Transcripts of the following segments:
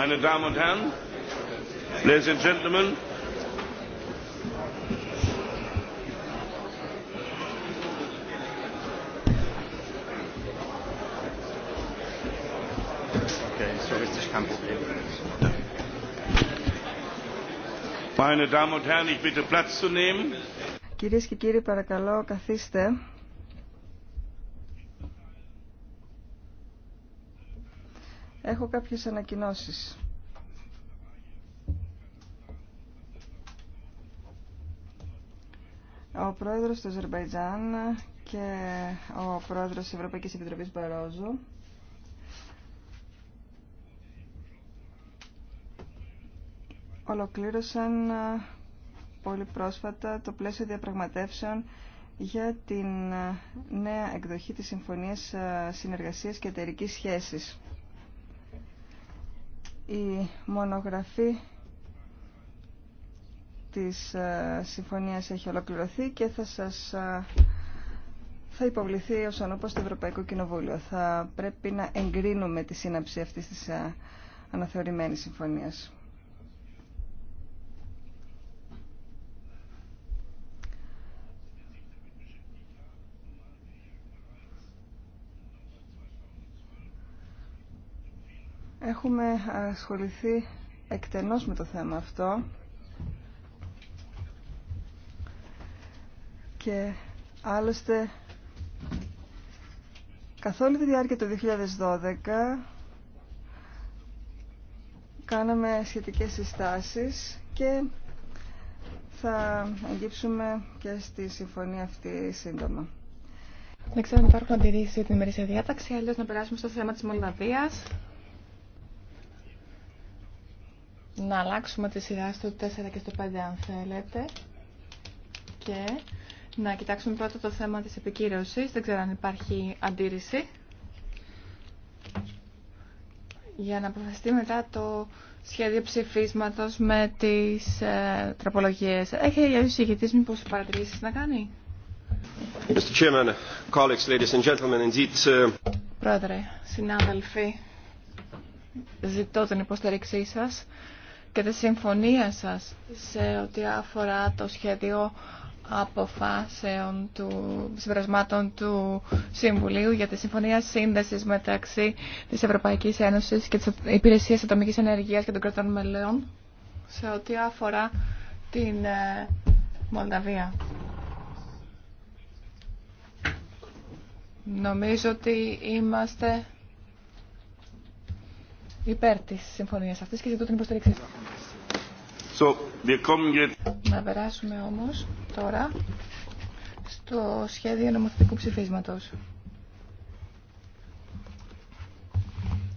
Meine Damen und Herren, Ladies and Gentlemen, Meine Damen und Herren, ich bitte Platz zu nehmen. Κυρίες και κύριοι, παρακαλώ καθίστε. Έχω κάποιες ανακοινώσεις. Ο πρόεδρος του Αζερβαϊτζάν και ο πρόεδρος της Ευρωπαϊκής Επιτροπής Μπαρόζου ολοκλήρωσαν πολύ πρόσφατα το πλαίσιο διαπραγματεύσεων για την νέα εκδοχή της Συμφωνίας Συνεργασίας και Εταιρικής Σχέσης η μονογραφή της ε, συμφωνίας έχει ολοκληρωθεί και θα σας ε, θα υποβληθεί ως ανώπω στο Ευρωπαϊκό Κοινοβούλιο. Θα πρέπει να εγκρίνουμε τη σύναψη αυτής της ε, αναθεωρημένης συμφωνίας. Έχουμε ασχοληθεί εκτενώς με το θέμα αυτό και άλλωστε καθ' όλη τη διάρκεια του 2012 κάναμε σχετικές συστάσεις και θα αγγίψουμε και στη συμφωνία αυτή σύντομα. Δεν ξέρω αν υπάρχουν αντιρρήσει για την ημερήσια διάταξη, αλλιώ να περάσουμε στο θέμα τη Μολδαβία. να αλλάξουμε τη σειρά στο 4 και στο 5 αν θέλετε και να κοιτάξουμε πρώτα το θέμα της επικύρωσης. Δεν ξέρω αν υπάρχει αντίρρηση για να αποφασιστεί μετά το σχέδιο ψηφίσματος με τις ε, τροπολογίες. Έχει για τους ηγητής μήπως παρατηρήσεις να κάνει. Mr. Chairman, colleagues, ladies and gentlemen, indeed, uh, Πρόεδρε, συνάδελφοι, ζητώ την υποστήριξή σας και τη συμφωνία σας σε ό,τι αφορά το σχέδιο αποφάσεων του συμπερασμάτων του Συμβουλίου για τη Συμφωνία Σύνδεσης μεταξύ της Ευρωπαϊκής Ένωσης και της Υπηρεσίας Ατομικής Ενεργείας και των κρατών μελών σε ό,τι αφορά την ε, Μολδαβία. Νομίζω ότι είμαστε υπέρ τη συμφωνία αυτή και ζητώ την υποστήριξή so, Να περάσουμε όμως τώρα στο σχέδιο νομοθετικού ψηφίσματος.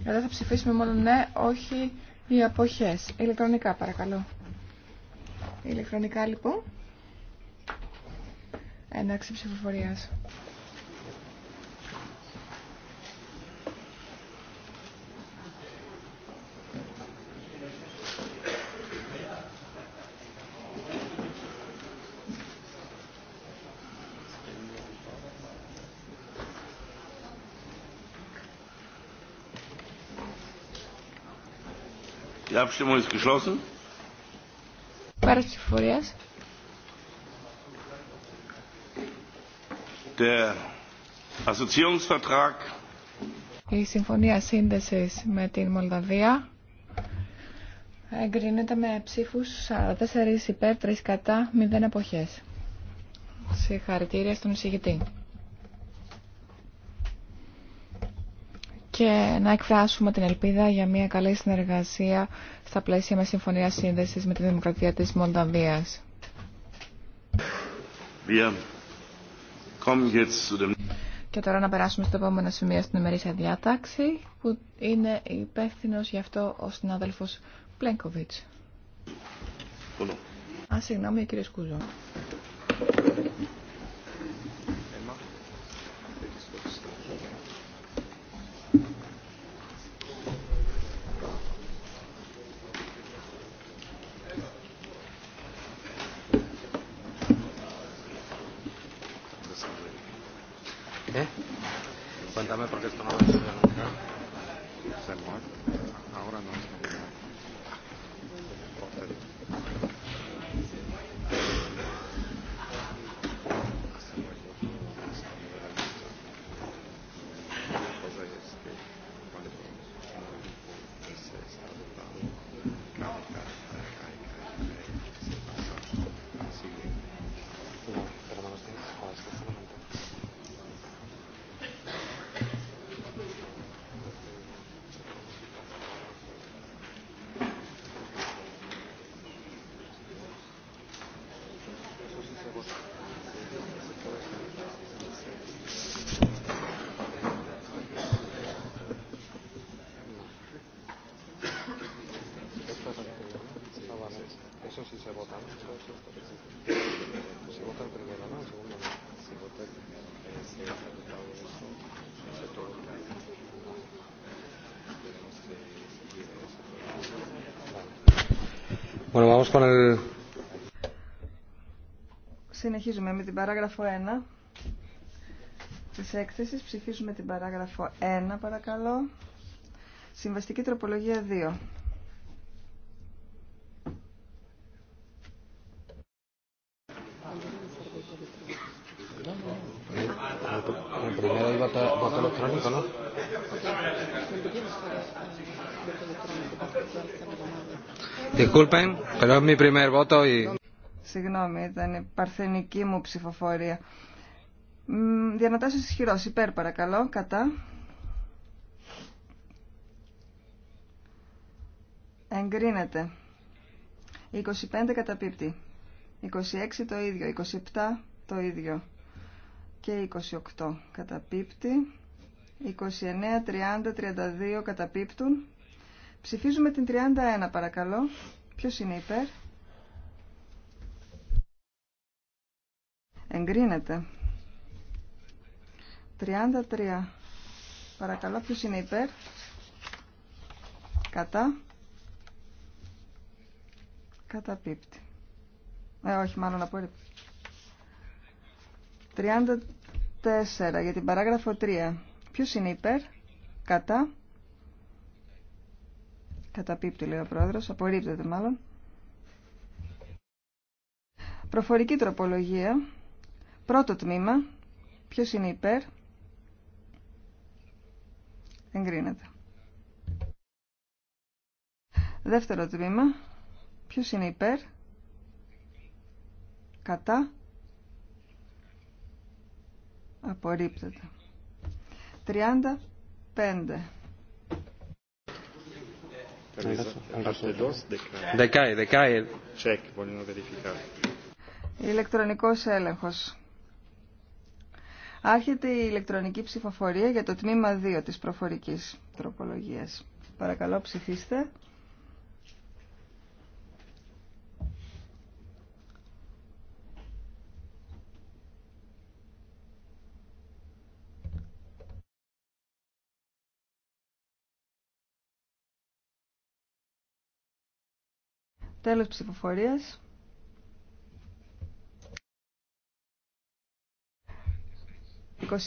Εδώ θα ψηφίσουμε μόνο ναι, όχι οι αποχέ. Ηλεκτρονικά παρακαλώ. Ηλεκτρονικά λοιπόν. Έναξη ψηφοφορίας. Die Abstimmung ist geschlossen. Der Assoziierungsvertrag η συμφωνία σύνδεσης με την Μολδαβία εγκρίνεται με ψήφους 44 υπέρ, 3 κατά, 0 εποχές. Συγχαρητήρια στον εισηγητή. και να εκφράσουμε την ελπίδα για μια καλή συνεργασία στα πλαίσια με συμφωνία σύνδεση με τη Δημοκρατία της Μολδαβία. Και τώρα να περάσουμε στο επόμενο σημείο στην ημερήσια διάταξη που είναι υπεύθυνο γι' αυτό ο συνάδελφο Πλέγκοβιτ. Α, συγγνώμη, κύριε Σκούζο. Συνεχίζουμε με την παράγραφο 1 της έκθεσης. Ψηφίζουμε την παράγραφο 1 παρακαλώ. Συμβαστική τροπολογία 2. Συγγνώμη, ήταν η παρθενική μου ψηφοφορία. Διανατάσσεω ισχυρό, υπέρ παρακαλώ, κατά. Εγκρίνεται. 25 καταπίπτει. 26 το ίδιο. 27 το ίδιο. Και 28 καταπίπτει. 29, 30, 32 καταπίπτουν. Ψηφίζουμε την 31 παρακαλώ. Ποιος είναι υπέρ? Εγκρίνεται. 33. Παρακαλώ, ποιος είναι υπέρ? Κατά. Καταπίπτει. Ε, όχι, μάλλον απορρίπτει. 34 για την παράγραφο 3. Ποιος είναι υπέρ? Κατά. Καταπίπτει, λέει ο πρόεδρος. Απορρίπτεται, μάλλον. Προφορική τροπολογία. Πρώτο τμήμα. Ποιος είναι υπέρ. Εγκρίνεται. Δεύτερο τμήμα. Ποιος είναι υπέρ. Κατά. Απορρίπτεται. 35. Δεκάει, Δεκάει. Check, Ηλεκτρονικός έλεγχος. Άρχεται η ηλεκτρονική ψηφοφορία για το τμήμα 2 της προφορικής τροπολογίας. Παρακαλώ ψηφίστε. Τέλος ψηφοφορίας.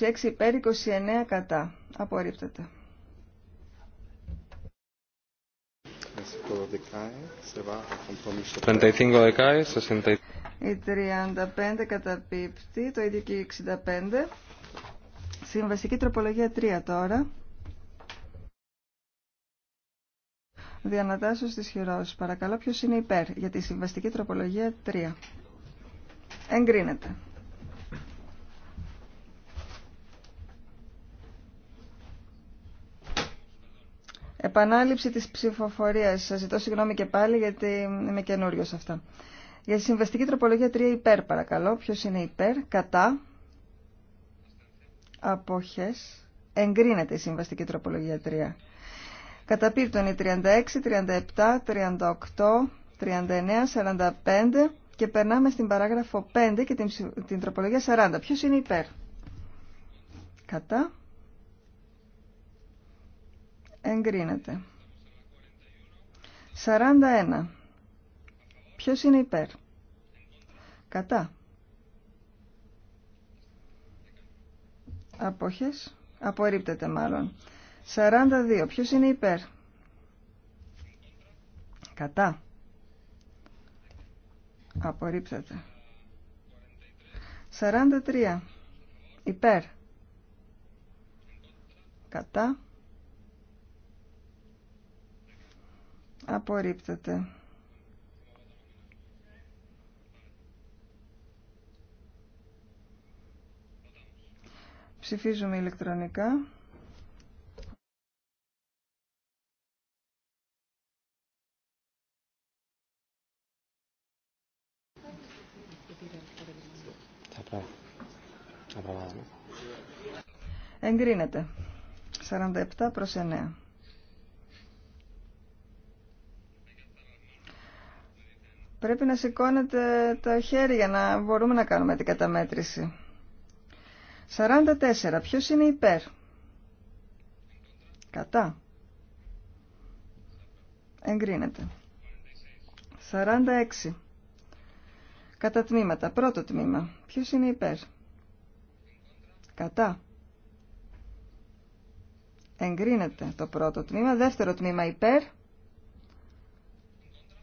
«26 υπέρ, 29 κατά». Απορρίπτεται. Η 35 καταπίπτει, το ίδιο και η 65. Συμβασική τροπολογία 3 τώρα. Διανατάσω τη χειρός. Παρακαλώ ποιος είναι υπέρ για τη συμβαστική τροπολογία 3. Εγκρίνεται. Επανάληψη της ψηφοφορίας. Σας ζητώ συγγνώμη και πάλι γιατί είμαι καινούριο σε αυτά. Για τη συμβαστική τροπολογία 3 υπέρ παρακαλώ. Ποιος είναι υπέρ, κατά, απόχες. Εγκρίνεται η συμβαστική τροπολογία 3. Καταπίπτουν 36, 37, 38, 39, 45 και περνάμε στην παράγραφο 5 και την, την τροπολογία 40. Ποιος είναι υπέρ. Κατά. Εγκρίνεται. 41. Ποιος είναι υπέρ. Κατά. Απόχες. Απορρίπτεται μάλλον. 42. Ποιος είναι υπέρ. Κατά. Απορρίπτεται. 43. Υπέρ. Κατά. Απορρίπτεται. Ψηφίζουμε ηλεκτρονικά. Εγκρίνεται. 47 προς 9. Πρέπει να σηκώνετε τα χέρια για να μπορούμε να κάνουμε την καταμέτρηση. 44. Ποιος είναι υπέρ. Κατά. Εγκρίνεται. 46. Κατά τμήματα. Πρώτο τμήμα. Ποιος είναι υπέρ. Κατά. Εγκρίνεται το πρώτο τμήμα. Δεύτερο τμήμα υπέρ.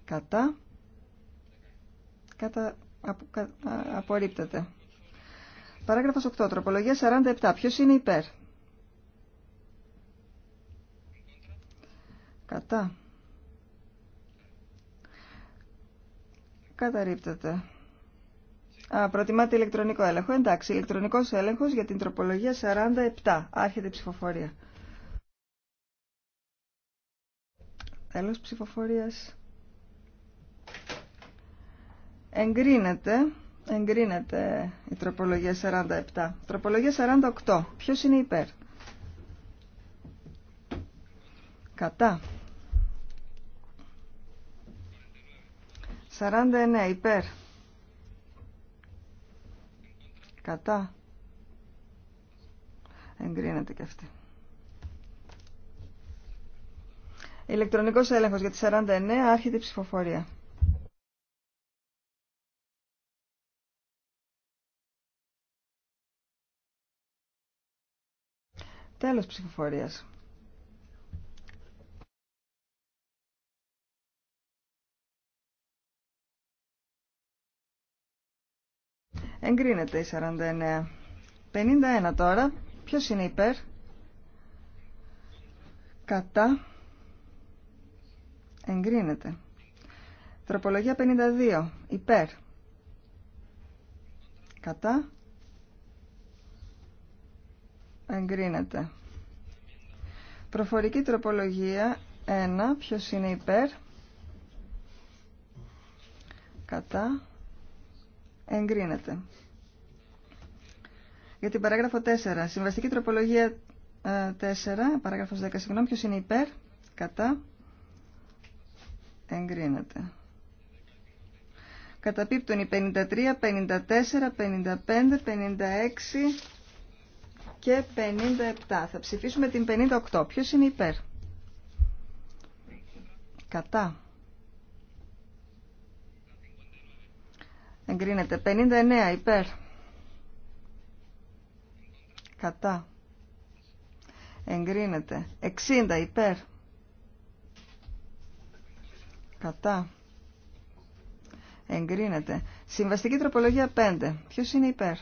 Κατά. Κατά. Απο, κα, απορρίπτεται. Παράγραφος 8. Τροπολογία 47. Ποιος είναι υπέρ. Κατά. Καταρρίπτεται. Α, προτιμάτε ηλεκτρονικό έλεγχο. Εντάξει, ηλεκτρονικό έλεγχο για την τροπολογία 47. Άρχεται η ψηφοφορία. Τέλος ψηφοφορίας. Εγκρίνεται, εγκρίνεται η τροπολογία 47. Τροπολογία 48. Ποιος είναι υπέρ. Κατά. 49 υπέρ. Κατά. Εγκρίνεται και αυτή. Ηλεκτρονικός έλεγχος για τη 49 άρχεται η ψηφοφορία. Τέλος ψηφοφορίας. Εγκρίνεται η 49. 51 τώρα. Ποιος είναι υπέρ. Κατά. Εγκρίνεται. Τροπολογία 52. Υπέρ. Κατά. Εγκρίνεται. Προφορική τροπολογία 1. Ποιος είναι υπέρ. Κατά εγκρίνεται. Για την παράγραφο 4, συμβαστική τροπολογία 4, ε, παράγραφος 10, συγγνώμη, ποιος είναι υπέρ, κατά, εγκρίνεται. Καταπίπτουν οι 53, 54, 55, 56 και 57. Θα ψηφίσουμε την 58. Ποιος είναι υπέρ. Κατά. Εγκρίνεται. 59 υπέρ. Κατά. Εγκρίνεται. 60 υπέρ. Κατά. Εγκρίνεται. Συμβαστική τροπολογία 5. Ποιος είναι υπέρ.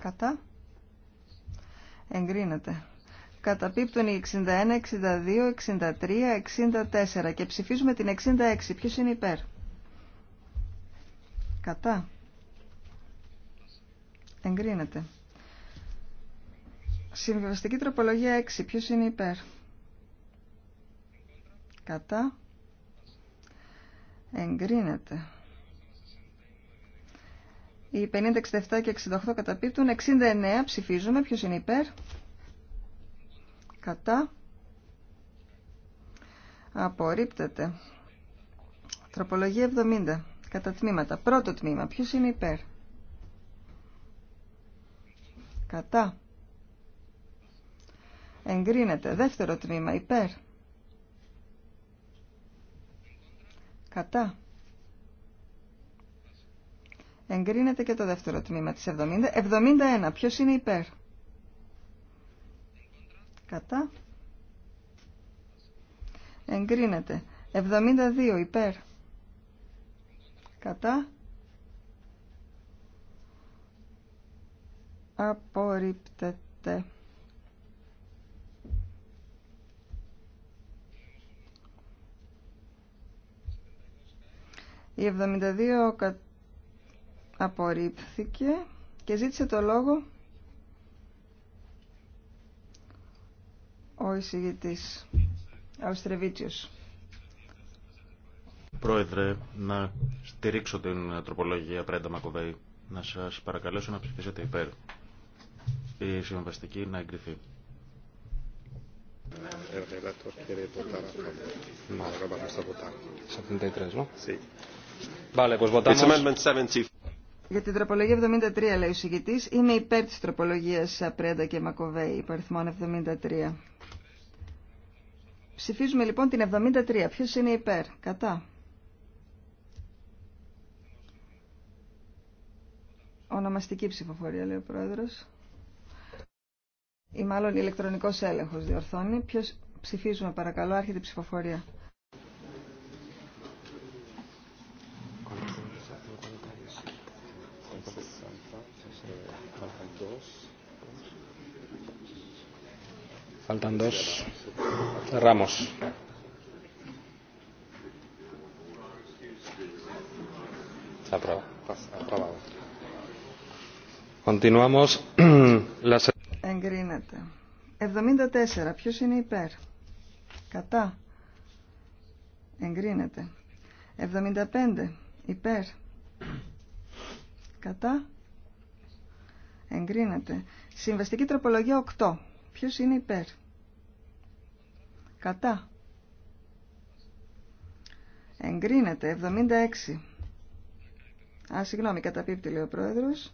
Κατά. Εγκρίνεται καταπίπτουν οι 61, 62, 63, 64 και ψηφίζουμε την 66. Ποιος είναι υπέρ. Κατά. Εγκρίνεται. Συμβιβαστική τροπολογία 6. Ποιος είναι υπέρ. Κατά. Εγκρίνεται. Οι 50, 67 και 68 καταπίπτουν. 69 ψηφίζουμε. Ποιος είναι υπέρ κατά απορρίπτεται τροπολογία 70 κατά τμήματα πρώτο τμήμα ποιος είναι υπέρ κατά εγκρίνεται δεύτερο τμήμα υπέρ κατά εγκρίνεται και το δεύτερο τμήμα της 70 71 ποιος είναι υπέρ κατά εγκρίνεται 72 υπέρ κατά απορρίπτεται η 72 απορρίπθηκε και ζήτησε το λόγο ο εισηγητής Αυστρεβίτσιος. Πρόεδρε, να στηρίξω την τροπολογία Πρέντα Μακοβέη. Να σας παρακαλέσω να ψηφίσετε υπέρ. Η συμβαστική να εγκριθεί. Για την τροπολογία 73, λέει ο συγκητής, Είμαι υπέρ της τροπολογίας Πρέντα και Μακοβέη, αριθμόν 73. Ψηφίζουμε λοιπόν την 73. Ποιος είναι υπέρ. Κατά. Ονομαστική ψηφοφορία λέει ο πρόεδρος. Ή μάλλον ηλεκτρονικός έλεγχος διορθώνει. Ποιος ψηφίζουμε παρακαλώ. Άρχεται η ψηφοφορία. Faltan Ramos. Continuamos. Εγκρίνεται. 74. Ποιος είναι υπέρ. Κατά. Εγκρίνεται. 75. Υπέρ. Κατά. Εγκρίνεται. Συμβαστική τροπολογία 8. Ποιος είναι υπέρ. Κατά. Εγκρίνεται. 76. Α, συγγνώμη, καταπίπτει λέει ο πρόεδρος.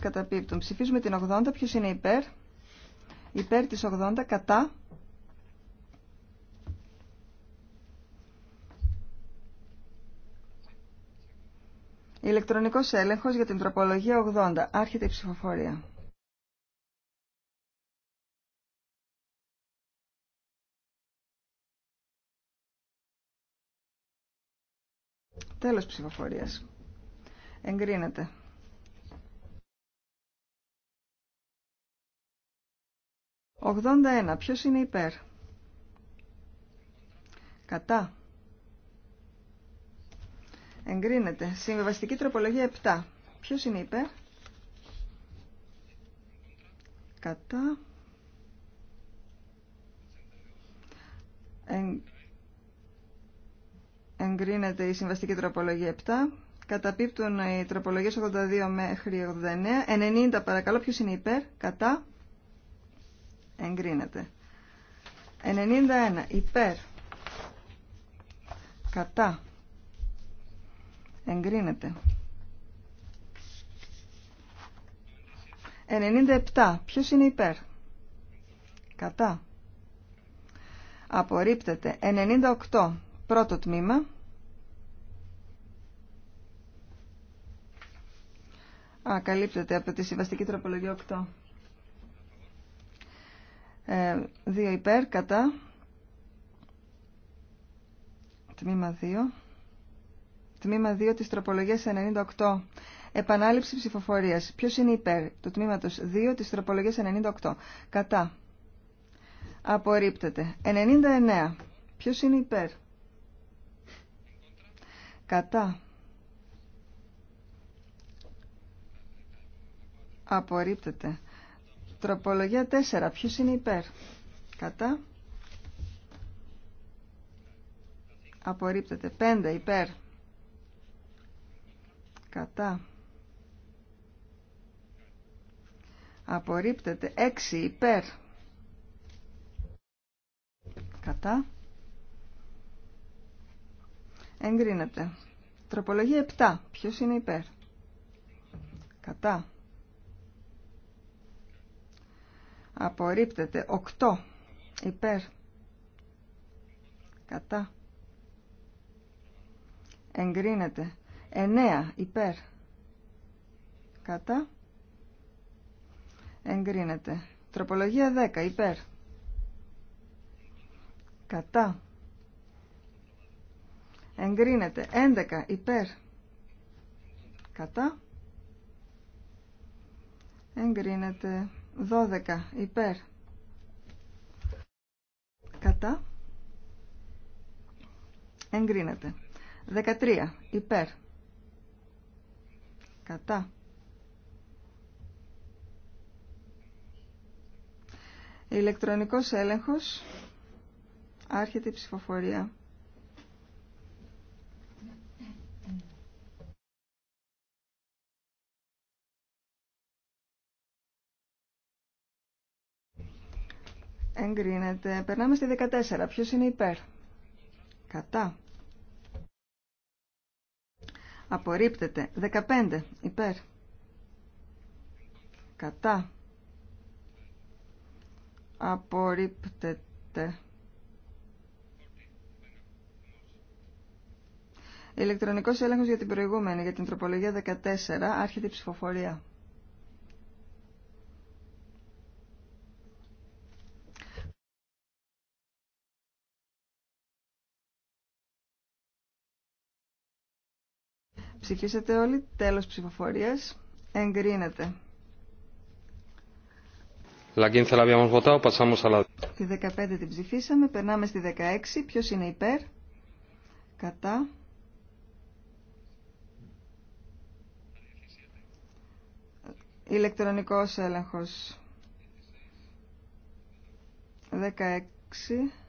Καταπίπτουν. Ψηφίζουμε την 80. Ποιος είναι υπέρ. Υπέρ της 80. Κατά. Ηλεκτρονικός έλεγχος για την τροπολογία 80. Άρχεται η ψηφοφορία. Τέλος ψηφοφορίας. Εγκρίνεται. 81. ένα. Ποιος είναι υπέρ. Κατά. Εγκρίνεται. Συμβεβαστική τροπολογία 7. Ποιος είναι υπέρ. Κατά. Εγκρίνεται η συμβαστική τροπολογία 7. Καταπίπτουν οι τροπολογίες 82 μέχρι 89. 90 παρακαλώ. Ποιος είναι υπέρ. Κατά. Εγκρίνεται. 91. Υπέρ. Κατά. Εγκρίνεται. 97. Ποιος είναι υπέρ. Κατά. Απορρίπτεται. 98. Πρώτο τμήμα. Ακαλύπτεται από τη συμβαστική τροπολογία 8. Ε, 2 υπέρ, κατά. Τμήμα 2 τμήμα 2 της τροπολογίας 98. Επανάληψη ψηφοφορίας. Ποιος είναι υπέρ του τμήματος 2 της τροπολογίας 98. Κατά. Απορρίπτεται. 99. Ποιος είναι υπέρ. Κατά. Απορρίπτεται. Τροπολογία 4. Ποιος είναι υπέρ. Κατά. Απορρίπτεται. 5. Υπέρ κατά απορρίπτεται 6 υπέρ κατά εγκρίνεται τροπολογία 7 ποιος είναι υπέρ κατά απορρίπτεται 8 υπέρ κατά εγκρίνεται 9 υπέρ κατά εγκρίνεται τροπολογία 10 υπέρ κατά εγκρίνεται 11 υπέρ κατά εγκρίνεται 12 υπέρ κατά εγκρίνεται 13 υπέρ Κατά. Ηλεκτρονικός έλεγχος. Άρχεται η ψηφοφορία. Εγκρίνεται. Περνάμε στη 14. Ποιος είναι υπέρ. Κατά. Απορρίπτεται. 15. Υπέρ. Κατά. Απορρίπτεται. Ηλεκτρονικός έλεγχος για την προηγούμενη, για την τροπολογία 14, άρχεται η ψηφοφορία. Ψηφίσατε όλοι. Τέλος ψηφοφορίας. Εγκρίνεται. La 15 la habíamos votado, pasamos a Τη 15 την ψηφίσαμε, περνάμε στη 16. Ποιος είναι υπέρ? Κατά. Ηλεκτρονικός έλεγχος. 16.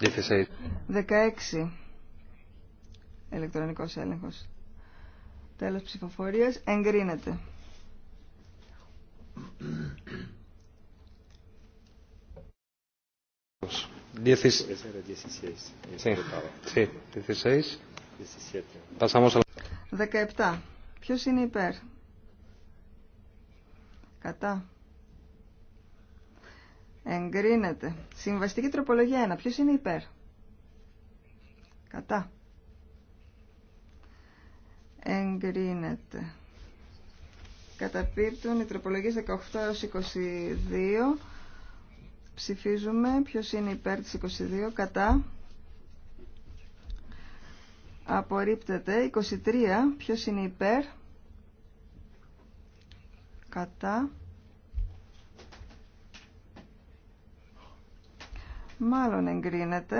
16. Ελεκτρονικός έλεγχος. Τέλος ψηφοφορίας. Εγκρίνεται. 17. Ποιος είναι υπέρ. Κατά. Εγκρίνεται. Συμβαστική τροπολογία 1. Ποιος είναι υπέρ. Κατά. Εγκρίνεται. Καταπίπτουν οι τροπολογίες 18 έως 22. Ψηφίζουμε. Ποιος είναι υπέρ της 22. Κατά. Απορρίπτεται. 23. Ποιος είναι υπέρ. Κατά. Μάλλον εγκρίνεται.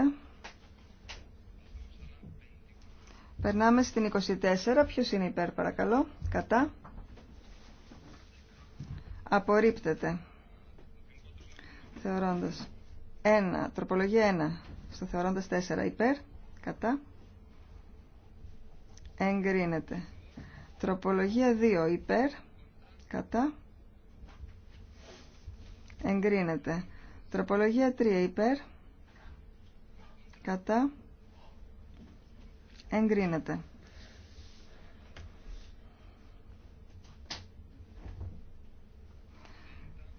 Περνάμε στην 24. Ποιος είναι υπέρ παρακαλώ. Κατά. Απορρίπτεται. Θεωρώντας. 1. Τροπολογία 1. Στο θεωρώντας 4. Υπέρ. Κατά. Εγκρίνεται. Τροπολογία 2. Υπέρ. Κατά. Εγκρίνεται. Τροπολογία 3 υπέρ. Κατά. Εγκρίνεται.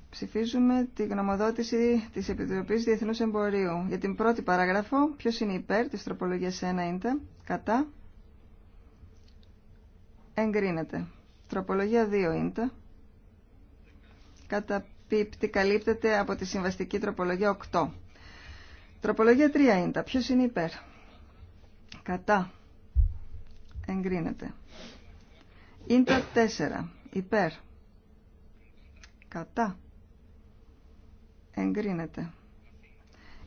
Ψηφίζουμε τη γνωμοδότηση της Επιτροπής Διεθνούς Εμπορίου. Για την πρώτη παράγραφο, ποιο είναι υπέρ τη τροπολογία 1 είναι κατά. Εγκρίνεται. Τροπολογία 2 είναι κατά πίπτη καλύπτεται από τη συμβαστική τροπολογία 8. Τροπολογία 3 είναι τα. Ποιο είναι υπέρ. Κατά. Εγκρίνεται. Είναι τα 4. Υπέρ. Κατά. Εγκρίνεται.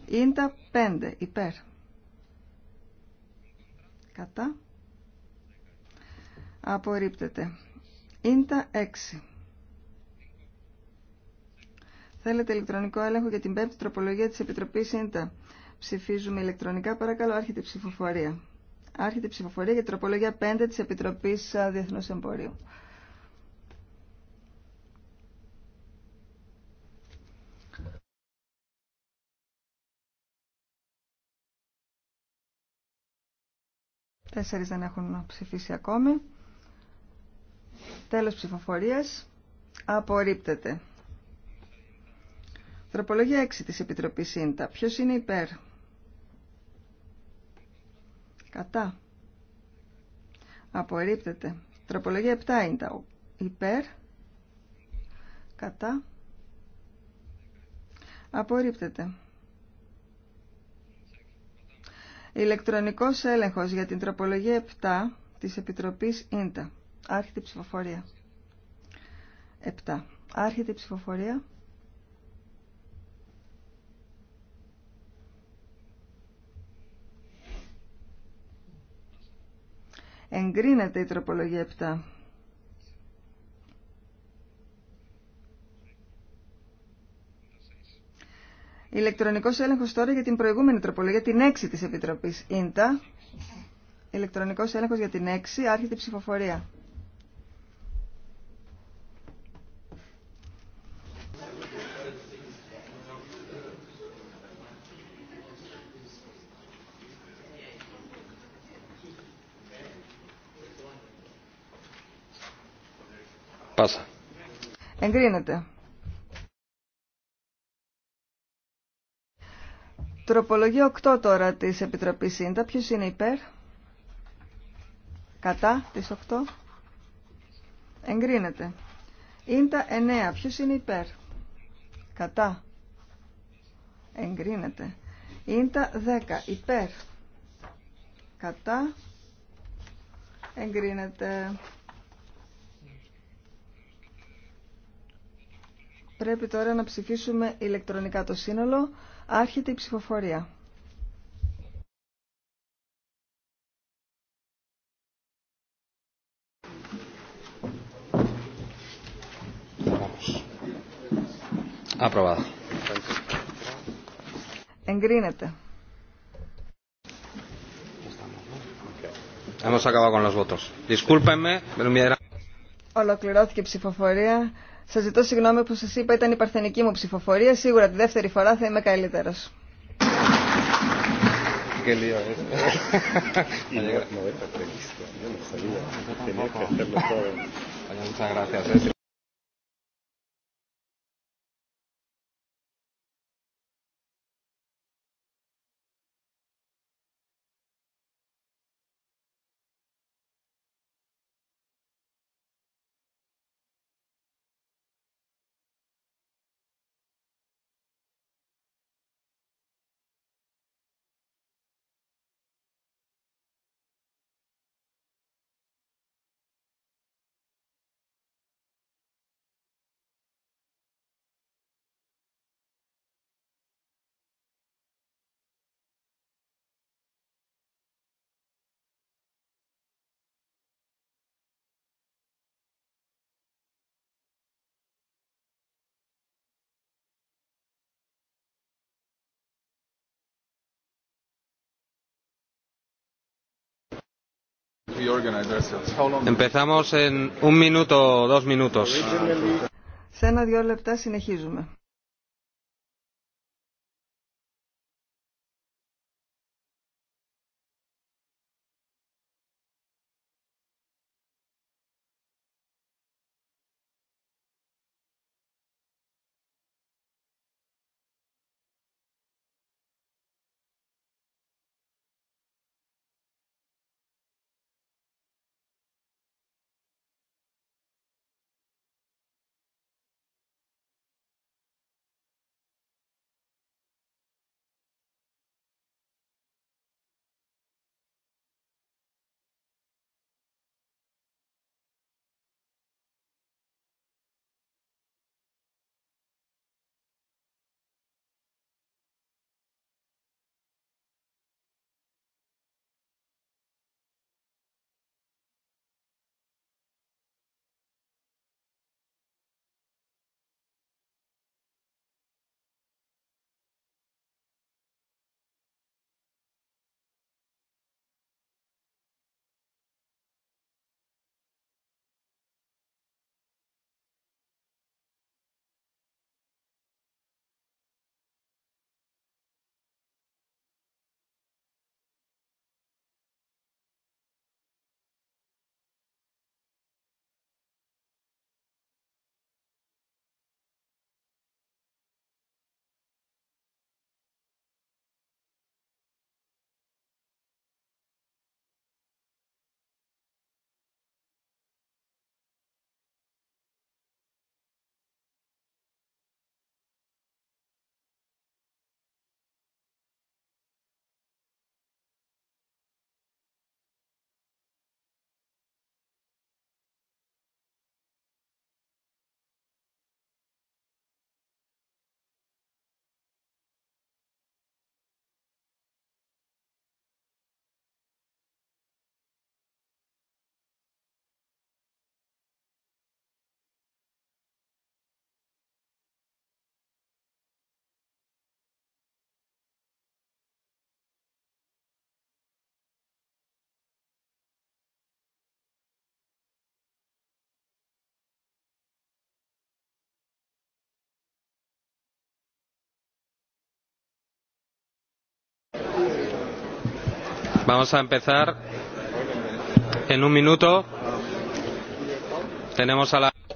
Είναι τα 5. Υπέρ. Κατά. Απορρίπτεται. Είναι τα 6. Θέλετε ηλεκτρονικό έλεγχο για την πέμπτη τροπολογία της Επιτροπής ΣΥΝΤΑ. Ψηφίζουμε ηλεκτρονικά. Παρακαλώ, άρχεται η ψηφοφορία. Άρχεται η ψηφοφορία για τροπολογία 5 της Επιτροπής ε, Διεθνούς Εμπορίου. Τέσσερις δεν έχουν ψηφίσει ακόμη. Τέλος ψηφοφορίας. Απορρίπτεται. Τροπολογία 6 της Επιτροπής ΣΥΝΤΑ. Ποιος είναι υπέρ. Κατά. Απορρίπτεται. Τροπολογία 7 είναι τα υπέρ. Κατά. Απορρίπτεται. Ηλεκτρονικός έλεγχος για την τροπολογία 7 της Επιτροπής ΙΝΤΑ. Άρχεται η ψηφοφορία. 7. Άρχεται η ψηφοφορία. Εγκρίνεται η τροπολογία 7. Ηλεκτρονικός έλεγχος τώρα για την προηγούμενη τροπολογία, την 6 της Επιτροπής ΙΝΤΑ. Ηλεκτρονικός έλεγχος για την 6, άρχεται η ψηφοφορία. Πάσα. Εγκρίνεται. Τροπολογία 8 τώρα της Επιτροπής ΣΥΝΤΑ. Ποιος είναι υπέρ? Κατά της 8. Εγκρίνεται. ΙΝΤΑ 9. Ποιος είναι υπέρ? Κατά. Εγκρίνεται. ΙΝΤΑ 10. Υπέρ. Κατά. Εγκρίνεται. Πρέπει τώρα να ψηφίσουμε ηλεκτρονικά το σύνολο. Άρχεται η ψηφοφορία. Απρόβαδο. Εγκρίνεται. Hemos acabado con los votos. Discúlpenme, pero mi Ολοκληρώθηκε η ψηφοφορία. Σα ζητώ συγγνώμη που σα είπα, ήταν η παρθενική μου ψηφοφορία. Σίγουρα τη δεύτερη φορά θα είμαι καλύτερο. Empezamos en un minuto, dos minutos. Σε ένα-δύο λεπτά συνεχίζουμε.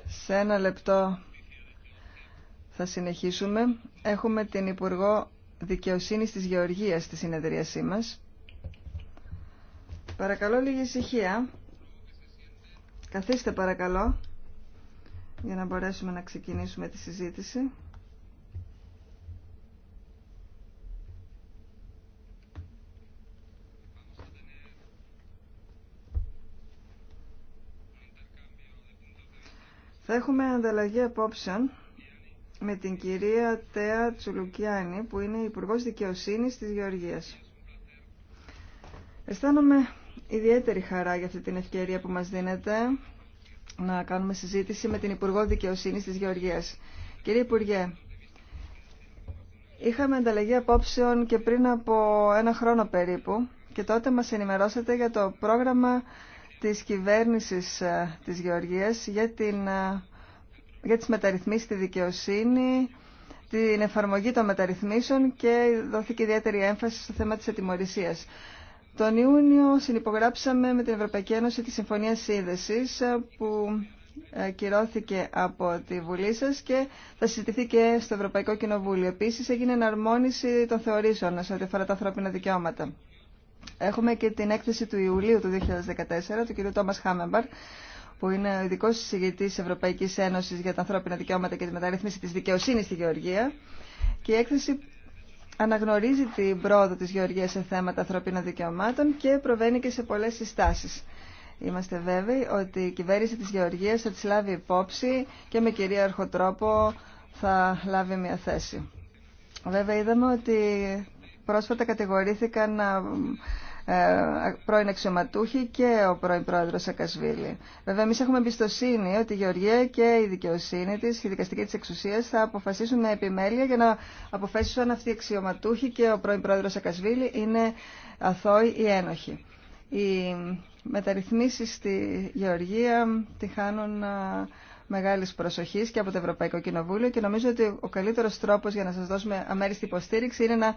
Σε ένα λεπτό θα συνεχίσουμε. Έχουμε την Υπουργό Δικαιοσύνης της Γεωργίας στη συνεδρίασή μας. Παρακαλώ λίγη ησυχία. Καθίστε παρακαλώ για να μπορέσουμε να ξεκινήσουμε τη συζήτηση. Θα έχουμε ανταλλαγή απόψεων με την κυρία Τέα Τσουλουκιάνη, που είναι Υπουργός Δικαιοσύνης της Γεωργίας. Αισθάνομαι ιδιαίτερη χαρά για αυτή την ευκαιρία που μας δίνεται να κάνουμε συζήτηση με την Υπουργό Δικαιοσύνης της Γεωργίας. Κύριε Υπουργέ, είχαμε ανταλλαγή απόψεων και πριν από ένα χρόνο περίπου και τότε μας ενημερώσατε για το πρόγραμμα της κυβέρνησης ε, της Γεωργίας για, την, ε, για τις μεταρρυθμίσεις στη δικαιοσύνη, την εφαρμογή των μεταρρυθμίσεων και δόθηκε ιδιαίτερη έμφαση στο θέμα της ετοιμορρησίας. Τον Ιούνιο συνυπογράψαμε με την Ευρωπαϊκή Ένωση τη Συμφωνία σύνδεση ε, που κυρώθηκε από τη Βουλή σα και θα συζητηθεί και στο Ευρωπαϊκό Κοινοβούλιο. Επίση, έγινε εναρμόνιση των θεωρήσεων σε ό,τι αφορά τα ανθρώπινα δικαιώματα. Έχουμε και την έκθεση του Ιουλίου του 2014 του κ. Τόμα Χάμεμπαρ που είναι ο ειδικό συζητητή Ευρωπαϊκή Ένωση για τα ανθρώπινα δικαιώματα και τη μεταρρύθμιση τη δικαιοσύνη στη Γεωργία. Και η έκθεση αναγνωρίζει την πρόοδο τη Γεωργία σε θέματα ανθρωπίνων δικαιωμάτων και προβαίνει και σε πολλέ συστάσει. Είμαστε βέβαιοι ότι η κυβέρνηση της Γεωργίας θα τις λάβει υπόψη και με κυρίαρχο τρόπο θα λάβει μια θέση. Βέβαια είδαμε ότι πρόσφατα κατηγορήθηκαν ε, πρώην αξιωματούχοι και ο πρώην πρόεδρος Σακασβίλη. Βέβαια, εμεί έχουμε εμπιστοσύνη ότι η Γεωργία και η δικαιοσύνη της, η δικαστική τη εξουσία θα αποφασίσουν με επιμέλεια για να αποφασίσουν αν αυτοί οι αξιωματούχοι και ο πρώην πρόεδρος Σακασβίλη είναι αθώοι ή ένοχοι. Οι μεταρρυθμίσει στη Γεωργία τη χάνουν ε, μεγάλης προσοχής και από το Ευρωπαϊκό Κοινοβούλιο και νομίζω ότι ο καλύτερος τρόπος για να σας δώσουμε αμέριστη υποστήριξη είναι να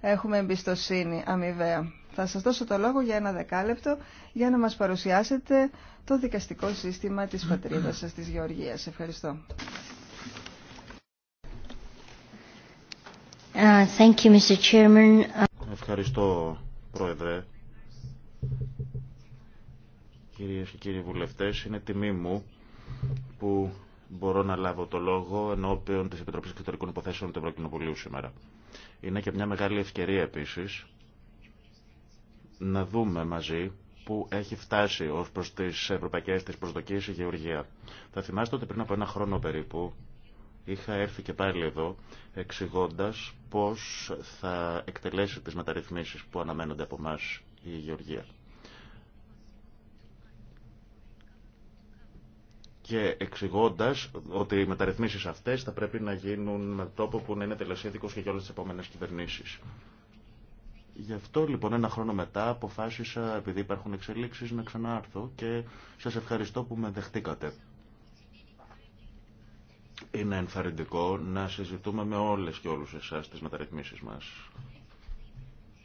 έχουμε εμπιστοσύνη αμοιβαία. Θα σας δώσω το λόγο για ένα δεκάλεπτο για να μας παρουσιάσετε το δικαστικό σύστημα της πατρίδας σας, της Γεωργίας. Ευχαριστώ. Uh, uh, Ευχαριστώ, Πρόεδρε. Κυρίε και κύριοι βουλευτές, είναι τιμή μου που μπορώ να λάβω το λόγο ενώπιον της Επιτροπής Εξωτερικών Υποθέσεων του Ευρωκοινοβουλίου σήμερα. Είναι και μια μεγάλη ευκαιρία επίσης να δούμε μαζί που έχει φτάσει ως προς τις ευρωπαϊκές τη προσδοκίες η Γεωργία. Θα θυμάστε ότι πριν από ένα χρόνο περίπου είχα έρθει και πάλι εδώ εξηγώντα πώ θα εκτελέσει τις μεταρρυθμίσεις που αναμένονται από εμά η Γεωργία. Και εξηγώντα ότι οι μεταρρυθμίσεις αυτές θα πρέπει να γίνουν με τρόπο που να είναι τελεσίδικος και για όλε τι επόμενε κυβερνήσει. Γι' αυτό λοιπόν ένα χρόνο μετά αποφάσισα, επειδή υπάρχουν εξελίξεις, να ξανάρθω και σας ευχαριστώ που με δεχτήκατε. Είναι ενθαρρυντικό να συζητούμε με όλες και όλους εσάς τις μεταρρυθμίσεις μας.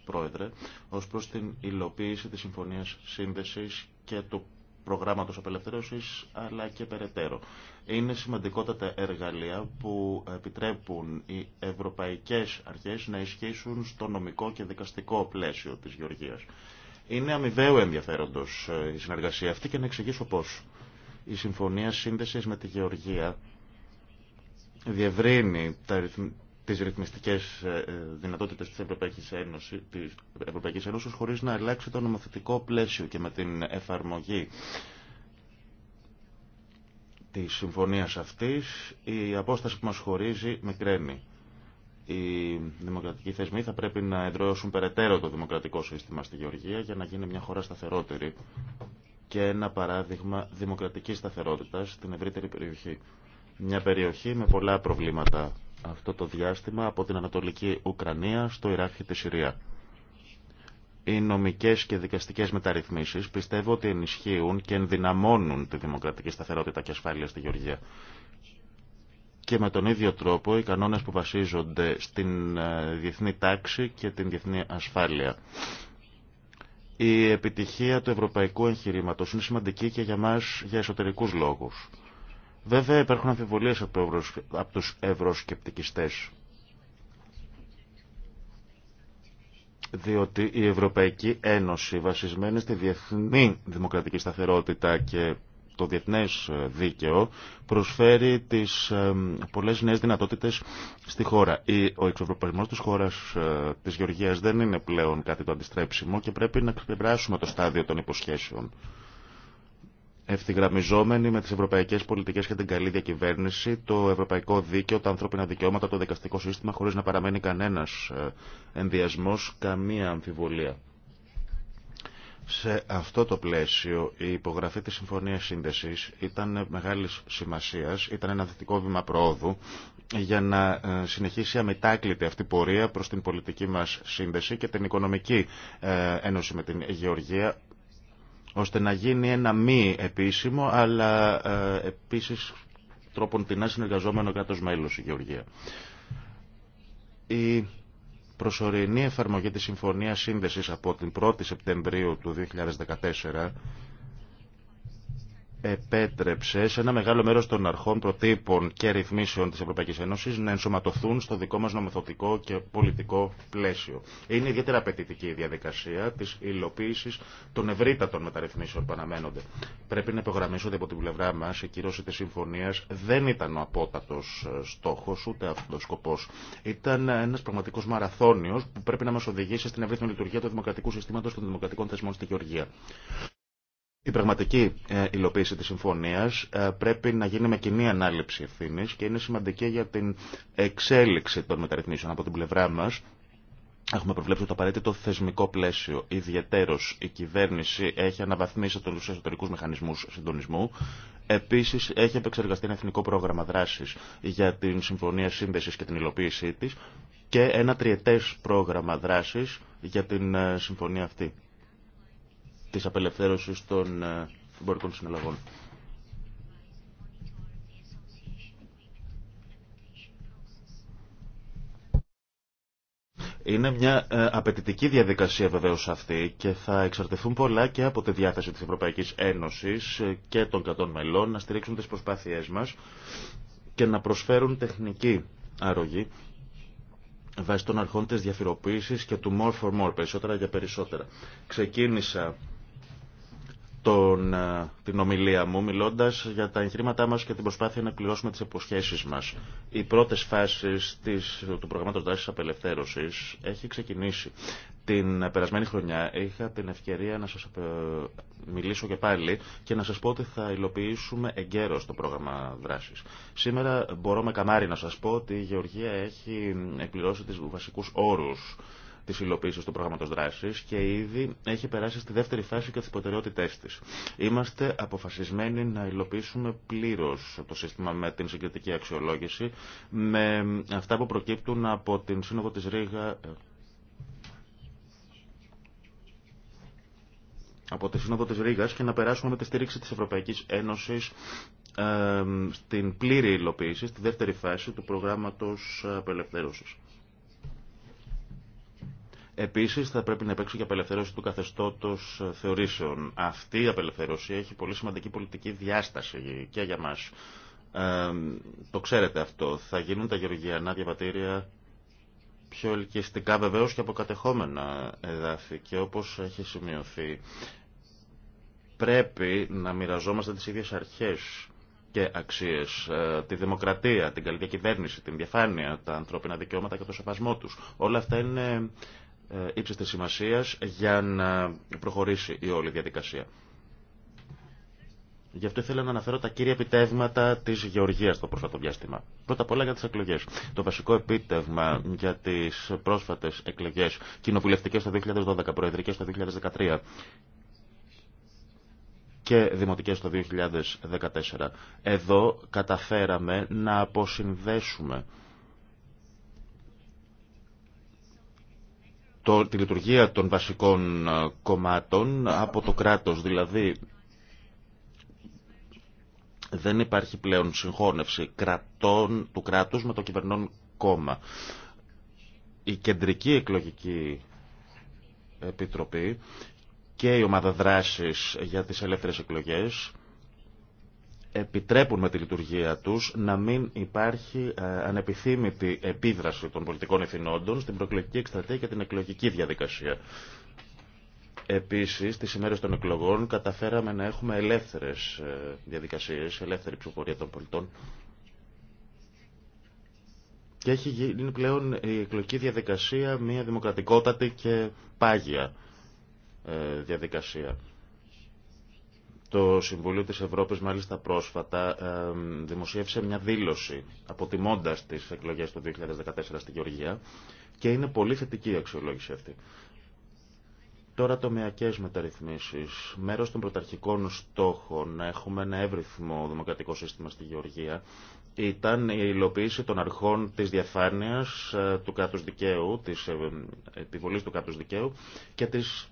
Πρόεδρε, ως προς την υλοποίηση της Συμφωνίας Σύνδεσης και του προγράμματος απελευθέρωσης αλλά και περαιτέρω. Είναι σημαντικότατα εργαλεία που επιτρέπουν οι ευρωπαϊκές αρχές να ισχύσουν στο νομικό και δικαστικό πλαίσιο της Γεωργίας. Είναι αμοιβαίου ενδιαφέροντος ε, η συνεργασία αυτή και να εξηγήσω πώς. Η Συμφωνία Σύνδεσης με τη Γεωργία διευρύνει τις ρυθμιστικές ε, ε, δυνατότητες της Ευρωπαϊκής Ένωσης, της Ευρωπαϊκής Ένωσης χωρίς να αλλάξει το νομοθετικό πλαίσιο και με την εφαρμογή της συμφωνίας αυτής η απόσταση που μας χωρίζει μικραίνει. Οι δημοκρατικοί θεσμοί θα πρέπει να εδραιώσουν περαιτέρω το δημοκρατικό σύστημα στη Γεωργία για να γίνει μια χώρα σταθερότερη και ένα παράδειγμα δημοκρατικής σταθερότητας στην ευρύτερη περιοχή. Μια περιοχή με πολλά προβλήματα αυτό το διάστημα από την Ανατολική Ουκρανία στο Ιράκ και τη Συρία. Οι νομικές και δικαστικές μεταρρυθμίσεις πιστεύω ότι ενισχύουν και ενδυναμώνουν τη δημοκρατική σταθερότητα και ασφάλεια στη Γεωργία. Και με τον ίδιο τρόπο οι κανόνες που βασίζονται στην ε, διεθνή τάξη και την διεθνή ασφάλεια. Η επιτυχία του ευρωπαϊκού εγχειρήματος είναι σημαντική και για μας για εσωτερικούς λόγους. Βέβαια υπάρχουν αμφιβολίες από τους ευρωσκεπτικιστές. Διότι η Ευρωπαϊκή Ένωση βασισμένη στη διεθνή δημοκρατική σταθερότητα και το διεθνές ε, δίκαιο προσφέρει τις ε, πολλές νέες δυνατότητες στη χώρα. Ο εξοπλισμός της χώρας ε, της Γεωργίας δεν είναι πλέον κάτι το αντιστρέψιμο και πρέπει να ξεπεράσουμε το στάδιο των υποσχέσεων ευθυγραμμιζόμενοι με τι ευρωπαϊκέ πολιτικέ και την καλή διακυβέρνηση, το ευρωπαϊκό δίκαιο, τα ανθρώπινα δικαιώματα, το δικαστικό σύστημα, χωρί να παραμένει κανένα ε, ενδιασμό καμία αμφιβολία. Σε αυτό το πλαίσιο η υπογραφή τη Συμφωνία Σύνδεση ήταν μεγάλη σημασία, ήταν ένα θετικό βήμα προόδου για να ε, συνεχίσει αμετάκλητη αυτή η πορεία προς την πολιτική μας σύνδεση και την οικονομική ε, ένωση με την Γεωργία ώστε να γίνει ένα μη επίσημο, αλλά ε, επίσης τρόπον την συνεργαζόμενο κράτος μέλος η Γεωργία. Η προσωρινή εφαρμογή της Συμφωνίας Σύνδεσης από την 1η Σεπτεμβρίου του 2014 επέτρεψε σε ένα μεγάλο μέρο των αρχών, προτύπων και ρυθμίσεων τη Ευρωπαϊκή Ένωση να ενσωματωθούν στο δικό μα νομοθετικό και πολιτικό πλαίσιο. Είναι ιδιαίτερα απαιτητική η διαδικασία τη υλοποίηση των ευρύτατων μεταρρυθμίσεων που αναμένονται. Πρέπει να υπογραμμίσω ότι από την πλευρά μα, η κύρωση τη συμφωνία, δεν ήταν ο απότατο ε, στόχο, ούτε αυτό ο σκοπό. Ήταν ένα πραγματικό μαραθώνιο που πρέπει να μα οδηγήσει στην ευρύθμη λειτουργία του δημοκρατικού συστήματος των δημοκρατικών θεσμών στη Γεωργία. Η πραγματική ε, υλοποίηση της συμφωνίας ε, πρέπει να γίνει με κοινή ανάληψη ευθύνη και είναι σημαντική για την εξέλιξη των μεταρρυθμίσεων από την πλευρά μας. Έχουμε προβλέψει το απαραίτητο θεσμικό πλαίσιο. Ιδιαίτερο η κυβέρνηση έχει αναβαθμίσει του εσωτερικού μηχανισμού συντονισμού. Επίση έχει επεξεργαστεί ένα εθνικό πρόγραμμα δράση για την συμφωνία σύνδεση και την υλοποίησή τη και ένα τριετέ πρόγραμμα δράση για την ε, συμφωνία αυτή της απελευθέρωσης των ε, εμπορικών συναλλαγών. Είναι μια ε, απαιτητική διαδικασία βεβαίω αυτή και θα εξαρτηθούν πολλά και από τη διάθεση της Ευρωπαϊκής Ένωσης ε, και των κατών μελών να στηρίξουν τις προσπάθειές μας και να προσφέρουν τεχνική αρρωγή βάσει των αρχών της διαφυροποίησης και του more for more, περισσότερα για περισσότερα. Ξεκίνησα τον, ε, την ομιλία μου μιλώντας για τα εγχειρήματά μας και την προσπάθεια να εκπληρώσουμε τις υποσχέσεις μας. Οι πρώτες φάσει της, του προγράμματος δράσης απελευθέρωσης έχει ξεκινήσει. Την περασμένη χρονιά είχα την ευκαιρία να σας ε, μιλήσω και πάλι και να σας πω ότι θα υλοποιήσουμε εγκαίρως το πρόγραμμα δράσης. Σήμερα μπορώ με καμάρι να σας πω ότι η Γεωργία έχει εκπληρώσει τις βασικούς όρους τη υλοποίηση του προγράμματο δράση και ήδη έχει περάσει στη δεύτερη φάση και τι προτεραιότητέ τη. Είμαστε αποφασισμένοι να υλοποιήσουμε πλήρω το σύστημα με την συγκριτική αξιολόγηση, με αυτά που προκύπτουν από την Σύνοδο τη Ρήγα. Ε, από τη Σύνοδο της Ρήγας και να περάσουμε με τη στήριξη της Ευρωπαϊκής Ένωσης ε, στην πλήρη υλοποίηση, στη δεύτερη φάση του προγράμματος απελευθέρωσης. Επίση, θα πρέπει να υπάρξει και απελευθέρωση του καθεστώτο θεωρήσεων. Αυτή η απελευθέρωση έχει πολύ σημαντική πολιτική διάσταση και για μα. Ε, το ξέρετε αυτό. Θα γίνουν τα γεωργιανά διαβατήρια πιο ελκυστικά βεβαίω και από κατεχόμενα εδάφη. Και όπω έχει σημειωθεί, πρέπει να μοιραζόμαστε τι ίδιε αρχέ και αξίε. Ε, τη δημοκρατία, την καλή διακυβέρνηση, την διαφάνεια, τα ανθρώπινα δικαιώματα και το σεβασμό του. Όλα αυτά είναι ε, ύψης της σημασίας για να προχωρήσει η όλη διαδικασία. Γι' αυτό ήθελα να αναφέρω τα κύρια επιτεύγματα της γεωργίας το πρόσφατο διάστημα. Πρώτα απ' όλα για τι εκλογέ. Το βασικό επίτευγμα για τις πρόσφατες εκλογέ, κοινοβουλευτικέ το 2012, προεδρικέ το 2013 και δημοτικές το 2014. Εδώ καταφέραμε να αποσυνδέσουμε το, τη λειτουργία των βασικών ε, κομμάτων από το κράτος. Δηλαδή δεν υπάρχει πλέον συγχώνευση κρατών, του κράτους με το κυβερνών κόμμα. Η Κεντρική Εκλογική Επιτροπή και η Ομάδα Δράσης για τις Ελεύθερες Εκλογές επιτρέπουν με τη λειτουργία τους να μην υπάρχει ε, ανεπιθύμητη επίδραση των πολιτικών ευθυνόντων στην προκλητική εκστρατεία και την εκλογική διαδικασία. Επίσης, τις ημέρες των εκλογών καταφέραμε να έχουμε ελεύθερες ε, διαδικασίες, ελεύθερη ψηφοφορία των πολιτών. Και έχει γίνει πλέον η εκλογική διαδικασία μια δημοκρατικότατη και πάγια ε, διαδικασία. Το Συμβουλίο της Ευρώπης μάλιστα πρόσφατα δημοσίευσε μια δήλωση αποτιμώντας τις εκλογές του 2014 στη Γεωργία και είναι πολύ θετική η αξιολόγηση αυτή. Τώρα τομεακέ μεταρρυθμίσεις. Μέρος των πρωταρχικών στόχων να έχουμε ένα εύρυθμο δημοκρατικό σύστημα στη Γεωργία ήταν η υλοποίηση των αρχών της διαφάνειας ε, του κράτους δικαίου, της ε, ε, επιβολής του κράτους δικαίου και της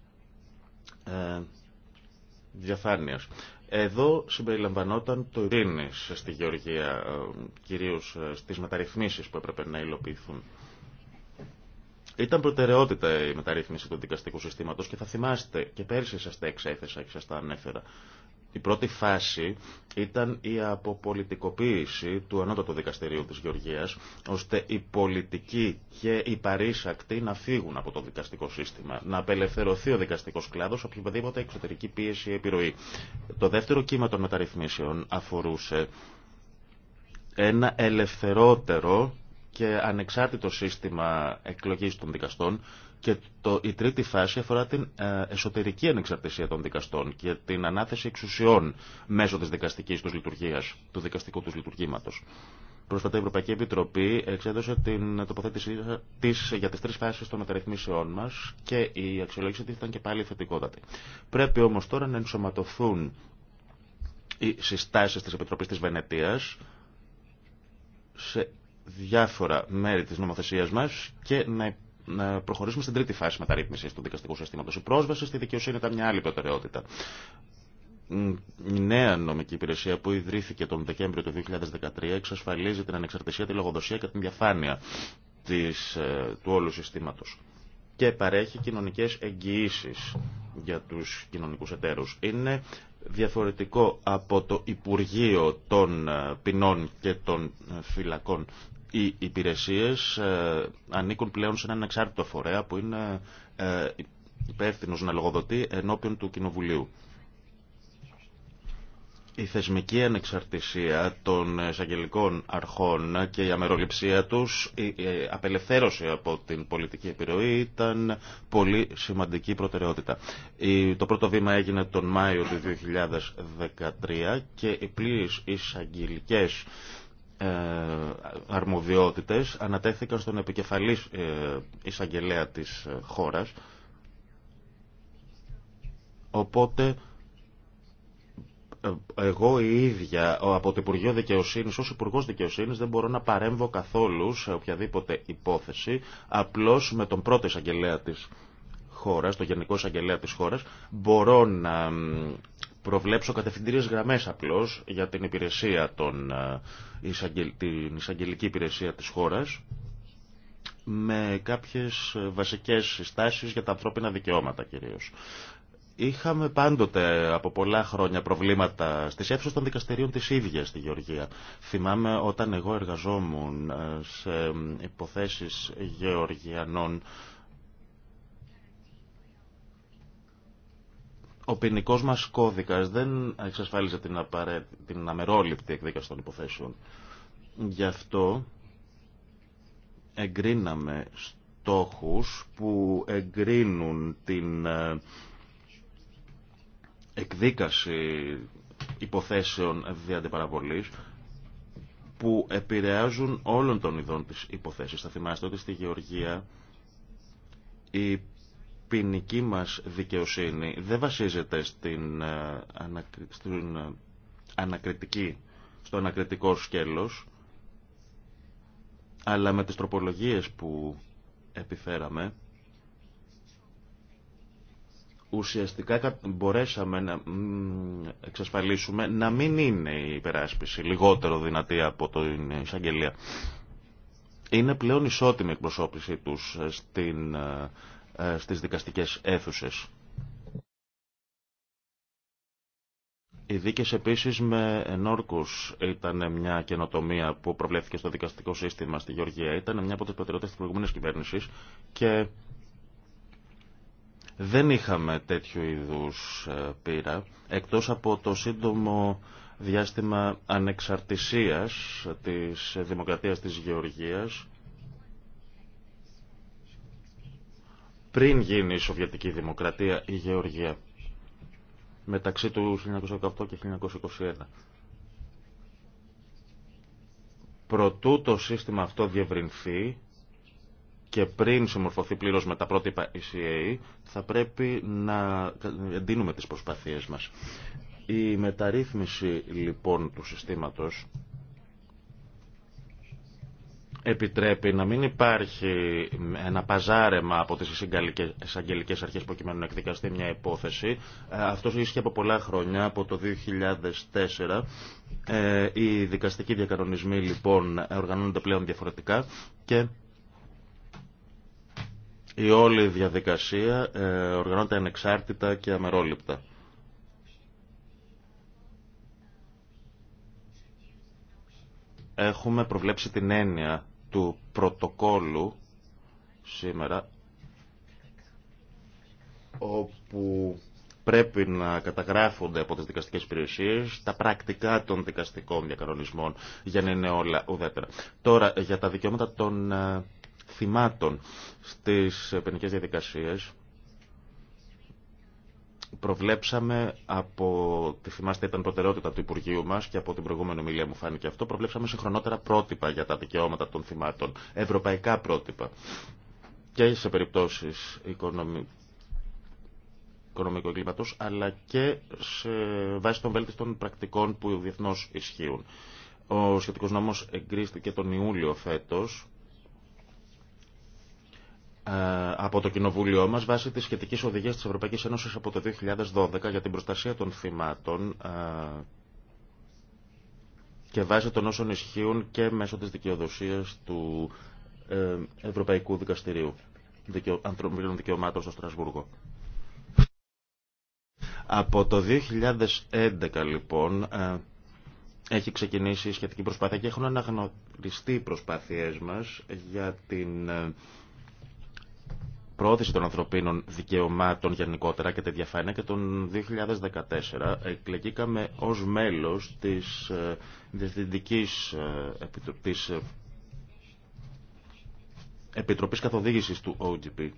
εδώ συμπεριλαμβανόταν το ειρήνη στη Γεωργία, ε, κυρίως ε, στις μεταρρυθμίσεις που έπρεπε να υλοποιηθούν. Ήταν προτεραιότητα η μεταρρύθμιση του δικαστικού συστήματος και θα θυμάστε και πέρσι σας τα εξέθεσα και σας τα ανέφερα. Η πρώτη φάση ήταν η αποπολιτικοποίηση του Ανώτατου Δικαστηρίου της Γεωργίας, ώστε οι πολιτικοί και οι παρήσακτοι να φύγουν από το δικαστικό σύστημα, να απελευθερωθεί ο δικαστικός κλάδος από εξωτερική πίεση ή επιρροή. Το δεύτερο κύμα των μεταρρυθμίσεων αφορούσε ένα ελευθερότερο και ανεξάρτητο σύστημα εκλογής των δικαστών, και η τρίτη φάση αφορά την ε, εσωτερική ανεξαρτησία των δικαστών και την ανάθεση εξουσιών μέσω της δικαστικής τους λειτουργίας, του δικαστικού τους λειτουργήματος. Πρόσφατα η Ευρωπαϊκή Επιτροπή εξέδωσε την τοποθέτησή τη για τι τρει φάσει των μεταρρυθμίσεών μα και η αξιολόγηση τη ήταν και πάλι θετικότατη. Πρέπει όμω τώρα να ενσωματωθούν οι συστάσει τη Επιτροπή τη Βενετία σε διάφορα μέρη της νομοθεσίας μας και να να προχωρήσουμε στην τρίτη φάση μεταρρύθμιση του δικαστικού συστήματο. Η πρόσβαση στη δικαιοσύνη ήταν μια άλλη προτεραιότητα. Η νέα νομική υπηρεσία που ιδρύθηκε τον Δεκέμβριο του 2013 εξασφαλίζει την ανεξαρτησία, τη λογοδοσία και την διαφάνεια της, ε, του όλου συστήματος και παρέχει κοινωνικές εγγυήσεις για του κοινωνικού εταίρου. Είναι διαφορετικό από το Υπουργείο των ε, Ποινών και των ε, Φυλακών οι υπηρεσίες ε, ανήκουν πλέον σε έναν εξάρτητο φορέα που είναι ε, υπεύθυνο να λογοδοτεί ενώπιον του Κοινοβουλίου. Η θεσμική ανεξαρτησία των εισαγγελικών αρχών και η αμεροληψία τους, η απελευθέρωση από την πολιτική επιρροή ήταν πολύ σημαντική προτεραιότητα. Το πρώτο βήμα έγινε τον Μάιο του 2013 και οι πλήρες εισαγγελικές ε, αρμοδιότητες ανατέθηκαν στον επικεφαλής ε, εισαγγελέα της ε, χώρας. Οπότε εγώ η ίδια από το Υπουργείο Δικαιοσύνης ως Υπουργό Δικαιοσύνης δεν μπορώ να παρέμβω καθόλου σε οποιαδήποτε υπόθεση απλώς με τον πρώτο εισαγγελέα της χώρας, το Γενικό Εισαγγελέα της χώρας μπορώ να προβλέψω κατευθυντήριες γραμμές απλώς για την υπηρεσία των, ε, την εισαγγελική υπηρεσία της χώρας με κάποιες βασικές συστάσεις για τα ανθρώπινα δικαιώματα κυρίως. Είχαμε πάντοτε από πολλά χρόνια προβλήματα στις αίθουσες των δικαστηρίων της ίδιας στη Γεωργία. Θυμάμαι όταν εγώ εργαζόμουν ε, σε υποθέσεις γεωργιανών ο ποινικό μα κώδικα δεν εξασφάλιζε την, την αμερόληπτη εκδίκαση των υποθέσεων. Γι' αυτό εγκρίναμε στόχους που εγκρίνουν την ε, εκδίκαση υποθέσεων δια που επηρεάζουν όλων των ειδών της υποθέσεις. Θα θυμάστε ότι στη Γεωργία ποινική μας δικαιοσύνη δεν βασίζεται στην, ε, στην ε, ανακριτική, στο ανακριτικό σκέλος, αλλά με τις τροπολογίες που επιφέραμε, ουσιαστικά μπορέσαμε να εξασφαλίσουμε να μην είναι η υπεράσπιση λιγότερο δυνατή από την εισαγγελία. Είναι πλέον ισότιμη η εκπροσώπησή τους ε, στην ε, στις δικαστικές αίθουσες. Οι δίκες επίσης με ενόρκους ήταν μια καινοτομία που προβλέφθηκε στο δικαστικό σύστημα στη Γεωργία. Ήταν μια από τις προτεραιότητες της προηγούμενης κυβέρνησης και δεν είχαμε τέτοιου είδους ε, πείρα, εκτός από το σύντομο διάστημα ανεξαρτησίας της δημοκρατίας της Γεωργίας πριν γίνει η Σοβιετική Δημοκρατία η Γεωργία μεταξύ του 1918 και 1921. Προτού το σύστημα αυτό διευρυνθεί και πριν συμμορφωθεί πλήρως με τα πρότυπα ECA, θα πρέπει να εντείνουμε τις προσπαθίες μας. Η μεταρρύθμιση λοιπόν του συστήματος επιτρέπει να μην υπάρχει ένα παζάρεμα από τις εισαγγελικέ αρχές που να εκδικαστεί μια υπόθεση. Ε, αυτό ίσχυε από πολλά χρόνια, από το 2004. Ε, οι δικαστικοί διακανονισμοί λοιπόν οργανώνονται πλέον διαφορετικά και η όλη διαδικασία ε, οργανώνεται ανεξάρτητα και αμερόληπτα. Έχουμε προβλέψει την έννοια του πρωτοκόλου σήμερα όπου πρέπει να καταγράφονται από τις δικαστικές υπηρεσίες τα πρακτικά των δικαστικών διακανονισμών για να είναι όλα ουδέτερα. Τώρα για τα δικαιώματα των ε, θυμάτων στις ποινικές διαδικασίες προβλέψαμε από, τη θυμάστε ήταν προτεραιότητα του Υπουργείου μας και από την προηγούμενη ομιλία μου φάνηκε αυτό, προβλέψαμε συγχρονότερα πρότυπα για τα δικαιώματα των θυμάτων, ευρωπαϊκά πρότυπα και σε περιπτώσεις οικονομικού εγκλήματος, αλλά και σε βάση των βέλτιστων πρακτικών που διεθνώς ισχύουν. Ο σχετικός νόμος εγκρίστηκε τον Ιούλιο φέτος, ε, από το Κοινοβούλιο μας βάσει της σχετικής οδηγίας της Ευρωπαϊκής Ένωσης από το 2012 για την προστασία των θυμάτων ε, και βάσει των όσων ισχύουν και μέσω της δικαιοδοσίας του ε, Ευρωπαϊκού Δικαστηρίου Ανθρωπίνων Δικαιωμάτων στο Στρασβούργο. Από το 2011 λοιπόν έχει ξεκινήσει η σχετική προσπάθεια και έχουν αναγνωριστεί οι προσπάθειές μας για την πρόθεση των ανθρωπίνων δικαιωμάτων γενικότερα και τη διαφάνεια και τον 2014 εκλεγήκαμε ως μέλος της ε, Διευθυντικής ε, της ε, Επιτροπής Καθοδήγησης του OGP.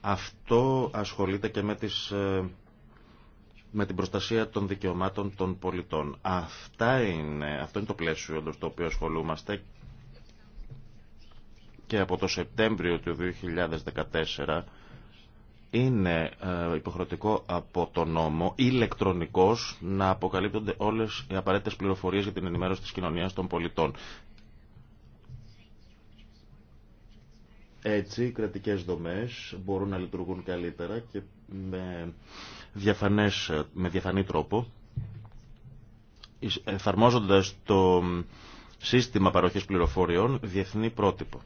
Αυτό ασχολείται και με τις με την προστασία των δικαιωμάτων των πολιτών. Αυτά είναι, αυτό είναι το πλαίσιο εντό το οποίο ασχολούμαστε και από το Σεπτέμβριο του 2014 είναι ε, υποχρεωτικό από το νόμο ηλεκτρονικός να αποκαλύπτονται όλες οι απαραίτητες πληροφορίες για την ενημέρωση της κοινωνίας των πολιτών. Έτσι, οι κρατικές δομές μπορούν να λειτουργούν καλύτερα και με, διαφανές, με διαφανή τρόπο, εφαρμόζοντας το σύστημα παροχής πληροφοριών διεθνή πρότυπο.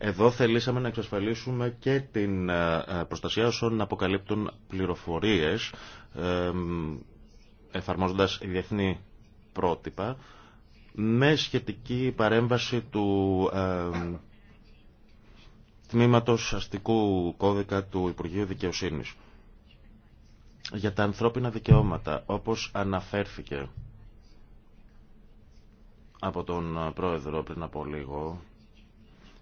Εδώ θελήσαμε να εξασφαλίσουμε και την ε, ε, προστασία όσων αποκαλύπτουν πληροφορίες εφαρμόζοντας διεθνή πρότυπα με σχετική παρέμβαση του Τμήματος Αστικού Κώδικα του Υπουργείου Δικαιοσύνης. Για τα ανθρώπινα δικαιώματα, όπως αναφέρθηκε από τον ε, Πρόεδρο πριν από λίγο,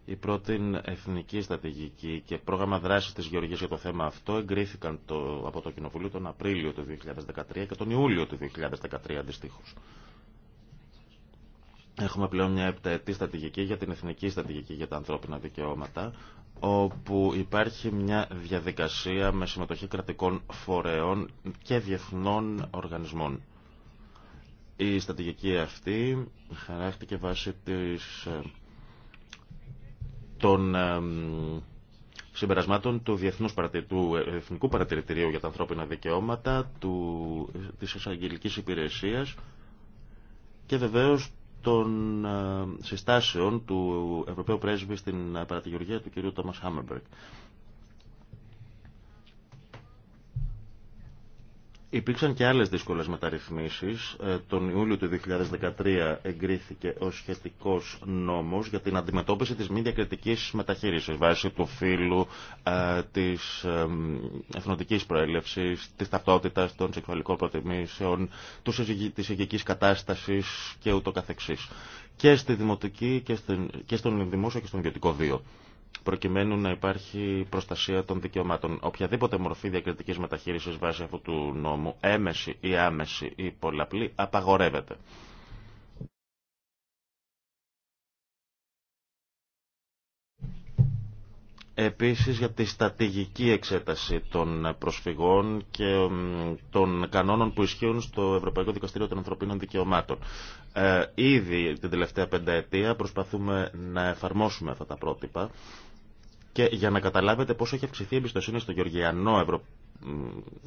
η πρώτη εθνική στρατηγική και πρόγραμμα δράση τη Γεωργία για το θέμα αυτό εγκρίθηκαν το, από το Κοινοβουλίο τον Απρίλιο του 2013 και τον Ιούλιο του 2013 αντιστοίχω. Έχουμε πλέον μια επταετή στρατηγική για την εθνική στρατηγική για τα ανθρώπινα δικαιώματα, όπου υπάρχει μια διαδικασία με συμμετοχή κρατικών φορέων και διεθνών οργανισμών. Η στρατηγική αυτή χαράχτηκε βάσει της ε, των συμπερασμάτων του, Διεθνούς του Εθνικού Παρατηρητηρίου για τα Ανθρώπινα Δικαιώματα, του, της Εισαγγελικής Υπηρεσίας και βεβαίως των συστάσεων του Ευρωπαίου Πρέσβη στην ε, παρατηγορία του κ. Τόμας Χάμερμπεργκ. Υπήρξαν και άλλες δύσκολες μεταρρυθμίσεις. Ε, τον Ιούλιο του 2013 εγκρίθηκε ο σχετικός νόμος για την αντιμετώπιση της μη διακριτικής μεταχείρισης βάσει του φύλου, ε, της ε, εθνοτικής προέλευσης, της ταυτότητας, των σεξουαλικών προτιμήσεων, της υγικής κατάστασης και ούτω καθεξής. Και, στη δημοτική, και, στον δημόσιο και στον ιδιωτικό βίο προκειμένου να υπάρχει προστασία των δικαιωμάτων. Οποιαδήποτε μορφή διακριτικής μεταχείρισης βάσει αυτού του νόμου, έμεση ή άμεση ή πολλαπλή, απαγορεύεται. Επίσης για τη στατηγική εξέταση των προσφυγών και των κανόνων που ισχύουν στο Ευρωπαϊκό Δικαστήριο των Ανθρωπίνων Δικαιωμάτων. Ε, ήδη την τελευταία πενταετία προσπαθούμε να εφαρμόσουμε αυτά τα πρότυπα και για να καταλάβετε πόσο έχει αυξηθεί η εμπιστοσύνη στο Γεωργιανό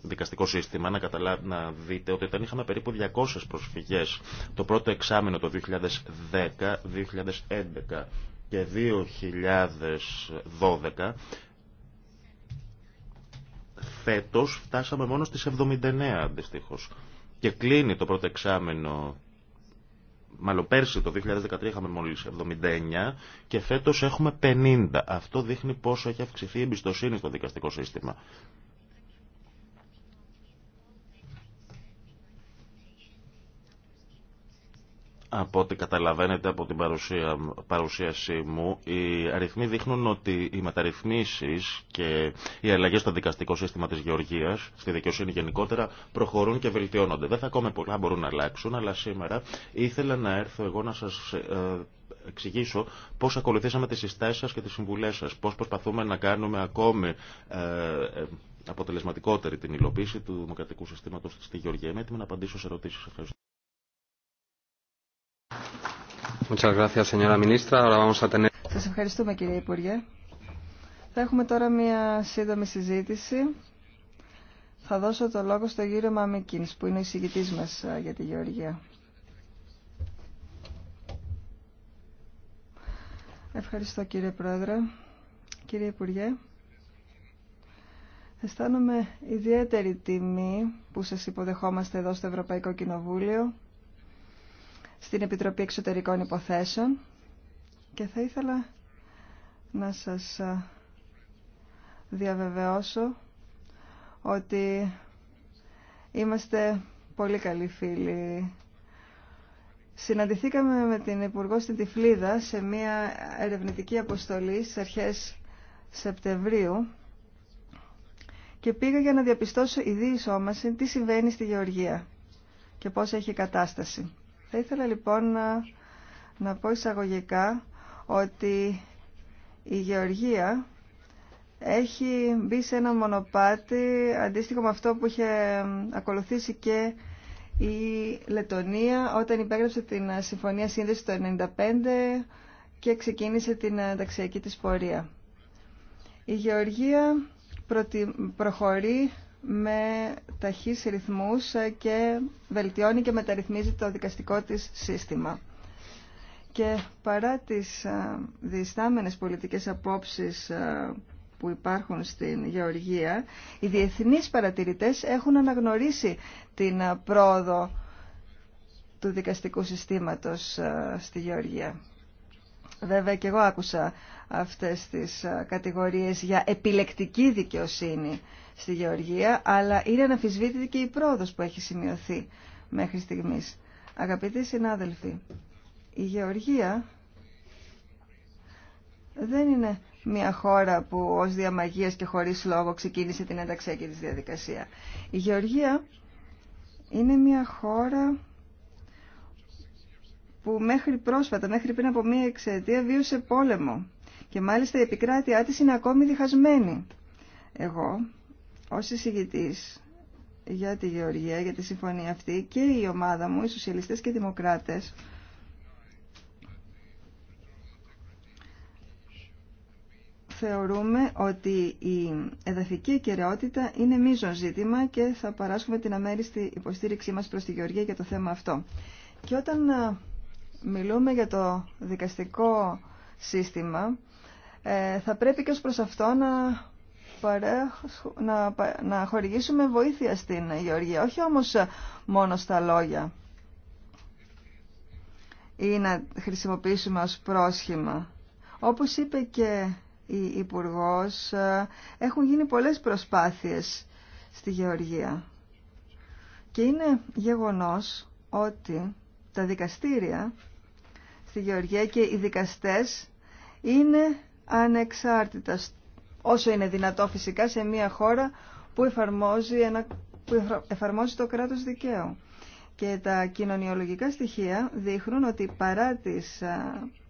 δικαστικό σύστημα, να, καταλα... να δείτε ότι όταν είχαμε περίπου 200 προσφυγές το πρώτο εξάμεινο το 2010-2011 και 2012 φέτος φτάσαμε μόνο στις 79 αντιστοίχω. και κλείνει το πρώτο εξάμενο μάλλον πέρσι το 2013 είχαμε μόλις 79 και φέτος έχουμε 50 αυτό δείχνει πόσο έχει αυξηθεί η εμπιστοσύνη στο δικαστικό σύστημα Από ό,τι καταλαβαίνετε από την παρουσία, παρουσίασή μου, οι αριθμοί δείχνουν ότι οι μεταρρυθμίσεις και οι αλλαγές στο δικαστικό σύστημα της Γεωργίας, στη δικαιοσύνη γενικότερα, προχωρούν και βελτιώνονται. Δεν θα ακόμα πολλά μπορούν να αλλάξουν, αλλά σήμερα ήθελα να έρθω εγώ να σας ε, εξηγήσω πώ ακολουθήσαμε τι συστάσει σα και τι συμβουλέ σα. Πώ προσπαθούμε να κάνουμε ακόμη ε, ε, αποτελεσματικότερη την υλοποίηση του δημοκρατικού συστήματο στη Γεωργία. Είμαι έτοιμη να απαντήσω σε ερωτήσει. Ευχαριστώ. Σας ευχαριστούμε κύριε Υπουργέ. Θα έχουμε τώρα μια σύντομη συζήτηση. Θα δώσω το λόγο στον κύριο Μαμίκινς που είναι ο εισηγητής μας για τη Γεωργία. Ευχαριστώ κύριε Πρόεδρε. Κύριε Υπουργέ, αισθάνομαι ιδιαίτερη τιμή που σας υποδεχόμαστε εδώ στο Ευρωπαϊκό Κοινοβούλιο στην Επιτροπή Εξωτερικών Υποθέσεων και θα ήθελα να σας διαβεβαιώσω ότι είμαστε πολύ καλοί φίλοι. Συναντηθήκαμε με την Υπουργό στην Τυφλίδα σε μια ερευνητική αποστολή στις αρχές Σεπτεμβρίου και πήγα για να διαπιστώσω η διεισόμαση τι συμβαίνει στη Γεωργία και πώς έχει κατάσταση. Θα ήθελα λοιπόν να, να πω εισαγωγικά ότι η Γεωργία έχει μπει σε ένα μονοπάτι αντίστοιχο με αυτό που είχε ακολουθήσει και η Λετωνία όταν υπέγραψε την ε, Συμφωνία Σύνδεση το 1995 και ξεκίνησε την ε, ταξιακή της πορεία. Η Γεωργία προχωρεί με ταχύς ρυθμούς και βελτιώνει και μεταρρυθμίζει το δικαστικό της σύστημα. Και παρά τις ε, διστάμενες πολιτικές απόψεις ε, που υπάρχουν στην Γεωργία, οι διεθνείς παρατηρητές έχουν αναγνωρίσει την ε, πρόοδο του δικαστικού συστήματος στη Γεωργία. Βέβαια και εγώ άκουσα αυτές τις κατηγορίες για επιλεκτική δικαιοσύνη στη Γεωργία, αλλά είναι αναφυσβήτητη και η πρόοδος που έχει σημειωθεί μέχρι στιγμής. Αγαπητοί συνάδελφοι, η Γεωργία δεν είναι μια χώρα που ως διαμαγείας και χωρίς λόγο ξεκίνησε την ενταξιακή της διαδικασία. Η Γεωργία είναι μια χώρα που μέχρι πρόσφατα, μέχρι πριν από μία εξαιτία βίωσε πόλεμο και μάλιστα η επικράτειά της είναι ακόμη διχασμένη. Εγώ, ως εισηγητής για τη Γεωργία, για τη συμφωνία αυτή και η ομάδα μου, οι Σοσιαλιστές και οι Δημοκράτες, θεωρούμε ότι η εδαφική κεραιότητα είναι μείζον ζήτημα και θα παράσχουμε την αμέριστη υποστήριξή μας προς τη Γεωργία για το θέμα αυτό. Και όταν μιλούμε για το δικαστικό σύστημα, ε, θα πρέπει και ως προς αυτό να, να, να χορηγήσουμε βοήθεια στην Γεωργία, όχι όμως μόνο στα λόγια ή να χρησιμοποιήσουμε ως πρόσχημα. Όπως είπε και η Υπουργός, ε, έχουν γίνει πολλές προσπάθειες στη Γεωργία. Και είναι γεγονός ότι τα δικαστήρια στη Γεωργία και οι δικαστές είναι ανεξάρτητα όσο είναι δυνατό φυσικά σε μια χώρα που εφαρμόζει, ένα, το κράτος δικαίου. Και τα κοινωνιολογικά στοιχεία δείχνουν ότι παρά τις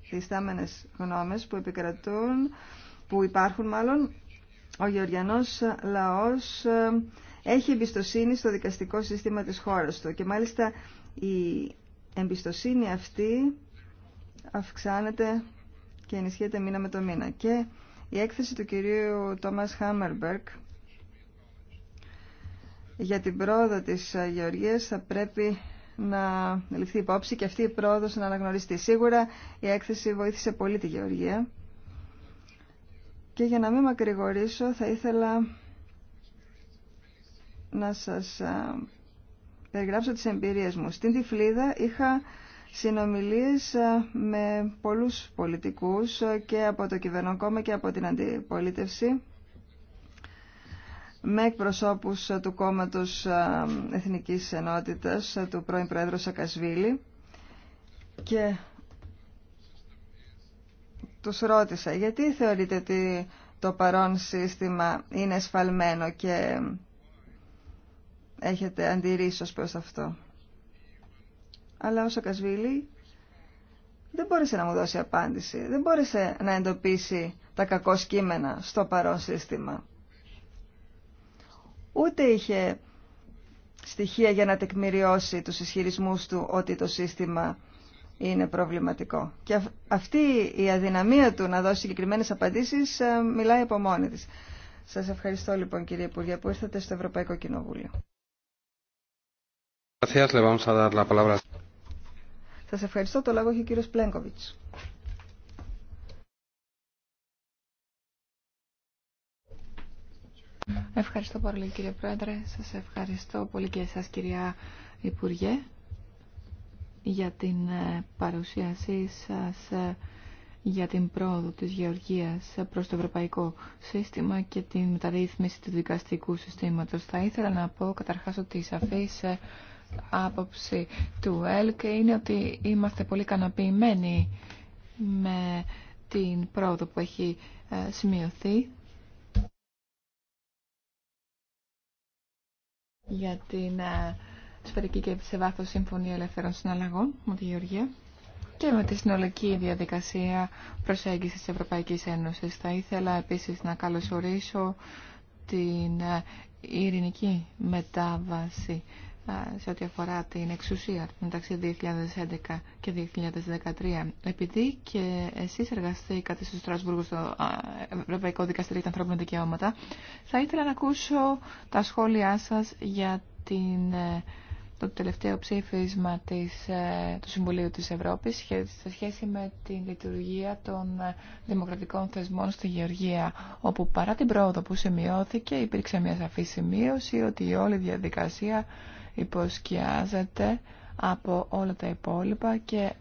διστάμενες γνώμες που επικρατούν, που υπάρχουν μάλλον, ο γεωργιανός λαός έχει εμπιστοσύνη στο δικαστικό σύστημα της χώρας του και μάλιστα η εμπιστοσύνη αυτή αυξάνεται και ενισχύεται μήνα με το μήνα. Και η έκθεση του κυρίου Τόμας Χάμερμπερκ για την πρόοδο της Γεωργίας θα πρέπει να ληφθεί υπόψη και αυτή η πρόοδος να αναγνωριστεί. Σίγουρα η έκθεση βοήθησε πολύ τη Γεωργία. Και για να μην μακρηγορήσω θα ήθελα να σας ε, περιγράψω τις εμπειρίες μου. Στην Τυφλίδα είχα συνομιλίες ε, με πολλούς πολιτικούς ε, και από το κυβερνό κόμμα και από την αντιπολίτευση με εκπροσώπους ε, του κόμματος Εθνικής Ενότητας του πρώην Πρόεδρου Σακασβίλη και τους ρώτησα γιατί θεωρείτε ότι το παρόν σύστημα είναι εσφαλμένο και έχετε αντιρρήσει ως προς αυτό. Αλλά ο Σακασβίλη δεν μπόρεσε να μου δώσει απάντηση. Δεν μπόρεσε να εντοπίσει τα κακό σκήμενα στο παρόν σύστημα. Ούτε είχε στοιχεία για να τεκμηριώσει τους ισχυρισμούς του ότι το σύστημα είναι προβληματικό. Και αυτή η αδυναμία του να δώσει συγκεκριμένε απαντήσεις ε, μιλάει από μόνη της. Σας ευχαριστώ λοιπόν κύριε Υπουργέ που ήρθατε στο Ευρωπαϊκό Κοινοβούλιο. Σα ευχαριστώ. Το λόγο έχει ο κύριο Πλένκοβιτς. Ευχαριστώ πολύ κύριε Πρόεδρε. Σας ευχαριστώ πολύ και εσάς κυρία Υπουργέ για την ε, παρουσίασή σας ε, για την πρόοδο της γεωργίας ε, προς το ευρωπαϊκό σύστημα και την μεταρρύθμιση του δικαστικού συστήματος. Θα ήθελα να πω καταρχάς ότι η σαφής άποψη του ΕΛΚ είναι ότι είμαστε πολύ καναποιημένοι με την πρόοδο που έχει ε, σημειωθεί για την ε, σφαιρική και σε βάθος Συμφωνία Ελεύθερων Συναλλαγών με τη Γεωργία και με τη συνολική διαδικασία προσέγγισης της Ευρωπαϊκής Ένωσης. Θα ήθελα επίσης να καλωσορίσω την ε, ειρηνική μετάβαση σε ό,τι αφορά την εξουσία μεταξύ 2011 και 2013. Επειδή και εσεί εργαστήκατε στο Στρασβούργο στο Ευρωπαϊκό Δικαστήριο για τα Ανθρώπινα Δικαιώματα, θα ήθελα να ακούσω τα σχόλιά σα για την, ε, το τελευταίο ψήφισμα της, ε, του Συμβουλίου της Ευρώπης σε σχέση με την λειτουργία των ε, δημοκρατικών θεσμών στη Γεωργία, όπου παρά την πρόοδο που σημειώθηκε υπήρξε μια σαφή σημείωση ότι η όλη διαδικασία υποσκιάζεται από όλα τα υπόλοιπα και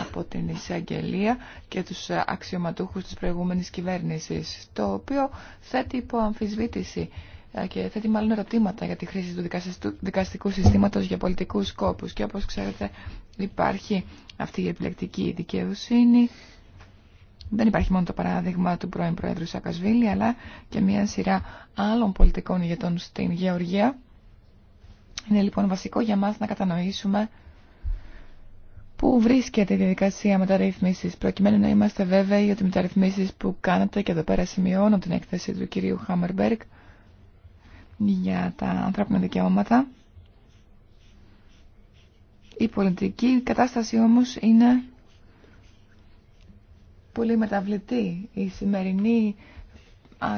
από την εισαγγελία και τους αξιωματούχους της προηγούμενης κυβέρνησης, το οποίο θέτει υπό αμφισβήτηση ε, και θέτει μάλλον ερωτήματα για τη χρήση του δικαστικού συστήματος για πολιτικούς σκόπους. Και όπως ξέρετε υπάρχει αυτή η επιλεκτική δικαιοσύνη. Δεν υπάρχει μόνο το παράδειγμα του πρώην Πρόεδρου Σακασβίλη, αλλά και μια σειρά άλλων πολιτικών ηγετών στην Γεωργία, είναι λοιπόν βασικό για μας να κατανοήσουμε πού βρίσκεται η διαδικασία μεταρρύθμισης, προκειμένου να είμαστε βέβαιοι ότι οι μεταρρυθμίσεις που βρισκεται η διαδικασια μεταρρυθμισης προκειμενου να ειμαστε βεβαιοι οτι οι μεταρρυθμισεις που κανετε και εδώ πέρα σημειώνω την έκθεση του κυρίου Χάμερμπεργκ για τα ανθρώπινα δικαιώματα, η πολιτική κατάσταση όμως είναι πολύ μεταβλητή. Η σημερινή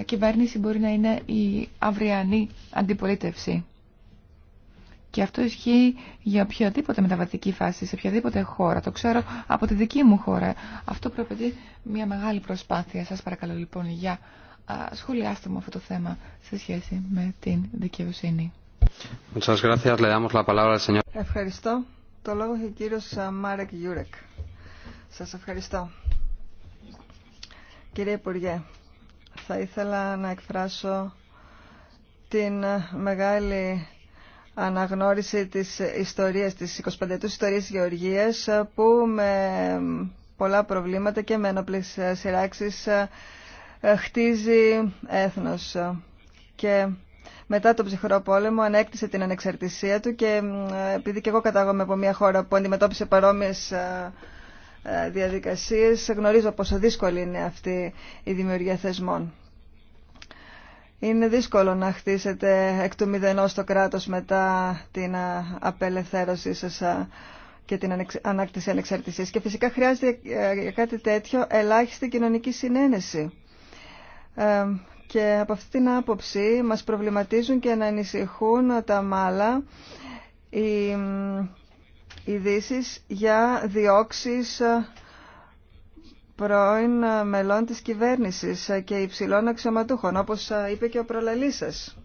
κυβέρνηση μπορεί να είναι η αυριανή αντιπολίτευση. Και αυτό ισχύει για οποιαδήποτε μεταβατική φάση, σε οποιαδήποτε χώρα. Το ξέρω από τη δική μου χώρα. Αυτό προαπαιτεί μια μεγάλη προσπάθεια. Σας παρακαλώ λοιπόν για σχολιάστε μου αυτό το θέμα σε σχέση με την δικαιοσύνη. Ευχαριστώ. Το λόγο έχει ο κύριος Μάρεκ Γιούρεκ. Σας ευχαριστώ. Κύριε Υπουργέ, θα ήθελα να εκφράσω την μεγάλη αναγνώριση της ιστορίας, της 25 ης ιστορίας Γεωργίας που με πολλά προβλήματα και με ένοπλες σειράξεις ε, χτίζει έθνος. Και μετά τον ψυχρό πόλεμο ανέκτησε την ανεξαρτησία του και επειδή και εγώ κατάγομαι από μια χώρα που αντιμετώπισε παρόμοιες ε, ε, διαδικασίες γνωρίζω πόσο δύσκολη είναι αυτή η δημιουργία θεσμών. Είναι δύσκολο να χτίσετε εκ του μηδενός το κράτος μετά την απελευθέρωσή σας και την ανάκτηση ανεξαρτησίας. Και φυσικά χρειάζεται ε, για κάτι τέτοιο ελάχιστη κοινωνική συνένεση. Ε, και από αυτή την άποψη μας προβληματίζουν και να ανησυχούν τα μάλα οι ειδήσει για διώξεις πρώην ε, μελών της κυβέρνησης ε, και υψηλών αξιωματούχων, όπως ε, είπε και ο προλαλής σας.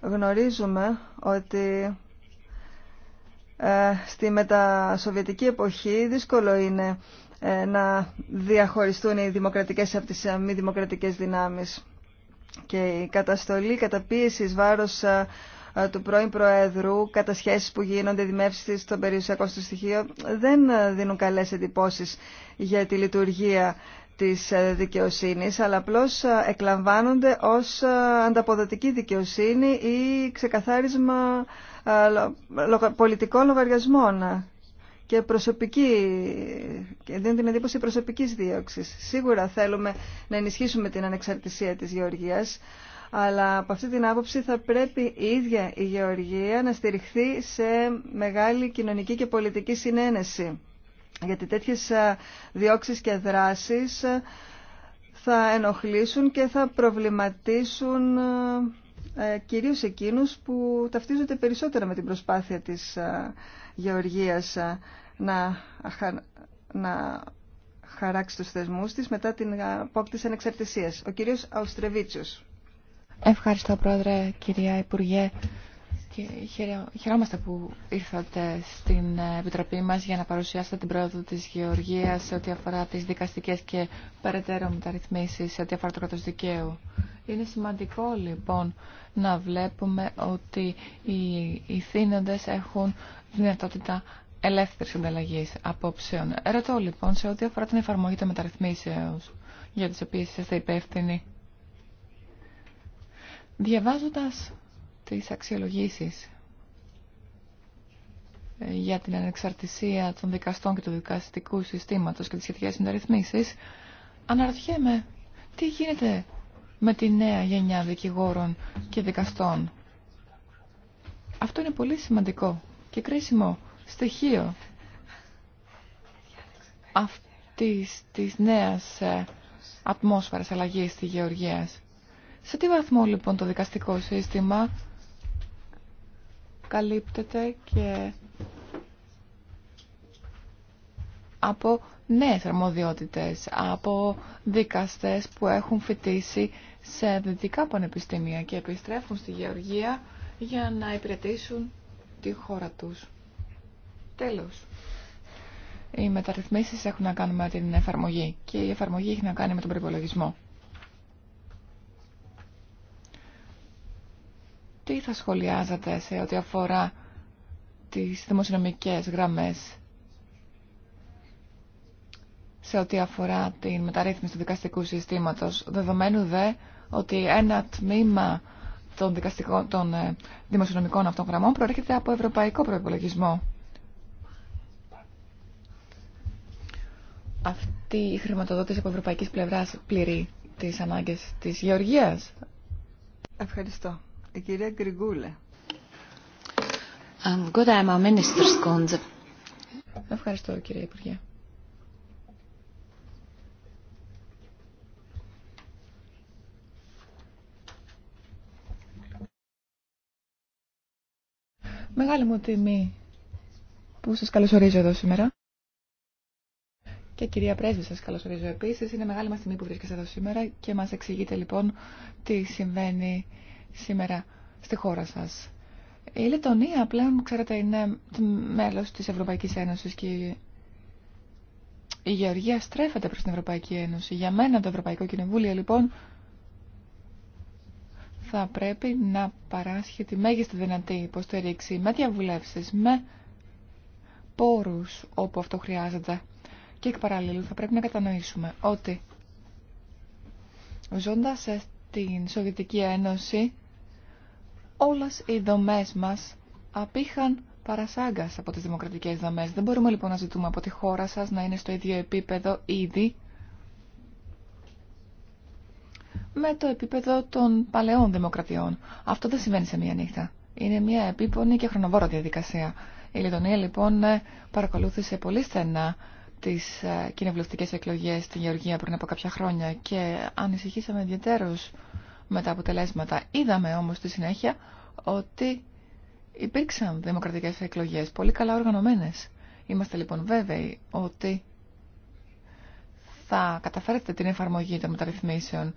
Γνωρίζουμε ότι στη μετασοβιετική εποχή δύσκολο είναι να διαχωριστούν οι δημοκρατικές από τις μη δημοκρατικές δυνάμεις και η καταστολή, καταπίεσης καταπίεση βάρος ε, του πρώην Προέδρου, κατασχέσεις που γίνονται, δημεύσεις των περιουσιακών στο στοιχείο, δεν ε, δίνουν καλές εντυπώσεις για τη λειτουργία της ε, δικαιοσύνης, αλλά απλώς εκλαμβάνονται ως ανταποδοτική δικαιοσύνη ή ξεκαθάρισμα πολιτικών λογαριασμών και προσωπική, και δίνει την εντύπωση προσωπικής δίωξης. Σίγουρα θέλουμε να ενισχύσουμε την ανεξαρτησία της Γεωργίας, αλλά από αυτή την άποψη θα πρέπει η ίδια η γεωργία να στηριχθεί σε μεγάλη κοινωνική και πολιτική συνένεση. Γιατί τέτοιες διώξεις και δράσεις θα ενοχλήσουν και θα προβληματίσουν ε, κυρίως εκείνους που ταυτίζονται περισσότερα με την προσπάθεια της γεωργίας να, να χαράξει τους θεσμούς της μετά την απόκτηση ανεξαρτησίας. Ο κύριος Αουστρεβίτσιος. Ευχαριστώ Πρόεδρε, κυρία Υπουργέ. Και χαιρόμαστε που ήρθατε στην Επιτροπή μας για να παρουσιάσετε την πρόοδο της Γεωργίας σε ό,τι αφορά τις δικαστικές και περαιτέρω μεταρρυθμίσεις σε ό,τι αφορά το κράτος δικαίου. Είναι σημαντικό λοιπόν να βλέπουμε ότι οι θύνοντες έχουν δυνατότητα ελεύθερη ανταλλαγής απόψεων. Ρωτώ λοιπόν σε ό,τι αφορά την εφαρμογή των μεταρρυθμίσεων για τις οποίες είστε υπεύθυνοι. Διαβάζοντας τις αξιολογήσεις ε, για την ανεξαρτησία των δικαστών και του δικαστικού συστήματος και τις σχετικές μεταρρυθμίσεις, αναρωτιέμαι τι γίνεται με τη νέα γενιά δικηγόρων και δικαστών. Αυτό είναι πολύ σημαντικό και κρίσιμο στοιχείο αυτής της νέας ε, ατμόσφαιρας αλλαγής της Γεωργίας. Σε τι βαθμό λοιπόν το δικαστικό σύστημα καλύπτεται και από νέες αρμοδιότητες, από δικαστές που έχουν φοιτήσει σε δυτικά πανεπιστήμια και επιστρέφουν στη Γεωργία για να υπηρετήσουν τη χώρα τους. Τέλος. Οι μεταρρυθμίσεις έχουν να κάνουν με την εφαρμογή και η εφαρμογή έχει να κάνει με τον προπολογισμό. τι θα σχολιάζατε σε ό,τι αφορά τις δημοσιονομικές γραμμές σε ό,τι αφορά την μεταρρύθμιση του δικαστικού συστήματος, δεδομένου δε ότι ένα τμήμα των, ε, δημοσιονομικών αυτών γραμμών προέρχεται από ευρωπαϊκό προϋπολογισμό. Αυτή η χρηματοδότηση από ευρωπαϊκής πλευράς πληρεί τις ανάγκες της γεωργίας. Ευχαριστώ. Η κυρία Γκριγκούλα. Ευχαριστώ κύριε Υπουργέ. Μεγάλη μου τιμή που σας καλωσορίζω εδώ σήμερα. Και κυρία Πρέσβη, σας καλωσορίζω επίσης. Είναι μεγάλη μας τιμή που βρίσκεστε εδώ σήμερα και μας εξηγείτε λοιπόν τι συμβαίνει σήμερα στη χώρα σας. Η Λετωνία πλέον, ξέρετε, είναι μέλος της Ευρωπαϊκής Ένωσης και η Γεωργία στρέφεται προς την Ευρωπαϊκή Ένωση. Για μένα το Ευρωπαϊκό Κοινοβούλιο, λοιπόν, θα πρέπει να παράσχει τη μέγιστη δυνατή υποστήριξη με διαβουλεύσεις, με πόρους όπου αυτό χρειάζεται. Και εκ παραλλήλου θα πρέπει να κατανοήσουμε ότι ζώντας στην Σοβιετική Ένωση όλες οι δομές μας απήχαν παρασάγκας από τις δημοκρατικές δομές. Δεν μπορούμε λοιπόν να ζητούμε από τη χώρα σας να είναι στο ίδιο επίπεδο ήδη με το επίπεδο των παλαιών δημοκρατιών. Αυτό δεν συμβαίνει σε μία νύχτα. Είναι μία επίπονη και χρονοβόρα διαδικασία. Η Λετωνία λοιπόν ε, παρακολούθησε πολύ στενά τις ε, κοινοβουλευτικές εκλογές στη Γεωργία πριν από κάποια χρόνια και ανησυχήσαμε ιδιαίτερως με τα αποτελέσματα. Είδαμε όμως στη συνέχεια ότι υπήρξαν δημοκρατικές εκλογές πολύ καλά οργανωμένες. Είμαστε λοιπόν βέβαιοι ότι θα καταφέρετε την εφαρμογή των μεταρρυθμίσεων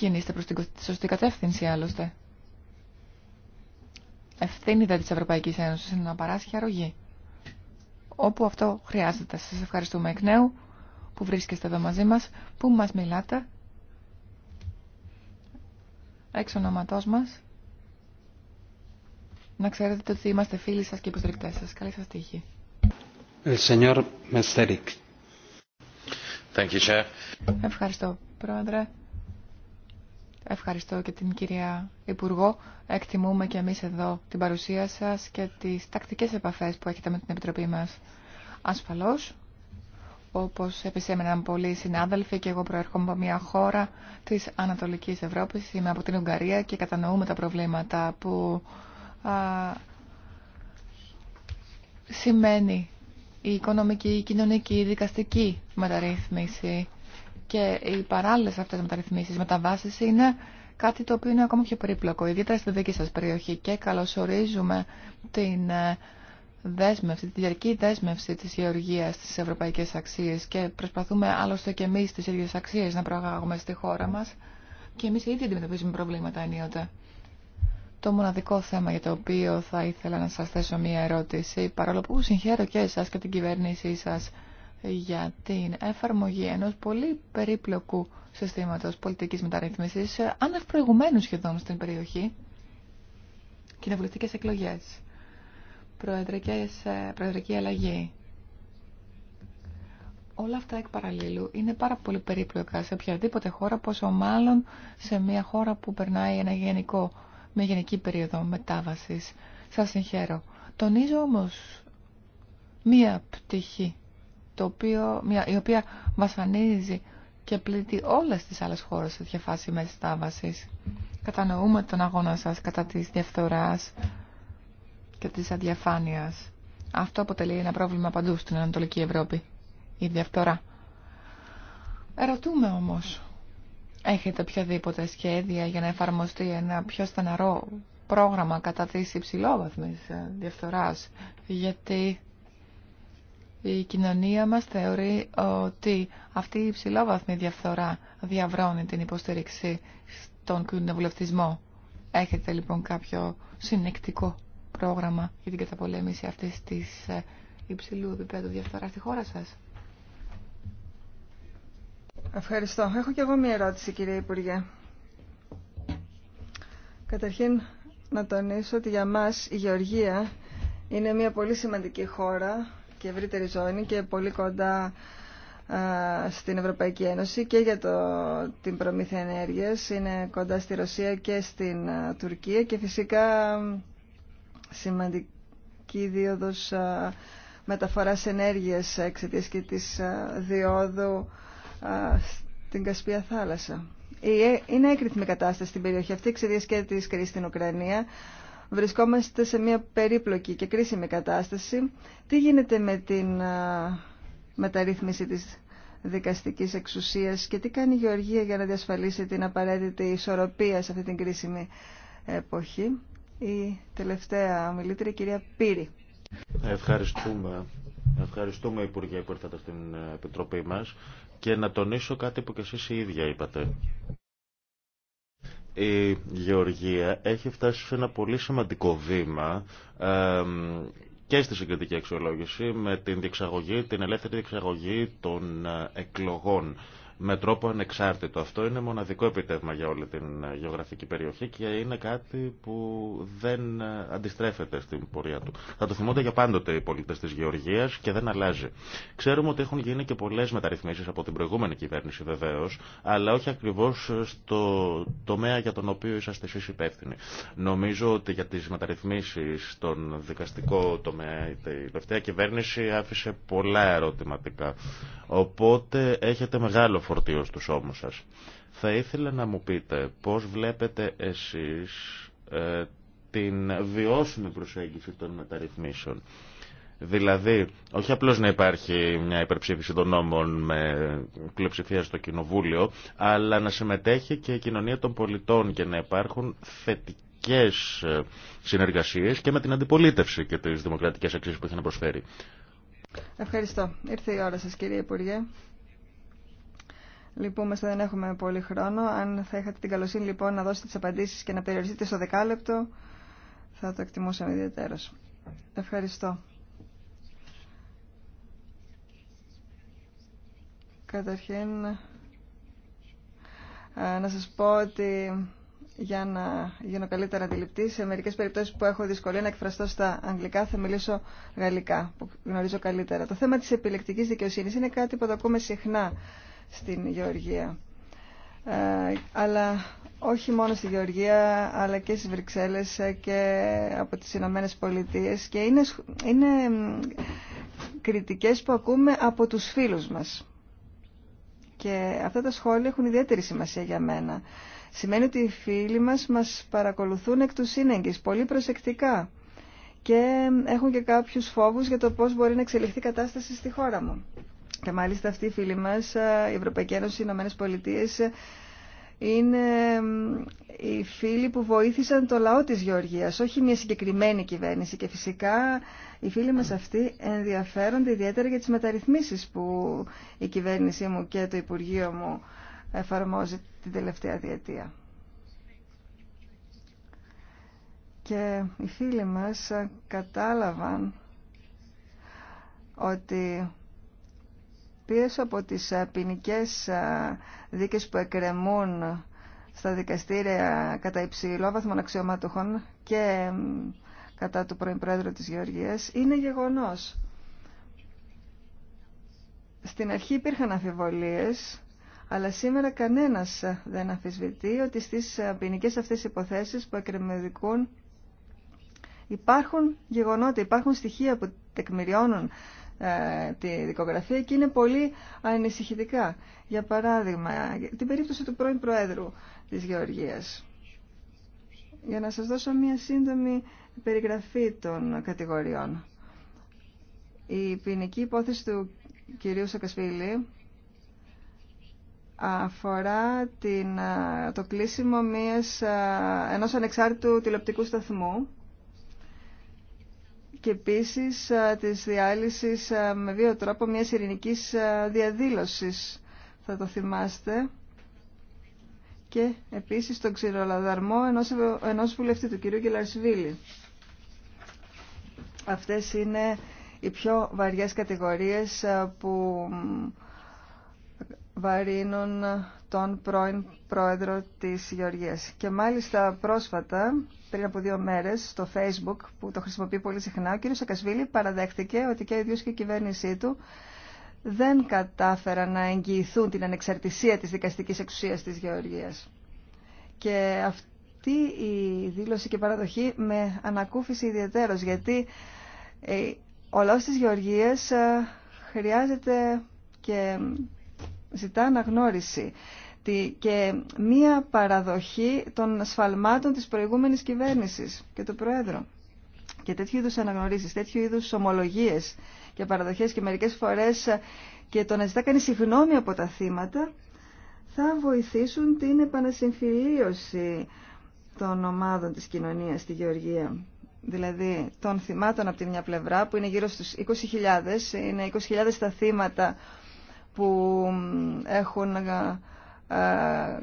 είστε προς την σωστή κατεύθυνση άλλωστε. Ευθύνη δε της Ευρωπαϊκής Ένωσης είναι να παράσχει αρρωγή. Όπου αυτό χρειάζεται. Σας ευχαριστούμε εκ νέου που βρίσκεστε εδώ μαζί μας, που μας μιλάτε έξω ονόματός μας. Να ξέρετε ότι είμαστε φίλοι σας και υποστηρικτές σας. Καλή σας τύχη. Ε, Ευχαριστώ, Πρόεδρε. Ευχαριστώ και την κυρία Υπουργό. Εκτιμούμε και εμείς εδώ την παρουσία σας και τις τακτικές επαφές που έχετε με την Επιτροπή μας. Ασφαλώς, όπως επισήμεναν πολλοί συνάδελφοι και εγώ προέρχομαι από μια χώρα της Ανατολικής Ευρώπης, είμαι από την Ουγγαρία και κατανοούμε τα προβλήματα που α, σημαίνει η οικονομική, η κοινωνική, η δικαστική μεταρρύθμιση και οι παράλληλες αυτές μεταρρυθμίσεις μεταβάσεις είναι κάτι το οποίο είναι ακόμα πιο περίπλοκο, ιδιαίτερα στη δική σας περιοχή και καλωσορίζουμε την ε, δέσμευση, τη διαρκή δέσμευση της γεωργίας στις ευρωπαϊκές αξίες και προσπαθούμε άλλωστε και εμείς τις ίδιες αξίες να προαγάγουμε στη χώρα μας και εμείς ήδη αντιμετωπίζουμε προβλήματα ενίοτε. Το μοναδικό θέμα για το οποίο θα ήθελα να σας θέσω μία ερώτηση, παρόλο που συγχαίρω και εσάς και την κυβέρνησή σας για την εφαρμογή ενός πολύ περίπλοκου συστήματος πολιτικής μεταρρύθμισης, αν προηγουμένου σχεδόν στην περιοχή, κοινοβουλευτικές εκλογές προεδρικές, ε, προεδρική αλλαγή. Όλα αυτά εκ παραλλήλου είναι πάρα πολύ περίπλοκα σε οποιαδήποτε χώρα, πόσο μάλλον σε μια χώρα που περνάει ένα γενικό, μια γενική περίοδο μετάβασης. Σας συγχαίρω. Τονίζω όμως μία πτυχή, το οποίο, μια, η οποία βασανίζει και πλήττει όλες τις άλλες χώρες σε διαφάση μετάβασης. Κατανοούμε τον αγώνα σας κατά της διαφθοράς, και της αδιαφάνειας. Αυτό αποτελεί ένα πρόβλημα παντού στην Ανατολική Ευρώπη, η διαφθορά. Ερωτούμε όμως, έχετε οποιαδήποτε σχέδια για να εφαρμοστεί ένα πιο στεναρό πρόγραμμα κατά της υψηλόβαθμης ε, διαφθοράς, γιατί η κοινωνία μας θεωρεί ότι αυτή η υψηλόβαθμη διαφθορά διαβρώνει την υποστήριξη στον κοινοβουλευτισμό. Έχετε λοιπόν κάποιο συνεκτικό πρόγραμμα για την καταπολέμηση αυτής της ε, υψηλού επίπεδου διαφθορά στη χώρα σας. Ευχαριστώ. Έχω κι εγώ μία ερώτηση, κύριε Υπουργέ. Καταρχήν, να τονίσω ότι για μας η Γεωργία είναι μια πολύ σημαντική χώρα και ευρύτερη ζώνη και πολύ κοντά στην Ευρωπαϊκή Ένωση και για το, την προμήθεια ενέργειας. Είναι κοντά στη Ρωσία και στην Τουρκία και φυσικά σημαντική δίωδος μεταφοράς ενέργειας εξαιτία και της διόδου στην Κασπία θάλασσα. Ε, είναι έκριθμη κατάσταση στην περιοχή αυτή εξαιτία και της κρίσης στην Ουκρανία. Βρισκόμαστε σε μια περίπλοκη και κρίσιμη κατάσταση. Τι γίνεται με την μεταρρύθμιση της δικαστικής εξουσίας και τι κάνει η Γεωργία για να διασφαλίσει την απαραίτητη ισορροπία σε αυτή την κρίσιμη εποχή η τελευταία μιλήτρια, η κυρία Πύρη. Ευχαριστούμε. Ευχαριστούμε, Υπουργέ, που ήρθατε στην Επιτροπή μας και να τονίσω κάτι που και εσείς οι ίδια είπατε. Η Γεωργία έχει φτάσει σε ένα πολύ σημαντικό βήμα και στη συγκριτική αξιολόγηση με την διεξαγωγή, την ελεύθερη διεξαγωγή των εκλογών με τρόπο ανεξάρτητο. Αυτό είναι μοναδικό επιτεύγμα για όλη την γεωγραφική περιοχή και είναι κάτι που δεν ε, αντιστρέφεται στην πορεία του. Θα το θυμούνται για πάντοτε οι πολίτε τη Γεωργία και δεν αλλάζει. Ξέρουμε ότι έχουν γίνει και πολλέ μεταρρυθμίσει από την προηγούμενη κυβέρνηση βεβαίω, αλλά όχι ακριβώ στο τομέα για τον οποίο είσαστε εσεί υπεύθυνοι. Νομίζω ότι για τι μεταρρυθμίσει στον δικαστικό τομέα η τελευταία κυβέρνηση άφησε πολλά ερωτηματικά. Οπότε έχετε μεγάλο φορτίο στους ώμους σας. Θα ήθελα να μου πείτε πώς βλέπετε εσείς ε, την βιώσιμη προσέγγιση των μεταρρυθμίσεων. Δηλαδή, όχι απλώς να υπάρχει μια υπερψήφιση των νόμων με πλειοψηφία στο Κοινοβούλιο, αλλά να συμμετέχει και η κοινωνία των πολιτών και να υπάρχουν θετικές ε, συνεργασίες και με την αντιπολίτευση και τις δημοκρατικές αξίες που έχει προσφέρει. Ευχαριστώ. Ήρθε η ώρα σας κύριε Υπουργέ. Λυπούμαστε, δεν έχουμε πολύ χρόνο. Αν θα είχατε την καλοσύνη λοιπόν να δώσετε τι απαντήσει και να περιοριστείτε στο δεκάλεπτο, θα το εκτιμούσαμε ιδιαίτερως. Ευχαριστώ. Καταρχήν, να σας πω ότι για να γίνω καλύτερα αντιληπτή, σε μερικές περιπτώσεις που έχω δυσκολία να εκφραστώ στα αγγλικά θα μιλήσω γαλλικά, που γνωρίζω καλύτερα. Το θέμα της επιλεκτικής δικαιοσύνης είναι κάτι που το ακούμε συχνά στην Γεωργία. Ε, αλλά όχι μόνο στη Γεωργία, αλλά και στις Βρυξέλλες ε, και από τις Ηνωμένε Πολιτείε. Και είναι, είναι κριτικές που ακούμε από τους φίλους μας. Και αυτά τα σχόλια έχουν ιδιαίτερη σημασία για μένα. Σημαίνει ότι οι φίλοι μας μας παρακολουθούν εκ του σύνεγγυς, πολύ προσεκτικά. Και έχουν και κάποιους φόβους για το πώς μπορεί να εξελιχθεί η κατάσταση στη χώρα μου. Και μάλιστα αυτή οι φίλοι μας, ε, η Ευρωπαϊκή Ένωση, οι Ηνωμένες Πολιτείες, ε, είναι οι φίλοι που βοήθησαν το λαό της Γεωργίας, όχι μια συγκεκριμένη κυβέρνηση. Και φυσικά οι φίλοι μας αυτοί ενδιαφέρονται ιδιαίτερα για τις μεταρρυθμίσεις που η κυβέρνησή μου και το Υπουργείο μου εφαρμόζει την τελευταία διετία. Και οι φίλοι μας κατάλαβαν ότι οποίες από τις ε, ποινικέ ε, δίκες που εκκρεμούν στα δικαστήρια κατά υψηλό βαθμό αξιωματούχων και κατά του πρώην πρόεδρου της Γεωργίας είναι γεγονός. Στην αρχή υπήρχαν αμφιβολίες, αλλά σήμερα κανένας ε, δεν αμφισβητεί ότι στις ποινικέ αυτές υποθέσεις που εκκρεμεδικούν υπάρχουν γεγονότα, υπάρχουν στοιχεία που τεκμηριώνουν ε, τη δικογραφία και είναι πολύ ανησυχητικά. Για παράδειγμα, την περίπτωση του πρώην Προέδρου της Γεωργίας. Για να σας δώσω μία σύντομη περιγραφή των κατηγοριών. Η ποινική υπόθεση του κυρίου Σακασφίλη αφορά την, ε, το κλείσιμο μίας, ε, ενός ανεξάρτητου τηλεοπτικού σταθμού και επίσης της διάλυσης με βίο τρόπο μια ειρηνικής διαδήλωσης. Θα το θυμάστε. Και επίσης τον ξηρολαδαρμό ενός, βουλευτή του κυρίου Κελαρσβίλη. Αυτές είναι οι πιο βαριές κατηγορίες που βαρύνουν τον πρώην πρόεδρο της Γεωργίας. Και μάλιστα πρόσφατα, πριν από δύο μέρες, στο Facebook, που το χρησιμοποιεί πολύ συχνά, ο κ. Σακασβίλη παραδέχτηκε ότι και ο και η κυβέρνησή του δεν κατάφεραν να εγγυηθούν την ανεξαρτησία της δικαστικής εξουσίας της Γεωργίας. Και αυτή η δήλωση και παραδοχή με ανακούφιση ιδιαίτερος, γιατί ε, ο λαός της Γεωργίας ε, χρειάζεται και ζητά αναγνώριση και μία παραδοχή των σφαλμάτων της προηγούμενης κυβέρνησης και του Προέδρου. Και τέτοιου είδους αναγνωρίσεις, τέτοιου είδους ομολογίες και παραδοχές και μερικές φορές ε, και το να ζητά κανείς συγγνώμη από τα θύματα θα βοηθήσουν την επανασυμφιλίωση των ομάδων της κοινωνίας στη Γεωργία. Δηλαδή των θυμάτων από τη μια πλευρά που είναι γύρω στους 20.000, είναι 20.000 τα θύματα που έχουν, ε,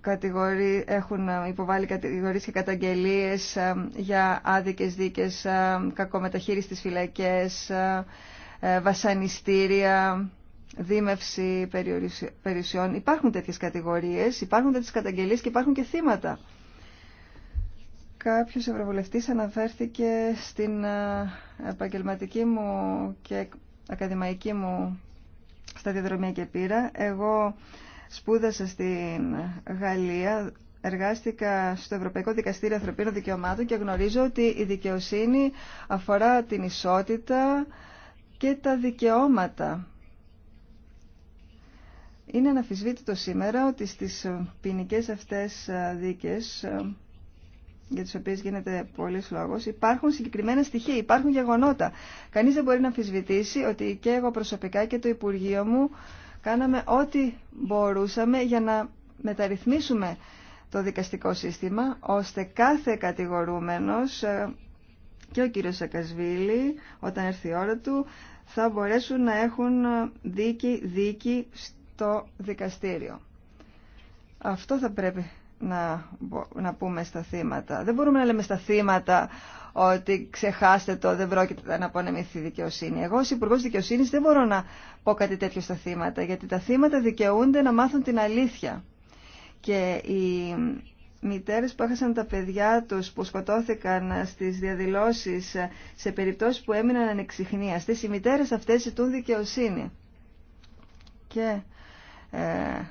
κατηγορεί, έχουν υποβάλει κατηγορίες και καταγγελίες ε, για άδικες δίκες, ε, κακομεταχείριση στις φυλακές, βασανιστήρια, δίμευση περιουσιών. Υπάρχουν τέτοιες κατηγορίες, υπάρχουν τέτοιες καταγγελίες και υπάρχουν και θύματα. Κάποιος ευρωβουλευτής αναφέρθηκε στην επαγγελματική μου και ακαδημαϊκή μου στα και πήρα Εγώ σπούδασα στην Γαλλία, εργάστηκα στο Ευρωπαϊκό Δικαστήριο Ανθρωπίνων Δικαιωμάτων και γνωρίζω ότι η δικαιοσύνη αφορά την ισότητα και τα δικαιώματα. Είναι αναφυσβήτητο σήμερα ότι στις ποινικέ αυτές δίκες για τις οποίες γίνεται πολλή λόγος, υπάρχουν συγκεκριμένα στοιχεία, υπάρχουν γεγονότα. Κανείς δεν μπορεί να αμφισβητήσει ότι και εγώ προσωπικά και το Υπουργείο μου κάναμε ό,τι μπορούσαμε για να μεταρρυθμίσουμε το δικαστικό σύστημα, ώστε κάθε κατηγορούμενος ε, και ο κύριος Σακασβίλη, όταν έρθει η ώρα του, θα μπορέσουν να έχουν δίκη, δίκη στο δικαστήριο. Αυτό θα πρέπει να, να πούμε στα θύματα. Δεν μπορούμε να λέμε στα θύματα ότι ξεχάστε το, δεν πρόκειται να απονεμηθεί δικαιοσύνη. Εγώ ως Υπουργός Δικαιοσύνης δεν μπορώ να πω κάτι τέτοιο στα θύματα, γιατί τα θύματα δικαιούνται να μάθουν την αλήθεια. Και οι μητέρες που έχασαν τα παιδιά τους, που σκοτώθηκαν στις διαδηλώσεις, σε περιπτώσεις που έμειναν ανεξιχνίαστες, οι μητέρες αυτές ζητούν δικαιοσύνη. Και... Ε,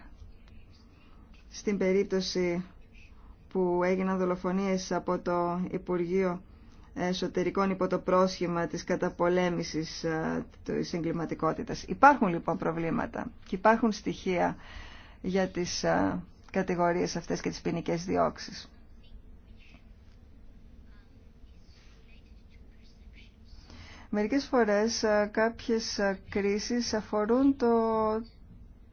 στην περίπτωση που έγιναν δολοφονίες από το Υπουργείο Εσωτερικών υπό το πρόσχημα της καταπολέμησης ε, της εγκληματικότητας. Υπάρχουν λοιπόν προβλήματα και υπάρχουν στοιχεία για τις ε, κατηγορίες αυτές και τις ποινικέ διώξεις. Μερικές φορές ε, κάποιες κρίσεις αφορούν το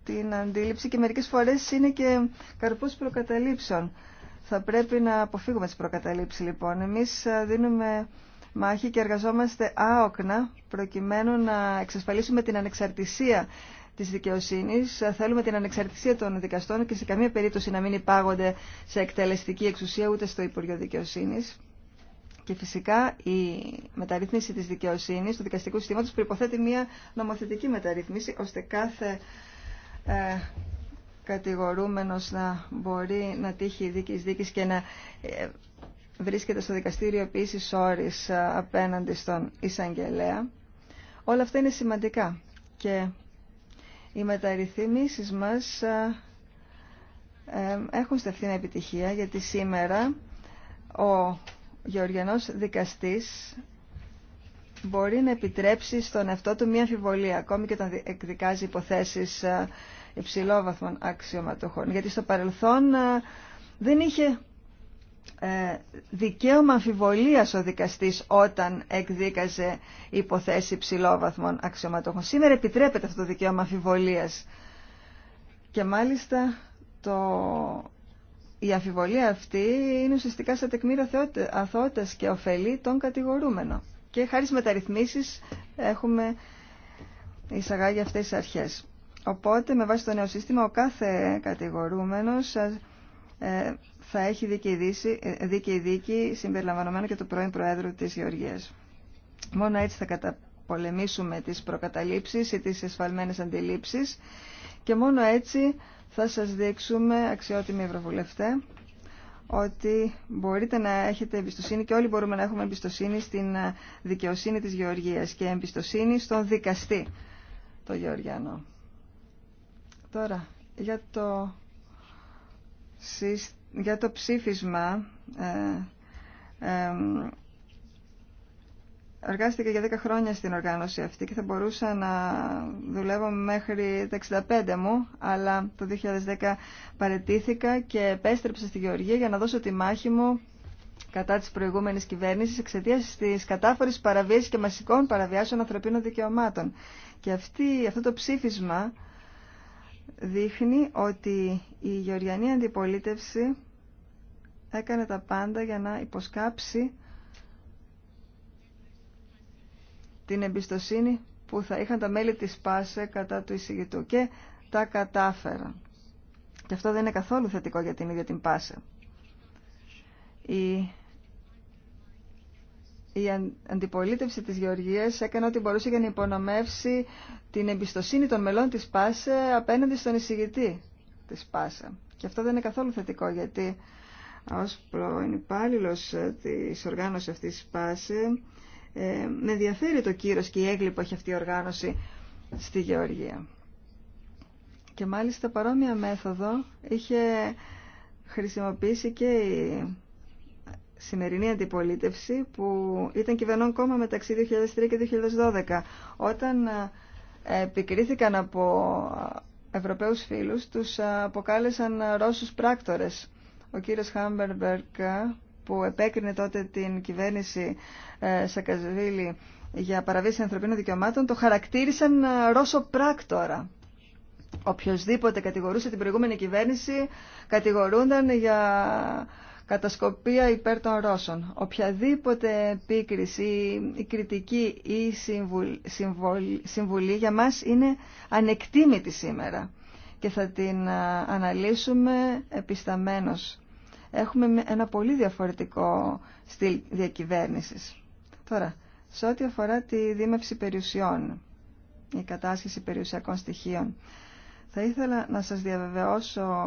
την αντίληψη και μερικές φορές είναι και καρπός προκαταλήψεων. Θα πρέπει να αποφύγουμε τις προκαταλήψεις λοιπόν. Εμείς ε, δίνουμε μάχη και εργαζόμαστε άοκνα προκειμένου να εξασφαλίσουμε την ανεξαρτησία της δικαιοσύνης. Ε, θέλουμε την ανεξαρτησία των δικαστών και σε καμία περίπτωση να μην υπάγονται σε εκτελεστική εξουσία ούτε στο Υπουργείο Δικαιοσύνης. Και φυσικά η μεταρρύθμιση της δικαιοσύνης, του δικαστικού συστήματος προϋποθέτει μια νομοθετική μεταρρύθμιση ώστε κάθε ε, κατηγορούμενος να μπορεί να τύχει δίκης δίκης και να ε, βρίσκεται στο δικαστήριο επίσης όρης ε, απέναντι στον εισαγγελέα. Όλα αυτά είναι σημαντικά και οι μεταρρυθμίσεις μας έχουν στεφθεί επιτυχία γιατί σήμερα ο Γεωργιανός δικαστής μπορεί να επιτρέψει στον εαυτό του μία αμφιβολία, ακόμη και όταν εκδικάζει υποθέσεις ε, υψηλόβαθμων αξιωματοχών. Γιατί στο παρελθόν ε, δεν είχε ε, δικαίωμα αμφιβολία ο δικαστής όταν εκδίκαζε υποθέσει υψηλόβαθμων αξιωματοχών. Σήμερα επιτρέπεται αυτό το δικαίωμα αμφιβολία. Και μάλιστα το... η αμφιβολία αυτή είναι ουσιαστικά στα τεκμήρια αθωότητας και ωφελεί τον κατηγορούμενο και χάρη στις μεταρρυθμίσεις έχουμε εισαγάγει αυτές τις αρχές. Οπότε με βάση το νέο σύστημα ο κάθε κατηγορούμενος ε, θα έχει δίκαιη ε, δίκη συμπεριλαμβανομένου και του πρώην Προέδρου της Γεωργίας. Μόνο έτσι θα καταπολεμήσουμε τις προκαταλήψεις ή τις εσφαλμένες αντιλήψεις και μόνο έτσι θα σας δείξουμε, αξιότιμοι ευρωβουλευτέ, ότι μπορείτε να έχετε εμπιστοσύνη και όλοι μπορούμε να έχουμε εμπιστοσύνη στην ε, δικαιοσύνη της Γεωργίας και εμπιστοσύνη στον δικαστή, το Γεωργιανό. Τώρα, για το, για το ψήφισμα ε, ε εργάστηκα για 10 χρόνια στην οργάνωση αυτή και θα μπορούσα να δουλεύω μέχρι τα 65 μου, αλλά το 2010 παρετήθηκα και επέστρεψα στη Γεωργία για να δώσω τη μάχη μου κατά της προηγούμενης κυβέρνησης εξαιτία της κατάφορης παραβίασης και μασικών παραβιάσεων ανθρωπίνων δικαιωμάτων. Και αυτή, αυτό το ψήφισμα δείχνει ότι η γεωργιανή αντιπολίτευση έκανε τα πάντα για να υποσκάψει την εμπιστοσύνη που θα είχαν τα μέλη της ΠΑΣΕ κατά του εισηγητού και τα κατάφεραν. Και αυτό δεν είναι καθόλου θετικό για την ίδια την ΠΑΣΕ. Η η αντιπολίτευση της Γεωργίας έκανε ό,τι μπορούσε για να υπονομεύσει την εμπιστοσύνη των μελών της ΠΑΣΕ απέναντι στον εισηγητή της ΠΑΣΕ. Και αυτό δεν είναι καθόλου θετικό γιατί ως πρώην υπάλληλος ε, της οργάνωσης αυτής της ΠΑΣΕ ε, με ενδιαφέρει το κύρος και η έγκλη που έχει αυτή η οργάνωση στη Γεωργία. Και μάλιστα παρόμοια μέθοδο είχε χρησιμοποιήσει και η σημερινή αντιπολίτευση που ήταν κυβερνών κόμμα μεταξύ 2003 και 2012 όταν ε, επικρίθηκαν από Ευρωπαίους φίλους τους ε, αποκάλεσαν Ρώσους πράκτορες. Ο κύριος Χάμπερμπερκ που επέκρινε τότε την κυβέρνηση ε, Σακασβίλη για παραβίαση ανθρωπίνων δικαιωμάτων το χαρακτήρισαν ε, Ρώσο πράκτορα. Οποιοςδήποτε κατηγορούσε την προηγούμενη κυβέρνηση κατηγορούνταν για κατασκοπία υπέρ των Ρώσων. Οποιαδήποτε επίκριση ή κριτική ή συμβουλή για μας είναι ανεκτήμητη σήμερα και θα την ε, αναλύσουμε επισταμένως έχουμε ένα πολύ διαφορετικό στυλ διακυβέρνησης. Τώρα, σε ό,τι αφορά τη δίμευση περιουσιών, η κατάσχεση περιουσιακών στοιχείων, θα ήθελα να σας διαβεβαιώσω,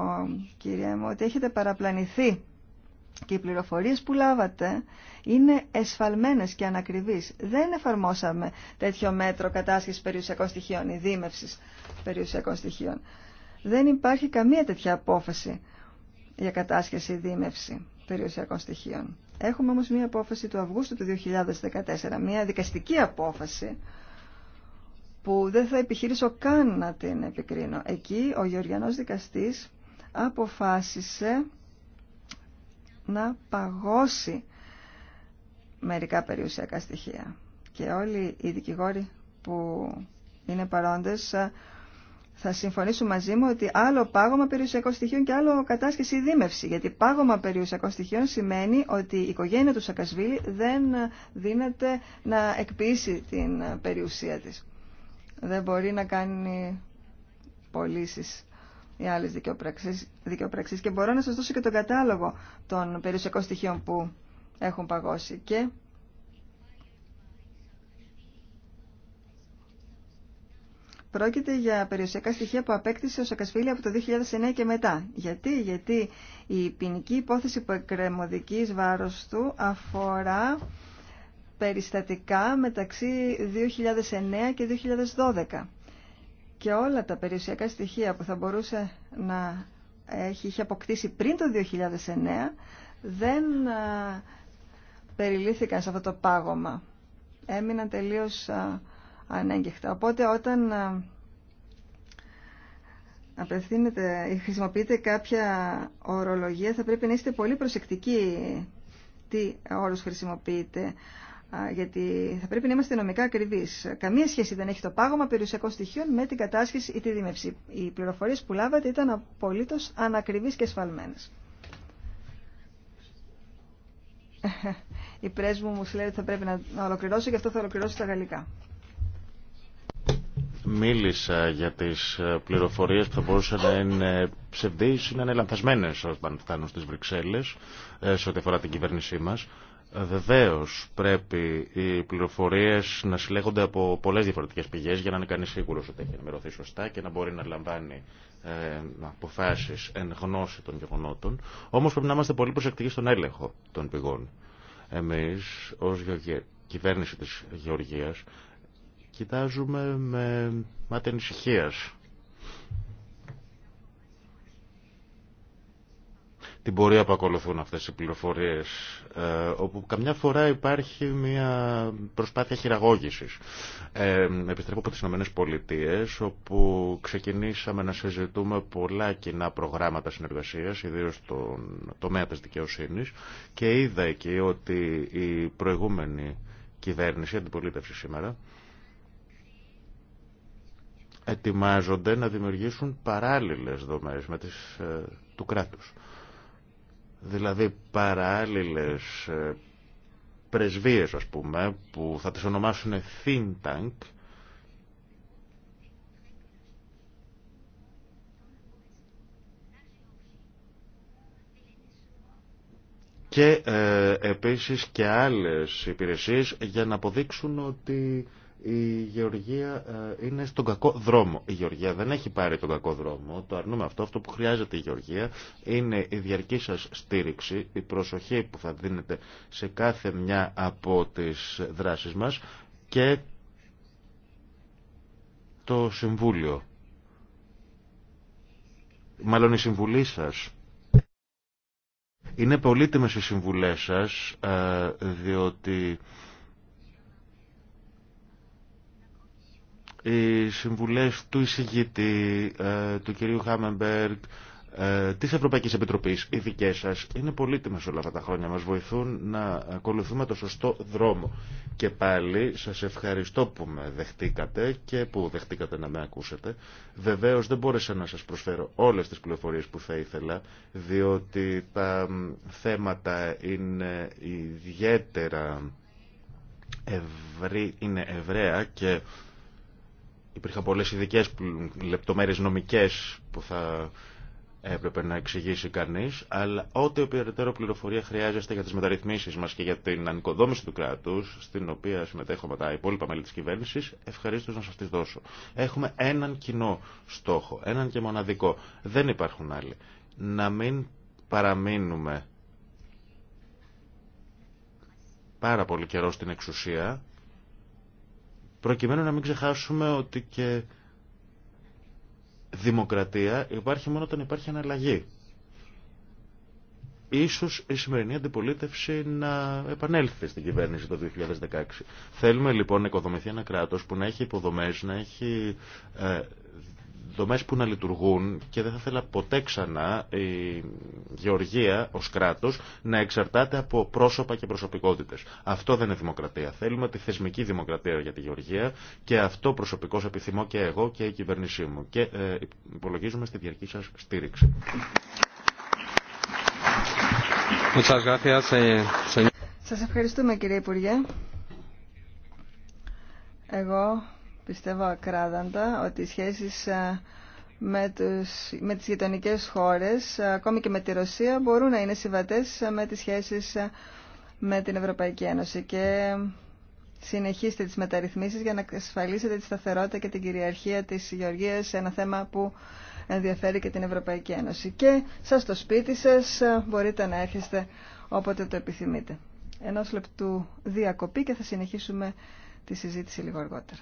κύριε μου, ότι έχετε παραπλανηθεί και οι πληροφορίες που λάβατε είναι εσφαλμένες και ανακριβείς. Δεν εφαρμόσαμε τέτοιο μέτρο κατάσχεσης περιουσιακών στοιχείων ή δίμευσης περιουσιακών στοιχείων. Δεν υπάρχει καμία τέτοια απόφαση για κατάσχεση ή δίμευση περιουσιακών στοιχείων. Έχουμε όμως μία απόφαση του Αυγούστου του 2014, μία δικαστική απόφαση που δεν θα επιχειρήσω καν να την επικρίνω. Εκεί ο Γεωργιανός δικαστής αποφάσισε να παγώσει μερικά περιουσιακά στοιχεία. Και όλοι οι δικηγόροι που είναι παρόντες θα συμφωνήσουν μαζί μου ότι άλλο πάγωμα περιουσιακών στοιχείων και άλλο κατάσχεση δίμευση. Γιατί πάγωμα περιουσιακών στοιχείων σημαίνει ότι η οικογένεια του Σακασβίλη δεν δίνεται να εκποιήσει την περιουσία της. Δεν μπορεί να κάνει πωλήσει ή άλλες δικαιοπραξίες. Και μπορώ να σας δώσω και τον κατάλογο των περιουσιακών στοιχείων που έχουν παγώσει. Και Πρόκειται για περιουσιακά στοιχεία που απέκτησε ο Σακασφίλη από το 2009 και μετά. Γιατί, γιατί η ποινική υπόθεση που εκκρεμωδική βάρο του αφορά περιστατικά μεταξύ 2009 και 2012. Και όλα τα περιουσιακά στοιχεία που θα μπορούσε να έχει, είχε αποκτήσει πριν το 2009 δεν περιλήθηκαν σε αυτό το πάγωμα. Έμειναν τελείως ανέγκυχτα. Οπότε όταν ε, απευθύνεται ή χρησιμοποιείτε κάποια ορολογία θα πρέπει να είστε πολύ προσεκτικοί τι όρους χρησιμοποιείτε γιατί θα πρέπει να είμαστε νομικά ακριβεί. Καμία σχέση δεν έχει το πάγωμα περιουσιακών στοιχείων με την κατάσχεση ή τη δίμευση. Οι πληροφορίε που λάβατε ήταν απολύτω ανακριβεί και σφαλμένε. Η πρέσβου μου λέει ότι θα πρέπει να ολοκληρώσω και αυτό θα ολοκληρώσω στα γαλλικά. Μίλησα για τις ε, πληροφορίες που θα μπορούσαν να είναι ψευδείς ή να είναι λανθασμένες όταν φτάνουν στις Βρυξέλλες ε, σε ό,τι αφορά την κυβέρνησή μας. Ε, Βεβαίω πρέπει οι πληροφορίε να συλλέγονται από πολλέ διαφορετικέ πηγέ για να είναι κανεί σίγουρο ότι έχει ενημερωθεί σωστά και να μπορεί να λαμβάνει αποφάσεις αποφάσει εν γνώση των γεγονότων. Όμω πρέπει να είμαστε πολύ προσεκτικοί στον έλεγχο των πηγών. Εμεί ω κυβέρνηση τη Γεωργία κοιτάζουμε με μάτια ανησυχία. την πορεία που ακολουθούν αυτές οι πληροφορίες, ε, όπου καμιά φορά υπάρχει μια προσπάθεια χειραγώγησης. Ε, επιστρέφω από τις ΗΠΑ, Πολιτείες, όπου ξεκινήσαμε να συζητούμε πολλά κοινά προγράμματα συνεργασίας, ιδίως στον τομέα της δικαιοσύνης, και είδα εκεί ότι η προηγούμενη κυβέρνηση, η αντιπολίτευση σήμερα, ετοιμάζονται να δημιουργήσουν παράλληλες δομές με τις, ε, του κράτους. Δηλαδή παράλληλες ε, πρεσβείες ας πούμε που θα τις ονομάσουν think tank και ε, επίσης και άλλες υπηρεσίες για να αποδείξουν ότι η Γεωργία ε, είναι στον κακό δρόμο. Η Γεωργία δεν έχει πάρει τον κακό δρόμο, το αρνούμε αυτό. Αυτό που χρειάζεται η Γεωργία είναι η διαρκή σας στήριξη, η προσοχή που θα δίνετε σε κάθε μια από τις δράσεις μας και το Συμβούλιο. Μάλλον η Συμβουλή σας. Είναι πολύτιμες οι συμβουλές σας, ε, διότι οι συμβουλές του εισηγητή, ε, του κυρίου Χάμεμπεργκ, ε, της Ευρωπαϊκής Επιτροπής, οι δικές σας, είναι πολύτιμες όλα αυτά τα χρόνια. Μας βοηθούν να ακολουθούμε το σωστό δρόμο. Και πάλι σας ευχαριστώ που με δεχτήκατε και που δεχτήκατε να με ακούσετε. Βεβαίως δεν μπόρεσα να σας προσφέρω όλες τις πληροφορίες που θα ήθελα, διότι τα θέματα είναι ιδιαίτερα είναι ευρέα. και υπήρχαν πολλές ειδικέ λεπτομέρειες νομικές που θα έπρεπε να εξηγήσει κανείς, αλλά ό,τι περαιτέρω πληροφορία χρειάζεστε για τις μεταρρυθμίσεις μας και για την ανοικοδόμηση του κράτους, στην οποία συμμετέχω με τα υπόλοιπα μέλη της κυβέρνησης, ευχαρίστω να σας τις δώσω. Έχουμε έναν κοινό στόχο, έναν και μοναδικό. Δεν υπάρχουν άλλοι. Να μην παραμείνουμε πάρα πολύ καιρό στην εξουσία, προκειμένου να μην ξεχάσουμε ότι και δημοκρατία υπάρχει μόνο όταν υπάρχει αναλλαγή. Ίσως η σημερινή αντιπολίτευση να επανέλθει στην κυβέρνηση το 2016. Θέλουμε λοιπόν να οικοδομηθεί ένα κράτος που να έχει υποδομές, να έχει ε, δομές που να λειτουργούν και δεν θα θέλα ποτέ ξανά η γεωργία ως κράτος να εξαρτάται από πρόσωπα και προσωπικότητες. Αυτό δεν είναι δημοκρατία. Θέλουμε τη θεσμική δημοκρατία για τη γεωργία και αυτό προσωπικώς επιθυμώ και εγώ και η κυβέρνησή μου. Και ε, υπολογίζουμε στη διαρκή σας στήριξη. Ε, σας ευχαριστούμε κύριε Υπουργέ πιστεύω ακράδαντα ότι οι σχέσεις ε, με, τους, με τις γειτονικές χώρες, ε, ακόμη και με τη Ρωσία, μπορούν να είναι συμβατές ε, με τις σχέσεις με την Ευρωπαϊκή Ένωση. Και συνεχίστε τις μεταρρυθμίσεις για να ασφαλίσετε τη σταθερότητα και την κυριαρχία της Γεωργίας σε ένα θέμα που ενδιαφέρει και την Ευρωπαϊκή Ένωση. Και σας στο σπίτι σας μπορείτε να έρχεστε όποτε το επιθυμείτε. Ενός λεπτού διακοπή και θα συνεχίσουμε τη συζήτηση λίγο αργότερα.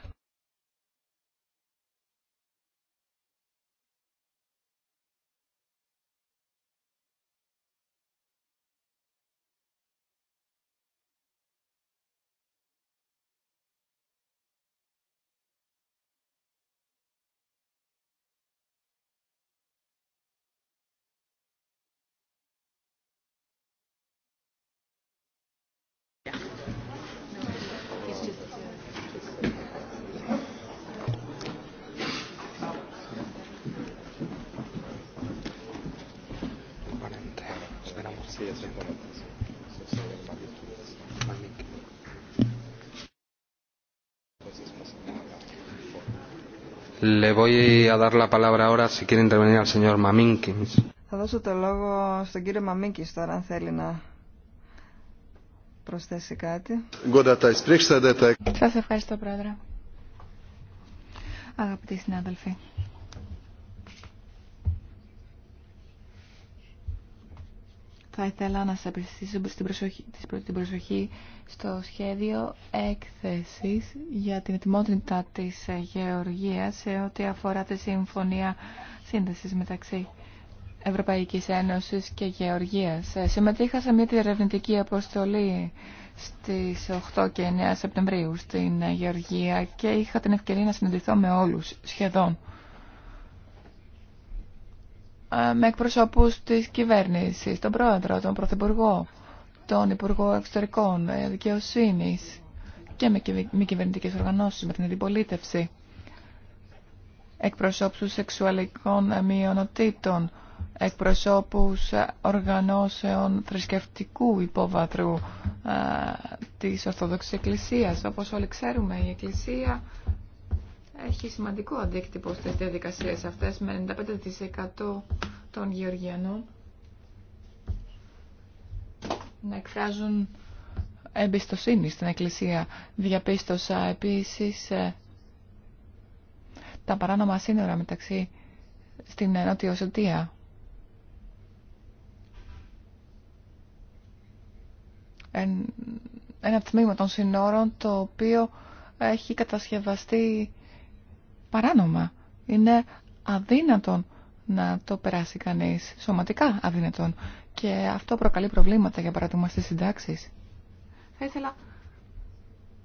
Le voy a dar la palabra ahora si quiere intervenir al señor Maminkins. Θα δώσω το λόγο στον κύριο Μαμίνκης τώρα, αν θέλει να προσθέσει κάτι. Σας ευχαριστώ, Πρόεδρε. Αγαπητοί συνάδελφοι, θα ήθελα να σας επιστήσω την προσοχή, την προσοχή στο σχέδιο έκθεσης για την ετοιμότητα της ε, γεωργίας σε ό,τι αφορά τη συμφωνία σύνδεσης μεταξύ Ευρωπαϊκής Ένωσης και Γεωργίας. Ε, συμμετείχα σε μια διερευνητική αποστολή στις 8 και 9 Σεπτεμβρίου στην ε, Γεωργία και είχα την ευκαιρία να συναντηθώ με όλους σχεδόν. Ε, με εκπροσώπου τη κυβέρνηση, τον πρόεδρο, τον πρωθυπουργό, τον υπουργό εξωτερικών, ε, δικαιοσύνη και με μη κυβερνητικέ οργανώσει με την αντιπολίτευση, εκπροσώπου σεξουαλικών ε, μειονοτήτων, εκπροσώπου οργανώσεων θρησκευτικού υπόβαθρου τη Ορθόδοξη Εκκλησία, όπω όλοι ξέρουμε, η Εκκλησία έχει σημαντικό αντίκτυπο στις διαδικασίες αυτές με 95% των Γεωργιανών να εκφράζουν εμπιστοσύνη στην Εκκλησία. Διαπίστωσα επίσης ε, τα παράνομα σύνορα μεταξύ στην Ενώτιο Σωτία. Ένα τμήμα των σύνορων το οποίο έχει κατασκευαστεί παράνομα. Είναι αδύνατον να το περάσει κανείς, σωματικά αδύνατον. Και αυτό προκαλεί προβλήματα, για παράδειγμα, στις συντάξεις. Θα ήθελα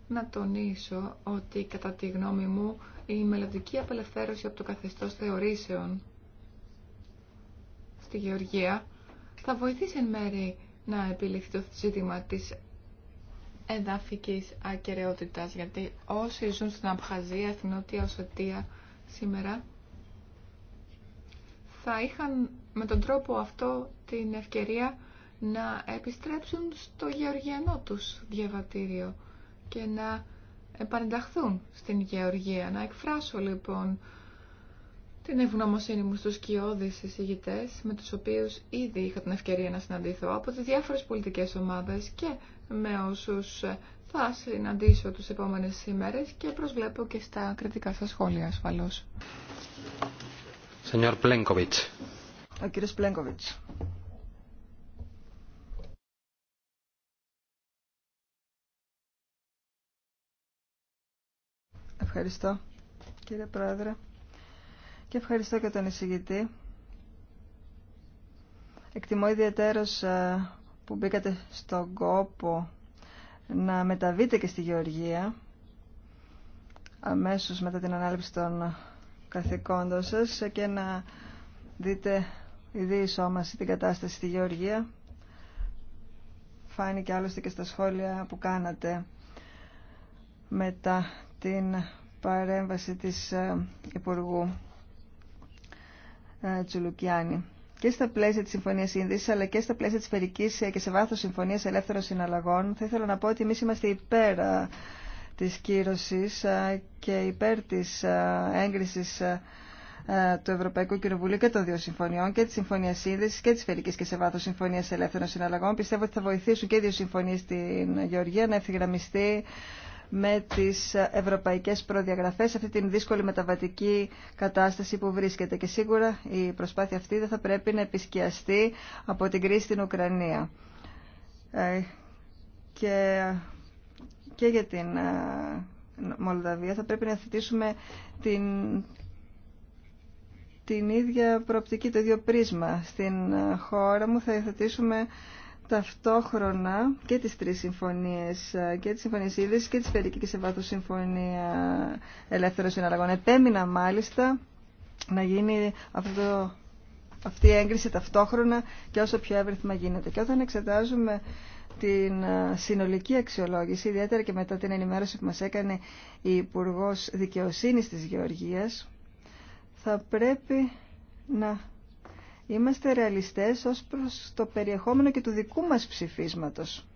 να τονίσω ότι, κατά τη γνώμη μου, η μελλοντική απελευθέρωση από το καθεστώς θεωρήσεων στη Γεωργία θα βοηθήσει εν μέρη να επιληθεί το ζήτημα της εδάφικης ακαιρεότητας, γιατί όσοι ζουν στην Αμπχαζία στην Νότια Οσοτία σήμερα, θα είχαν με τον τρόπο αυτό την ευκαιρία να επιστρέψουν στο γεωργιανό τους διαβατήριο και να επανενταχθούν στην γεωργία. Να εκφράσω λοιπόν την ευγνωμοσύνη μου στους κοιόδης εισηγητές με τους οποίους ήδη είχα την ευκαιρία να συναντηθώ από τις διάφορες πολιτικές ομάδες και με όσους θα συναντήσω τους επόμενες ημέρες και προσβλέπω και στα κριτικά σας σχόλια ασφαλώς. Ο κύριος Πλένκοβιτς. Ευχαριστώ κύριε Πρόεδρε και ευχαριστώ και τον εισηγητή. Εκτιμώ ιδιαίτερος ε, που μπήκατε στον κόπο να μεταβείτε και στη Γεωργία αμέσως μετά την ανάληψη των καθηκόντων σας και να δείτε ιδίως την κατάσταση στη Γεωργία. Φάνηκε άλλωστε και στα σχόλια που κάνατε μετά την παρέμβαση της ε, Υπουργού ε, Τσουλουκιάνη. Και στα πλαίσια τη Συμφωνία Σύνδεση, αλλά και στα πλαίσια τη Φερική ε, και σε βάθο Συμφωνία Ελεύθερων Συναλλαγών, θα ήθελα να πω ότι εμεί είμαστε υπέρ ε, τη κύρωση και υπέρ τη έγκριση του Ευρωπαϊκού Κοινοβουλίου και των δύο συμφωνιών και τη Συμφωνία Σύνδεση και τη Φερική και σε βάθο Συμφωνία Ελεύθερων Συναλλαγών. Πιστεύω ότι θα βοηθήσουν και οι δύο συμφωνίε στην Γεωργία να ευθυγραμμιστεί με τις ευρωπαϊκές προδιαγραφές αυτή την δύσκολη μεταβατική κατάσταση που βρίσκεται. Και σίγουρα η προσπάθεια αυτή δεν θα πρέπει να επισκιαστεί από την κρίση στην Ουκρανία. Ε, και, και για την ε, Μολδαβία θα πρέπει να θετήσουμε την, την ίδια προοπτική, το ίδιο πρίσμα. Στην ε, χώρα μου θα υιοθετήσουμε ταυτόχρονα και τις τρεις συμφωνίες ε, και τις συμφωνίες είδης και τη σφαιρική και σε συμφωνία ελεύθερων συναλλαγών. Επέμεινα μάλιστα να γίνει αυτό, αυτή η έγκριση ταυτόχρονα και όσο πιο εύρυθμα γίνεται. Και όταν εξετάζουμε την ε, συνολική αξιολόγηση, ιδιαίτερα και μετά την ενημέρωση που μας έκανε η Υπουργός Δικαιοσύνης της Γεωργίας, θα πρέπει να είμαστε ρεαλιστές ως προς το περιεχόμενο και του δικού μας ψηφίσματος.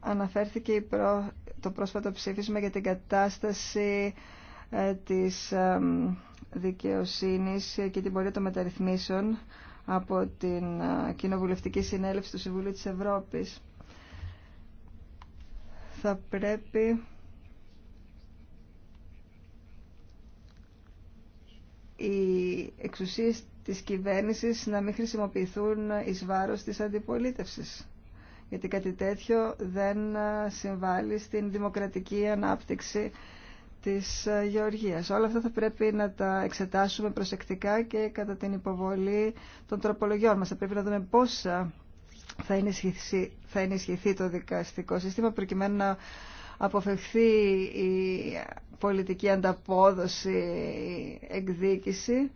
Αναφέρθηκε το πρόσφατο ψήφισμα για την κατάσταση ε, της δικαιοσύνης και την πορεία των μεταρρυθμίσεων από την ε, Κοινοβουλευτική Συνέλευση του Συμβουλίου της Ευρώπης. Θα πρέπει οι εξουσίες της κυβέρνησης να μην χρησιμοποιηθούν εις βάρος της αντιπολίτευσης. Γιατί κάτι τέτοιο δεν συμβάλλει στην δημοκρατική ανάπτυξη της Γεωργίας. Όλα αυτά θα πρέπει να τα εξετάσουμε προσεκτικά και κατά την υποβολή των τροπολογιών μας. Θα πρέπει να δούμε πώς θα ενισχυθεί, θα ενισχυθεί το δικαστικό σύστημα προκειμένου να αποφευθεί η πολιτική ανταπόδοση, η εκδίκηση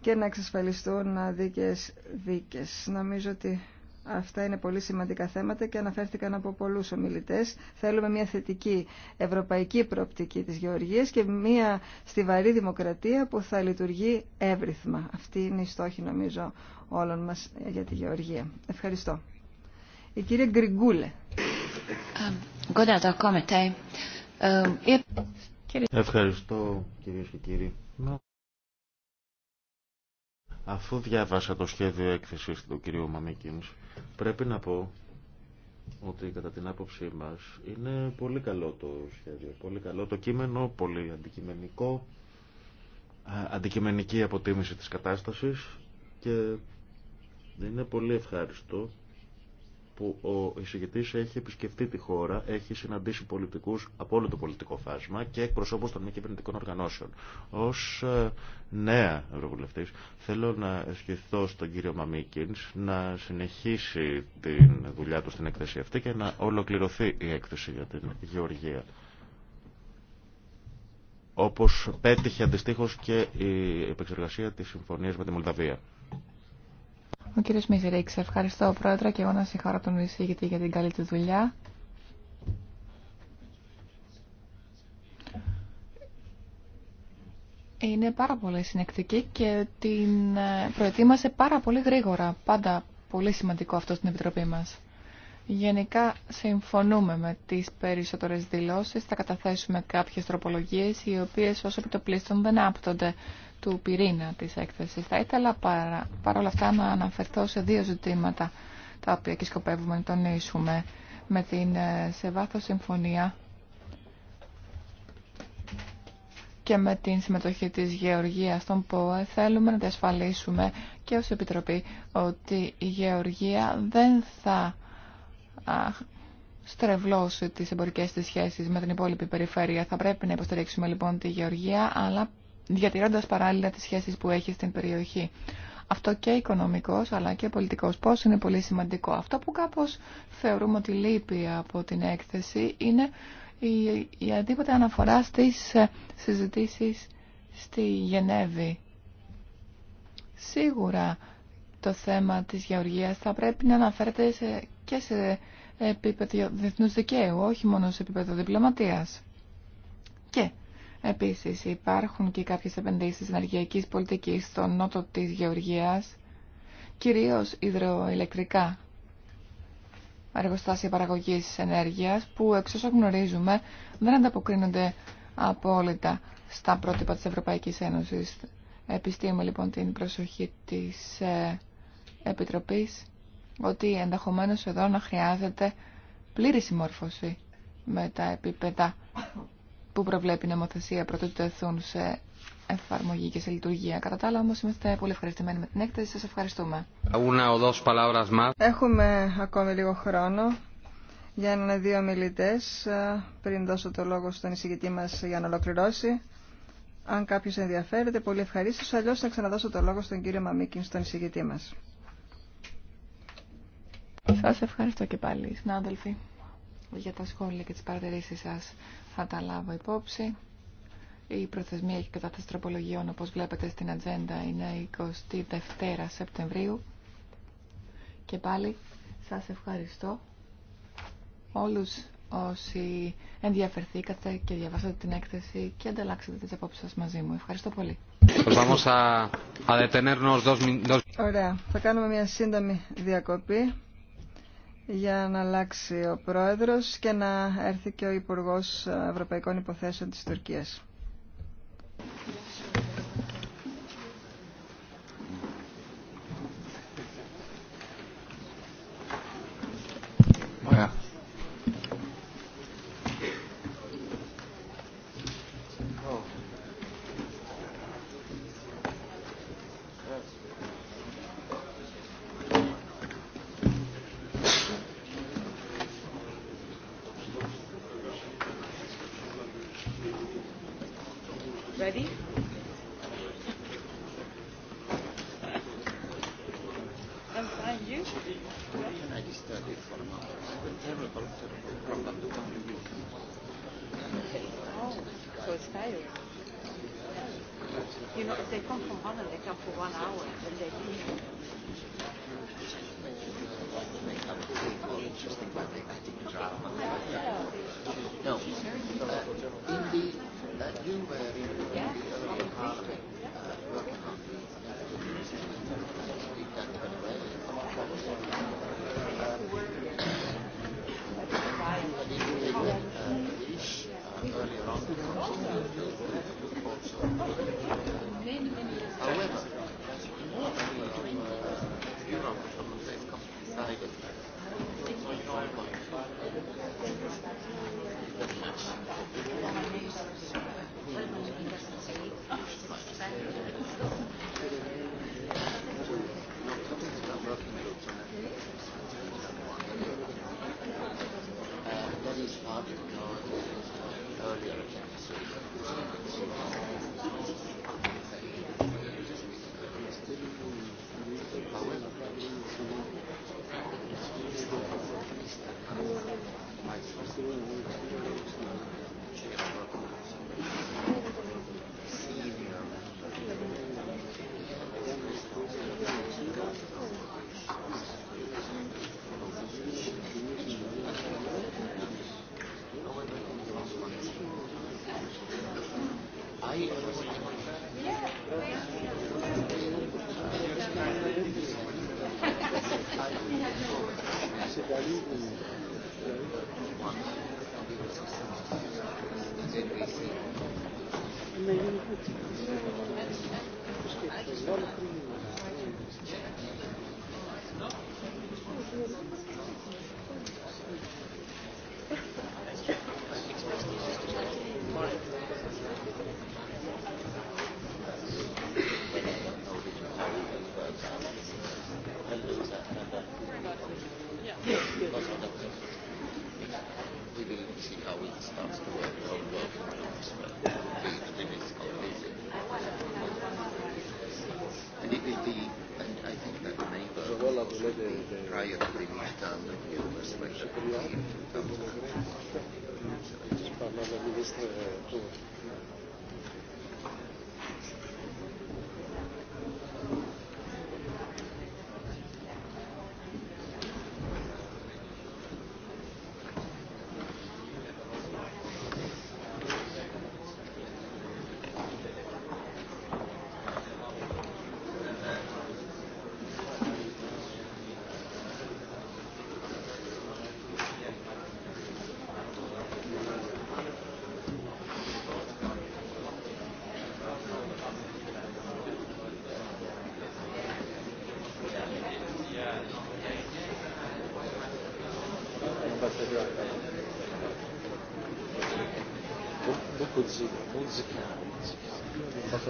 και να εξασφαλιστούν δίκαιες δίκες. Νομίζω ότι αυτά είναι πολύ σημαντικά θέματα και αναφέρθηκαν από πολλούς ομιλητές. Θέλουμε μια θετική ευρωπαϊκή προοπτική της γεωργίας και μια στιβαρή δημοκρατία που θα λειτουργεί εύρυθμα. Αυτή είναι η στόχη νομίζω όλων μας για τη γεωργία. Ευχαριστώ. Η κυρία Γκριγκούλε. Um, um, Ευχαριστώ κυρίες και κύριοι. Αφού διάβασα το σχέδιο έκθεσης του κυρίου Μαμίκινς, πρέπει να πω ότι κατά την άποψή μας είναι πολύ καλό το σχέδιο, πολύ καλό το κείμενο, πολύ αντικειμενικό, αντικειμενική αποτίμηση της κατάστασης και είναι πολύ ευχάριστο που ο εισηγητής έχει επισκεφτεί τη χώρα, έχει συναντήσει πολιτικούς από όλο το πολιτικό φάσμα και εκπροσώπους των μη κυβερνητικών οργανώσεων. Ως ε, νέα ευρωβουλευτής θέλω να ευχηθώ στον κύριο Μαμίκινς να συνεχίσει τη δουλειά του στην έκθεση αυτή και να ολοκληρωθεί η έκθεση για την Γεωργία όπως πέτυχε αντιστοίχως και η επεξεργασία της συμφωνίας με τη Μολδαβία. Ο κύριος Μιζηρίξ, ευχαριστώ πρόεδρε και εγώ να συγχαρώ τον εισηγητή για την καλή του δουλειά. Είναι πάρα πολύ συνεκτική και την ε, προετοίμασε πάρα πολύ γρήγορα. Πάντα πολύ σημαντικό αυτό στην Επιτροπή μας. Γενικά συμφωνούμε με τις περισσότερες δηλώσεις. Θα καταθέσουμε κάποιες τροπολογίες οι οποίες το πλήστον δεν άπτονται του πυρήνα της έκθεσης. Θα ήθελα παρά, παρόλα αυτά να αναφερθώ σε δύο ζητήματα τα οποία και σκοπεύουμε να τονίσουμε με την ε, σε βάθος συμφωνία και με την συμμετοχή της Γεωργίας στον ΠΟΕ θέλουμε να διασφαλίσουμε και ως Επιτροπή ότι η Γεωργία δεν θα στρεβλώσει τις εμπορικές της σχέσεις με την υπόλοιπη περιφέρεια. Θα πρέπει να υποστηρίξουμε λοιπόν τη Γεωργία αλλά διατηρώντας παράλληλα τις σχέσεις που έχει στην περιοχή. Αυτό και οικονομικός αλλά και πολιτικός. Πώς είναι πολύ σημαντικό. Αυτό που κάπως θεωρούμε ότι λείπει από την έκθεση είναι η αντίποτε αναφορά στις ε, συζητήσεις στη Γενέβη. Σίγουρα το θέμα της γεωργίας θα πρέπει να αναφέρεται και σε επίπεδο διεθνούς δικαίου, όχι μόνο σε επίπεδο διπλωματίας. Και Επίσης υπάρχουν και κάποιες επενδύσεις ενεργειακής πολιτικής στο νότο της Γεωργίας, κυρίως υδροηλεκτρικά εργοστάσια παραγωγής ενέργειας που εξ γνωρίζουμε δεν ανταποκρίνονται απόλυτα στα πρότυπα της Ευρωπαϊκής Ένωσης. Επιστήμω λοιπόν την προσοχή της ε, Επιτροπής ότι ενδεχομένως εδώ να χρειάζεται πλήρη συμμόρφωση με τα επίπεδα που προβλέπει η νομοθεσία πρωτού τεθούν σε εφαρμογή και σε λειτουργία. Κατά τα άλλα όμως είμαστε πολύ ευχαριστημένοι με την έκθεση. Σας ευχαριστούμε. Έχουμε ακόμη λίγο χρόνο για ένα-δύο μιλητέ. πριν δώσω το λόγο στον εισηγητή μας για να ολοκληρώσει. Αν κάποιος ενδιαφέρεται, πολύ ευχαρίστω. Αλλιώς θα ξαναδώσω το λόγο στον κύριο Μαμίκιν, στον εισηγητή μας. Σας ευχαριστώ και πάλι, συνάδελφοι για τα σχόλια και τις παρατηρήσεις σας θα τα λάβω υπόψη. Η προθεσμία και κατάθεση τροπολογιών, όπως βλέπετε στην ατζέντα, είναι 22 Σεπτεμβρίου. Και πάλι σας ευχαριστώ όλους όσοι ενδιαφερθήκατε και διαβάσατε την έκθεση και ανταλλάξατε τις απόψεις σας μαζί μου. Ευχαριστώ πολύ. Ωραία, θα κάνουμε μια σύντομη διακοπή για να αλλάξει ο πρόεδρος και να έρθει και ο Υπουργός Ευρωπαϊκών Υποθέσεων της Τουρκίας.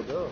to go.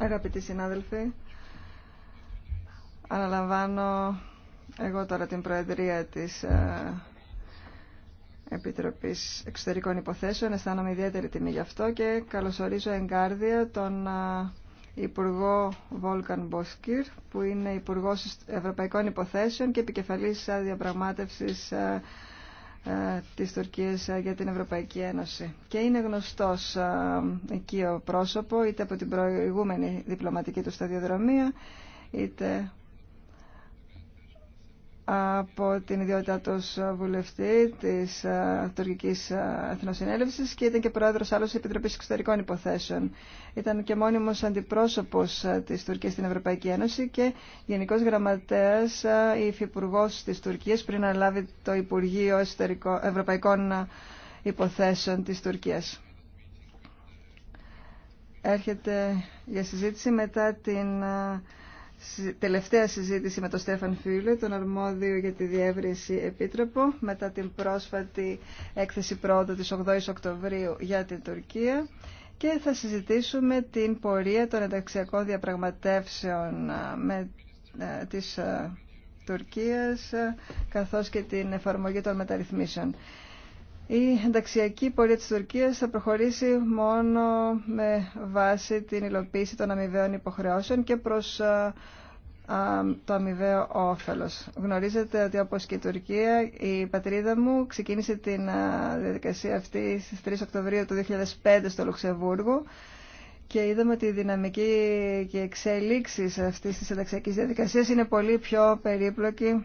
Αγαπητοί συνάδελφοι, αναλαμβάνω εγώ τώρα την Προεδρία της ε, Επιτροπής Εξωτερικών Υποθέσεων. Αισθάνομαι ιδιαίτερη τιμή γι' αυτό και καλωσορίζω εγκάρδια τον ε, Υπουργό Βόλκαν Μποσκύρ, που είναι Υπουργό Ευρωπαϊκών Υποθέσεων και επικεφαλής διαπραγμάτευσης ε, της Τουρκίας για την Ευρωπαϊκή Ένωση. Και είναι γνωστός εκεί ο πρόσωπο, είτε από την προηγούμενη διπλωματική του σταδιοδρομία, είτε από την ιδιότητά τους βουλευτή της ε, Τουρκικής ε, Εθνοσυνέλευσης και ήταν και πρόεδρος άλλος της Επιτροπής Εξωτερικών Υποθέσεων. Ήταν και μόνιμος αντιπρόσωπος ε, της Τουρκίας στην Ευρωπαϊκή Ένωση και γενικός γραμματέας ή υφυπουργός της Τουρκίας πριν να λάβει το Υπουργείο Ευρωπαϊκών Υποθέσεων της Τουρκίας. Έρχεται για συζήτηση μετά την τελευταία συζήτηση με τον Στέφαν Φίλε, τον αρμόδιο για τη διεύρυνση επίτροπο, μετά την πρόσφατη έκθεση πρώτα της 8ης Οκτωβρίου για την Τουρκία και θα συζητήσουμε την πορεία των ενταξιακών διαπραγματεύσεων με, της Τουρκίας καθώς και την εφαρμογή των μεταρρυθμίσεων. Η ενταξιακή πορεία της Τουρκίας θα προχωρήσει μόνο με βάση την υλοποίηση των αμοιβαίων υποχρεώσεων και προς το αμοιβαίο όφελος. Γνωρίζετε ότι όπως και η Τουρκία, η πατρίδα μου ξεκίνησε την διαδικασία αυτή στις 3 Οκτωβρίου του 2005 στο Λουξεμβούργο και είδαμε ότι η δυναμική και εξέλιξη αυτής της ενταξιακής διαδικασίας είναι πολύ πιο περίπλοκη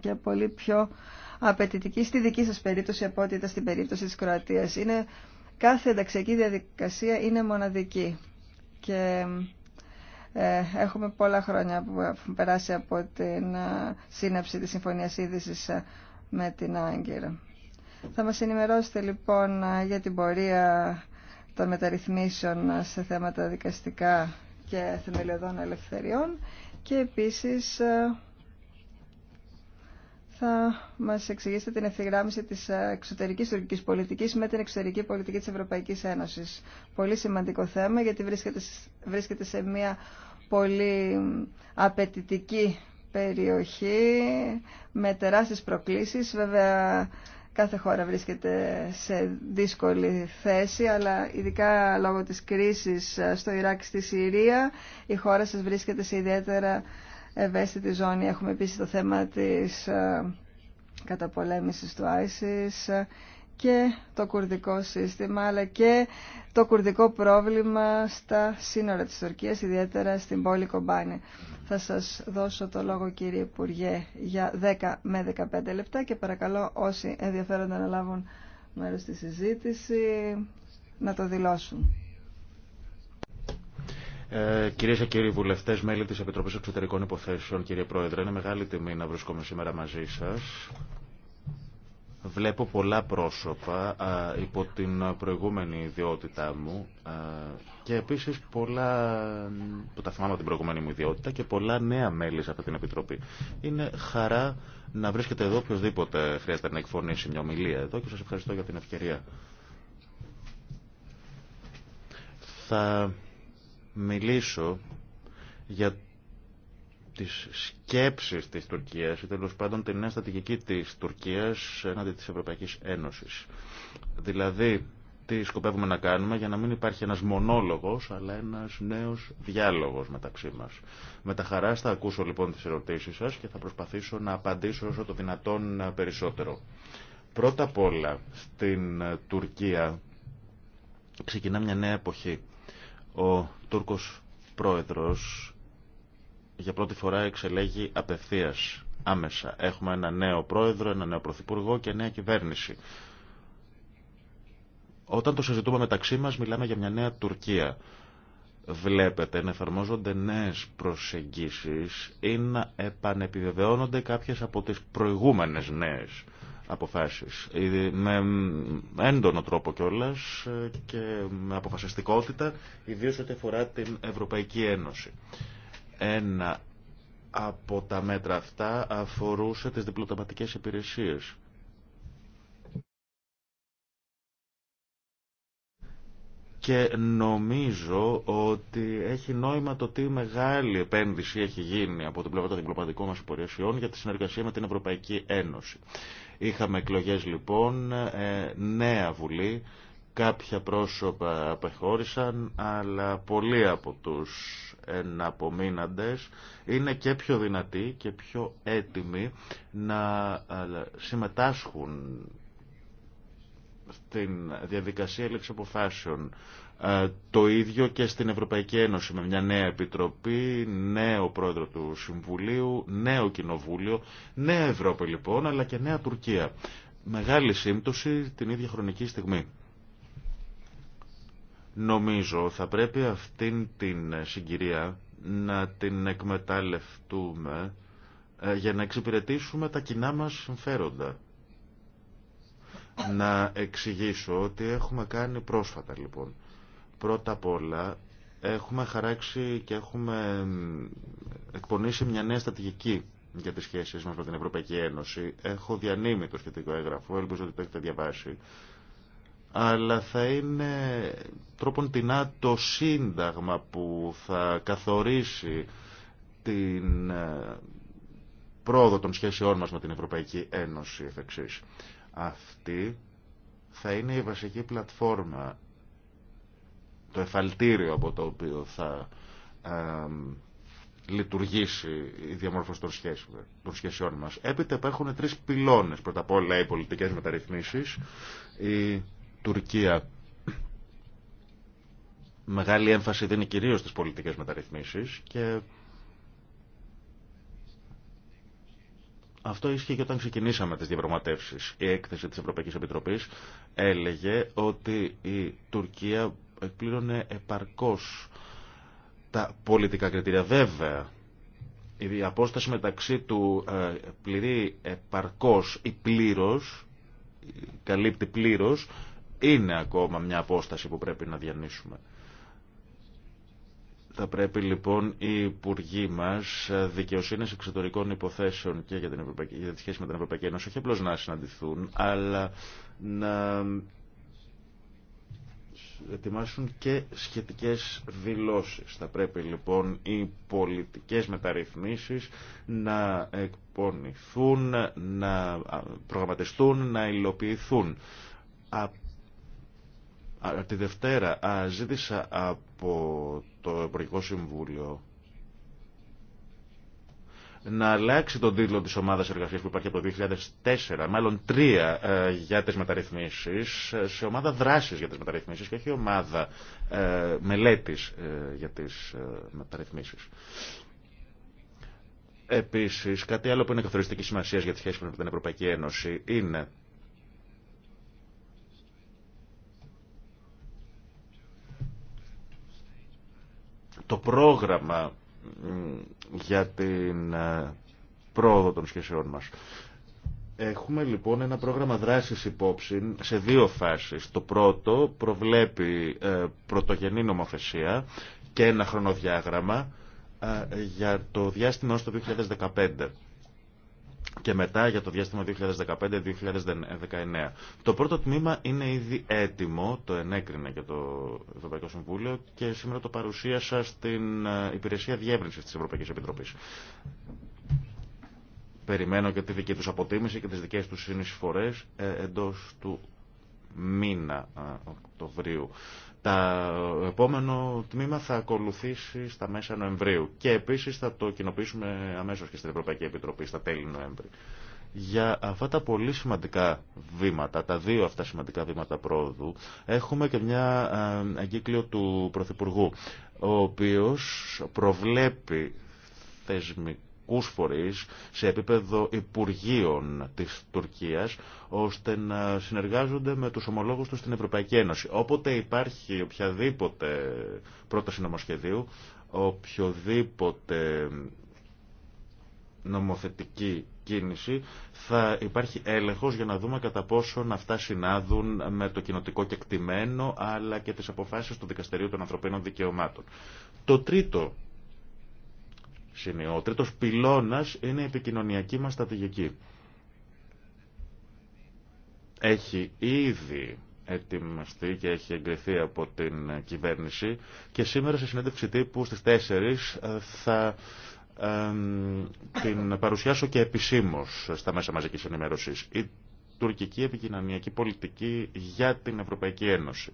και πολύ πιο απαιτητική στη δική σας περίπτωση από ό,τι ήταν στην περίπτωση της Κροατίας. Είναι, κάθε ενταξιακή διαδικασία είναι μοναδική και ε, έχουμε πολλά χρόνια που έχουν περάσει από την ε, σύναψη της Συμφωνίας Είδησης ε, με την Άγκυρα. Θα μας ενημερώσετε λοιπόν για την πορεία των μεταρρυθμίσεων σε θέματα δικαστικά και θεμελιωδών ελευθεριών και επίσης θα μας εξηγήσετε την ευθυγράμμιση της εξωτερικής τουρκικής πολιτικής με την εξωτερική πολιτική της Ευρωπαϊκής Ένωσης. Πολύ σημαντικό θέμα γιατί βρίσκεται, βρίσκεται σε μια πολύ απαιτητική περιοχή με τεράστιες προκλήσεις. Βέβαια κάθε χώρα βρίσκεται σε δύσκολη θέση, αλλά ειδικά λόγω της κρίσης ε, στο Ιράκ στη Συρία η χώρα σας βρίσκεται σε ιδιαίτερα ευαίσθητη ζώνη. Έχουμε επίσης το θέμα της ε, καταπολέμησης του ISIS και το κουρδικό σύστημα, αλλά και το κουρδικό πρόβλημα στα σύνορα της Τουρκίας, ιδιαίτερα στην πόλη Κομπάνη. Θα σας δώσω το λόγο κύριε Υπουργέ για 10 με 15 λεπτά και παρακαλώ όσοι ενδιαφέρονται να λάβουν μέρος στη συζήτηση να το δηλώσουν. Ε, κυρίες και κύριοι βουλευτές, μέλη της Επιτροπής Εξωτερικών Υποθέσεων, κύριε Πρόεδρε, είναι μεγάλη τιμή να βρίσκομαι σήμερα μαζί σας. Βλέπω πολλά πρόσωπα υπό την προηγούμενη ιδιότητά μου και επίσης πολλά, που τα θυμάμαι την προηγούμενη μου ιδιότητα και πολλά νέα μέλη σε αυτή την Επιτροπή. Είναι χαρά να βρίσκεται εδώ οποιοδήποτε χρειάζεται να εκφωνήσει μια ομιλία εδώ και σας ευχαριστώ για την ευκαιρία. Θα μιλήσω για τις σκέψεις της Τουρκίας ή τέλος πάντων την νέα στρατηγική της Τουρκίας έναντι της Ευρωπαϊκής Ένωσης. Δηλαδή, τι σκοπεύουμε να κάνουμε για να μην υπάρχει ένας μονόλογος αλλά ένας νέος διάλογος μεταξύ μας. Με τα χαρά θα ακούσω λοιπόν τις ερωτήσεις σας και θα προσπαθήσω να απαντήσω όσο το δυνατόν περισσότερο. Πρώτα απ' όλα στην Τουρκία ξεκινά μια νέα εποχή ο Τούρκος πρόεδρος για πρώτη φορά εξελέγει απευθείας άμεσα. Έχουμε ένα νέο πρόεδρο, ένα νέο πρωθυπουργό και νέα κυβέρνηση. Όταν το συζητούμε μεταξύ μας μιλάμε για μια νέα Τουρκία. Βλέπετε να εφαρμόζονται νέες προσεγγίσεις ή να επανεπιβεβαιώνονται κάποιες από τις προηγούμενες νέες αποφάσεις με έντονο τρόπο κιόλα και με αποφασιστικότητα ιδίως ό,τι αφορά την Ευρωπαϊκή Ένωση. Ένα από τα μέτρα αυτά αφορούσε τις διπλωματικέ υπηρεσίες. Και νομίζω ότι έχει νόημα το τι μεγάλη επένδυση έχει γίνει από την πλευρά των διπλωματικών μας υπηρεσιών για τη συνεργασία με την Ευρωπαϊκή Ένωση. Είχαμε εκλογές λοιπόν, ε, νέα βουλή, κάποια πρόσωπα απεχώρησαν, αλλά πολλοί από τους εναπομείναντες είναι και πιο δυνατοί και πιο έτοιμοι να ε, συμμετάσχουν στην διαδικασία έλεξη αποφάσεων ε, το ίδιο και στην Ευρωπαϊκή Ένωση με μια νέα επιτροπή, νέο πρόεδρο του Συμβουλίου, νέο κοινοβούλιο, νέα Ευρώπη λοιπόν, αλλά και νέα Τουρκία. Μεγάλη σύμπτωση την ίδια χρονική στιγμή. Νομίζω θα πρέπει αυτήν την ε, συγκυρία να την εκμεταλλευτούμε ε, για να εξυπηρετήσουμε τα κοινά μας συμφέροντα. Να εξηγήσω ότι έχουμε κάνει πρόσφατα λοιπόν Πρώτα απ' όλα έχουμε χαράξει και έχουμε εκπονήσει μια νέα στατηγική για τις σχέσεις μας με την Ευρωπαϊκή Ένωση. Έχω διανύμει το σχετικό έγγραφο, ελπίζω ότι το έχετε διαβάσει. Αλλά θα είναι τρόπον τεινά το σύνταγμα που θα καθορίσει την ε, πρόοδο των σχέσεών μας με την Ευρωπαϊκή Ένωση εφ' εξής. Αυτή θα είναι η βασική πλατφόρμα το εφαλτήριο από το οποίο θα λειτουργήσει η διαμόρφωση των, σχέσεων, των μας. Έπειτα υπάρχουν τρεις πυλώνες. Πρώτα απ' όλα οι πολιτικές μεταρρυθμίσεις. Η Τουρκία μεγάλη έμφαση δίνει κυρίως στις πολιτικές μεταρρυθμίσεις και Αυτό ίσχυε και όταν ξεκινήσαμε τις διαπραγματεύσεις. Η έκθεση της Ευρωπαϊκής Επιτροπής έλεγε ότι η Τουρκία εκπλήρωνε επαρκώς τα πολιτικά κριτήρια. Βέβαια, η απόσταση μεταξύ του ε, πληρεί επαρκώς ή πλήρως, καλύπτει πλήρως, είναι ακόμα μια απόσταση που πρέπει να διανύσουμε. Θα πρέπει λοιπόν οι υπουργοί μα ε, δικαιοσύνη εξωτερικών υποθέσεων και για, την Ευρωπαϊκή, για τη σχέση με την Ευρωπαϊκή Ένωση όχι απλώ να συναντηθούν, αλλά να ετοιμάσουν και σχετικές δηλώσεις. Θα πρέπει λοιπόν οι πολιτικές μεταρρυθμίσεις να εκπονηθούν, να προγραμματιστούν, να υλοποιηθούν. Α, τη Δευτέρα α, ζήτησα από το Υπουργικό Συμβούλιο να αλλάξει τον τίτλο της ομάδας εργασίας που υπάρχει από το 2004, μάλλον τρία ε, για τις μεταρρυθμίσεις, ε, σε ομάδα δράσης για τις μεταρρυθμίσεις και όχι ομάδα ε, μελέτης για τις μεταρρυθμίσεις. Επίσης, κάτι άλλο που είναι καθοριστική σημασία για τη σχέση με την Ευρωπαϊκή Ένωση είναι το πρόγραμμα για την ε, πρόοδο των σχέσεών μας. Έχουμε λοιπόν ένα πρόγραμμα δράσης υπόψη σε δύο φάσεις. Το πρώτο προβλέπει ε, πρωτογενή νομοθεσία και ένα χρονοδιάγραμμα ε, για το διάστημα ως το 2015 και μετά για το διάστημα 2015-2019. Το πρώτο τμήμα είναι ήδη έτοιμο, το ενέκρινε και το Ευρωπαϊκό Συμβούλιο και σήμερα το παρουσίασα στην ε, Υπηρεσία Διεύρυνση της Ευρωπαϊκής Επιτροπής. Περιμένω και τη δική τους αποτίμηση και τις δικές τους συνεισφορές ε, εντός του μήνα ε, Οκτωβρίου. Το επόμενο τμήμα θα ακολουθήσει στα μέσα Νοεμβρίου και επίσης θα το κοινοποιήσουμε αμέσως και στην Ευρωπαϊκή Επιτροπή στα τέλη Νοέμβρη. Για αυτά τα πολύ σημαντικά βήματα, τα δύο αυτά σημαντικά βήματα πρόοδου, έχουμε και μια ε, εγκύκλιο του Πρωθυπουργού, ο οποίος προβλέπει θεσμικά σε επίπεδο Υπουργείων της Τουρκίας ώστε να συνεργάζονται με τους ομολόγους τους στην Ευρωπαϊκή Ένωση. Όποτε υπάρχει οποιαδήποτε πρόταση νομοσχεδίου, οποιοδήποτε νομοθετική κίνηση θα υπάρχει έλεγχος για να δούμε κατά πόσον αυτά συνάδουν με το κοινοτικό κεκτημένο αλλά και τις αποφάσεις του Δικαστηρίου των Ανθρωπίνων Δικαιωμάτων. Το τρίτο σημείο. Ο τρίτος πυλώνας είναι η επικοινωνιακή μας στρατηγική. Έχει ήδη ετοιμαστεί και έχει εγκριθεί από την κυβέρνηση και σήμερα σε συνέντευξη τύπου στις 4 ε, θα την παρουσιάσω και επισήμως στα μέσα μαζικής ενημέρωσης. Η τουρκική επικοινωνιακή πολιτική για την Ευρωπαϊκή Ένωση.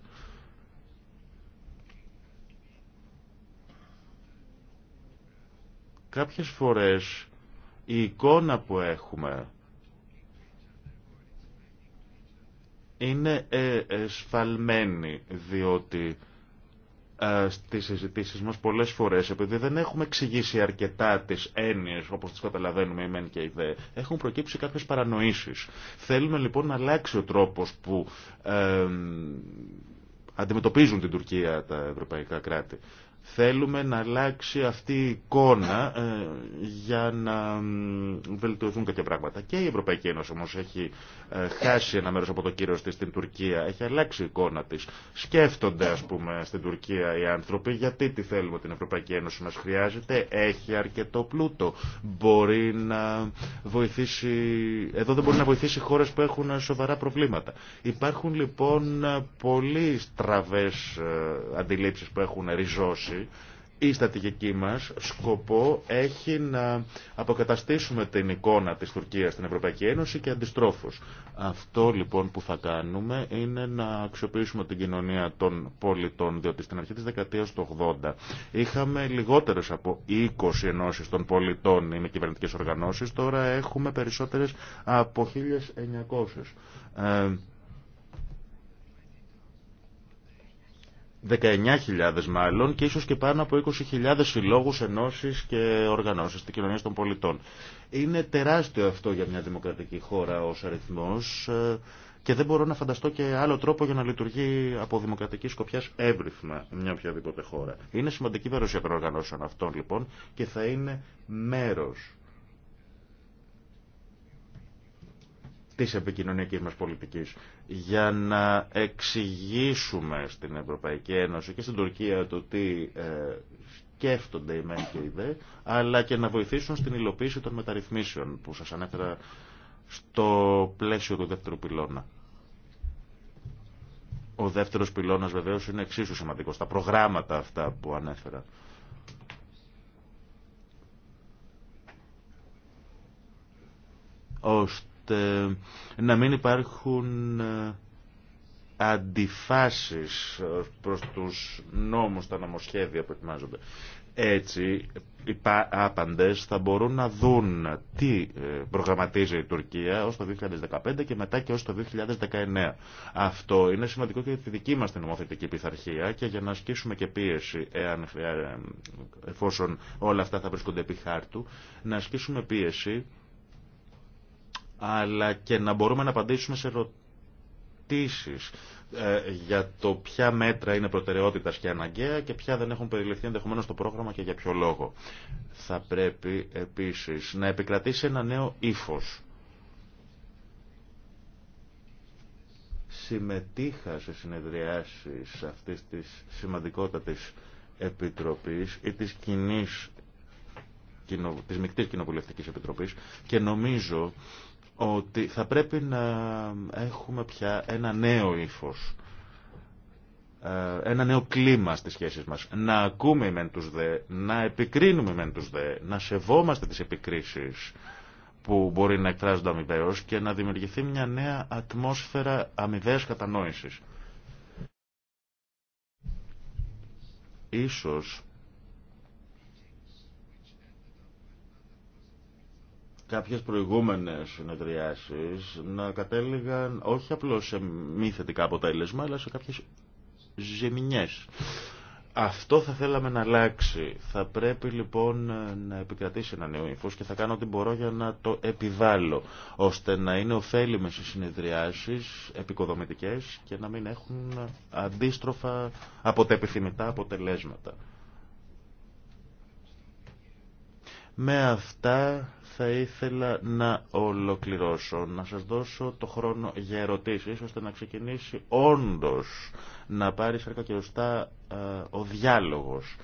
Κάποιες φορές η εικόνα που έχουμε είναι ε, σφαλμένη διότι ε, στις συζητήσει μας πολλές φορές επειδή δεν έχουμε εξηγήσει αρκετά τις έννοιες όπως τις καταλαβαίνουμε η μεν και οι δε έχουν προκύψει κάποιες παρανοήσεις θέλουμε λοιπόν να αλλάξει ο τρόπος που ε, αντιμετωπίζουν την Τουρκία τα ευρωπαϊκά κράτη Θέλουμε να αλλάξει αυτή η εικόνα ε, για να βελτιωθούν κάποια πράγματα. Και η Ευρωπαϊκή Ένωση όμως έχει ε, χάσει ένα μέρος από το κύριο της στην Τουρκία. Έχει αλλάξει η εικόνα της. Σκέφτονται ας πούμε στην Τουρκία οι άνθρωποι γιατί τη θέλουμε την Ευρωπαϊκή Ένωση μας χρειάζεται. Έχει αρκετό πλούτο. Μπορεί να βοηθήσει... Εδώ δεν μπορεί να βοηθήσει χώρες που έχουν σοβαρά προβλήματα. Υπάρχουν λοιπόν πολλοί στραβές ε, αντιλήψεις που έχουν ριζώσει η στατηγική μας σκοπό έχει να αποκαταστήσουμε την εικόνα της Τουρκίας στην Ευρωπαϊκή Ένωση και αντιστρόφως. Αυτό λοιπόν που θα κάνουμε είναι να αξιοποιήσουμε την κοινωνία των πολιτών, διότι στην αρχή της δεκαετίας του 80 είχαμε λιγότερες από 20 ενώσεις των πολιτών, είναι κυβερνητικές οργανώσεις, τώρα έχουμε περισσότερες από 1900. 19.000 μάλλον και ίσως και πάνω από 20.000 συλλόγους, ενώσεις και οργανώσεις της κοινωνίας των πολιτών. Είναι τεράστιο αυτό για μια δημοκρατική χώρα ως αριθμός ε, και δεν μπορώ να φανταστώ και άλλο τρόπο για να λειτουργεί από δημοκρατική σκοπιά εύρυθμα μια οποιαδήποτε χώρα. Είναι σημαντική παρουσία των οργανώσεων αυτών λοιπόν και θα είναι μέρος της επικοινωνικής μας πολιτικής για να εξηγήσουμε στην Ευρωπαϊκή Ένωση και στην Τουρκία το τι ε, σκέφτονται οι ΜΕΝ και οι ΔΕ, αλλά και να βοηθήσουν στην υλοποίηση των μεταρρυθμίσεων που σας ανέφερα στο πλαίσιο του δεύτερου πυλώνα. Ο δεύτερος πυλώνας βεβαίως είναι εξίσου σημαντικός, τα προγράμματα αυτά που ανέφερα. Ωστόσο ε, να μην υπάρχουν ε, αντιφάσεις προς τους νόμους, τα νομοσχέδια που ετοιμάζονται. Έτσι, οι άπαντες θα μπορούν να δουν τι ε, προγραμματίζει η Τουρκία ως το 2015 και μετά και ως το 2019. Αυτό είναι σημαντικό και για τη δική μας την νομοθετική πειθαρχία και για να ασκήσουμε και πίεση, εφόσον όλα αυτά θα βρίσκονται επί χάρτου, να ασκήσουμε πίεση αλλά και να μπορούμε να απαντήσουμε σε ερωτήσεις ε, για το ποια μέτρα είναι προτεραιότητας και αναγκαία και ποια δεν έχουν περιληφθεί ενδεχομένως στο πρόγραμμα και για ποιο λόγο. Θα πρέπει επίσης να επικρατήσει ένα νέο ύφο. συμμετείχα σε συνεδριάσεις αυτής της σημαντικότατης επιτροπής ή της κοινής της Μικτής Κοινοβουλευτικής Επιτροπής και νομίζω ότι θα πρέπει να έχουμε πια ένα νέο ύφος, ε, ένα νέο κλίμα στις σχέσεις μας. Να ακούμε μεν τους δε, να επικρίνουμε μεν τους δε, να σεβόμαστε τις επικρίσεις που μπορεί να εκφράζονται αμοιβαίως και να δημιουργηθεί μια νέα ατμόσφαιρα αμοιβαίας κατανόησης. Ίσως κάποιες προηγούμενες συνεδριάσεις να κατέληγαν όχι απλώς σε μη θετικά αποτέλεσμα, αλλά σε κάποιες ζημινιές. Αυτό θα θέλαμε να αλλάξει. Θα πρέπει λοιπόν να επικρατήσει ένα νέο υφός και θα κάνω ό,τι μπορώ για να το επιβάλλω, ώστε να είναι ωφέλιμες οι συνεδριάσεις επικοδομητικέ και να μην έχουν αντίστροφα από επιθυμητά αποτελέσματα. Με αυτά θα ήθελα να ολοκληρώσω, να σας δώσω το χρόνο για ερωτήσεις, ώστε να ξεκινήσει όντως να πάρει σάρκα και ε, ο διάλογος.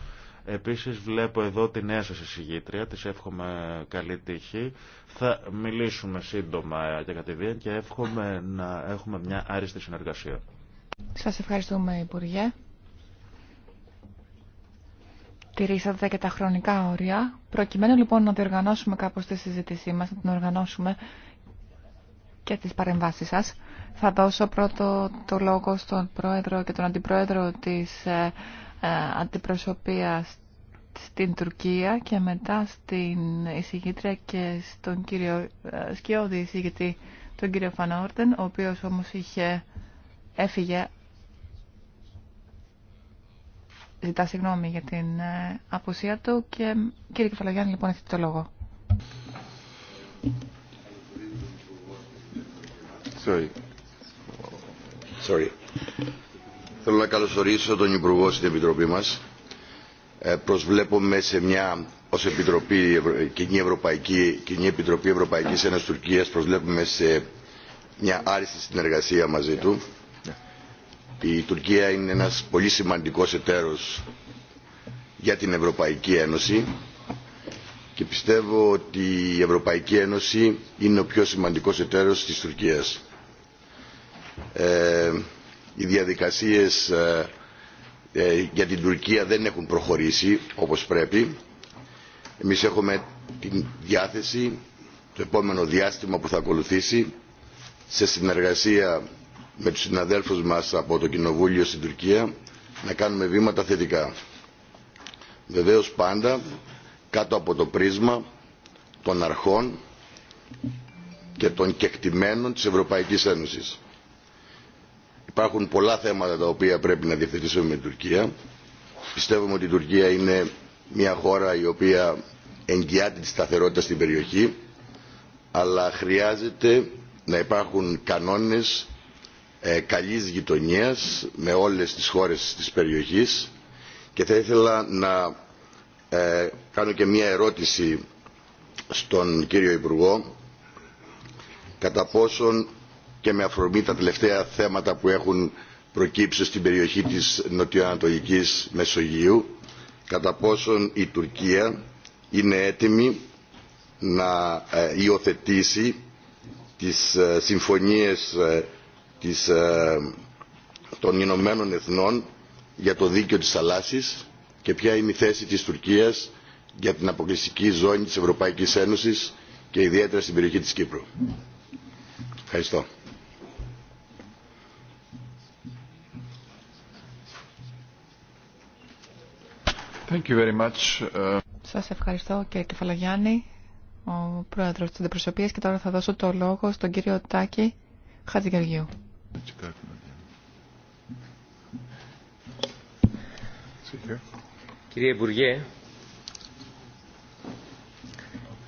Επίσης βλέπω εδώ τη νέα σας εισηγήτρια, της εύχομαι καλή τύχη. Θα μιλήσουμε σύντομα για κατηδίαν και εύχομαι να έχουμε μια άριστη συνεργασία. Σας ευχαριστούμε Υπουργέ τηρήσατε και τα χρονικά όρια. Προκειμένου λοιπόν να διοργανώσουμε κάπως τη συζήτησή μας, να την οργανώσουμε και τις παρεμβάσεις σας, θα δώσω πρώτο το λόγο στον Πρόεδρο και τον Αντιπρόεδρο της ε, ε Αντιπροσωπείας στην Τουρκία και μετά στην εισηγήτρια και στον κύριο ε, Σκιώδη εισηγητή, τον κύριο Φανόρτεν, ο οποίος όμως είχε, έφυγε ζητά συγγνώμη για την ε, απουσία του και κύριε Κεφαλογιάννη λοιπόν έχετε το λόγο. Sorry. Sorry. Θέλω να καλωσορίσω τον Υπουργό στην Επιτροπή μας. Ε, προσβλέπουμε σε μια ως Επιτροπή, Κοινή, Ευρωπαϊκή, Κοινή Επιτροπή Ευρωπαϊκής Ένωσης Τουρκίας προσβλέπουμε σε μια άριστη συνεργασία μαζί του η Τουρκία είναι ένας πολύ σημαντικός εταίρος για την Ευρωπαϊκή Ένωση και πιστεύω ότι η Ευρωπαϊκή Ένωση είναι ο πιο σημαντικός εταίρος της Τουρκίας. Ε, οι διαδικασίες ε, ε, για την Τουρκία δεν έχουν προχωρήσει όπως πρέπει. Εμείς έχουμε την διάθεση το επόμενο διάστημα που θα ακολουθήσει σε συνεργασία με τους συναδέλφους μας από το Κοινοβούλιο στην Τουρκία να κάνουμε βήματα θετικά. Βεβαίως πάντα κάτω από το πρίσμα των αρχών και των κεκτημένων της Ευρωπαϊκής Ένωσης. Υπάρχουν πολλά θέματα τα οποία πρέπει να διευθετήσουμε με την Τουρκία. Πιστεύουμε ότι η Τουρκία είναι μια χώρα η οποία εγγυάται τη σταθερότητα στην περιοχή αλλά χρειάζεται να υπάρχουν κανόνες ε, καλής γειτονίας με όλες τις χώρες της περιοχής και θα ήθελα να ε, κάνω και μία ερώτηση στον κύριο Υπουργό κατά πόσον και με αφορμή τα τελευταία θέματα που έχουν προκύψει στην περιοχή της νοτιοανατολικής Μεσογείου κατά πόσον η Τουρκία είναι έτοιμη να ε, υιοθετήσει τις συμφωνίες ε, των Ηνωμένων Εθνών για το δίκαιο της θαλάσσης και ποια είναι η θέση της Τουρκίας για την αποκλειστική ζώνη της Ευρωπαϊκής Ένωσης και ιδιαίτερα στην περιοχή της Κύπρου. Ευχαριστώ. Thank you very much. Σας ευχαριστώ κύριε Κεφαλαγιάννη, ο πρόεδρος της αντιπροσωπείας και τώρα θα δώσω το λόγο στον κύριο Τάκη Χατζηγεργίου. Κύριε Υπουργέ,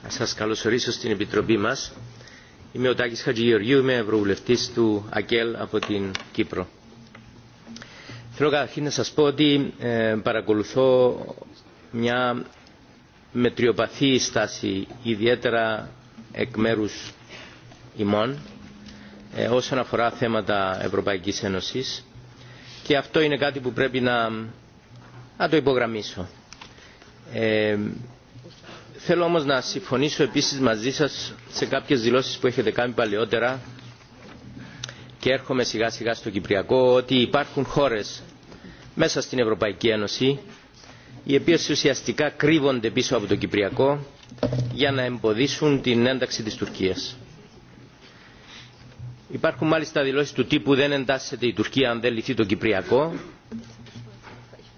να σας καλωσορίσω στην Επιτροπή μας. Είμαι ο Τάκης Χατζηγεωργίου, είμαι ευρωβουλευτής του ΑΚΕΛ από την Κύπρο. Θέλω καταρχήν να σας πω ότι ε, παρακολουθώ μια μετριοπαθή στάση, ιδιαίτερα εκ μέρους ημών, ε, όσον αφορά θέματα Ευρωπαϊκής Ένωσης και αυτό είναι κάτι που πρέπει να, να το υπογραμμίσω. Ε, θέλω όμως να συμφωνήσω επίσης μαζί σας σε κάποιες δηλώσεις που έχετε κάνει παλαιότερα και έρχομαι σιγά σιγά στο Κυπριακό ότι υπάρχουν χώρες μέσα στην Ευρωπαϊκή Ένωση οι οποίες ουσιαστικά κρύβονται πίσω από το Κυπριακό για να εμποδίσουν την ένταξη της Τουρκίας. Υπάρχουν μάλιστα δηλώσεις του τύπου δεν εντάσσεται η Τουρκία αν δεν λυθεί το Κυπριακό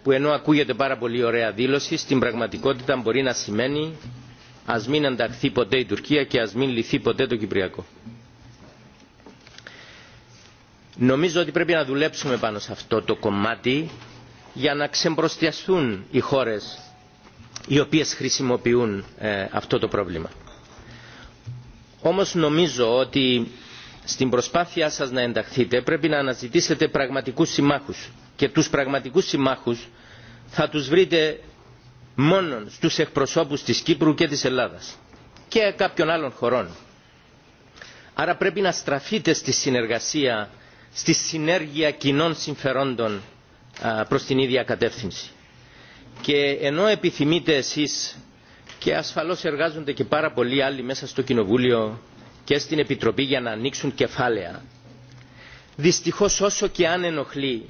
που ενώ ακούγεται πάρα πολύ ωραία δήλωση στην πραγματικότητα μπορεί να σημαίνει ας μην ενταχθεί ποτέ η Τουρκία και ας μην λυθεί ποτέ το Κυπριακό. Νομίζω ότι πρέπει να δουλέψουμε πάνω σε αυτό το κομμάτι για να ξεμπροστιαστούν οι χώρες οι οποίες χρησιμοποιούν ε, αυτό το πρόβλημα. Όμως νομίζω ότι στην προσπάθειά σας να ενταχθείτε πρέπει να αναζητήσετε πραγματικούς συμμάχους και τους πραγματικούς συμμάχους θα τους βρείτε μόνο στους εκπροσώπους της Κύπρου και της Ελλάδας και κάποιων άλλων χωρών. Άρα πρέπει να στραφείτε στη συνεργασία, στη συνέργεια κοινών συμφερόντων προς την ίδια κατεύθυνση. Και ενώ επιθυμείτε εσείς και ασφαλώς εργάζονται και πάρα πολλοί άλλοι μέσα στο Κοινοβούλιο και στην Επιτροπή για να ανοίξουν κεφάλαια. Δυστυχώς όσο και αν ενοχλεί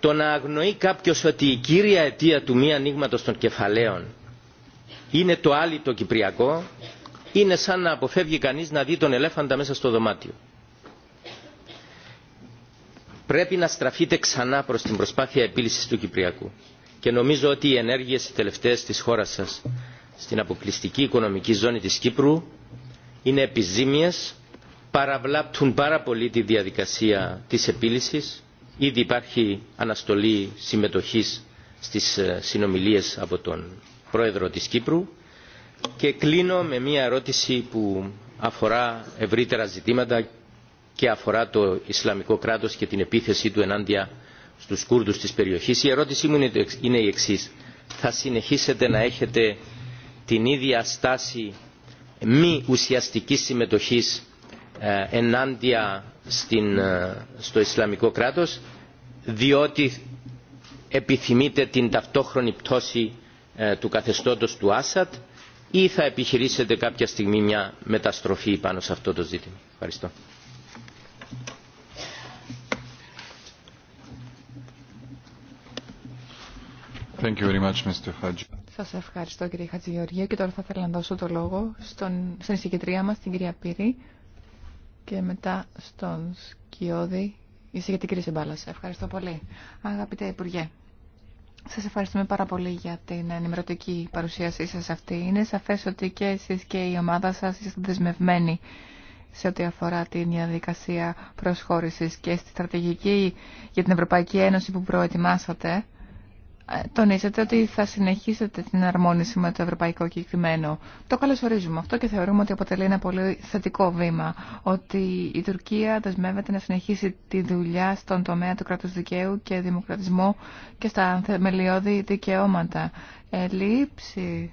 το να αγνοεί κάποιος ότι η κύρια αιτία του μη ανοίγματος των κεφαλαίων είναι το το κυπριακό, είναι σαν να αποφεύγει κανείς να δει τον ελέφαντα μέσα στο δωμάτιο. Πρέπει να στραφείτε ξανά προς την προσπάθεια επίλυσης του Κυπριακού. Και νομίζω ότι οι ενέργειες οι τελευταίες της χώρας σας στην αποκλειστική οικονομική ζώνη της Κύπρου είναι επιζήμιες, παραβλάπτουν πάρα πολύ τη διαδικασία της επίλυσης. Ήδη υπάρχει αναστολή συμμετοχής στις ε, συνομιλίες από τον πρόεδρο της Κύπρου και κλείνω με μια ερώτηση που αφορά ευρύτερα ζητήματα και αφορά το Ισλαμικό κράτος και την επίθεσή του ενάντια στους Κούρδους της περιοχής. Η ερώτησή μου είναι η εξής. Θα συνεχίσετε να έχετε την ίδια στάση μη ουσιαστική συμμετοχή ε, ενάντια στην, ε, στο Ισλαμικό κράτος διότι επιθυμείτε την ταυτόχρονη πτώση ε, του καθεστώτος του Άσαντ ή θα επιχειρήσετε κάποια στιγμή μια μεταστροφή πάνω σε αυτό το ζήτημα. Ευχαριστώ. Σας ευχαριστώ κύριε Χατζηγεωργίου και τώρα θα ήθελα να δώσω το λόγο στον, στην εισηγητρία μας, την κυρία Πύρη και μετά στον Σκιώδη, την κύριε Σε Ευχαριστώ πολύ. Αγαπητέ Υπουργέ. Σας ευχαριστούμε πάρα πολύ για την ενημερωτική παρουσίασή σας αυτή. Είναι σαφές ότι και εσείς και η ομάδα σας είστε δεσμευμένοι σε ό,τι αφορά την διαδικασία προσχώρησης και στη στρατηγική για την Ευρωπαϊκή Ένωση που προετοιμάσατε τονίζετε ότι θα συνεχίσετε την αρμόνιση με το ευρωπαϊκό κεκτημένο. Το καλωσορίζουμε αυτό και θεωρούμε ότι αποτελεί ένα πολύ θετικό βήμα. Ότι η Τουρκία δεσμεύεται να συνεχίσει τη δουλειά στον τομέα του κράτους δικαίου και δημοκρατισμού και στα θεμελιώδη δικαιώματα. Ελήψη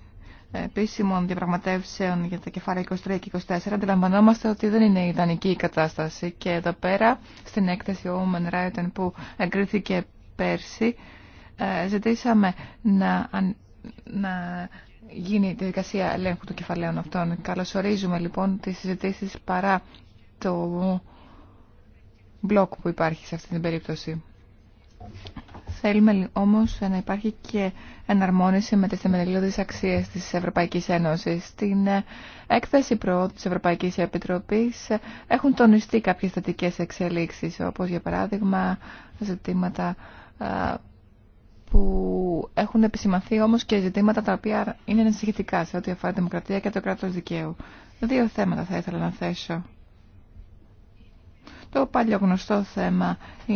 επίσημων διαπραγματεύσεων για τα κεφάλαια 23 και 24 αντιλαμβανόμαστε ότι δεν είναι ιδανική η κατάσταση. Και εδώ πέρα στην έκθεση Women Rights που εγκρίθηκε πέρσι ε, ζητήσαμε να, να γίνει τη διαδικασία ελέγχου των κεφαλαίων αυτών. Καλωσορίζουμε λοιπόν τις συζητήσεις παρά το μπλοκ που υπάρχει σε αυτή την περίπτωση. Θέλουμε όμως να υπάρχει και εναρμόνιση με τις θεμελιώδεις αξίες της Ευρωπαϊκής Ένωσης. Στην ε, έκθεση προόδου της Ευρωπαϊκής Επιτροπής ε, έχουν τονιστεί κάποιες θετικέ εξελίξεις, όπως για παράδειγμα ζητήματα που έχουν επισημαθεί όμως και ζητήματα τα οποία είναι ενσυχητικά σε ό,τι αφορά τη δημοκρατία και το κράτος δικαίου. Δύο θέματα θα ήθελα να θέσω. Το παλιό γνωστό θέμα, η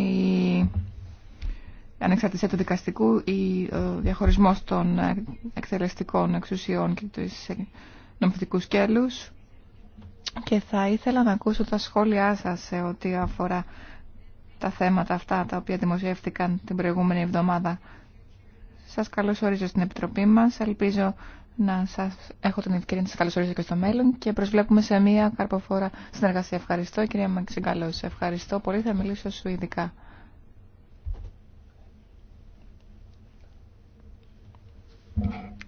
ανεξαρτησία του δικαστικού, η, ο διαχωρισμός των ε, εκτελεστικών εξουσιών και του ε, νομοθετικού σκέλους. Και θα ήθελα να ακούσω τα σχόλιά σα σε ό,τι αφορά τα θέματα αυτά τα οποία δημοσιεύτηκαν την προηγούμενη εβδομάδα σας καλωσορίζω στην Επιτροπή μας. Ελπίζω να σας έχω την ευκαιρία να σας καλωσορίζω και στο μέλλον και προσβλέπουμε σε μια καρποφόρα συνεργασία. Ευχαριστώ κυρία Μαξιγκαλός. Ευχαριστώ πολύ. Θα μιλήσω σου ειδικά.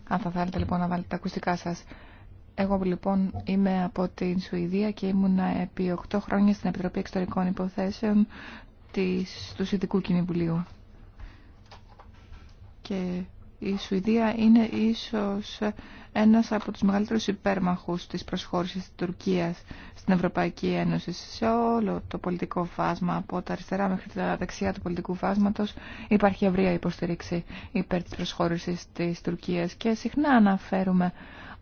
Αν θα θέλετε λοιπόν να βάλετε τα ακουστικά σας. Εγώ λοιπόν είμαι από την Σουηδία και ήμουνα επί 8 χρόνια στην Επιτροπή Εξωτερικών Υποθέσεων της, του Συνδικού Κοινοβουλίου και η Σουηδία είναι ίσως ένας από τους μεγαλύτερους υπέρμαχους της προσχώρησης της Τουρκίας στην Ευρωπαϊκή Ένωση σε όλο το πολιτικό φάσμα από τα αριστερά μέχρι τα δεξιά του πολιτικού φάσματος υπάρχει ευρεία υποστήριξη υπέρ της προσχώρησης της Τουρκίας και συχνά αναφέρουμε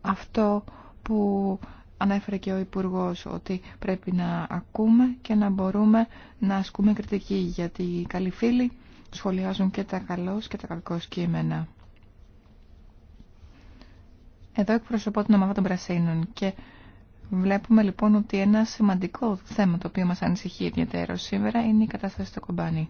αυτό που ανέφερε και ο Υπουργό ότι πρέπει να ακούμε και να μπορούμε να ασκούμε κριτική γιατί οι καλοί φίλοι σχολιάζουν και τα καλώς και τα κακώς κείμενα. Εδώ εκπροσωπώ την ομάδα των Πρασίνων και βλέπουμε λοιπόν ότι ένα σημαντικό θέμα το οποίο μας ανησυχεί ιδιαίτερο σήμερα είναι η κατάσταση στο κομπάνι.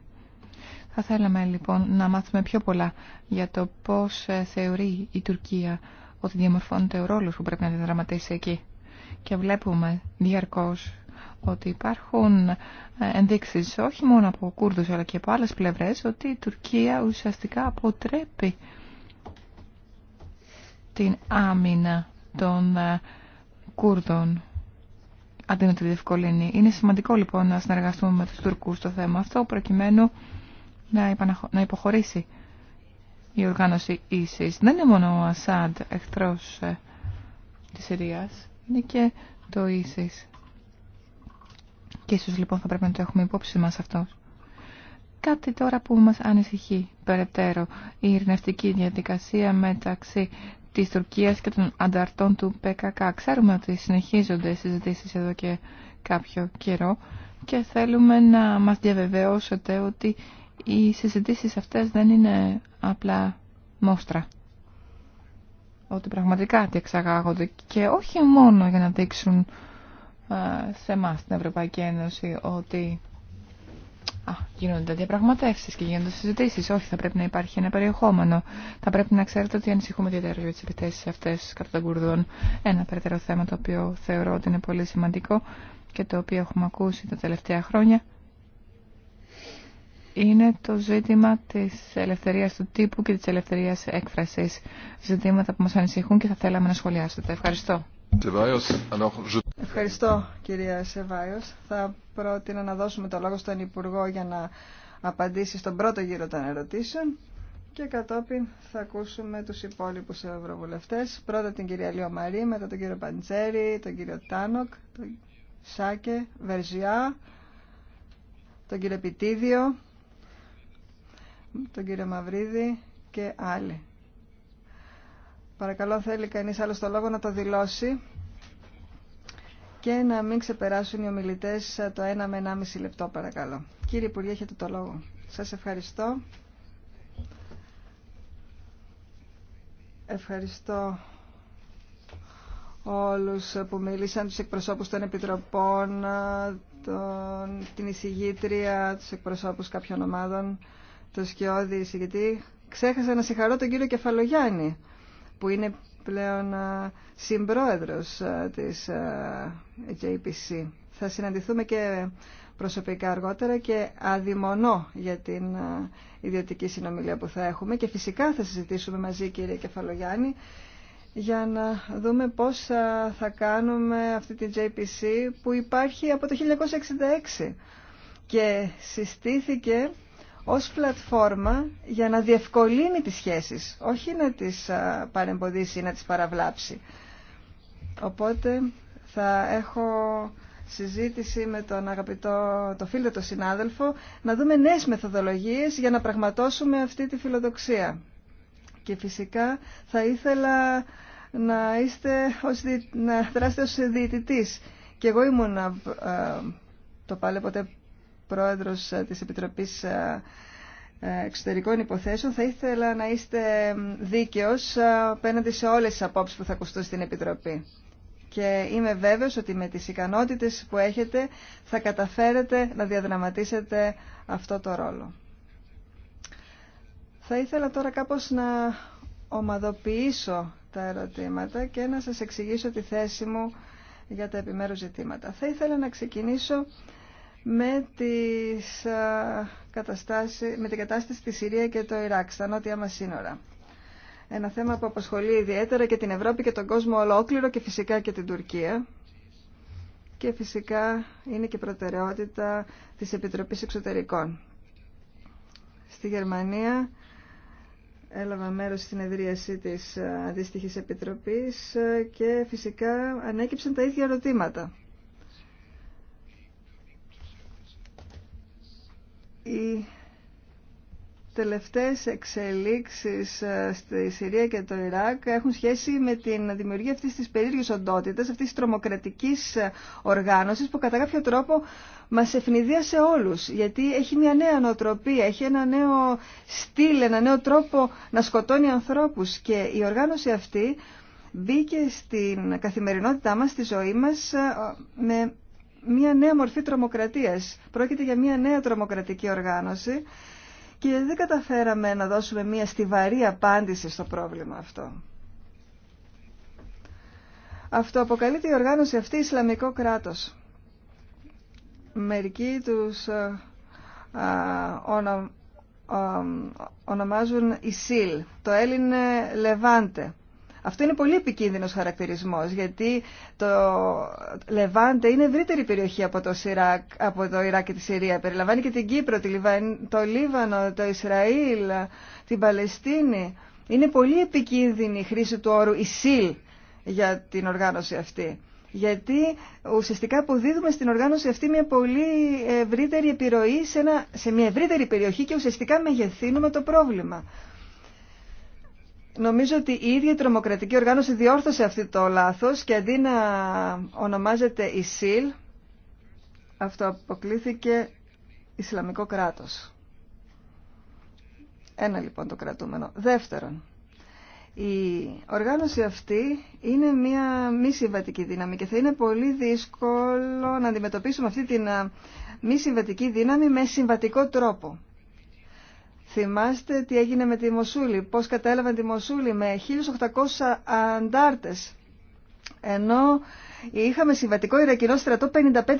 Θα θέλαμε λοιπόν να μάθουμε πιο πολλά για το πώς ε, θεωρεί η Τουρκία ότι διαμορφώνεται ο ρόλος που πρέπει να διδραματίσει εκεί. Και βλέπουμε διαρκώς ότι υπάρχουν ε, ενδείξεις όχι μόνο από Κούρδους αλλά και από άλλες πλευρές ότι η Τουρκία ουσιαστικά αποτρέπει την άμυνα των ε, Κούρδων αντί να τη διευκολύνει. Είναι σημαντικό λοιπόν να συνεργαστούμε με τους Τουρκούς στο θέμα αυτό προκειμένου να υποχωρήσει η οργάνωση ίσης. Δεν είναι μόνο ο Ασάντ εχθρός ε, της Συρίας, είναι και το ίσης. Και ίσως λοιπόν θα πρέπει να το έχουμε υπόψη μας αυτό. Κάτι τώρα που μας ανησυχεί περαιτέρω η ειρηνευτική διαδικασία μεταξύ της Τουρκίας και των ανταρτών του ΠΚΚ. Ξέρουμε ότι συνεχίζονται συζητήσεις εδώ και κάποιο καιρό και θέλουμε να μας διαβεβαιώσετε ότι οι συζητήσεις αυτές δεν είναι απλά μόστρα. Ότι πραγματικά διεξαγάγονται και όχι μόνο για να δείξουν ε, σε εμά στην Ευρωπαϊκή Ένωση ότι α, γίνονται διαπραγματεύσει και γίνονται συζητήσεις. Όχι, θα πρέπει να υπάρχει ένα περιεχόμενο. Θα πρέπει να ξέρετε ότι ανησυχούμε ιδιαίτερα για τι επιθέσει αυτέ κατά των Κουρδών. Ένα περαιτέρω θέμα το οποίο θεωρώ ότι είναι πολύ σημαντικό και το οποίο έχουμε ακούσει τα τελευταία χρόνια είναι το ζήτημα της ελευθερίας του τύπου και της ελευθερίας έκφρασης. Ζητήματα που μας ανησυχούν και θα θέλαμε να σχολιάσετε. Ευχαριστώ. Ευχαριστώ κυρία Σεβάιος. Θα πρότεινα να δώσουμε το λόγο στον Υπουργό για να απαντήσει στον πρώτο γύρο των ερωτήσεων και κατόπιν θα ακούσουμε τους υπόλοιπους ευρωβουλευτές. Πρώτα την κυρία Λίο Μαρή, μετά τον κύριο Παντζέρη, τον κύριο Τάνοκ, τον Σάκε, Βερζιά, τον κύριο Πιτίδιο, τον κύριο Μαυρίδη και άλλοι. Παρακαλώ θέλει κανείς άλλο το λόγο να το δηλώσει και να μην ξεπεράσουν οι ομιλητές το ένα με 1,5 λεπτό παρακαλώ. Κύριε Υπουργέ, έχετε το λόγο. Σας ευχαριστώ. Ευχαριστώ όλους που μιλήσαν, τους εκπροσώπους των επιτροπών, τον, την εισηγήτρια, τους εκπροσώπους κάποιων ομάδων, το σκιώδη εισηγητή. Ξέχασα να συγχαρώ τον κύριο Κεφαλογιάννη που είναι πλέον συμπρόεδρος της JPC. Θα συναντηθούμε και προσωπικά αργότερα και αδειμονώ για την ιδιωτική συνομιλία που θα έχουμε και φυσικά θα συζητήσουμε μαζί κύριε Κεφαλογιάννη για να δούμε πώς θα κάνουμε αυτή την JPC που υπάρχει από το 1966 και συστήθηκε ως πλατφόρμα για να διευκολύνει τις σχέσεις, όχι να τις παρεμποδίσει ή να τις παραβλάψει. Οπότε θα έχω συζήτηση με τον αγαπητό, το φίλο, το συνάδελφο, να δούμε νέες μεθοδολογίες για να πραγματώσουμε αυτή τη φιλοδοξία. Και φυσικά θα ήθελα να, είστε ως, να δράσετε ως διαιτητής. Και εγώ ήμουν, το πάλι ποτέ πρόεδρος ε, της Επιτροπής ε, ε, Εξωτερικών Υποθέσεων, θα ήθελα να είστε δίκαιος απέναντι σε όλες τις απόψεις που θα ακουστούν στην Επιτροπή. Και είμαι βέβαιος ότι με τις ικανότητες που έχετε θα καταφέρετε να διαδραματίσετε αυτό το ρόλο. Θα ήθελα τώρα κάπως να ομαδοποιήσω τα ερωτήματα και να σας εξηγήσω τη θέση μου για τα επιμέρους ζητήματα. Θα ήθελα να ξεκινήσω με, τις, καταστάσεις, με την κατάσταση στη Συρία και το Ιράκ, στα νότια μας σύνορα. Ένα θέμα που απασχολεί ιδιαίτερα και την Ευρώπη και τον κόσμο ολόκληρο και φυσικά και την Τουρκία. Και φυσικά είναι και προτεραιότητα της Επιτροπής Εξωτερικών. Στη Γερμανία έλαβα μέρος στην ευρίαση της αντίστοιχη επιτροπής και φυσικά ανέκυψαν τα ίδια ερωτήματα. οι τελευταίες εξελίξεις ε, στη Συρία και το Ιράκ έχουν σχέση με την δημιουργία αυτής της περίεργης οντότητας, αυτής της τρομοκρατικής ε, οργάνωσης που κατά κάποιο τρόπο μας ευνηδίασε όλους, γιατί έχει μια νέα νοοτροπία, έχει ένα νέο στυλ, ένα νέο τρόπο να σκοτώνει ανθρώπους και η οργάνωση αυτή μπήκε στην καθημερινότητά μας, στη ζωή μας ε, με μια νέα μορφή τρομοκρατίας. Πρόκειται για μια νέα τρομοκρατική οργάνωση και δεν καταφέραμε να δώσουμε μια στιβαρή απάντηση στο πρόβλημα αυτό. Αυτό αποκαλείται η οργάνωση αυτή Ισλαμικό κράτος. Μερικοί του ε, ε, ονομάζουν Ισίλ, το Έλληνε Λεβάντε. Αυτό είναι πολύ επικίνδυνος χαρακτηρισμός, γιατί το Λεβάντε είναι ευρύτερη περιοχή από το, Σιράκ, από το Ιράκ και τη Συρία. Περιλαμβάνει και την Κύπρο, το Λίβανο, το Ισραήλ, την Παλαιστίνη. Είναι πολύ επικίνδυνη η χρήση του όρου «Ισίλ» για την οργάνωση αυτή. Γιατί ουσιαστικά αποδίδουμε στην οργάνωση αυτή μια πολύ ευρύτερη επιρροή σε μια ευρύτερη περιοχή και ουσιαστικά μεγεθύνουμε το πρόβλημα. Νομίζω ότι η ίδια η τρομοκρατική οργάνωση διόρθωσε αυτό το λάθος και αντί να ονομάζεται ΙΣΙΛ, αυτό αποκλήθηκε Ισλαμικό κράτος. Ένα λοιπόν το κρατούμενο. Δεύτερον, η οργάνωση αυτή είναι μια μη συμβατική δύναμη και θα είναι πολύ δύσκολο να αντιμετωπίσουμε αυτή την ε, μη συμβατική δύναμη με συμβατικό τρόπο. Θυμάστε τι έγινε με τη Μοσούλη, πώς κατέλαβαν τη Μοσούλη με 1.800 αντάρτες. Ενώ είχαμε συμβατικό Ιρακινό στρατό 55.000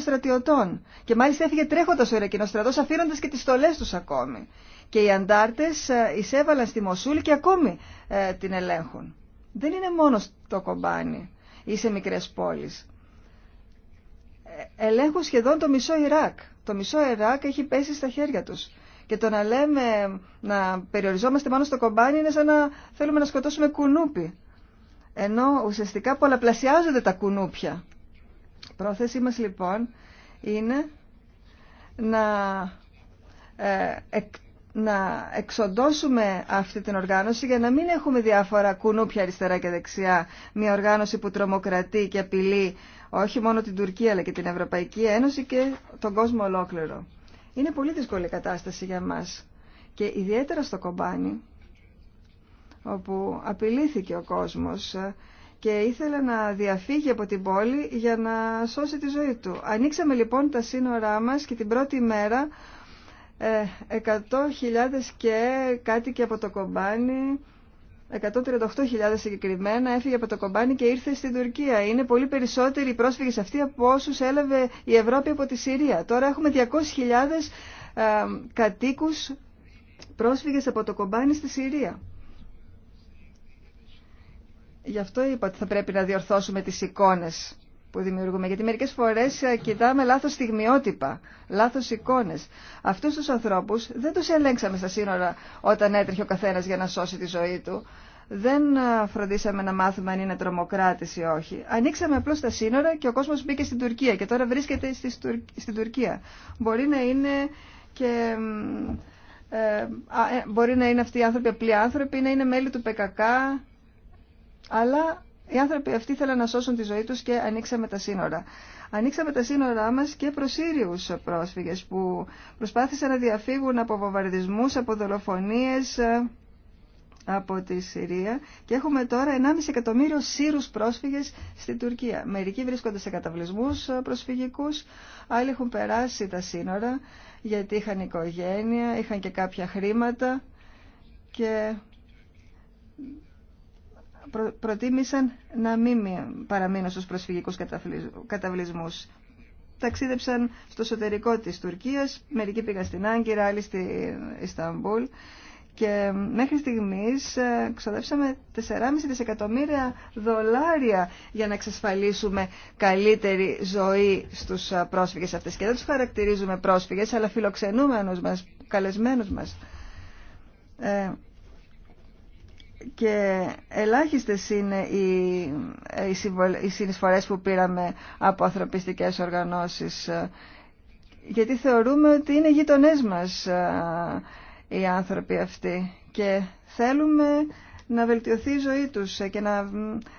στρατιωτών. Και μάλιστα έφυγε τρέχοντας ο Ιρακινός στρατός αφήνοντας και τις στολές τους ακόμη. Και οι αντάρτες ε, εισέβαλαν στη Μοσούλη και ακόμη ε, την ελέγχουν. Δεν είναι μόνο στο κομπάνι ή σε μικρές πόλεις. Ε, ελέγχουν σχεδόν το μισό Ιράκ. Το μισό Ιράκ έχει πέσει στα χέρια τους. Και το να λέμε να περιοριζόμαστε μόνο στο κομπάνι είναι σαν να θέλουμε να σκοτώσουμε κουνούπι. Ενώ ουσιαστικά πολλαπλασιάζονται τα κουνούπια. Η πρόθεσή μας λοιπόν είναι να, ε, να εξοντώσουμε αυτή την οργάνωση για να μην έχουμε διάφορα κουνούπια αριστερά και δεξιά. Μια οργάνωση που τρομοκρατεί και απειλεί όχι μόνο την Τουρκία αλλά και την Ευρωπαϊκή Ένωση και τον κόσμο ολόκληρο. Είναι πολύ δύσκολη κατάσταση για μας και ιδιαίτερα στο κομπάνι όπου απειλήθηκε ο κόσμος και ήθελε να διαφύγει από την πόλη για να σώσει τη ζωή του. Ανοίξαμε λοιπόν τα σύνορά μας και την πρώτη μέρα 100.000 ε, και κάτι και από το κομπάνι 138.000 συγκεκριμένα έφυγε από το κομπάνι και ήρθε στην Τουρκία. Είναι πολύ περισσότεροι οι πρόσφυγες αυτοί από όσου έλαβε η Ευρώπη από τη Συρία. Τώρα έχουμε 200.000 ε, κατοίκου πρόσφυγε από το κομπάνι στη Συρία. Γι' αυτό είπα ότι θα πρέπει να διορθώσουμε τις εικόνες που δημιουργούμε. Γιατί μερικές φορές ε, κοιτάμε λάθος στιγμιότυπα, λάθος εικόνες. Αυτούς τους ανθρώπους δεν τους ελέγξαμε στα σύνορα όταν έτρεχε ο καθένας για να σώσει τη ζωή του. Δεν ε, φροντίσαμε να μάθουμε αν είναι τρομοκράτη ή όχι. Ανοίξαμε απλώ τα σύνορα και ο κόσμος μπήκε στην Τουρκία και τώρα βρίσκεται στην Τουρκία. Μπορεί να είναι και... Ε, μπορεί να είναι αυτοί οι άνθρωποι απλοί άνθρωποι, να είναι μέλη του ΠΚΚ, αλλά οι άνθρωποι αυτοί θέλαν να σώσουν τη ζωή τους και ανοίξαμε τα σύνορα. Ανοίξαμε τα σύνορά μας και προς Σύριους πρόσφυγες που προσπάθησαν να διαφύγουν από βομβαρδισμούς, από δολοφονίες ε, από τη Συρία και έχουμε τώρα 1,5 εκατομμύριο Σύρους πρόσφυγες στην Τουρκία. Μερικοί βρίσκονται σε καταβλισμούς ε, προσφυγικούς, άλλοι έχουν περάσει τα σύνορα γιατί είχαν οικογένεια, είχαν και κάποια χρήματα και προτίμησαν να μην παραμείνουν στους προσφυγικούς καταβλισμούς. Ταξίδεψαν στο εσωτερικό της Τουρκίας, μερικοί πήγαν στην Άγκυρα, άλλοι στη Ισταμπούλ και μέχρι στιγμής ε, ξοδέψαμε 4,5 δισεκατομμύρια δολάρια για να εξασφαλίσουμε καλύτερη ζωή στους ε, πρόσφυγες αυτές. Και δεν τους χαρακτηρίζουμε πρόσφυγες, αλλά φιλοξενούμενους μας, καλεσμένους μας. Ε, και ελάχιστες είναι οι, ε, οι συνεισφορές που πήραμε από ανθρωπιστικές οργανώσεις ε, γιατί θεωρούμε ότι είναι γείτονές μας ε, οι άνθρωποι αυτοί και θέλουμε να βελτιωθεί η ζωή τους και να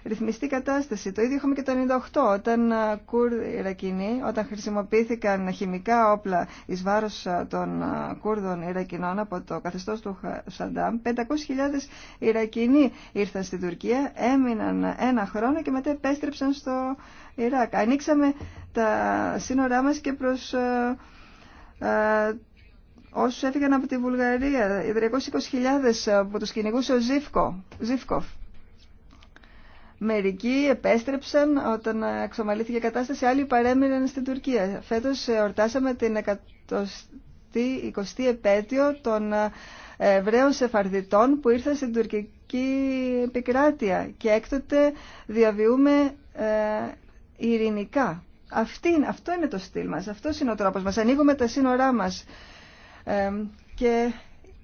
ρυθμιστεί η κατάσταση. Το ίδιο είχαμε και το 1998 όταν Κούρδοι Ιρακινοί, όταν χρησιμοποιήθηκαν χημικά όπλα ει βάρο των Κούρδων Ιρακινών από το καθεστώ του Σαντάμ, 500.000 Ιρακινοί ήρθαν στην Τουρκία, έμειναν ένα χρόνο και μετά επέστρεψαν στο Ιράκ. Ανοίξαμε τα σύνορά μα και προς όσου έφυγαν από τη Βουλγαρία, οι 320.000 από του κυνηγούσε ο Ζήφκο, Ζήφκοφ. Μερικοί επέστρεψαν όταν ε, εξομαλήθηκε η κατάσταση, άλλοι παρέμειναν στην Τουρκία. Φέτος εορτάσαμε την 120η επέτειο των ε, Εβραίων Σεφαρδιτών που ήρθαν στην τουρκική επικράτεια και έκτοτε διαβιούμε ε, ειρηνικά. Αυτή, αυτό είναι το στυλ μας, αυτό είναι ο τρόπος μας. Ανοίγουμε τα σύνορά μας και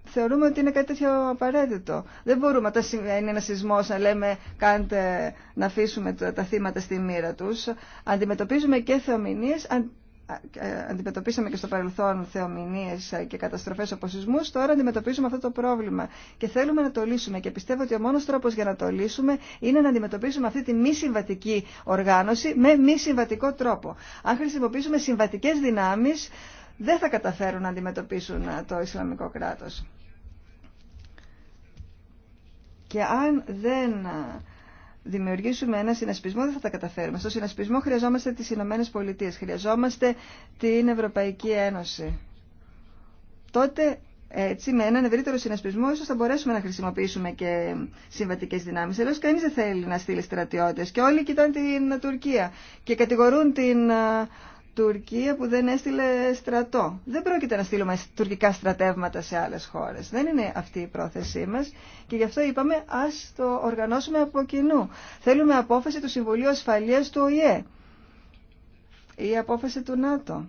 θεωρούμε ότι είναι κάτι τέτοιο απαραίτητο. Δεν μπορούμε όταν είναι ένα σεισμό να λέμε κάντε, να αφήσουμε τα θύματα στη μοίρα του. Αντιμετωπίζουμε και θεομηνίε. Αντιμετωπίσαμε και στο παρελθόν θεομηνίε και καταστροφέ από σεισμού. Τώρα αντιμετωπίζουμε αυτό το πρόβλημα και θέλουμε να το λύσουμε. Και πιστεύω ότι ο μόνο τρόπο για να το λύσουμε είναι να αντιμετωπίσουμε αυτή τη μη συμβατική οργάνωση με μη συμβατικό τρόπο. Αν χρησιμοποιήσουμε συμβατικέ δυνάμει, δεν θα καταφέρουν να αντιμετωπίσουν ε, το Ισλαμικό κράτος. Και αν δεν ε, δημιουργήσουμε ένα συνασπισμό δεν θα τα καταφέρουμε. Στο συνασπισμό χρειαζόμαστε τις Ηνωμένε Πολιτείες, χρειαζόμαστε την Ευρωπαϊκή Ένωση. Τότε έτσι με έναν ευρύτερο συνασπισμό ίσως θα μπορέσουμε να χρησιμοποιήσουμε και συμβατικές δυνάμεις. Ελλώ, κανείς δεν θέλει να στείλει στρατιώτες και όλοι κοιτάνε την Τουρκία και κατηγορούν την ε, Τουρκία που δεν έστειλε στρατό. Δεν πρόκειται να στείλουμε τουρκικά στρατεύματα σε άλλες χώρες. Δεν είναι αυτή η πρόθεσή μας και γι' αυτό είπαμε ας το οργανώσουμε από κοινού. Θέλουμε απόφαση του Συμβουλίου Ασφαλείας του ΟΗΕ ή απόφαση του ΝΑΤΟ.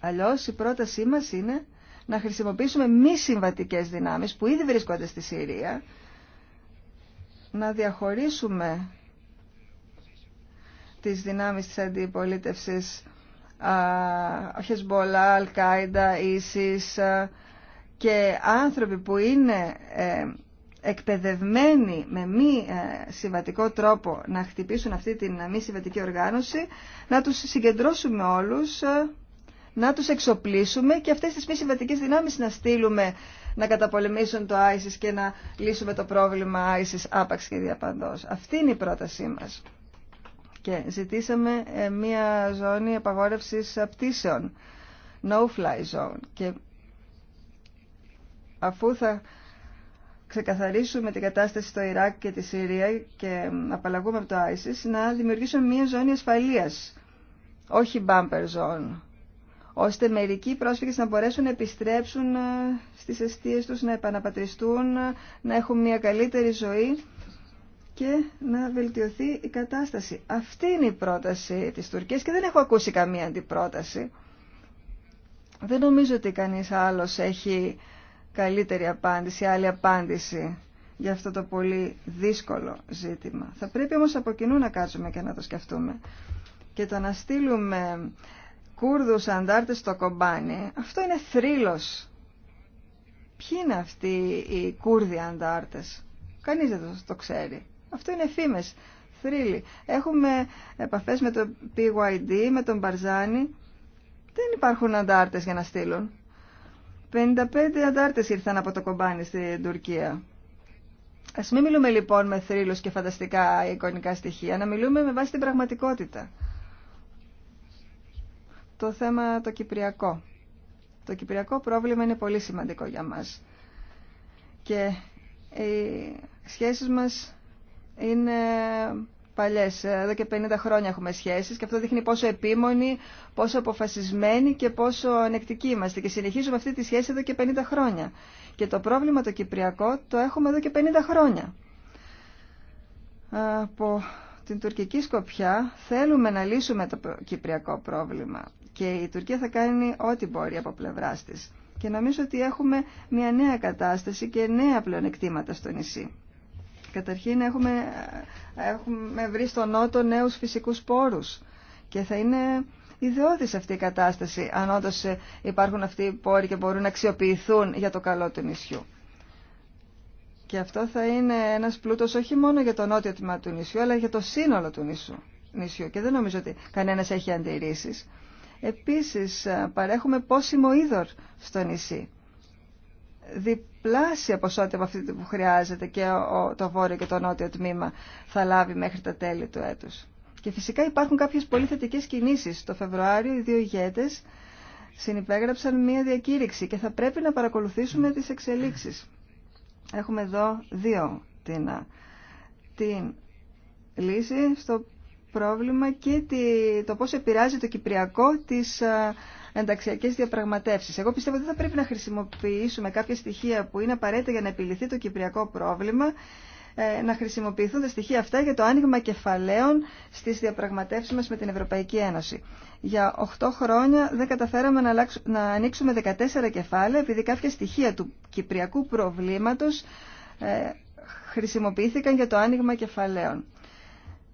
Αλλιώς η πρότασή μας είναι να χρησιμοποιήσουμε μη συμβατικές δυνάμεις που ήδη βρίσκονται στη Συρία, να διαχωρίσουμε τις δυνάμεις της αντιπολίτευσης Χεσμπολά, Αλκάιντα, Ίσης και άνθρωποι που είναι ε, εκπαιδευμένοι με μη ε, συμβατικό τρόπο να χτυπήσουν αυτή την μη συμβατική οργάνωση, να τους συγκεντρώσουμε όλους, ε, να τους εξοπλίσουμε και αυτές τις μη συμβατικές δυνάμεις να στείλουμε να καταπολεμήσουν το ISIS και να λύσουμε το πρόβλημα ISIS άπαξ και διαπαντός. Αυτή είναι η πρότασή μας και ζητήσαμε ε, μία ζώνη απαγόρευσης ε, πτήσεων, no-fly zone. Και αφού θα ξεκαθαρίσουμε την κατάσταση στο Ιράκ και τη Συρία και απαλλαγούμε από το ISIS, να δημιουργήσουμε μία ζώνη ασφαλείας, όχι bumper zone, ώστε μερικοί πρόσφυγες να μπορέσουν να επιστρέψουν ε, στις αιστείες τους, να επαναπατριστούν, να έχουν μια καλύτερη ζωή και να βελτιωθεί η κατάσταση. Αυτή είναι η πρόταση της Τουρκίας και δεν έχω ακούσει καμία αντιπρόταση. Δεν νομίζω ότι κανείς άλλος έχει καλύτερη απάντηση, άλλη απάντηση για αυτό το πολύ δύσκολο ζήτημα. Θα πρέπει όμως από κοινού να κάτσουμε και να το σκεφτούμε. Και το να στείλουμε Κούρδους αντάρτες στο κομπάνι, αυτό είναι θρύλος. Ποιοι είναι αυτοί οι Κούρδοι αντάρτες. Κανείς δεν το ξέρει. Αυτό είναι φήμε. θρύλοι. Έχουμε επαφές με το PYD, με τον Μπαρζάνη. Δεν υπάρχουν αντάρτε για να στείλουν. 55 αντάρτε ήρθαν από το κομπάνι στην Τουρκία. Ας μην μιλούμε λοιπόν με θρύλους και φανταστικά εικονικά στοιχεία, να μιλούμε με βάση την πραγματικότητα. Το θέμα το κυπριακό. Το κυπριακό πρόβλημα είναι πολύ σημαντικό για μας. Και οι σχέσεις μας είναι παλιές. Εδώ και 50 χρόνια έχουμε σχέσεις και αυτό δείχνει πόσο επίμονοι, πόσο αποφασισμένοι και πόσο ανεκτικοί είμαστε. Και συνεχίζουμε αυτή τη σχέση εδώ και 50 χρόνια. Και το πρόβλημα το κυπριακό το έχουμε εδώ και 50 χρόνια. Από την τουρκική σκοπιά θέλουμε να λύσουμε το κυπριακό πρόβλημα. Και η Τουρκία θα κάνει ό,τι μπορεί από πλευρά τη. Και νομίζω ότι έχουμε μια νέα κατάσταση και νέα πλεονεκτήματα στο νησί. Καταρχήν έχουμε, ε, έχουμε βρει στον Νότο νέους φυσικούς πόρους και θα είναι ιδεώδης αυτή η κατάσταση αν όντω ε, υπάρχουν αυτοί οι πόροι και μπορούν να αξιοποιηθούν για το καλό του νησιού. Και αυτό θα είναι ένας πλούτος όχι μόνο για το νότιο τμήμα του νησιού αλλά για το σύνολο του νησιού. νησιού. Και δεν νομίζω ότι κανένας έχει αντιρρήσεις. Επίσης ε, παρέχουμε πόσιμο είδωρ στο νησί διπλάσια ποσότητα από αυτή που χρειάζεται και το βόρειο και το νότιο τμήμα θα λάβει μέχρι τα τέλη του έτους. Και φυσικά υπάρχουν κάποιες πολύ θετικέ κινήσεις. Το Φεβρουάριο οι δύο ηγέτες συνυπέγραψαν μία διακήρυξη και θα πρέπει να παρακολουθήσουμε τις εξελίξεις. Έχουμε εδώ δύο την, την λύση στο πρόβλημα και το πώς επηρεάζει το Κυπριακό της ενταξιακέ διαπραγματεύσει. Εγώ πιστεύω ότι θα πρέπει να χρησιμοποιήσουμε κάποια στοιχεία που είναι απαραίτητα για να επιληθεί το κυπριακό πρόβλημα ε, να χρησιμοποιηθούν τα στοιχεία αυτά για το άνοιγμα κεφαλαίων στι διαπραγματεύσει μα με την Ευρωπαϊκή Ένωση. Για 8 χρόνια δεν καταφέραμε να, να ανοίξουμε 14 κεφάλαια επειδή κάποια στοιχεία του κυπριακού προβλήματος ε, χρησιμοποιήθηκαν για το άνοιγμα κεφαλαίων.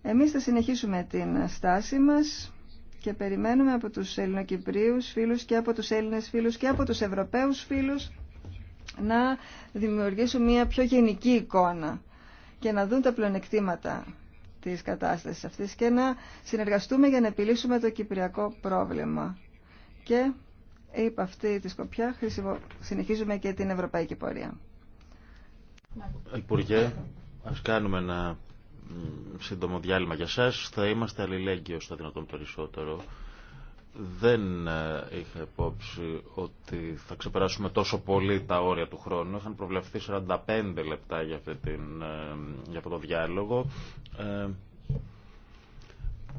Εμείς θα συνεχίσουμε την στάση μας και περιμένουμε από τους Ελληνοκυπρίους φίλους και από τους Έλληνες φίλους και από τους Ευρωπαίους φίλους να δημιουργήσουν μια πιο γενική εικόνα και να δουν τα πλεονεκτήματα της κατάστασης αυτής και να συνεργαστούμε για να επιλύσουμε το κυπριακό πρόβλημα. Και είπα αυτή τη σκοπιά συνεχίζουμε και την ευρωπαϊκή πορεία. κάνουμε σύντομο διάλειμμα για σας. Θα είμαστε αλληλέγγυο στα δυνατόν περισσότερο. Δεν ε, είχα υπόψη ότι θα ξεπεράσουμε τόσο πολύ τα όρια του χρόνου. Είχαν προβλεφθεί 45 λεπτά για, την, ε, για αυτό το διάλογο. Ε,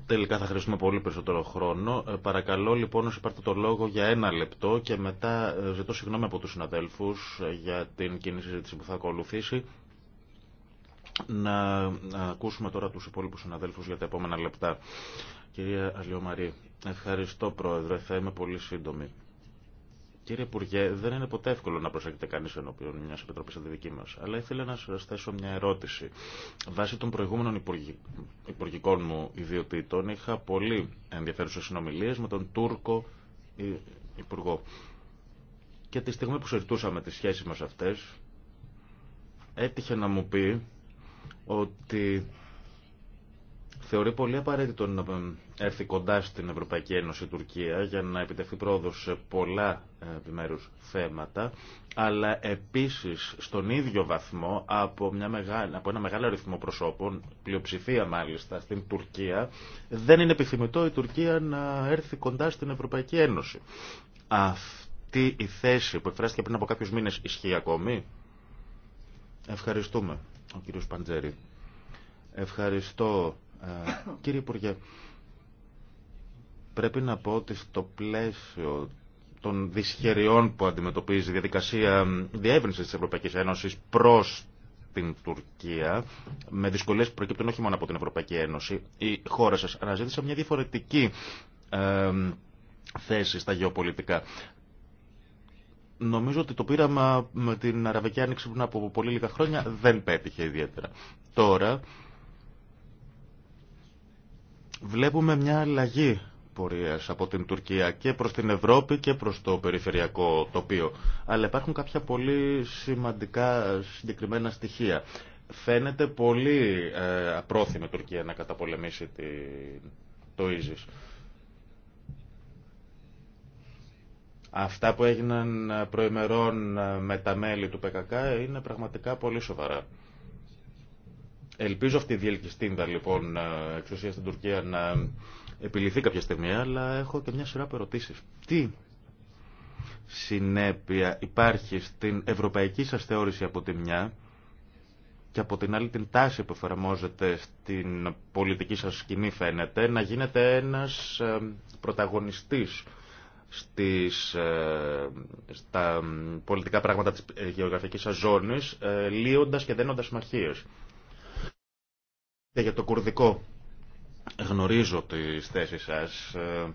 τελικά θα χρειαστούμε πολύ περισσότερο χρόνο. Παρακαλώ λοιπόν σε πάρτε το λόγο για ένα λεπτό και μετά ζητώ συγγνώμη από τους συναδέλφους για την κοινή συζήτηση που θα ακολουθήσει να ακούσουμε τώρα τους υπόλοιπους συναδέλφους για τα επόμενα λεπτά. Κυρία Αλιομαρή, ευχαριστώ Πρόεδρε, θα είμαι πολύ σύντομη. Κύριε Υπουργέ, δεν είναι ποτέ εύκολο να προσέχετε κανεί ενώπιον μια επιτροπή σαν τη δική μα. Αλλά ήθελα να σα θέσω μια ερώτηση. Βάσει των προηγούμενων υπουργικών μου ιδιωτήτων, είχα πολύ ενδιαφέρουσε συνομιλίε με τον Τούρκο Υπουργό. Και τη στιγμή που συζητούσαμε τι σχέσει μα αυτέ, έτυχε να μου πει ότι θεωρεί πολύ απαραίτητο να έρθει κοντά στην Ευρωπαϊκή Ένωση η Τουρκία για να επιτευχθεί πρόοδος σε πολλά επιμέρους θέματα, αλλά επίσης στον ίδιο βαθμό από, μια μεγάλη, από ένα μεγάλο αριθμό προσώπων, πλειοψηφία μάλιστα στην Τουρκία, δεν είναι επιθυμητό η Τουρκία να έρθει κοντά στην Ευρωπαϊκή Ένωση. Αυτή η θέση που εκφράστηκε πριν από κάποιους μήνες ισχύει ακόμη. Ευχαριστούμε ο κύριος Παντζέρη. Ευχαριστώ. Ε, κύριε Υπουργέ, πρέπει να πω ότι στο πλαίσιο των δυσχεριών που αντιμετωπίζει η διαδικασία διεύρυνσης της Ευρωπαϊκής Ένωσης προς την Τουρκία, με δυσκολίες που προκύπτουν όχι μόνο από την Ευρωπαϊκή Ένωση, η χώρα σας αναζήτησε μια διαφορετική ε, θέση στα γεωπολιτικά. Νομίζω ότι το πείραμα με την Αραβική Άνοιξη πριν από πολύ λίγα χρόνια δεν πέτυχε ιδιαίτερα. Τώρα βλέπουμε μια αλλαγή πορείας από την Τουρκία και προς την Ευρώπη και προς το περιφερειακό τοπίο. Αλλά υπάρχουν κάποια πολύ σημαντικά συγκεκριμένα στοιχεία. Φαίνεται πολύ ε, απρόθυμη Τουρκία να καταπολεμήσει τη, το ΙΖΙΣ. Αυτά που έγιναν ε, προημερών ε, με τα μέλη του ΠΚΚ είναι πραγματικά πολύ σοβαρά. Ελπίζω αυτή η διελκυστίνδα λοιπόν ε, εξουσία στην Τουρκία να επιληθεί κάποια στιγμή, αλλά έχω και μια σειρά από Τι συνέπεια υπάρχει στην ευρωπαϊκή σας θεώρηση από τη μια και από την άλλη την τάση που εφαρμόζεται στην πολιτική σας σκηνή φαίνεται να γίνεται ένας πρωταγωνιστής στις, ε, στα πολιτικά πράγματα της γεωγραφικής σας ζώνης, ε, λύοντας και δένοντας συμμαχίες. για το κουρδικό γνωρίζω τις θέσεις σας. Ε,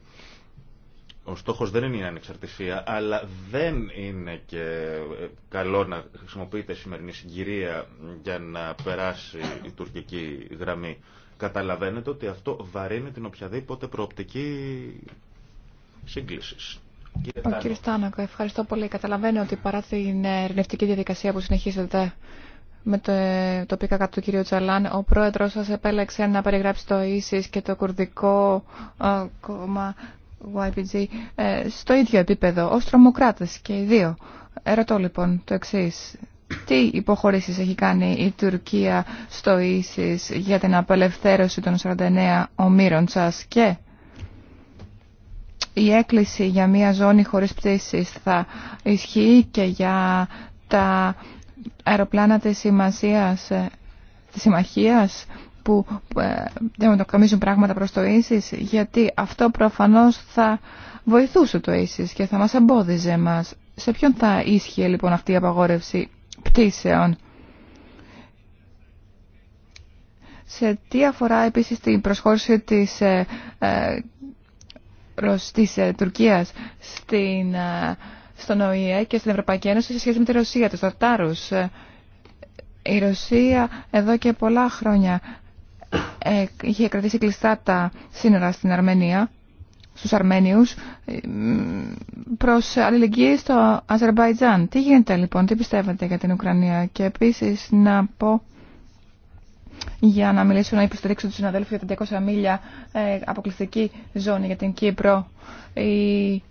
ο στόχος δεν είναι η ανεξαρτησία, αλλά δεν είναι και καλό να χρησιμοποιείτε σημερινή συγκυρία για να περάσει η τουρκική γραμμή. Καταλαβαίνετε ότι αυτό βαρύνει την οποιαδήποτε προοπτική σύγκληση. Ο κύριε Στάνακο, ευχαριστώ πολύ. Καταλαβαίνω ότι παρά την ερευνητική διαδικασία που συνεχίζεται με το ε, τοπικά κάτω του κυρίου Τσαλάν, ο πρόεδρος σας επέλεξε να περιγράψει το ΙΣΙΣ και το κουρδικό ε, κόμμα YPG ε, στο ίδιο επίπεδο, Ω τρομοκράτε και οι δύο. Ερωτώ λοιπόν το εξή: Τι υποχωρήσεις έχει κάνει η Τουρκία στο ΙΣΙΣ για την απελευθέρωση των 49 ομήρων σας και η έκκληση για μια ζώνη χωρίς πτήσεις θα ισχύει και για τα αεροπλάνα της σημασίας, της συμμαχίας που δεν πράγματα προς το ίσις γιατί αυτό προφανώς θα βοηθούσε το ίσις και θα μας εμπόδιζε μας. Σε ποιον θα ίσχυε λοιπόν αυτή η απαγόρευση πτήσεων. Σε τι αφορά επίσης την προσχώρηση της ε, ε, προς της ε, Τουρκίας στην, ε, στον ΟΗΕ και στην Ευρωπαϊκή Ένωση σε σχέση με τη Ρωσία, τους Ταρτάρους. Ε, η Ρωσία εδώ και πολλά χρόνια είχε κρατήσει κλειστά τα σύνορα στην Αρμενία στους Αρμένιους προς αλληλεγγύη στο Αζερμπαϊτζάν. Τι γίνεται λοιπόν, τι πιστεύετε για την Ουκρανία και επίσης να πω για να μιλήσω να υποστηρίξω του συναδέλφου για τα 200 μίλια ε, αποκλειστική ζώνη για την Κύπρο. Η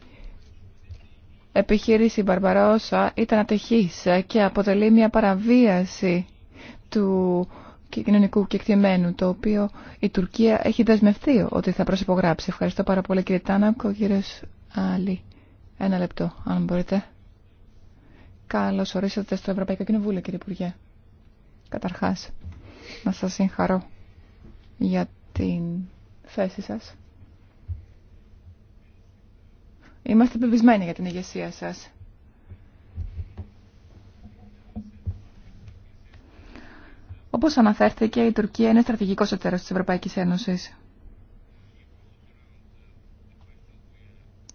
επιχείρηση Μπαρμπαρόσα ήταν ατυχή και αποτελεί μια παραβίαση του κοινωνικού κεκτημένου, το οποίο η Τουρκία έχει δεσμευτεί ότι θα προσυπογράψει. Ευχαριστώ πάρα πολύ κύριε Τάνακο, κύριε Άλλη. Ένα λεπτό, αν μπορείτε. Καλώς ορίσατε στο Ευρωπαϊκό Κοινοβούλιο, κύριε Υπουργέ. Καταρχάς, να σας συγχαρώ για την θέση σας. Είμαστε πεπισμένοι για την ηγεσία σας. Όπως αναφέρθηκε, η Τουρκία είναι στρατηγικός εταίρος της Ευρωπαϊκής Ένωσης.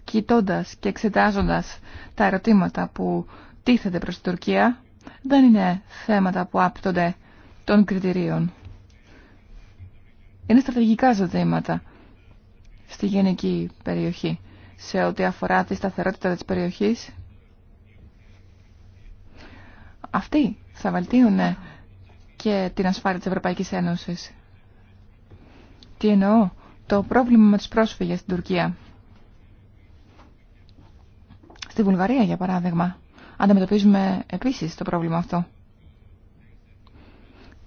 Κοιτώντας και εξετάζοντας τα ερωτήματα που τίθεται προς την Τουρκία, δεν είναι θέματα που άπτονται των κριτηρίων. Είναι στρατηγικά ζητήματα στη γενική περιοχή σε ό,τι αφορά τη σταθερότητα της περιοχής. Αυτοί θα βαλτίουν και την ασφάλεια της Ευρωπαϊκής Ένωσης. Τι εννοώ, το πρόβλημα με τους πρόσφυγες στην Τουρκία. Στη Βουλγαρία, για παράδειγμα, αντιμετωπίζουμε επίσης το πρόβλημα αυτό.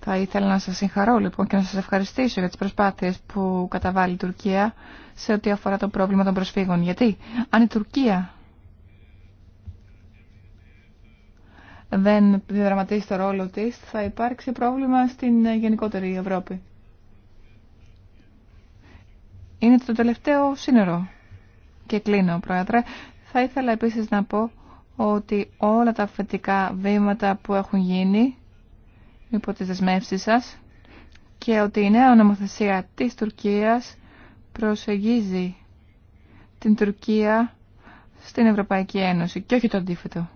Θα ήθελα να σας συγχαρώ λοιπόν και να σας ευχαριστήσω για τις προσπάθειες που καταβάλει η Τουρκία σε ό,τι αφορά το πρόβλημα των προσφύγων. Γιατί αν η Τουρκία δεν διαδραματίσει το ρόλο της, θα υπάρξει πρόβλημα στην γενικότερη Ευρώπη. Είναι το τελευταίο σύνορο. Και κλείνω, Πρόεδρε. Θα ήθελα επίσης να πω ότι όλα τα φετικά βήματα που έχουν γίνει υπό τις δεσμεύσεις σας και ότι η νέα νομοθεσία της Τουρκίας προσεγγίζει την Τουρκία στην Ευρωπαϊκή Ένωση και όχι το αντίθετο.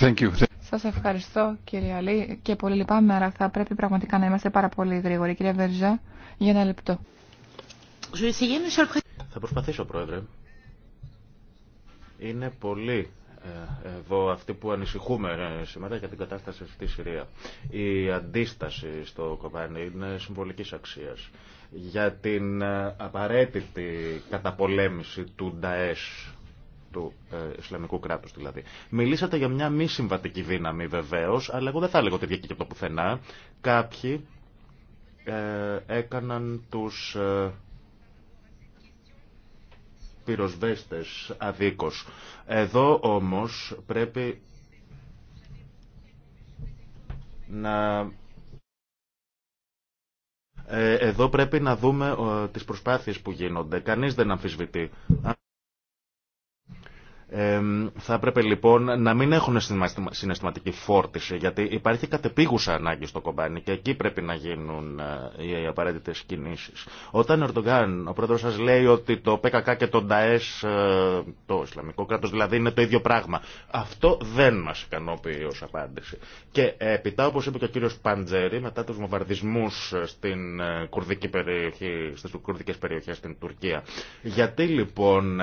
Thank Σας ευχαριστώ κύριε Αλή και πολύ λυπάμαι, αλλά θα πρέπει πραγματικά να είμαστε πάρα πολύ γρήγοροι. Κύριε Βερζά, για ένα λεπτό. Θα προσπαθήσω, Πρόεδρε. Είναι πολύ ε, εδώ αυτοί που ανησυχούμε ε, σήμερα για την κατάσταση στη Συρία. Η αντίσταση στο Κομπάνι είναι συμβολική αξίας για την ε, απαραίτητη καταπολέμηση του Νταές του Ισλαμικού κράτους δηλαδή. Μιλήσατε για μια μη συμβατική δύναμη βεβαίως, αλλά εγώ δεν θα έλεγα ότι βγήκε και από το πουθενά. Κάποιοι ε, έκαναν τους πυροσβέστες αδίκως. Εδώ όμως πρέπει να ε, εδώ πρέπει να δούμε ε, τις προσπάθειες που γίνονται. Κανείς δεν αμφισβητεί θα έπρεπε λοιπόν να μην έχουν συναισθηματική φόρτιση, γιατί υπάρχει κατεπίγουσα ανάγκη στο κομπάνι και εκεί πρέπει να γίνουν ε, οι απαραίτητε κινήσει. Όταν ο Ερντογάν, ο πρόεδρο σα, λέει ότι το ΠΚΚ και το ΝΤΑΕΣ, ε, το Ισλαμικό κράτο δηλαδή, είναι το ίδιο πράγμα, αυτό δεν μα ικανοποιεί ω απάντηση. Και επιτά, όπω είπε και ο κύριο Παντζέρη, μετά του μοβαρδισμούς στην ε, κουρδική περιοχή, στι κουρδικέ περιοχέ στην Τουρκία, γιατί λοιπόν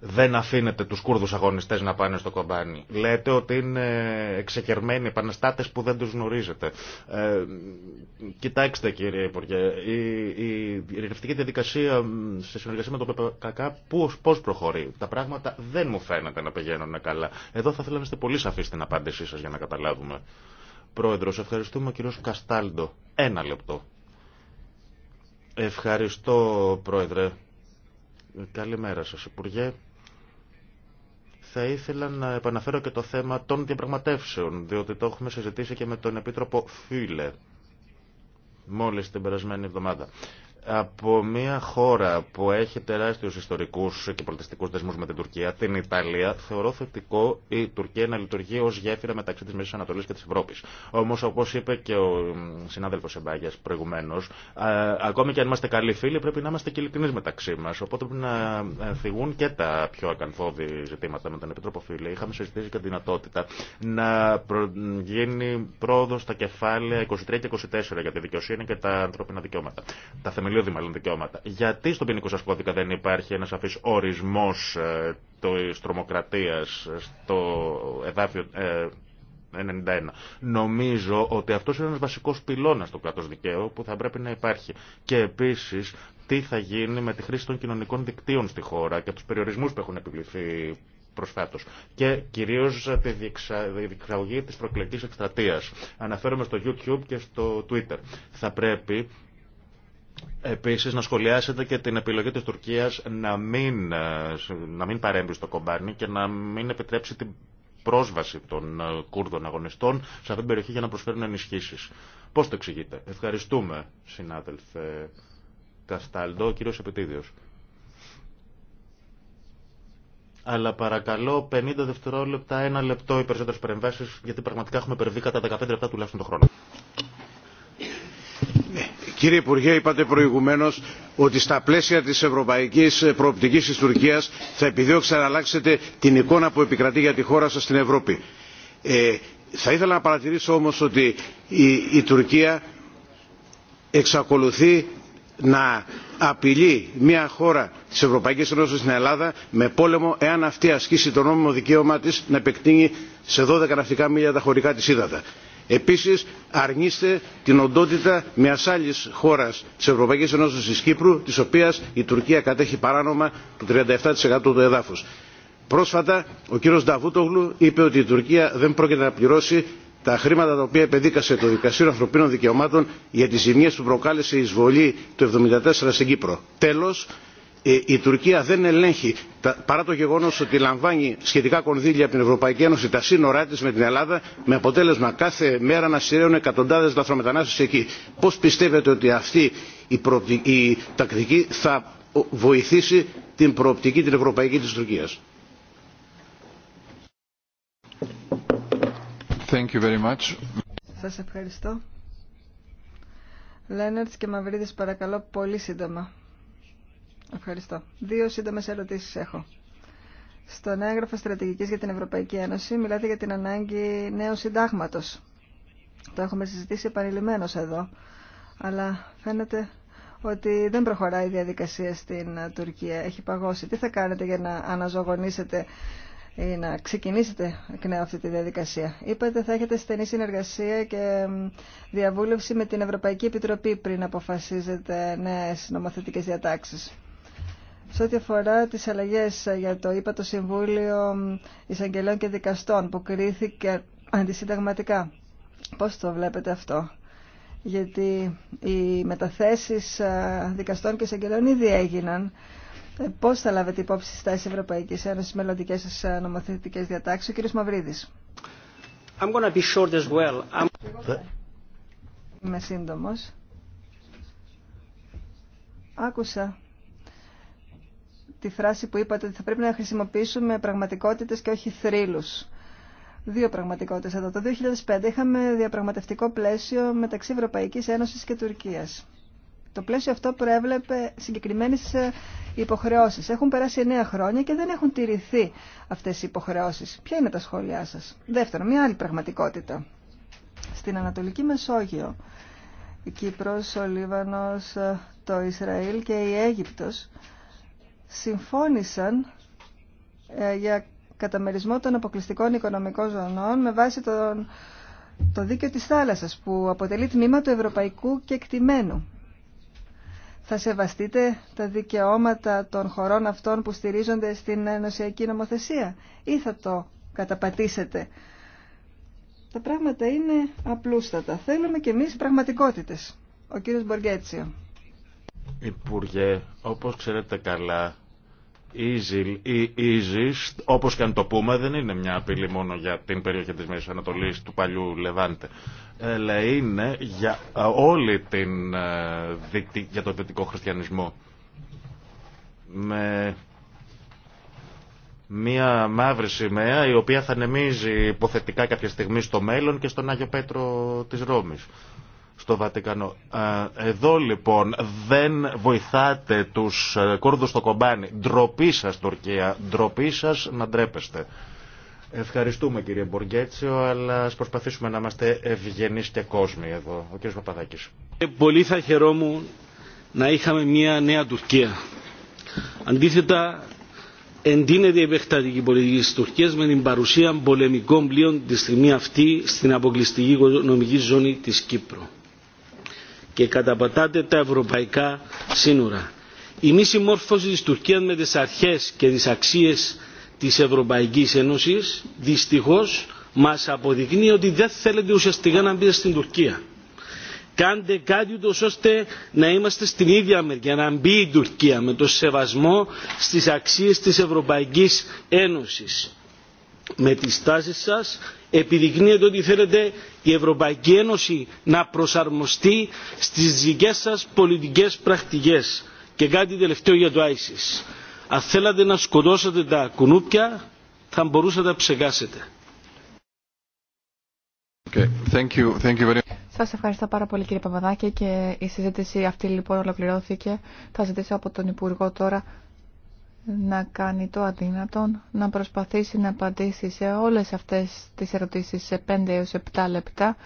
δεν αφήνετε τους Κούρδους αγωνιστές να πάνε στο κομπάνι. Λέτε ότι είναι εξεκερμένοι επαναστάτες που δεν τους γνωρίζετε. Ε, κοιτάξτε κύριε Υπουργέ, η, η, η διαδικασία σε συνεργασία με το ΠΚΚ πώς, πώς προχωρεί. Τα πράγματα δεν μου φαίνεται να πηγαίνουν καλά. Εδώ θα θέλαμε να είστε πολύ σαφείς στην απάντησή σας για να καταλάβουμε. Πρόεδρος, ευχαριστούμε ο κύριος Καστάλντο. Ένα λεπτό. Ευχαριστώ πρόεδρε. Καλημέρα σας Υπουργέ. Θα ήθελα να επαναφέρω και το θέμα των διαπραγματεύσεων, διότι το έχουμε συζητήσει και με τον Επίτροπο Φίλε μόλις την περασμένη εβδομάδα από μια χώρα που έχει τεράστιους ιστορικούς και πολιτιστικούς δεσμούς με την Τουρκία, την Ιταλία, θεωρώ θετικό η Τουρκία να λειτουργεί ως γέφυρα μεταξύ της Μέσης Ανατολής και της Ευρώπης. Όμως, όπως είπε και ο συνάδελφος Εμπάγιας προηγουμένως, ακόμη και αν είμαστε καλοί φίλοι πρέπει να είμαστε και ειλικρινείς μεταξύ μας. Οπότε πρέπει να φυγούν ε, και τα πιο ακαθόδη ζητήματα με τον Επίτροπο Φίλε. Είχαμε συζητήσει και τη δυνατότητα να γίνει πρόοδο στα κεφάλαια 23 και 24 για τη δικαιοσύνη και τα ανθρώπινα δικαιώματα. Τα θεμελιώδη μάλλον δικαιώματα. Γιατί στον ποινικό σα κώδικα δεν υπάρχει ένα σαφής ορισμός ε, της ε, στο εδάφιο ε, 91. Νομίζω ότι αυτό είναι ένας βασικός πυλώνας του κράτος δικαίου που θα πρέπει να υπάρχει. Και επίσης τι θα γίνει με τη χρήση των κοινωνικών δικτύων στη χώρα και τους περιορισμούς που έχουν επιβληθεί προσφάτως. Και κυρίω τη διεξαγωγή τη προκλητική εκστρατεία. Αναφέρομαι στο YouTube και στο Twitter. Θα πρέπει Επίσης να σχολιάσετε και την επιλογή της Τουρκίας να μην, ε, να μην παρέμβει στο κομπάνι και να μην επιτρέψει την πρόσβαση των ε, Κούρδων αγωνιστών σε αυτήν την περιοχή για να προσφέρουν ενισχύσεις. Πώς το εξηγείτε. Ευχαριστούμε συνάδελφε Καστάλντο, ο κύριος Επιτίδιος. Αλλά παρακαλώ 50 δευτερόλεπτα, ένα λεπτό οι περισσότερες παρεμβάσεις γιατί πραγματικά έχουμε περβεί κατά 15 λεπτά τουλάχιστον το χρόνο. Κύριε Υπουργέ, είπατε προηγουμένως ότι στα πλαίσια της ευρωπαϊκής προοπτικής της Τουρκίας θα επιδιώξετε να αλλάξετε την εικόνα που επικρατεί για τη χώρα σας στην Ευρώπη. Ε, θα ήθελα να παρατηρήσω όμως ότι η, Τουρκία εξακολουθεί να απειλεί μια χώρα της Ευρωπαϊκής Ένωσης στην Ελλάδα με πόλεμο εάν αυτή ασκήσει το νόμιμο δικαίωμά της να επεκτείνει σε 12 ναυτικά μίλια τα χωρικά της ύδατα. Επίσης αρνείστε την οντότητα μιας άλλης χώρας της Ευρωπαϊκής Ενώσης της Κύπρου, της οποίας η Τουρκία κατέχει παράνομα το 37% του εδάφους. Πρόσφατα ο κύριος Νταβούτογλου είπε ότι η Τουρκία δεν πρόκειται να πληρώσει τα χρήματα τα οποία επεδίκασε το Δικαστήριο Ανθρωπίνων Δικαιωμάτων για τις ζημιές που προκάλεσε η εισβολή του 1974 στην Κύπρο. Τέλος, ε, η Τουρκία δεν ελέγχει, παρά το γεγονός ότι λαμβάνει σχετικά κονδύλια από την Ευρωπαϊκή Ένωση, τα σύνορά της με την Ελλάδα, με αποτέλεσμα κάθε μέρα να σειραίνουν εκατοντάδες λαθρομετανάστες εκεί. Πώς πιστεύετε ότι αυτή η, η τακτική θα βοηθήσει την προοπτική την ευρωπαϊκή της Τουρκίας. Thank you very much. Σας ευχαριστώ. Λένερτς και Μαυρίδης παρακαλώ πολύ σύντομα. Ευχαριστώ. Δύο σύντομε ερωτήσει έχω. Στον έγγραφο στρατηγικής για την Ευρωπαϊκή Ένωση μιλάτε για την ανάγκη νέου συντάγματο. Το έχουμε συζητήσει επανειλημμένω εδώ, αλλά φαίνεται ότι δεν προχωράει η διαδικασία στην Τουρκία. Έχει παγώσει. Τι θα κάνετε για να αναζωογονήσετε ή να ξεκινήσετε εκ νέου αυτή τη διαδικασία. Είπατε θα έχετε στενή συνεργασία και διαβούλευση με την Ευρωπαϊκή Επιτροπή πριν αποφασίζετε νέες νομοθετικέ διατάξεις σε ό,τι αφορά τις αλλαγές για το είπα το Συμβούλιο εισαγγελών και Δικαστών που κρίθηκε αντισυνταγματικά. Πώς το βλέπετε αυτό. Γιατί οι μεταθέσεις ε, δικαστών και εισαγγελέων ήδη έγιναν. Ε, πώς θα λάβετε υπόψη στις τάσεις Ευρωπαϊκής Ένωσης μελλοντικές σας ε, νομοθετικές διατάξεις. Ο κ. Μαυρίδης. Είμαι σύντομος. Άκουσα τη φράση που είπατε ότι θα πρέπει να χρησιμοποιήσουμε πραγματικότητες και όχι θρύλους. Δύο πραγματικότητες εδώ. Το 2005 είχαμε διαπραγματευτικό πλαίσιο μεταξύ Ευρωπαϊκής Ένωσης και Τουρκίας. Το πλαίσιο αυτό προέβλεπε συγκεκριμένες ε, υποχρεώσεις. Έχουν περάσει εννέα χρόνια και δεν έχουν τηρηθεί αυτές οι υποχρεώσεις. Ποια είναι τα σχόλιά σας. Δεύτερον, μια άλλη πραγματικότητα. Στην Ανατολική Μεσόγειο, η Κύπρος, ο Λίβανος, ε, το Ισραήλ και η Αίγυπτος συμφώνησαν ε, για καταμερισμό των αποκλειστικών οικονομικών ζωνών με βάση τον, το δίκαιο της θάλασσας που αποτελεί τμήμα του ευρωπαϊκού και Θα σεβαστείτε τα δικαιώματα των χωρών αυτών που στηρίζονται στην ενωσιακή νομοθεσία ή θα το καταπατήσετε. Τα πράγματα είναι απλούστατα. Θέλουμε και εμείς πραγματικότητες. Ο κύριος Μποργέτσιο. Υπουργέ, όπως ξέρετε καλά, Ιζιλ ή Ιζις, όπως και αν το πούμε, δεν είναι μια απειλή μόνο για την περιοχή της Μέσης Ανατολής του παλιού Λεβάντε. Αλλά είναι για ε, όλη την, ε, για το δυτικό χριστιανισμό. Με μια μαύρη σημαία η οποία θα νεμίζει υποθετικά κάποια στιγμή στο μέλλον και στον Άγιο Πέτρο της Ρώμης στο Βατικανό. Ε, εδώ λοιπόν δεν βοηθάτε τους ε, Κούρδους στο κομπάνι. Ντροπή σας Τουρκία, ντροπή σας να ντρέπεστε. Ευχαριστούμε κύριε Μποργέτσιο, αλλά ας προσπαθήσουμε να είμαστε ευγενεί και κόσμοι εδώ. Ο κύριος Παπαδάκης. Ε, πολύ θα χαιρόμουν να είχαμε μια νέα Τουρκία. Αντίθετα, εντείνεται η επεκτατική πολιτική της Τουρκίας με την παρουσία πολεμικών πλοίων τη στιγμή αυτή στην αποκλειστική οικονομική ζώνη της Κύπρου και καταπατάτε τα ευρωπαϊκά σύνορα. Η μη συμμόρφωση της Τουρκίας με τις αρχές και τις αξίες της Ευρωπαϊκής Ένωσης δυστυχώς μας αποδεικνύει ότι δεν θέλετε ουσιαστικά να μπείτε στην Τουρκία. Κάντε κάτι ούτως ώστε να είμαστε στην ίδια μεριά, να μπει η Τουρκία με το σεβασμό στις αξίες της Ευρωπαϊκής Ένωσης με τις τάσεις σας επιδεικνύεται ότι θέλετε η Ευρωπαϊκή Ένωση να προσαρμοστεί στις δικές σας πολιτικές πρακτικές. Και κάτι τελευταίο για το ISIS. Αν θέλατε να σκοτώσετε τα κουνούπια θα μπορούσατε να ψεγάσετε. Okay. Thank you. Thank you very Σας ευχαριστώ πάρα πολύ κύριε Παπαδάκη και η συζήτηση αυτή λοιπόν ολοκληρώθηκε. Θα ζητήσω από τον Υπουργό τώρα να κάνει το αδύνατον, να προσπαθήσει να απαντήσει σε όλες αυτές τις ερωτήσεις σε 5 έως 7 λεπτά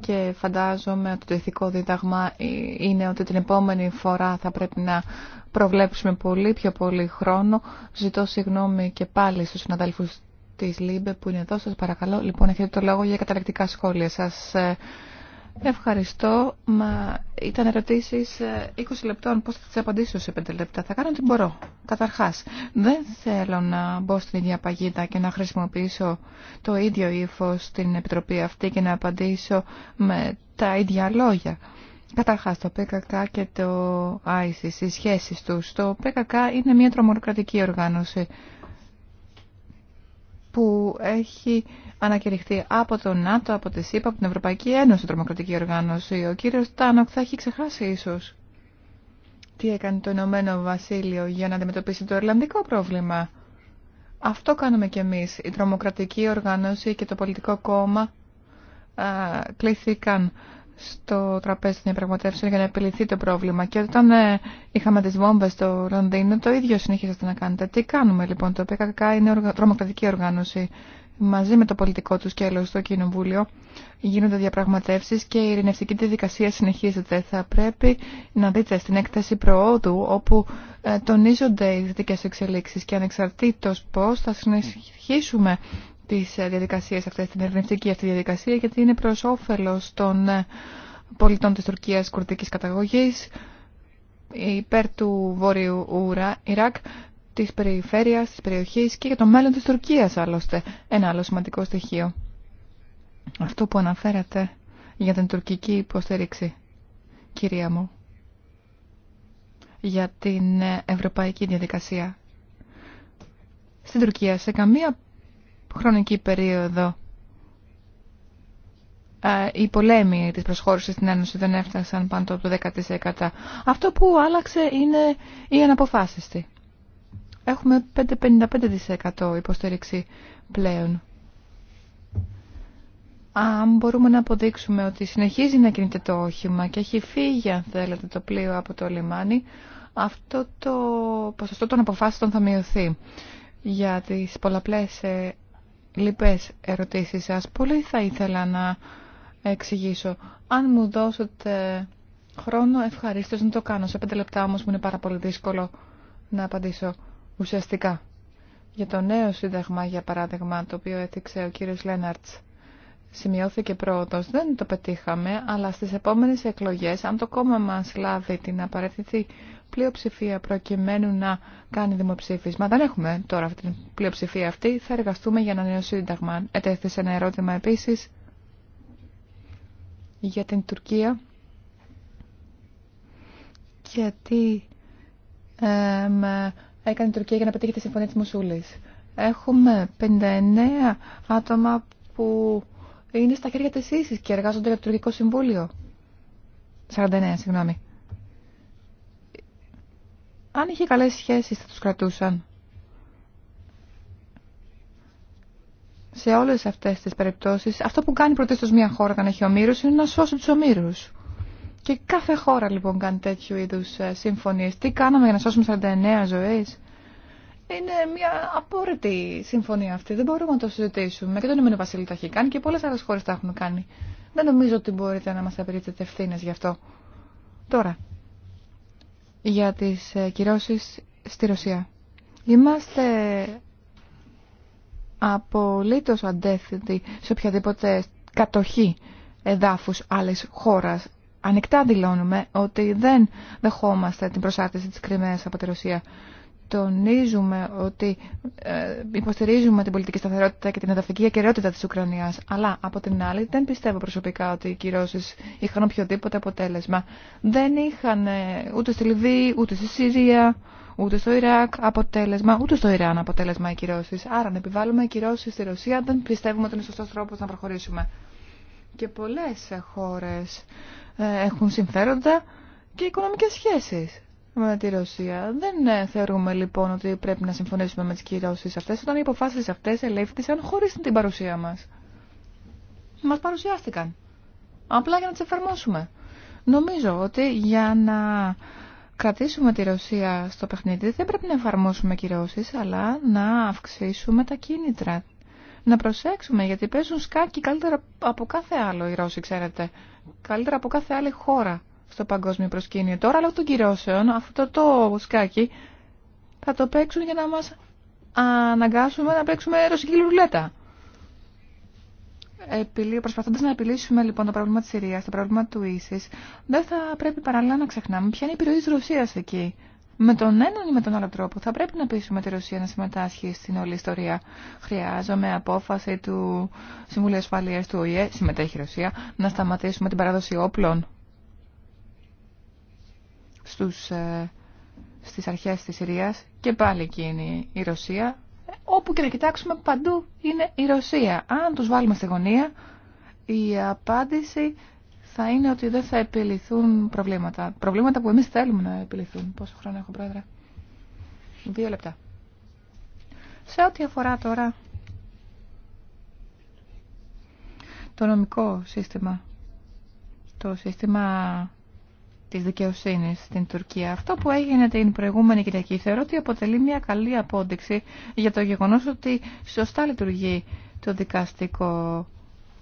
και φαντάζομαι ότι το ηθικό δίδαγμα ε, είναι ότι την επόμενη φορά θα πρέπει να προβλέψουμε πολύ πιο πολύ χρόνο. Ζητώ συγγνώμη και πάλι στους συναδέλφους της ΛΥΜΠΕ που είναι εδώ. Σας παρακαλώ, λοιπόν, έχετε το λόγο για καταλεκτικά σχόλια σας. Ε, Ευχαριστώ. Μα ήταν ερωτήσει 20 ε, λεπτών. Πώ θα τι απαντήσω σε 5 λεπτά. Θα κάνω ό,τι μπορώ. Καταρχά, δεν θέλω να μπω στην ίδια παγίδα και να χρησιμοποιήσω το ίδιο ύφο στην επιτροπή αυτή και να απαντήσω με τα ίδια λόγια. Καταρχά, το ΠΚΚ και το ISIS, οι σχέσει του. Το ΠΚΚ είναι μια τρομοκρατική οργάνωση που έχει ανακηρυχθεί από τον ΝΑΤΟ, από τη ΣΥΠΑ, από την Ευρωπαϊκή Ένωση, τρομοκρατική οργάνωση. Ο κύριος Τάνοκ θα έχει ξεχάσει ίσως τι έκανε το Ηνωμένο Βασίλειο για να αντιμετωπίσει το Ιρλανδικό πρόβλημα. Αυτό κάνουμε κι εμείς. Η τρομοκρατική οργάνωση και το πολιτικό κόμμα α, κλήθηκαν στο τραπέζι των διαπραγματεύσεων για να επιληθεί το πρόβλημα. Και όταν ε, είχαμε τι βόμβε στο Λονδίνο, το ίδιο συνεχίσατε να κάνετε. Τι κάνουμε λοιπόν, το ΠΚΚ είναι τρομοκρατική οργάνωση. Μαζί με το πολιτικό του σκέλος στο Κοινοβούλιο γίνονται διαπραγματεύσει και η ειρηνευτική διαδικασία συνεχίζεται. Θα πρέπει να δείτε στην έκθεση προόδου όπου ε, τονίζονται οι δυτικέ εξελίξει και ανεξαρτήτως πώ θα συνεχίσουμε τις ε, διαδικασίες αυτές, την ερευνητική αυτή διαδικασία, γιατί είναι προ όφελο των ε, πολιτών της Τουρκίας κουρδικής καταγωγής, υπέρ του Βόρειου Ουρα, Ιράκ, της περιφέρειας, της περιοχής και για το μέλλον της Τουρκίας άλλωστε. Ένα άλλο σημαντικό στοιχείο. Αυτό που αναφέρατε για την τουρκική υποστήριξη, κυρία μου, για την ε, ευρωπαϊκή διαδικασία. Στην Τουρκία σε καμία χρονική περίοδο ε, οι πολέμοι της προσχώρησης στην Ένωση δεν έφτασαν πάνω το 10%. Αυτό που άλλαξε είναι η αναποφάσιστη. Έχουμε 5-55% υποστήριξη πλέον. Αν μπορούμε να αποδείξουμε ότι συνεχίζει να κινείται το όχημα και έχει φύγει, αν θέλετε, το πλοίο από το λιμάνι, αυτό το ποσοστό των αποφάσεων θα μειωθεί για τις πολλαπλές ε, λοιπές ερωτήσεις σας. Πολύ θα ήθελα να εξηγήσω. Αν μου δώσετε χρόνο, ευχαρίστως να το κάνω. Σε πέντε λεπτά όμως μου είναι πάρα πολύ δύσκολο να απαντήσω ουσιαστικά. Για το νέο σύνταγμα, για παράδειγμα, το οποίο έθιξε ο κύριος Λέναρτς, σημειώθηκε πρόοδος. Δεν το πετύχαμε, αλλά στις επόμενες εκλογές, αν το κόμμα μας λάβει την απαραίτητη πλειοψηφία προκειμένου να κάνει δημοψήφισμα. Δεν έχουμε τώρα αυτή την πλειοψηφία αυτή. Θα εργαστούμε για ένα νέο σύνταγμα. Ετέθησε ένα ερώτημα επίσης για την Τουρκία. Γιατί ε, έκανε η Τουρκία για να πετύχει τη συμφωνία της Μουσούλης. Έχουμε 59 άτομα που είναι στα χέρια της ίσης και εργάζονται για το τουρκικό συμβούλιο. 49, συγγνώμη. Αν είχε καλές σχέσεις θα τους κρατούσαν. Σε όλες αυτές τις περιπτώσεις, αυτό που κάνει πρωτίστως μια χώρα να έχει ομήρους είναι να σώσει τους ομήρους. Και κάθε χώρα λοιπόν κάνει τέτοιου είδους ε, συμφωνίες. Τι κάναμε για να σώσουμε 49 ζωές. Είναι μια απόρριτη συμφωνία αυτή. Δεν μπορούμε να το συζητήσουμε. Και το νομίζω Βασίλη τα έχει κάνει και πολλέ άλλε χώρε τα έχουν κάνει. Δεν νομίζω ότι μπορείτε να μας απαιτήσετε ευθύνε γι' αυτό. Τώρα, για τις ε, κυρώσεις στη Ρωσία. Είμαστε απολύτως αντέθετοι σε οποιαδήποτε κατοχή εδάφους άλλης χώρας. Ανοιχτά δηλώνουμε ότι δεν δεχόμαστε την προσάρτηση της Κρυμαίας από τη Ρωσία τονίζουμε ότι ε, υποστηρίζουμε την πολιτική σταθερότητα και την εδαφική ακαιρεότητα της Ουκρανίας. Αλλά από την άλλη δεν πιστεύω προσωπικά ότι οι κυρώσεις είχαν οποιοδήποτε αποτέλεσμα. Δεν είχαν ε, ούτε στη Λιβύη, ούτε στη Συρία, ούτε στο Ιράκ αποτέλεσμα, ούτε στο Ιράν αποτέλεσμα οι κυρώσεις. Άρα αν επιβάλλουμε κυρώσεις στη Ρωσία δεν πιστεύουμε ότι είναι σωστός τρόπος να προχωρήσουμε. Και πολλές χώρες ε, έχουν συμφέροντα και οικονομικές σχέσεις με τη Ρωσία. Δεν ε, θεωρούμε λοιπόν ότι πρέπει να συμφωνήσουμε με τι κυρώσει αυτέ, όταν οι αποφάσει αυτέ ελήφθησαν χωρί την παρουσία μα. Μα παρουσιάστηκαν. Απλά για να τι εφαρμόσουμε. Νομίζω ότι για να κρατήσουμε τη Ρωσία στο παιχνίδι δεν πρέπει να εφαρμόσουμε κυρώσεις αλλά να αυξήσουμε τα κίνητρα. Να προσέξουμε γιατί παίζουν σκάκι καλύτερα από κάθε άλλο οι Ρώσοι ξέρετε. Καλύτερα από κάθε άλλη χώρα στο παγκόσμιο προσκήνιο. Τώρα λόγω των κυρώσεων αυτό το σκάκι θα το παίξουν για να μας αναγκάσουμε να παίξουμε ρωσική λουλέτα. Επιλύ... προσπαθώντας να επιλύσουμε λοιπόν το πρόβλημα της Συρίας, το πρόβλημα του Ίσης, δεν θα πρέπει παράλληλα να ξεχνάμε ποια είναι η επιρροή της Ρωσίας εκεί. Με τον έναν ή με τον άλλο τρόπο θα πρέπει να πείσουμε τη Ρωσία να συμμετάσχει στην όλη ιστορία. Χρειάζομαι απόφαση του Συμβουλίου ασφαλεία του ΟΗΕ, συμμετέχει η Ρωσία, να σταματήσουμε την παράδοση όπλων στους, ε, στις αρχές της Συρίας και πάλι είναι η Ρωσία. Όπου και να κοιτάξουμε παντού είναι η Ρωσία. Αν τους βάλουμε στη γωνία η απάντηση θα είναι ότι δεν θα επιληθούν προβλήματα. Προβλήματα που εμείς θέλουμε να επιληθούν. Πόσο χρόνο έχω πρόεδρε. Δύο λεπτά. Σε ό,τι αφορά τώρα το νομικό σύστημα, το σύστημα Τη δικαιοσύνη στην Τουρκία. Αυτό που έγινε την προηγούμενη Κυριακή θεωρώ ότι αποτελεί μια καλή απόδειξη για το γεγονός ότι σωστά λειτουργεί το δικαστικό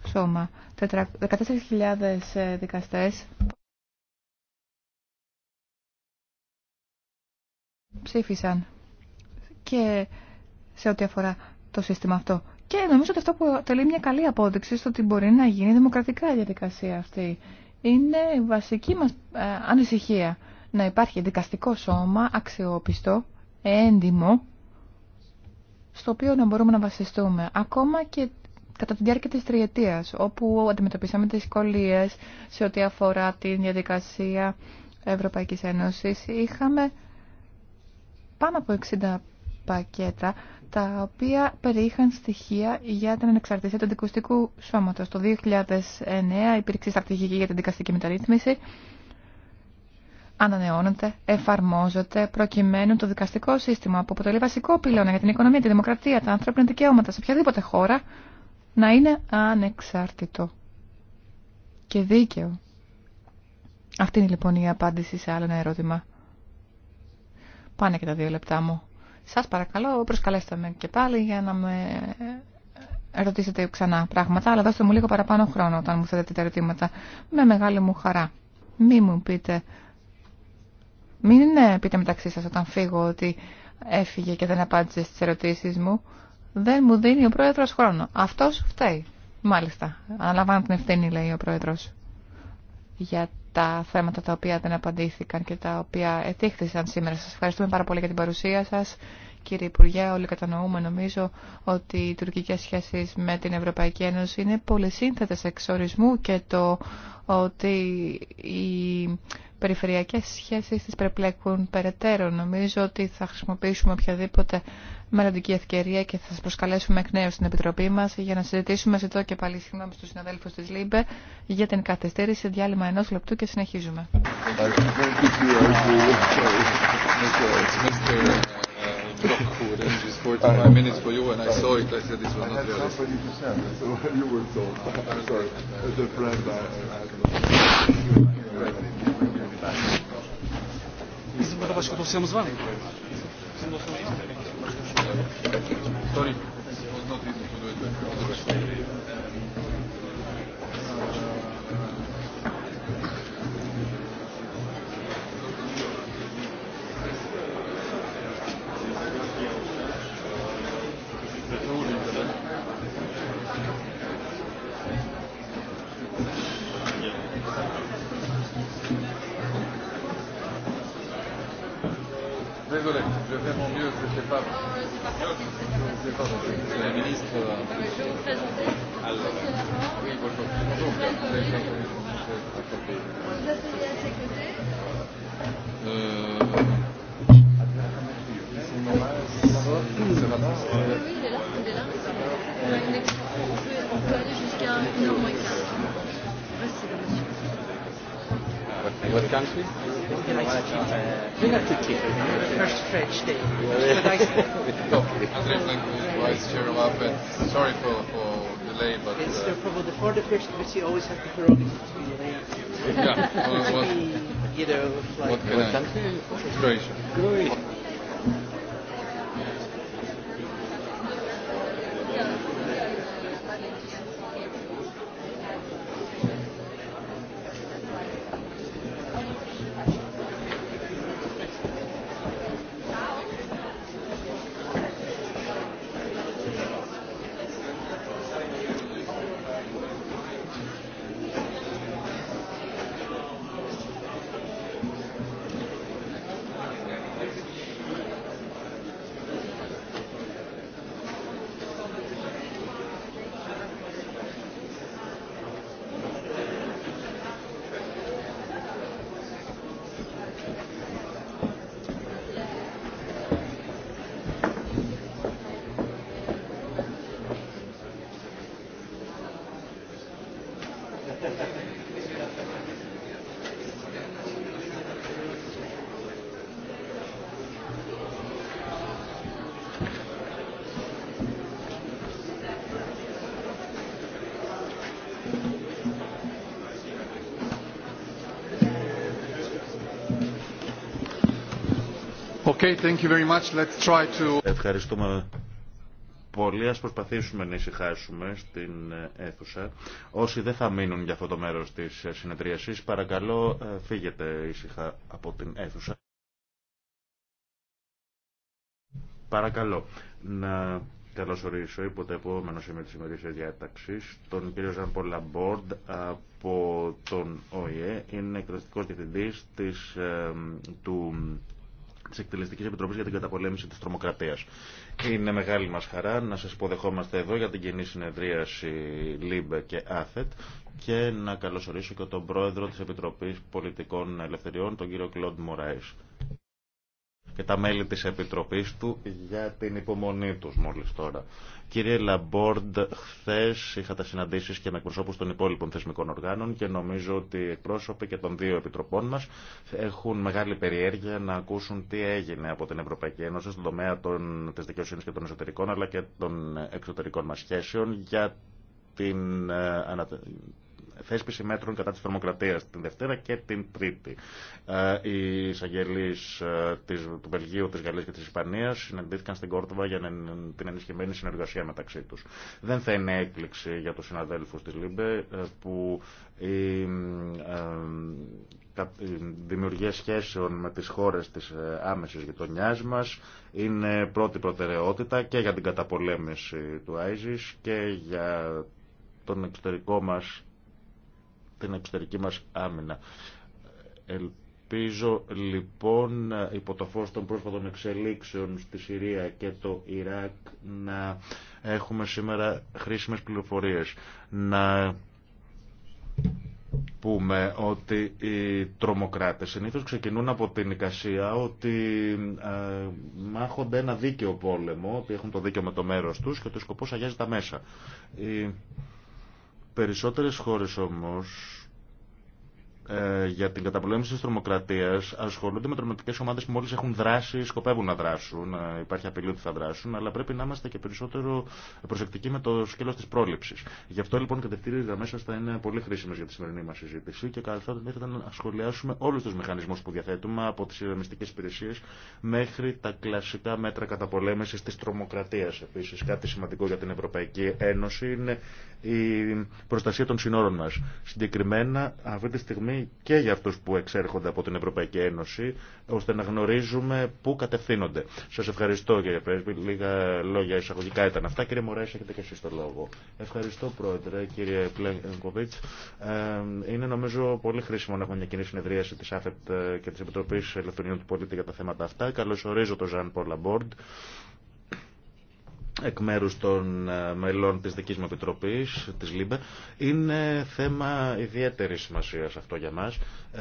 σώμα. 14.000 ε, δικαστές ψήφισαν και σε ό,τι αφορά το σύστημα αυτό. Και νομίζω ότι αυτό που τελεί μια καλή απόδειξη στο ότι μπορεί να γίνει δημοκρατικά η διαδικασία αυτή είναι βασική μας ε, ανησυχία. Να υπάρχει δικαστικό σώμα αξιόπιστο, έντιμο, στο οποίο να μπορούμε να βασιστούμε. Ακόμα και κατά τη διάρκεια της τριετίας, όπου αντιμετωπίσαμε δυσκολίε σε ό,τι αφορά την διαδικασία Ευρωπαϊκής Ένωσης, είχαμε πάνω από 60 πακέτα τα οποία περιείχαν στοιχεία για την ανεξαρτησία του δικουστικού σώματος. Το 2009 υπήρξε στρατηγική για την δικαστική μεταρρύθμιση. Ανανεώνεται, εφαρμόζεται προκειμένου το δικαστικό σύστημα που αποτελεί βασικό πυλώνα για την οικονομία, τη δημοκρατία, τα ανθρώπινα δικαιώματα σε οποιαδήποτε χώρα να είναι ανεξάρτητο και δίκαιο. Αυτή είναι λοιπόν η απάντηση σε άλλο ένα ερώτημα. Πάνε και τα δύο λεπτά μου. Σας παρακαλώ, προσκαλέστε με και πάλι για να με ερωτήσετε ξανά πράγματα, αλλά δώστε μου λίγο παραπάνω χρόνο όταν μου θέλετε τα ερωτήματα. Με μεγάλη μου χαρά. Μη μου πείτε, μην ναι, πείτε μεταξύ σας όταν φύγω ότι έφυγε και δεν απάντησε στις ερωτήσεις μου. Δεν μου δίνει ο πρόεδρος χρόνο. Αυτός φταίει. Μάλιστα. Αναλαμβάνω την ευθύνη, λέει ο πρόεδρος. Γιατί τα θέματα τα οποία δεν απαντήθηκαν και τα οποία ετήχθησαν σήμερα. Σας ευχαριστούμε πάρα πολύ για την παρουσία σας. Κύριε Υπουργέ, όλοι κατανοούμε νομίζω ότι οι τουρκικέ σχέσει με την Ευρωπαϊκή Ένωση είναι πολύ εξ ορισμού και το ότι οι περιφερειακέ σχέσει τις περιπλέκουν περαιτέρω. Νομίζω ότι θα χρησιμοποιήσουμε οποιαδήποτε μελλοντική ευκαιρία και θα σα προσκαλέσουμε εκ νέου στην Επιτροπή μα για να συζητήσουμε, ζητώ και πάλι συγγνώμη στους συναδέλφου τη ΛΥΜΠΕ, για την καθυστέρηση διάλειμμα ενό λεπτού και συνεχίζουμε clock food and 45 minutes for you and I saw it. I said this was not realistic. You were told. I'm sorry. As a friend, I, I Sorry. was not easy to do it. Ευχαριστούμε πολύ. Ας προσπαθήσουμε να ησυχάσουμε στην ε, αίθουσα. Όσοι δεν θα μείνουν για αυτό το μέρο τη ε, συνεδρίασης, παρακαλώ ε, φύγετε ήσυχα από την αίθουσα. Παρακαλώ να καλωσορίσω επόμενο σημείο της ημερήσιας διάταξης τον κύριο Ζαν Λαμπόρντ από τον ΟΗΕ. Είναι εκδοτικός διευθυντής του τη Εκτελεστική Επιτροπή για την Καταπολέμηση τη Τρομοκρατία. Είναι μεγάλη μα χαρά να σα υποδεχόμαστε εδώ για την κοινή συνεδρίαση ΛΥΜΠΕ και ΑΘΕΤ και να καλωσορίσω και τον πρόεδρο τη Επιτροπή Πολιτικών Ελευθεριών, τον κύριο Κλοντ Μωράη και τα μέλη της Επιτροπής του για την υπομονή τους μόλις τώρα. Κύριε Λαμπόρντ, χθε είχατε συναντήσεις και με εκπροσώπους των υπόλοιπων θεσμικών οργάνων και νομίζω ότι οι εκπρόσωποι και των δύο επιτροπών μας έχουν μεγάλη περιέργεια να ακούσουν τι έγινε από την Ευρωπαϊκή Ένωση στον τομέα των, της και των εσωτερικών αλλά και των εξωτερικών μας σχέσεων για την, ε, θέσπιση μέτρων κατά της θερμοκρατίας την Δευτέρα και την Τρίτη. Ε, οι εισαγγελείς ε, του Βελγίου, της Γαλλίας και της Ισπανίας συναντήθηκαν στην Κόρτοβα για την ενισχυμένη συνεργασία μεταξύ τους. Δεν θα είναι έκπληξη για τους συναδέλφους της ΛΥΜΠΕ ε, που η δημιουργία σχέσεων με τις χώρες της άμεσης γειτονιά μας είναι πρώτη προτεραιότητα και για την καταπολέμηση του ΆΙΖΙΣ και για τον εξωτερικό μας την εξωτερική μας άμυνα. Ελπίζω λοιπόν υπό το φως των πρόσφατων εξελίξεων στη Συρία και το Ιράκ να έχουμε σήμερα χρήσιμες πληροφορίες. Να πούμε ότι οι τρομοκράτες συνήθως ξεκινούν από την εικασία ότι ε, μάχονται ένα δίκαιο πόλεμο, ότι έχουν το δίκαιο με το μέρος τους και ότι ο σκοπός αγιάζει τα μέσα περισσότερες χώρες όμως ε, για την καταπολέμηση της τρομοκρατίας ασχολούνται με τρομοκρατικές ομάδες που μόλις έχουν δράσει, σκοπεύουν να δράσουν, ε, υπάρχει απειλή ότι θα δράσουν, αλλά πρέπει να είμαστε και περισσότερο προσεκτικοί με το σκέλος της πρόληψης. Γι' αυτό λοιπόν οι μέσα σα θα είναι πολύ χρήσιμες για τη σημερινή μας συζήτηση και καλό θα να σχολιάσουμε όλους τους μηχανισμούς που διαθέτουμε από τις ηρεμιστικές υπηρεσίες μέχρι τα κλασικά μέτρα καταπολέμησης της τρομοκρατίας. Επίσης κάτι σημαντικό για την Ευρωπαϊκή Ένωση είναι η προστασία των συνόρων μας. Συγκεκριμένα αυτή τη στιγμή και για αυτούς που εξέρχονται από την Ευρωπαϊκή Ένωση, ώστε να γνωρίζουμε πού κατευθύνονται. Σας ευχαριστώ κύριε Πρέσβη, λίγα λόγια εισαγωγικά ήταν αυτά. Κύριε Μωράης, έχετε και εσείς το λόγο. Ευχαριστώ πρόεδρε κύριε Πλέγκοβιτς. Ε, είναι νομίζω πολύ χρήσιμο να έχουμε μια κοινή συνεδρίαση της ΑΦΕΤ ε, και της Επιτροπής Ελευθεριών του Πολίτη για τα θέματα αυτά. Καλωσορίζω τον Ζαν Πολαμπόρντ εκ μέρους των ε, μελών της δικής μου επιτροπής, της ΛΥΜΠΕ, είναι θέμα ιδιαίτερης σημασίας αυτό για μας ε,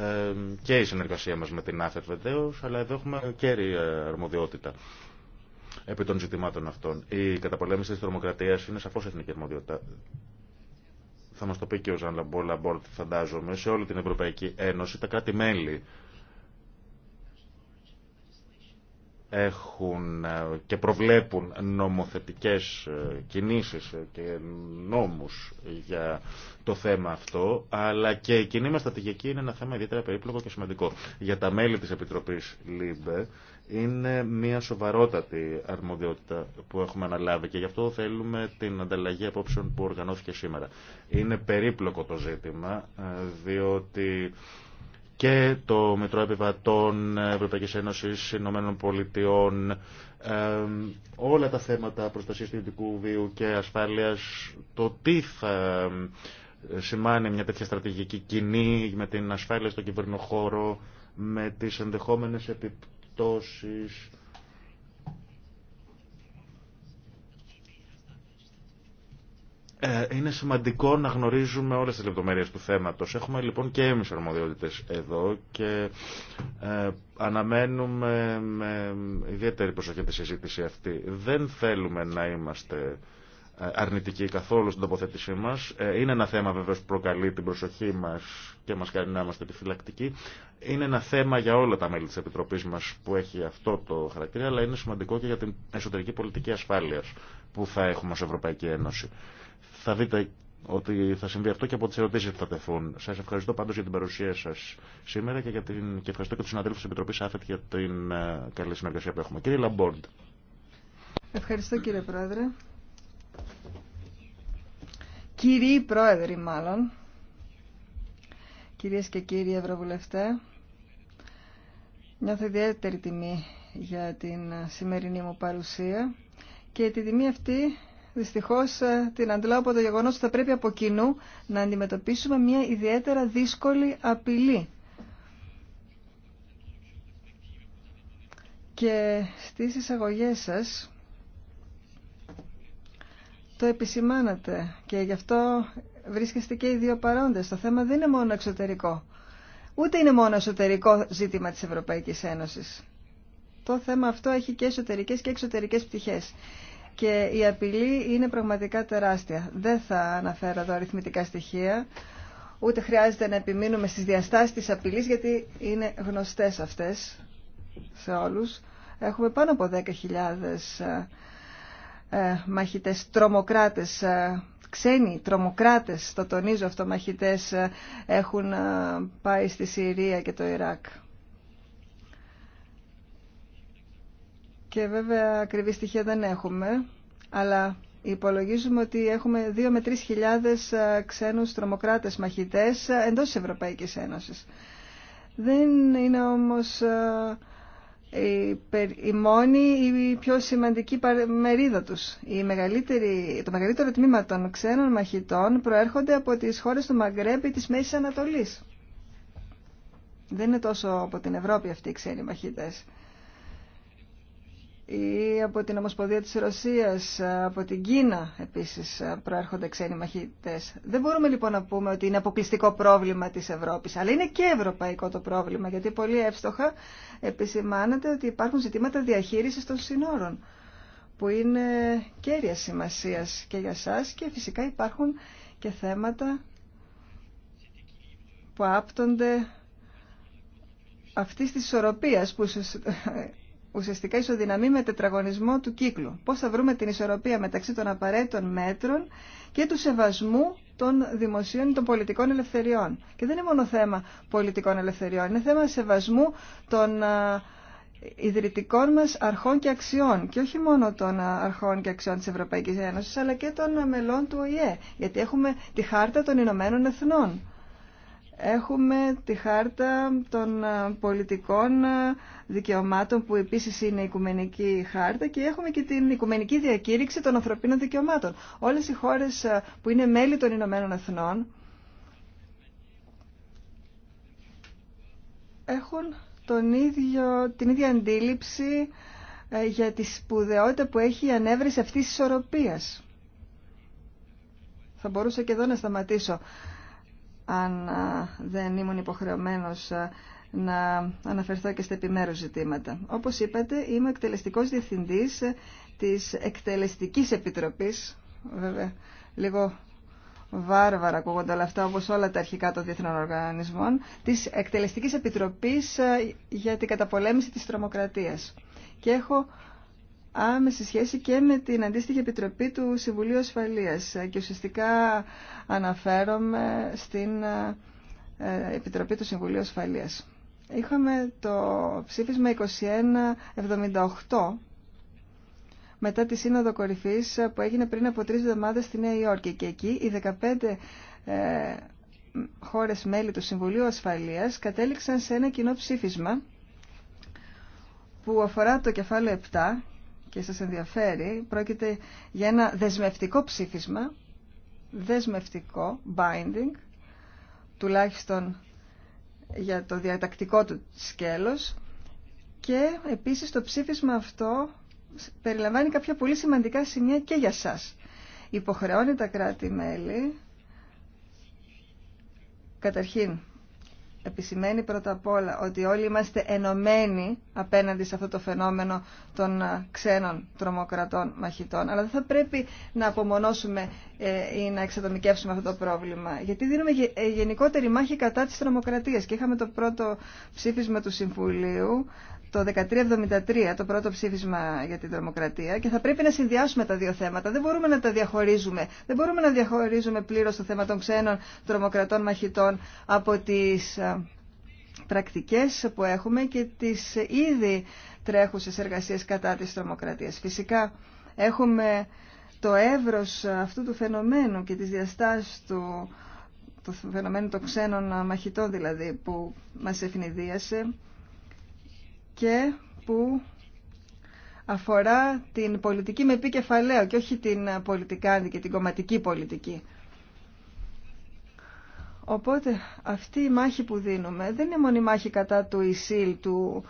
και η συνεργασία μας με την ΑΦΕΤ βεβαίως, αλλά εδώ έχουμε κέρι ε, αρμοδιότητα επί των ζητημάτων αυτών. Η καταπολέμηση της τρομοκρατίας είναι σαφώς εθνική αρμοδιότητα. Θα μας το πει και ο Ζαν Λαμπόλα φαντάζομαι, σε όλη την Ευρωπαϊκή Ένωση, τα κράτη-μέλη έχουν ε, και προβλέπουν νομοθετικές ε, κινήσεις ε, και νόμους για το θέμα αυτό, αλλά και η κοινή μας στρατηγική είναι ένα θέμα ιδιαίτερα περίπλοκο και σημαντικό. Για τα μέλη της Επιτροπής ΛΥΜΠΕ είναι μια σοβαρότατη αρμοδιότητα που έχουμε αναλάβει και γι' αυτό θέλουμε την ανταλλαγή απόψεων που οργανώθηκε σήμερα. Είναι περίπλοκο το ζήτημα, διότι και το Μητρό Επιβατών Ευρωπαϊκής Ένωσης Ηνωμένων Πολιτειών όλα τα θέματα προστασίας του ιδιωτικού βίου και ασφάλειας το τι θα σημάνει μια τέτοια στρατηγική κοινή με την ασφάλεια στον κυβερνοχώρο με τις ενδεχόμενες επιπτώσεις Ε, είναι σημαντικό να γνωρίζουμε όλες τις λεπτομέρειες του θέματος. Έχουμε λοιπόν και εμείς αρμοδιότητες εδώ και ε, αναμένουμε με ιδιαίτερη προσοχή τη συζήτηση αυτή. Δεν θέλουμε να είμαστε ε, αρνητικοί καθόλου στην τοποθέτησή μα. Είναι ένα θέμα βεβαίως που προκαλεί την προσοχή μας και μα κάνει να είμαστε επιφυλακτικοί. Είναι ένα θέμα για όλα τα μέλη της Επιτροπής μας που έχει αυτό το χαρακτήρα, αλλά είναι σημαντικό και για την εσωτερική πολιτική ασφάλειας που θα έχουμε ως Ευρωπαϊκή Ένωση. Θα δείτε ότι θα συμβεί αυτό και από τι ερωτήσει που θα τεθούν. Σα ευχαριστώ πάντω για την παρουσία σα σήμερα και, για την... και ευχαριστώ και του συναδέλφου τη Επιτροπή ΑΦΕΤ για την ε, καλή συνεργασία που έχουμε. Κύριε Λαμπόρντ. Ευχαριστώ κύριε Πρόεδρε. Κύριοι Πρόεδροι μάλλον, κυρίες και κύριοι Ευρωβουλευτέ, νιώθω ιδιαίτερη τιμή για την σημερινή μου παρουσία και τη τιμή αυτή δυστυχώς ε, την αντλάω από το γεγονός ότι θα πρέπει από κοινού να αντιμετωπίσουμε μια ιδιαίτερα δύσκολη απειλή. Και στις εισαγωγές σας το επισημάνατε και γι' αυτό βρίσκεστε και οι δύο παρόντες. Το θέμα δεν είναι μόνο εξωτερικό. Ούτε είναι μόνο εσωτερικό ζήτημα της Ευρωπαϊκής Ένωσης. Το θέμα αυτό έχει και εσωτερικές και εξωτερικές πτυχές και η απειλή είναι πραγματικά τεράστια. Δεν θα αναφέρω εδώ αριθμητικά στοιχεία, ούτε χρειάζεται να επιμείνουμε στις διαστάσεις της απειλής, γιατί είναι γνωστές αυτές σε όλους. Έχουμε πάνω από 10.000 ε, μαχητές, τρομοκράτες, ε, ξένοι τρομοκράτες, το τονίζω αυτό, μαχητές ε, έχουν πάει στη Συρία και το Ιράκ. και βέβαια ακριβή στοιχεία δεν έχουμε, αλλά υπολογίζουμε ότι έχουμε 2 με 3 χιλιάδες ε, ξένους τρομοκράτες μαχητές ε, εντός της Ευρωπαϊκής Ένωσης. Δεν είναι όμως ε, η μόνη ή η πιο σημαντική μερίδα τους. Η μεγαλύτερη, το μεγαλύτερο τμήμα των ξένων μαχητών προέρχονται από τις χώρες του Μαγκρέπη της Μέσης Ανατολής. Δεν είναι τόσο από την Ευρώπη αυτοί οι ξένοι μαχητές ή από την Ομοσπονδία της Ρωσίας, από την Κίνα επίσης προέρχονται ξένοι μαχητές. Δεν μπορούμε λοιπόν να πούμε ότι είναι αποκλειστικό πρόβλημα της Ευρώπης, αλλά είναι και ευρωπαϊκό το πρόβλημα, γιατί πολύ εύστοχα επισημάνεται ότι υπάρχουν ζητήματα διαχείρισης των συνόρων, που είναι κέρια σημασίας και για σας και φυσικά υπάρχουν και θέματα που άπτονται αυτής της ισορροπίας που ουσιαστικά ισοδυναμεί με τετραγωνισμό του κύκλου. Πώς θα βρούμε την ισορροπία μεταξύ των απαραίτητων μέτρων και του σεβασμού των δημοσίων των πολιτικών ελευθεριών. Και δεν είναι μόνο θέμα πολιτικών ελευθεριών, είναι θέμα σεβασμού των ιδρυτικών μας αρχών και αξιών και όχι μόνο των αρχών και αξιών της Ευρωπαϊκής Ένωσης αλλά και των μελών του ΟΗΕ γιατί έχουμε τη Χάρτα των Ηνωμένων Εθνών έχουμε τη χάρτα των ε, πολιτικών ε, δικαιωμάτων που επίσης είναι η οικουμενική χάρτα και έχουμε και την οικουμενική διακήρυξη των ανθρωπίνων δικαιωμάτων. Όλες οι χώρες ε, που είναι μέλη των Ηνωμένων Εθνών έχουν τον ίδιο, την ίδια αντίληψη για τη σπουδαιότητα που έχει η ανέβρεση αυτής της ισορροπίας. Θα μπορούσα και εδώ να σταματήσω αν δεν ήμουν υποχρεωμένος να αναφερθώ και στα επιμέρους ζητήματα. Όπως είπατε, είμαι ο εκτελεστικός διευθυντής της Εκτελεστικής Επιτροπής. Βέβαια, λίγο βάρβαρα ακούγονται όλα αυτά, όπως όλα τα αρχικά των διεθνών οργανισμών, της Εκτελεστικής Επιτροπής για την καταπολέμηση της τρομοκρατίας. Και έχω άμεση σχέση και με την αντίστοιχη επιτροπή του Συμβουλίου Ασφαλείας και ουσιαστικά αναφέρομαι στην ε, ε, Επιτροπή του Συμβουλίου Ασφαλείας. Είχαμε το ψήφισμα 2178 μετά τη Σύνοδο Κορυφής που έγινε πριν από τρεις εβδομάδες στη Νέα Υόρκη και εκεί οι 15 ε, χώρες μέλη του Συμβουλίου Ασφαλείας κατέληξαν σε ένα κοινό ψήφισμα που αφορά το κεφάλαιο 7 και σας ενδιαφέρει, πρόκειται για ένα δεσμευτικό ψήφισμα, δεσμευτικό, binding, τουλάχιστον για το διατακτικό του σκέλος και επίσης το ψήφισμα αυτό περιλαμβάνει κάποια πολύ σημαντικά σημεία και για σας. Υποχρεώνει τα κράτη-μέλη καταρχήν επισημαίνει πρώτα απ' όλα ότι όλοι είμαστε ενωμένοι απέναντι σε αυτό το φαινόμενο των ε, ξένων τρομοκρατών μαχητών. Αλλά δεν θα πρέπει να απομονώσουμε ε, ή να εξατομικεύσουμε αυτό το πρόβλημα. Γιατί δίνουμε ε, γενικότερη μάχη κατά της τρομοκρατίας. Και είχαμε το πρώτο ψήφισμα του Συμβουλίου το 1373, το πρώτο ψήφισμα για την τρομοκρατία και θα πρέπει να συνδυάσουμε τα δύο θέματα. Δεν μπορούμε να τα διαχωρίζουμε. Δεν μπορούμε να διαχωρίζουμε πλήρως το θέμα των ξένων τρομοκρατών μαχητών από τις ε, πρακτικές που έχουμε και τις ήδη τρέχουσες εργασίες κατά της τρομοκρατίας. Φυσικά έχουμε το εύρος αυτού του φαινομένου και τις διαστάσεις του, το φαινομένου των ξένων μαχητών δηλαδή που μας ευνηδίασε και που αφορά την πολιτική με επίκεφαλαίο και όχι την πολιτικά και την κομματική πολιτική. Οπότε αυτή η μάχη που δίνουμε δεν είναι μόνο η μάχη κατά του Ισίλ, του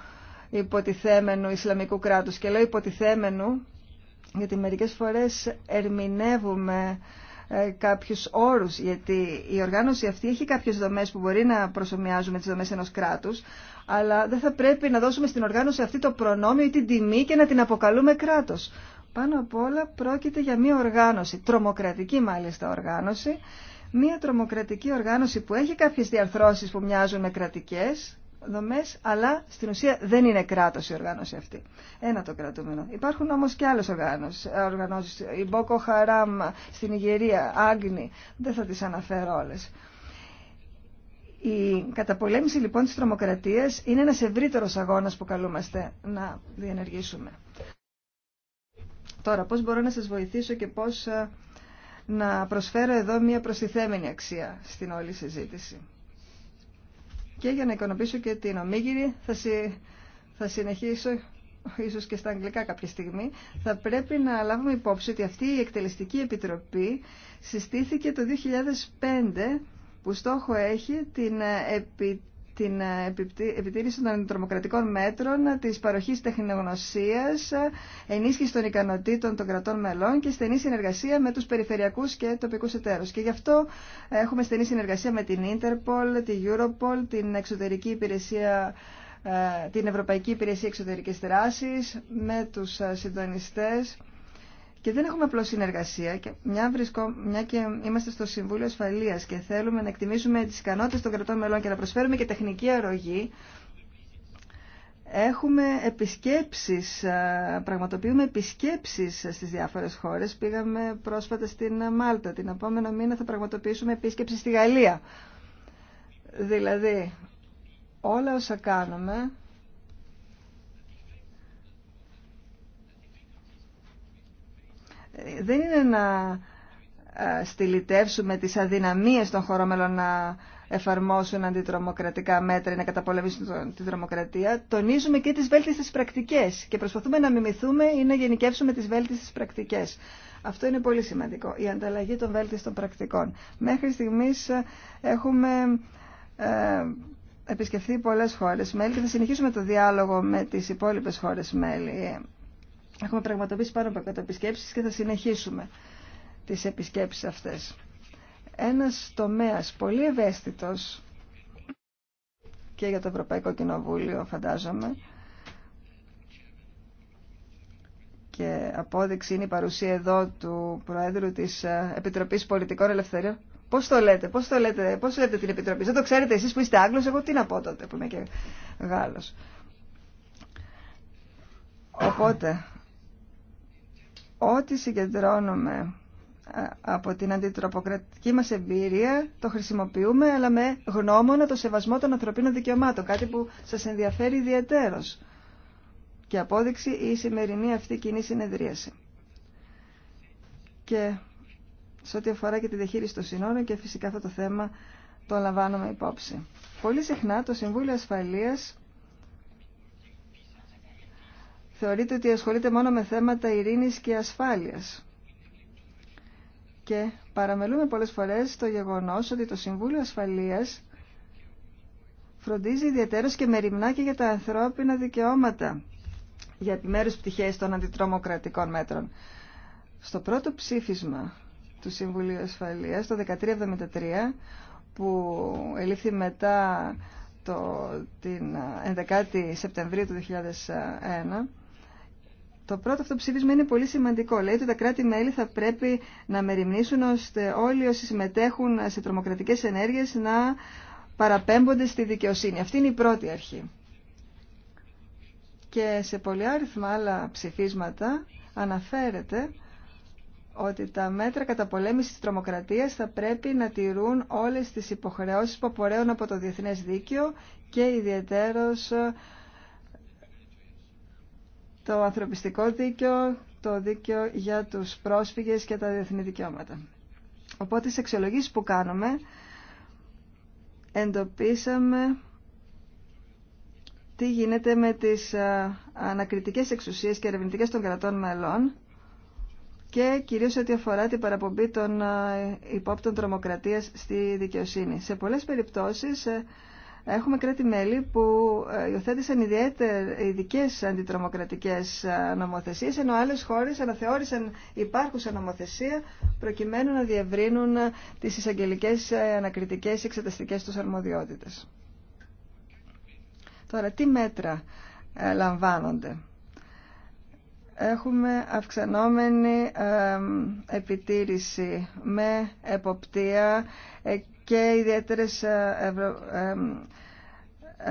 υποτιθέμενου Ισλαμικού κράτους. Και λέω υποτιθέμενου γιατί μερικές φορές ερμηνεύουμε ε, κάποιους όρους, γιατί η οργάνωση αυτή έχει κάποιες δομές που μπορεί να προσωμιάζουμε τις δομές ενός κράτους, αλλά δεν θα πρέπει να δώσουμε στην οργάνωση αυτή το προνόμιο ή την τιμή και να την αποκαλούμε κράτος. Πάνω απ' όλα πρόκειται για μια οργάνωση, τρομοκρατική μάλιστα οργάνωση, μια τρομοκρατική οργάνωση που έχει κάποιες διαρθρώσεις που μοιάζουν με κρατικές δομές, αλλά στην ουσία δεν είναι κράτος η οργάνωση αυτή. Ένα το κρατούμενο. Υπάρχουν όμως και άλλες ε, οργανώσεις. Η Μπόκο Χαράμ στην Ιγερία, Άγνη, δεν θα τις αναφέρω όλες. Η καταπολέμηση λοιπόν της τρομοκρατίας είναι ένας ευρύτερος αγώνας που καλούμαστε να διενεργήσουμε. Τώρα, πώς μπορώ να σας βοηθήσω και πώς ε, να προσφέρω εδώ μια προστιθέμενη αξία στην όλη συζήτηση. Και για να οικονομήσω και την ομίγυρη θα, θα συνεχίσω ίσως και στα αγγλικά κάποια στιγμή, θα πρέπει να λάβουμε υπόψη ότι αυτή η εκτελεστική επιτροπή συστήθηκε το 2005 που στόχο έχει την, ε, επι, την ε, επιτήρηση των τρομοκρατικών μέτρων, της παροχής τεχνογνωσίας, ενίσχυση των ικανοτήτων των κρατών μελών και στενή συνεργασία με τους περιφερειακούς και τοπικούς εταίρους. Και γι' αυτό έχουμε στενή συνεργασία με την Interpol, την Europol, την Εξωτερική Υπηρεσία ε, την Ευρωπαϊκή Υπηρεσία Εξωτερικής Δράσης, με τους συντονιστές και δεν έχουμε απλώς συνεργασία, και μια, βρισκό, μια και είμαστε στο Συμβούλιο Ασφαλεία και θέλουμε να εκτιμήσουμε τις ικανότητε των κρατών μελών και να προσφέρουμε και τεχνική αρρωγή, έχουμε επισκέψεις, πραγματοποιούμε επισκέψεις στι διάφορες χώρες. Πήγαμε πρόσφατα στην Μάλτα, την επόμενο μήνα θα πραγματοποιήσουμε επίσκεψη στη Γαλλία. Δηλαδή, όλα όσα κάνουμε δεν είναι να ε, στυλιτεύσουμε τις αδυναμίες των χωρών μελών να εφαρμόσουν αντιτρομοκρατικά μέτρα ή να καταπολεμήσουν τη δρομοκρατία, τονίζουμε και τις βέλτιστες πρακτικές και προσπαθούμε να μιμηθούμε ή να γενικεύσουμε τις βέλτιστες πρακτικές. Αυτό είναι πολύ σημαντικό, η ανταλλαγή των βέλτιστων πρακτικών. Μέχρι στιγμής ε, έχουμε ε, επισκεφθεί πολλές χώρες μέλη και θα συνεχίσουμε το διάλογο με τις υπόλοιπες χώρες μέλη Έχουμε πραγματοποιήσει πάνω από 100 επισκέψεις και θα συνεχίσουμε τις επισκέψεις αυτές. Ένας τομέας πολύ ευαίσθητος και για το Ευρωπαϊκό Κοινοβούλιο φαντάζομαι και απόδειξη είναι η παρουσία εδώ του Προέδρου της ε, Επιτροπής Πολιτικών Ελευθερίων. Πώς το λέτε, πώς το λέτε, πώς λέτε την Επιτροπή. Δεν το ξέρετε εσείς που είστε Άγγλος, εγώ τι να πω τότε που είμαι και Γάλλος. Οπότε, ό,τι συγκεντρώνουμε ε, από την αντιτροποκρατική μας εμπειρία το χρησιμοποιούμε αλλά με γνώμονα το σεβασμό των ανθρωπίνων δικαιωμάτων κάτι που σας ενδιαφέρει ιδιαίτερος και απόδειξη η σημερινή αυτή κοινή συνεδρίαση και σε ό,τι αφορά και τη διαχείριση των συνόρων και φυσικά αυτό το θέμα το λαμβάνουμε υπόψη πολύ συχνά το Συμβούλιο Ασφαλείας θεωρείται ότι ασχολείται μόνο με θέματα ειρήνης και ασφάλειας. Και παραμελούμε πολλές φορές το γεγονός ότι το Συμβούλιο Ασφαλείας φροντίζει ιδιαίτερως και μεριμνά και για τα ανθρώπινα δικαιώματα για επιμέρους πτυχές των αντιτρομοκρατικών μέτρων. Στο πρώτο ψήφισμα του Συμβουλίου Ασφαλείας, το 1373, που ελήφθη μετά το, την 11η ε, Σεπτεμβρίου του 2001, το πρώτο αυτό ψήφισμα είναι πολύ σημαντικό. Λέει ότι τα κράτη-μέλη θα πρέπει να μεριμνήσουν ώστε όλοι όσοι συμμετέχουν σε τρομοκρατικές ενέργειες να παραπέμπονται στη δικαιοσύνη. Αυτή είναι η πρώτη αρχή. Και σε άριθμα άλλα ψηφίσματα αναφέρεται ότι τα μέτρα καταπολέμησης της τρομοκρατίας θα πρέπει να τηρούν όλες τις υποχρεώσεις που απορρέουν από το διεθνές δίκαιο και ιδιαίτερως το ανθρωπιστικό δίκαιο, το δίκαιο για τους πρόσφυγες και τα διεθνή δικαιώματα. Οπότε στις αξιολογήσεις που κάνουμε εντοπίσαμε τι γίνεται με τις ε, ανακριτικές εξουσίες και ερευνητικέ των κρατών μελών και κυρίως ό,τι αφορά την παραπομπή των ε, υπόπτων τρομοκρατίας στη δικαιοσύνη. Σε πολλές περιπτώσεις ε, έχουμε κράτη-μέλη που ε, υιοθέτησαν ειδικέ αντιτρομοκρατικές ε, νομοθεσίες, ενώ άλλε χώρες αναθεώρησαν υπάρχουσα νομοθεσία προκειμένου να διευρύνουν τις εισαγγελικές ε, ανακριτικές εξεταστικές του αρμοδιότητες. Τώρα, τι μέτρα λαμβάνονται. Έχουμε αυξανόμενη επιτήρηση με εποπτεία και ιδιαίτερες ε, ε,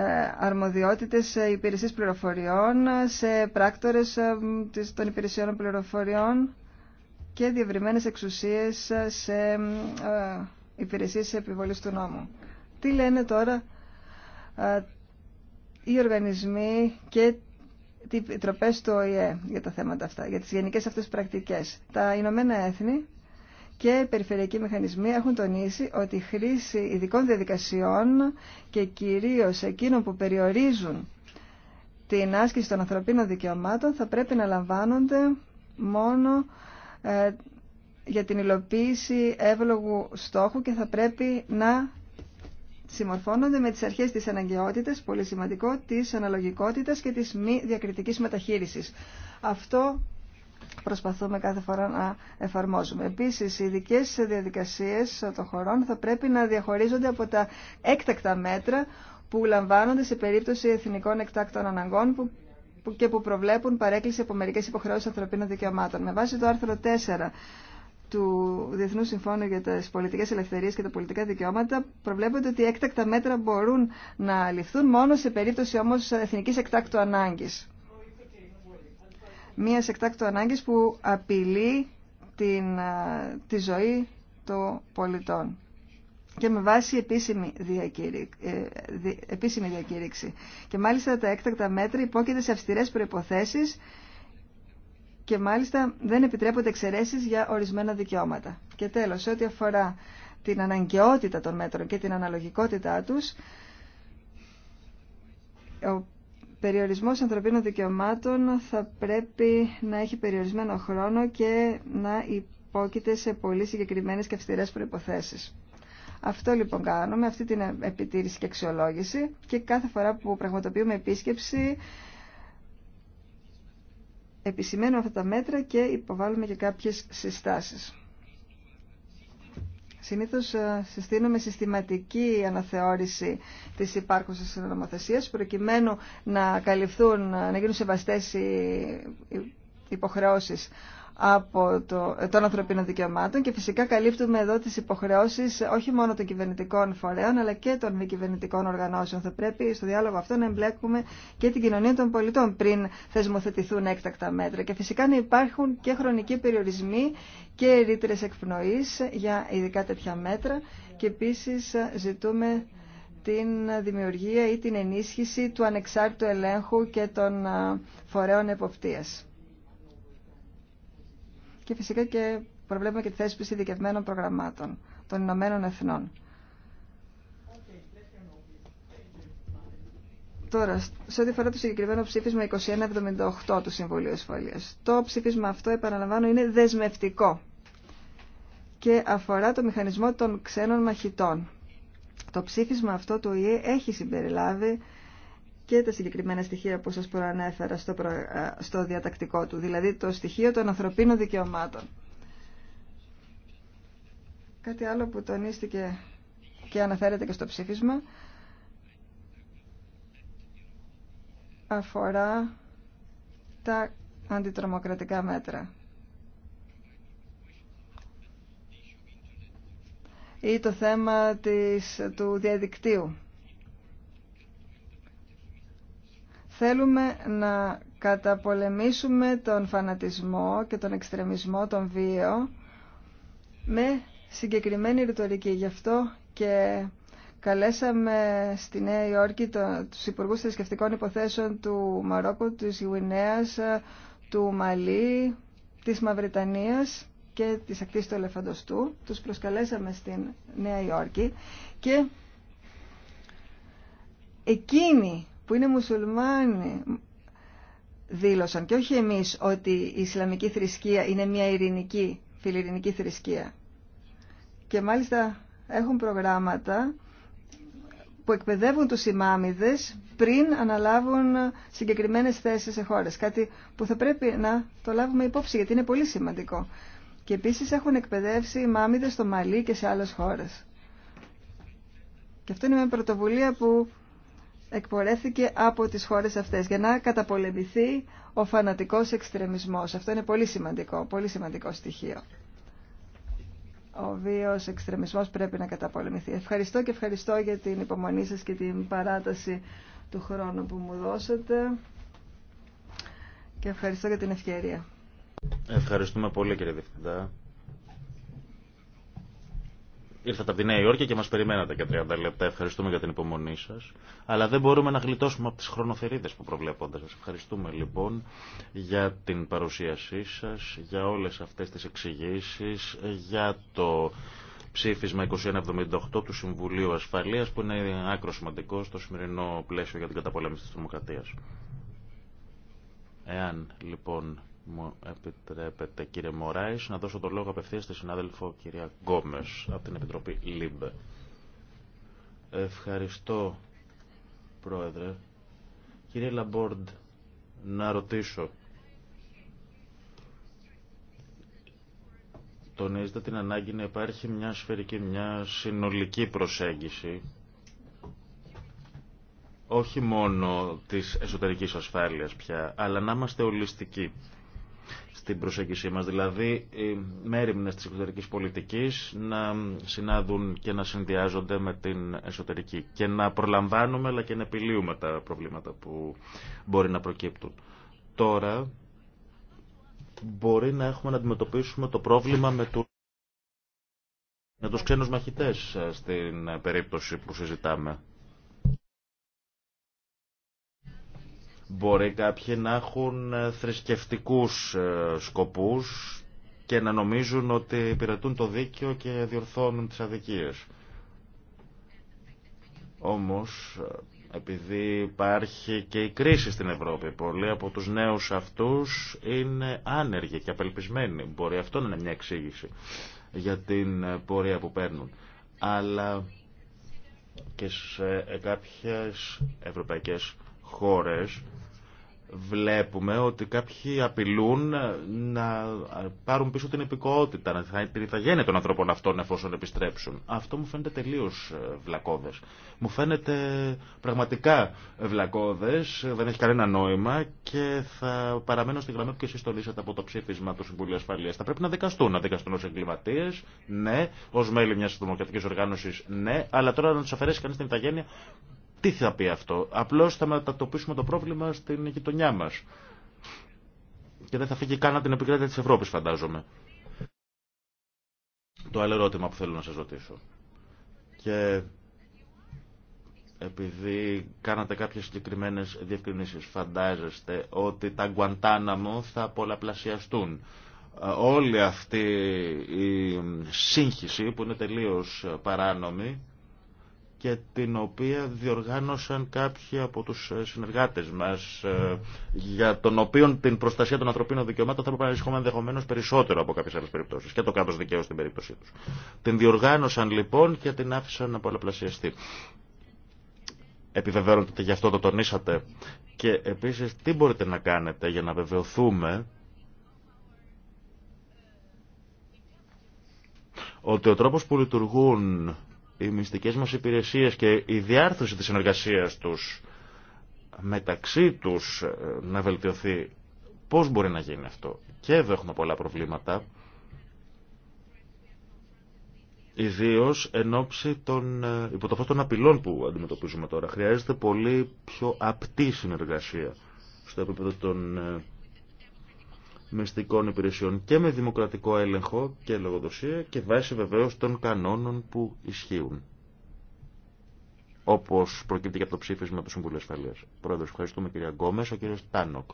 ε, αρμοδιότητες υπηρεσίες πληροφοριών σε πράκτορες των υπηρεσιών πληροφοριών και διευρυμένες εξουσίες σε υπηρεσίες επιβολής του νόμου. Τι λένε τώρα οι οργανισμοί και οι τροπές του ΟΗΕ για τα θέματα αυτά, για τις γενικές αυτές πρακτικές. Τα Ηνωμένα Έθνη και οι περιφερειακοί μηχανισμοί έχουν τονίσει ότι η χρήση ειδικών διαδικασιών και κυρίως εκείνων που περιορίζουν την άσκηση των ανθρωπίνων δικαιωμάτων θα πρέπει να λαμβάνονται μόνο ε, για την υλοποίηση εύλογου στόχου και θα πρέπει να συμμορφώνονται με τις αρχές της αναγκαιότητας, πολύ σημαντικό, της αναλογικότητας και της μη διακριτικής μεταχείρισης. Αυτό προσπαθούμε κάθε φορά να εφαρμόζουμε. Επίσης, οι ειδικέ διαδικασίες των χωρών θα πρέπει να διαχωρίζονται από τα έκτακτα μέτρα που λαμβάνονται σε περίπτωση εθνικών εκτάκτων αναγκών που και που προβλέπουν παρέκκληση από μερικέ υποχρεώσει ανθρωπίνων δικαιωμάτων. Με βάση το άρθρο 4 του Διεθνού Συμφώνου για τι Πολιτικέ Ελευθερίε και τα Πολιτικά Δικαιώματα προβλέπεται ότι έκτακτα μέτρα μπορούν να ληφθούν μόνο σε περίπτωση όμω εθνική εκτάκτου ανάγκη μία εκτάκτου ανάγκη που απειλεί την, τη ζωή των πολιτών και με βάση επίσημη, ε, επίσημη διακήρυξη. Και μάλιστα τα έκτακτα μέτρα υπόκειται σε αυστηρές προποθέσει, και μάλιστα δεν επιτρέπονται εξαιρέσει για ορισμένα δικαιώματα. Και τέλος, ό,τι αφορά την αναγκαιότητα των μέτρων και την αναλογικότητά τους, περιορισμός ανθρωπίνων δικαιωμάτων θα πρέπει να έχει περιορισμένο χρόνο και να υπόκειται σε πολύ συγκεκριμένες και αυστηρές προϋποθέσεις. Αυτό λοιπόν κάνουμε, αυτή την επιτήρηση και αξιολόγηση και κάθε φορά που πραγματοποιούμε επίσκεψη επισημαίνουμε αυτά τα μέτρα και υποβάλλουμε και κάποιες συστάσεις. Συνήθως ε, συστήνουμε συστηματική αναθεώρηση της υπάρχουσας νομοθεσίας προκειμένου να καλυφθούν, να γίνουν σεβαστές οι υποχρεώσεις από το, των ανθρωπίνων δικαιωμάτων και φυσικά καλύπτουμε εδώ τις υποχρεώσεις όχι μόνο των κυβερνητικών φορέων αλλά και των μη κυβερνητικών οργανώσεων. Θα πρέπει στο διάλογο αυτό να εμπλέκουμε και την κοινωνία των πολιτών πριν θεσμοθετηθούν έκτακτα μέτρα και φυσικά να υπάρχουν και χρονικοί περιορισμοί και ρήτρε εκπνοής για ειδικά τέτοια μέτρα και επίση ζητούμε την δημιουργία ή την ενίσχυση του ανεξάρτητου ελέγχου και των φορέων εποπτείας και φυσικά και προβλέπουμε και τη θέσπιση ειδικευμένων προγραμμάτων των Ηνωμένων Εθνών. Τώρα, σε ό,τι αφορά το συγκεκριμένο ψήφισμα 2178 του Συμβουλίου Ασφαλεία, το ψήφισμα αυτό, επαναλαμβάνω, είναι δεσμευτικό και αφορά το μηχανισμό των ξένων μαχητών. Το ψήφισμα αυτό του ΙΕ έχει συμπεριλάβει και τα συγκεκριμένα στοιχεία που σας προανέφερα στο, ε, στο διατακτικό του, δηλαδή το στοιχείο των ανθρωπίνων δικαιωμάτων. Κάτι άλλο που τονίστηκε και αναφέρεται και στο ψήφισμα αφορά τα αντιτρομοκρατικά μέτρα. Ή το θέμα της, του διαδικτύου Θέλουμε να καταπολεμήσουμε τον φανατισμό και τον εξτρεμισμό, τον βίο, με συγκεκριμένη ρητορική. Γι' αυτό και καλέσαμε στη Νέα Υόρκη το, τους Υπουργούς Θρησκευτικών Υποθέσεων του Μαρόκου, της Γουινέας, του Μαλή, της Μαυριτανίας και της ακτής του Ελεφαντοστού. Τους προσκαλέσαμε στην Νέα Υόρκη και εκείνοι που είναι μουσουλμάνοι δήλωσαν και όχι εμείς ότι η Ισλαμική θρησκεία είναι μια ειρηνική, φιλειρηνική θρησκεία. Και μάλιστα έχουν προγράμματα που εκπαιδεύουν τους ημάμιδες πριν αναλάβουν συγκεκριμένες θέσεις σε χώρες. Κάτι που θα πρέπει να το λάβουμε υπόψη γιατί είναι πολύ σημαντικό. Και επίσης έχουν εκπαιδεύσει ημάμιδες στο Μαλί και σε άλλες χώρες. Και αυτό είναι μια πρωτοβουλία που εκπορέθηκε από τις χώρες αυτές για να καταπολεμηθεί ο φανατικός εξτρεμισμός. Αυτό είναι πολύ σημαντικό, πολύ σημαντικό στοιχείο. Ο βίος εξτρεμισμός πρέπει να καταπολεμηθεί. Ευχαριστώ και ευχαριστώ για την υπομονή σας και την παράταση του χρόνου που μου δώσατε και ευχαριστώ για την ευκαιρία. Ευχαριστούμε πολύ κύριε Διευθυντά. Ήρθατε από τη Νέα Υόρκη και μας περιμένατε και 30 λεπτά. Ευχαριστούμε για την υπομονή σας. Αλλά δεν μπορούμε να γλιτώσουμε από τις χρονοθερίδες που προβλέπονται. Σας ευχαριστούμε λοιπόν για την παρουσίασή σας, για όλες αυτές τις εξηγήσει, για το ψήφισμα 2178 του Συμβουλίου Ασφαλείας που είναι άκρο σημαντικό στο σημερινό πλαίσιο για την καταπολέμηση τη δημοκρατία. Εάν λοιπόν μου επιτρέπετε κύριε Μωράης να δώσω το λόγο απευθείας στη συνάδελφο κυρία Γκόμες από την Επιτροπή ΛΥΜΠΕ. Ευχαριστώ πρόεδρε. Κύριε Λαμπόρντ, να ρωτήσω. Τονίζετε την ανάγκη να υπάρχει μια σφαιρική, μια συνολική προσέγγιση όχι μόνο της εσωτερικής ασφάλειας πια, αλλά να είμαστε ολιστικοί στην προσέγγιση μας. Δηλαδή, οι μέρημνες της εξωτερικής πολιτικής να συνάδουν και να συνδυάζονται με την εσωτερική και να προλαμβάνουμε αλλά και να επιλύουμε τα προβλήματα που μπορεί να προκύπτουν. Τώρα, μπορεί να έχουμε να αντιμετωπίσουμε το πρόβλημα με του με τους ξένους μαχητές ε, στην περίπτωση που συζητάμε. Μπορεί κάποιοι να έχουν ε, θρησκευτικούς ε, σκοπούς και να νομίζουν ότι υπηρετούν το δίκαιο και διορθώνουν τις αδικίες. Όμως, ε, επειδή υπάρχει και η κρίση στην Ευρώπη, πολλοί από τους νέους αυτούς είναι άνεργοι και απελπισμένοι. Μπορεί αυτό να είναι μια εξήγηση για την πορεία που παίρνουν. Αλλά και σε κάποιες ευρωπαϊκές χώρες βλέπουμε ότι κάποιοι απειλούν να πάρουν πίσω την υπηκότητα, να θα την ηθαγένεια των ανθρώπων αυτών εφόσον επιστρέψουν. Αυτό μου φαίνεται τελείως ε, βλακώδες. Μου φαίνεται πραγματικά βλακώδες, δεν έχει κανένα νόημα και θα παραμένω στη γραμμή που και εσείς από το ψήφισμα του Συμβουλίου Ασφαλείας. Θα πρέπει να δικαστούν, να δικαστούν ως εγκληματίες, ναι, ως μέλη μιας δημοκρατικής οργάνωσης, ναι, αλλά τώρα να του αφαιρέσει κανείς την ηθαγένεια τι θα πει αυτό. Απλώς θα μετατοπίσουμε το πρόβλημα στην γειτονιά μας. Και δεν θα φύγει καν την επικράτεια της Ευρώπης φαντάζομαι. Το άλλο ερώτημα που θέλω να σας ρωτήσω. Και επειδή κάνατε κάποιες συγκεκριμένες διευκρινήσεις, φαντάζεστε ότι τα Γκουαντάναμο θα πολλαπλασιαστούν. Όλη αυτή η σύγχυση που είναι τελείως παράνομη και την οποία διοργάνωσαν κάποιοι από τους ε, συνεργάτες μας ε, για τον οποίο την προστασία των ανθρωπίνων δικαιωμάτων θα έπρεπε να ενισχύουμε ενδεχομένω περισσότερο από κάποιες άλλες περιπτώσεις και το κράτος δικαίου στην περίπτωσή τους. Την διοργάνωσαν λοιπόν και την άφησαν να πολλαπλασιαστεί. Επιβεβαίωνετε ότι γι' αυτό το τονίσατε. Και επίσης τι μπορείτε να κάνετε για να βεβαιωθούμε ότι ο τρόπος που λειτουργούν οι μυστικές μας υπηρεσίες και η διάρθρωση της συνεργασίας τους μεταξύ τους ε, να βελτιωθεί, πώς μπορεί να γίνει αυτό. Και εδώ έχουμε πολλά προβλήματα, Ιδίω εν ώψη των, ε, υπό το των απειλών που αντιμετωπίζουμε τώρα. Χρειάζεται πολύ πιο απτή συνεργασία στο επίπεδο των ε, μυστικών υπηρεσιών και με δημοκρατικό έλεγχο και λογοδοσία και βάσει βεβαίως των κανόνων που ισχύουν. Όπως προκύπτει και από το ψήφισμα του Συμβουλίου Ασφαλείας. Πρόεδρος, ευχαριστούμε κυρία Γκόμες, ο κύριος Τάνοκ.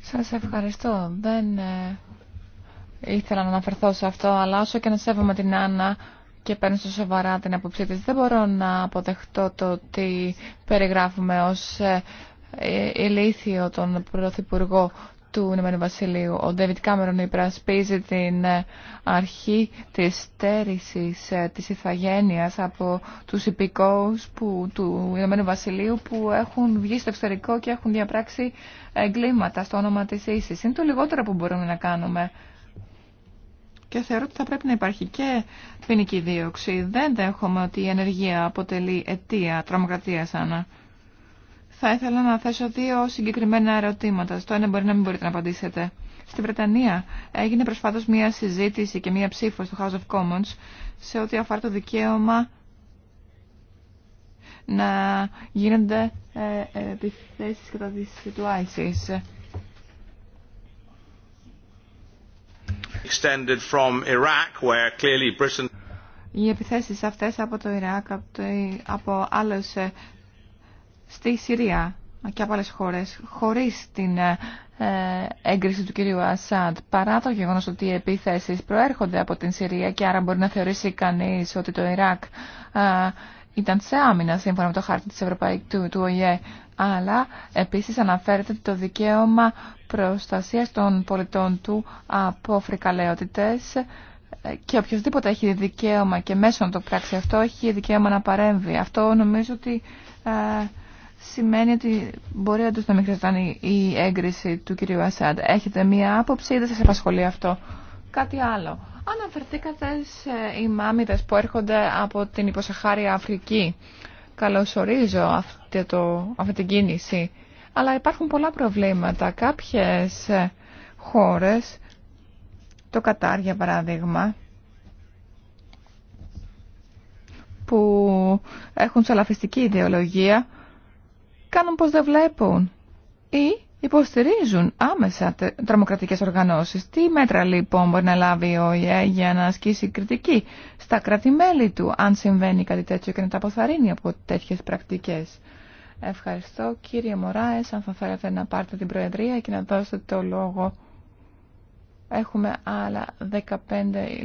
Σας ευχαριστώ. Δεν ε, ήθελα να αναφερθώ σε αυτό, αλλά όσο και να σέβομαι την Άννα και παίρνω στο σοβαρά την αποψή της, δεν μπορώ να αποδεχτώ το ότι περιγράφουμε ως ε, ε ηλίθιο τον Πρωθυπουργό του Ηνωμένου Βασιλείου. Ο Ντέβιτ Κάμερον υπερασπίζει την ε, αρχή της στέρησης ε, της ηθαγένειας από τους υπηκόους που, του Ηνωμένου Βασιλείου που έχουν βγει στο εξωτερικό και έχουν διαπράξει εγκλήματα στο όνομα της ίσης. Είναι το λιγότερο που μπορούμε να κάνουμε. Και θεωρώ ότι θα πρέπει να υπάρχει και ποινική δίωξη. Δεν δέχομαι ότι η ενεργεία αποτελεί αιτία τρομοκρατίας, Άννα. Θα ήθελα να θέσω δύο συγκεκριμένα ερωτήματα. Στο ένα μπορεί να μην μπορείτε να απαντήσετε. Στη Βρετανία έγινε προσφάτω μία συζήτηση και μία ψήφο στο House of Commons σε ό,τι αφορά το δικαίωμα να γίνονται ε, ε, επιθέσεις κατά της του ISIS. Extended from Iraq, where clearly Britain... Οι επιθέσεις αυτές από το Ιράκ, από, το, από ε, στη Συρία και από άλλε χώρες χωρίς την ε, έγκριση του κυρίου Ασάντ παρά το γεγονός ότι οι επιθέσεις προέρχονται από την Συρία και άρα μπορεί να θεωρήσει κανείς ότι το Ιράκ ε, ήταν σε άμυνα σύμφωνα με το χάρτη της Ευρωπαϊκής του, του ΟΗΕ αλλά επίσης αναφέρεται το δικαίωμα προστασίας των πολιτών του από φρικαλαιότητες ε, και οποιοδήποτε έχει δικαίωμα και μέσω να το πράξει αυτό έχει δικαίωμα να παρέμβει. Αυτό νομίζω ότι σημαίνει ότι μπορεί όντως να μην χρειαζόταν η έγκριση του κυρίου Ασάντ. Έχετε μία άποψη ή δεν σα απασχολεί αυτό. Κάτι άλλο. Αναφερθήκατε σε ημάμιδες που έρχονται από την υποσαχάρια Αφρική. Καλωσορίζω αυτή, το, αυτή την κίνηση. Αλλά υπάρχουν πολλά προβλήματα. Κάποιες χώρες, το Κατάρ για παράδειγμα, που έχουν σαλαφιστική ιδεολογία, κάνουν πως δεν βλέπουν ή υποστηρίζουν άμεσα τρομοκρατικές οργανώσεις. Τι μέτρα λοιπόν μπορεί να λάβει ο ΙΕ για να ασκήσει κριτική στα κρατημέλη του αν συμβαίνει κάτι τέτοιο και να τα αποθαρρύνει από τέτοιες πρακτικές. Ευχαριστώ κύριε Μωράες, αν θα θέλετε να πάρετε την Προεδρία και να δώσετε το λόγο. Έχουμε άλλα 15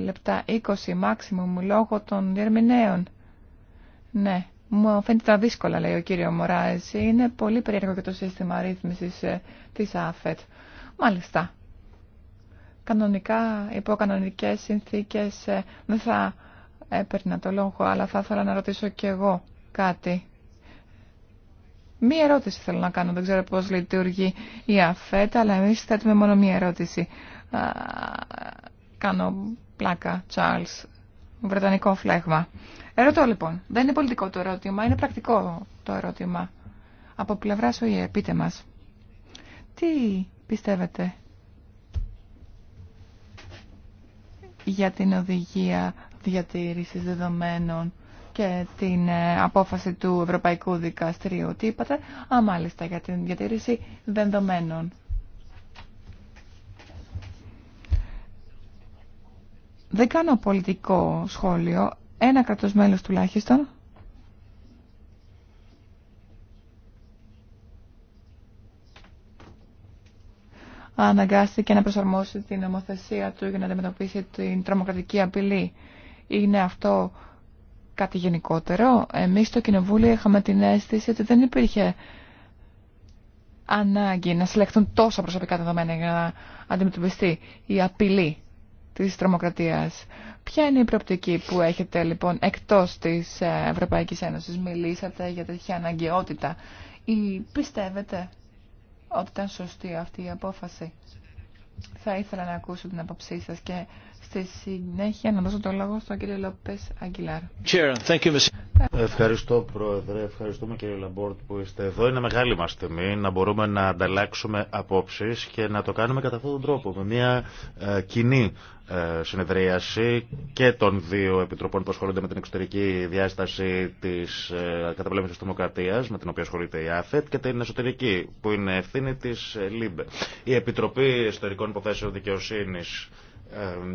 λεπτά, 20 μάξιμου λόγω των διερμηνέων. Ναι. Μου φαίνεται τα δύσκολα, λέει ο κύριο Μωράες. Είναι πολύ περίεργο και το σύστημα ρύθμισης ε, της ΑΦΕΤ. Μάλιστα. Κανονικά, υπό κανονικές συνθήκες, ε, δεν θα έπαιρνα το λόγο, αλλά θα ήθελα να ρωτήσω κι εγώ κάτι. Μία ερώτηση θέλω να κάνω, δεν ξέρω πώς λειτουργεί η ΑΦΕΤ, αλλά εμείς θέτουμε μόνο μία ερώτηση. κάνω πλάκα, Charles. Βρετανικό φλέγμα. Ερωτώ λοιπόν, δεν είναι πολιτικό το ερώτημα, είναι πρακτικό το ερώτημα. Από πλευρά σου, πείτε μας. Τι πιστεύετε για την οδηγία διατήρησης δεδομένων και την ε, απόφαση του Ευρωπαϊκού Δικαστηρίου. Τι είπατε, α, μάλιστα, για την διατήρηση δεδομένων. Δεν κάνω πολιτικό σχόλιο. Ένα κρατός μέλος τουλάχιστον. Αναγκάστηκε να προσαρμόσει την νομοθεσία του για να αντιμετωπίσει την τρομοκρατική απειλή. Είναι αυτό κάτι γενικότερο. Εμείς στο Κοινοβούλιο είχαμε την αίσθηση ότι δεν υπήρχε ανάγκη να συλλεχθούν τόσα προσωπικά δεδομένα για να αντιμετωπιστεί η απειλή της τρομοκρατίας. Ποια είναι η προοπτική που έχετε λοιπόν εκτός της ε, Ευρωπαϊκής Ένωσης. Μιλήσατε για τέτοια αναγκαιότητα. Ή πιστεύετε ότι ήταν σωστή αυτή η απόφαση. Θα ήθελα να ακούσω την απόψή σας και Στη συνέχεια να δώσω το λόγο στον κύριο Λόπες Αγγιλάρ. Ευχαριστώ Πρόεδρε, ευχαριστούμε κύριε Λαμπόρτ που είστε εδώ. Είναι μεγάλη μας τιμή να μπορούμε να ανταλλάξουμε απόψεις και να το κάνουμε κατά αυτόν τον τρόπο, με μια ε, κοινή ε, συνεδρίαση και των δύο επιτροπών που ασχολούνται με την εξωτερική διάσταση της ε, καταπολέμηση με την οποία ασχολείται η ΑΦΕΤ, και την εσωτερική, που είναι ευθύνη τη ε, ΛΥΜΠΕ. Η Επιτροπή Εσωτερικών Υποθέσεων Δικαιοσύνη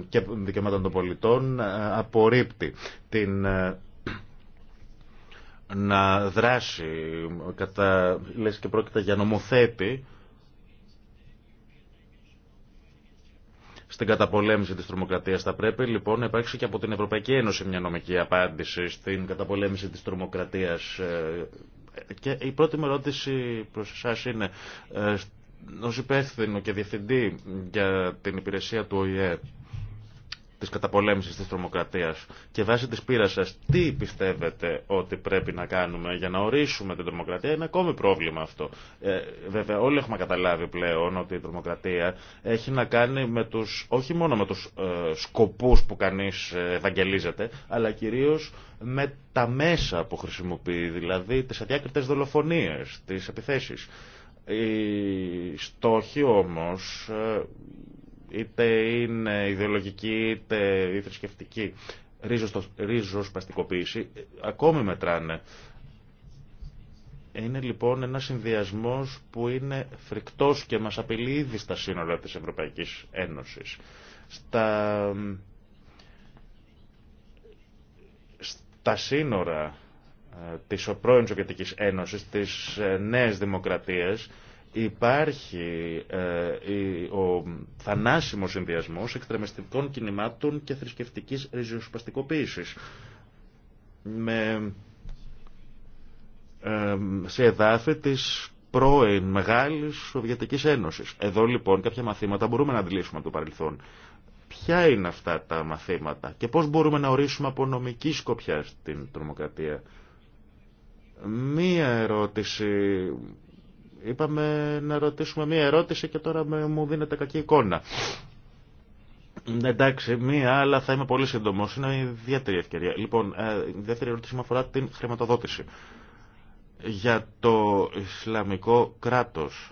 και δικαιωμάτων των πολιτών ε, απορρίπτει την ε, να δράσει κατά, λες και πρόκειται για νομοθέτη στην καταπολέμηση της τρομοκρατίας. Θα πρέπει λοιπόν να υπάρξει και από την Ευρωπαϊκή Ένωση μια νομική απάντηση στην καταπολέμηση της τρομοκρατίας. Ε, και η πρώτη μου ερώτηση προς εσάς είναι ω υπεύθυνο και διευθυντή για την υπηρεσία του ΟΗΕ της καταπολέμηση της τρομοκρατίας και βάσει της πείρα σα, τι πιστεύετε ότι πρέπει να κάνουμε για να ορίσουμε την τρομοκρατία είναι ακόμη πρόβλημα αυτό. Ε, βέβαια όλοι έχουμε καταλάβει πλέον ότι η τρομοκρατία έχει να κάνει με τους, όχι μόνο με τους ε, σκοπούς που κανεί ε, ευαγγελίζεται αλλά κυρίω με τα μέσα που χρησιμοποιεί, δηλαδή τις αδιάκριτες δολοφονίες, τις επιθέσεις. Οι στόχοι όμως, ε, είτε είναι ιδεολογικοί είτε η θρησκευτική παστικοποίηση ακόμη μετράνε. Είναι λοιπόν ένα συνδυασμό που είναι φρικτός και μας απειλεί ήδη στα σύνορα της Ευρωπαϊκής Ένωσης. Στα, στα σύνορα ε, Τη πρώην Σοβιετική Ένωσης, της ε, Νέα Δημοκρατία, υπάρχει ε, ο θανάσιμο συνδυασμό εξτρεμιστικών κινημάτων και θρησκευτική ριζοσπαστικοποίηση Με, σε εδάφη της πρώην μεγάλης Σοβιετικής Ένωσης. Εδώ λοιπόν κάποια μαθήματα μπορούμε να αντιλήσουμε από το παρελθόν. Ποια είναι αυτά τα μαθήματα και πώς μπορούμε να ορίσουμε από νομική σκοπιά στην τρομοκρατία Μία ερώτηση. Είπαμε να ρωτήσουμε μία ερώτηση και τώρα μου δίνεται κακή εικόνα. Εντάξει, μία, αλλά θα είμαι πολύ σύντομο. Είναι ιδιαίτερη ευκαιρία. Λοιπόν, ε, η δεύτερη ερώτηση με αφορά την χρηματοδότηση. Για το Ισλαμικό κράτος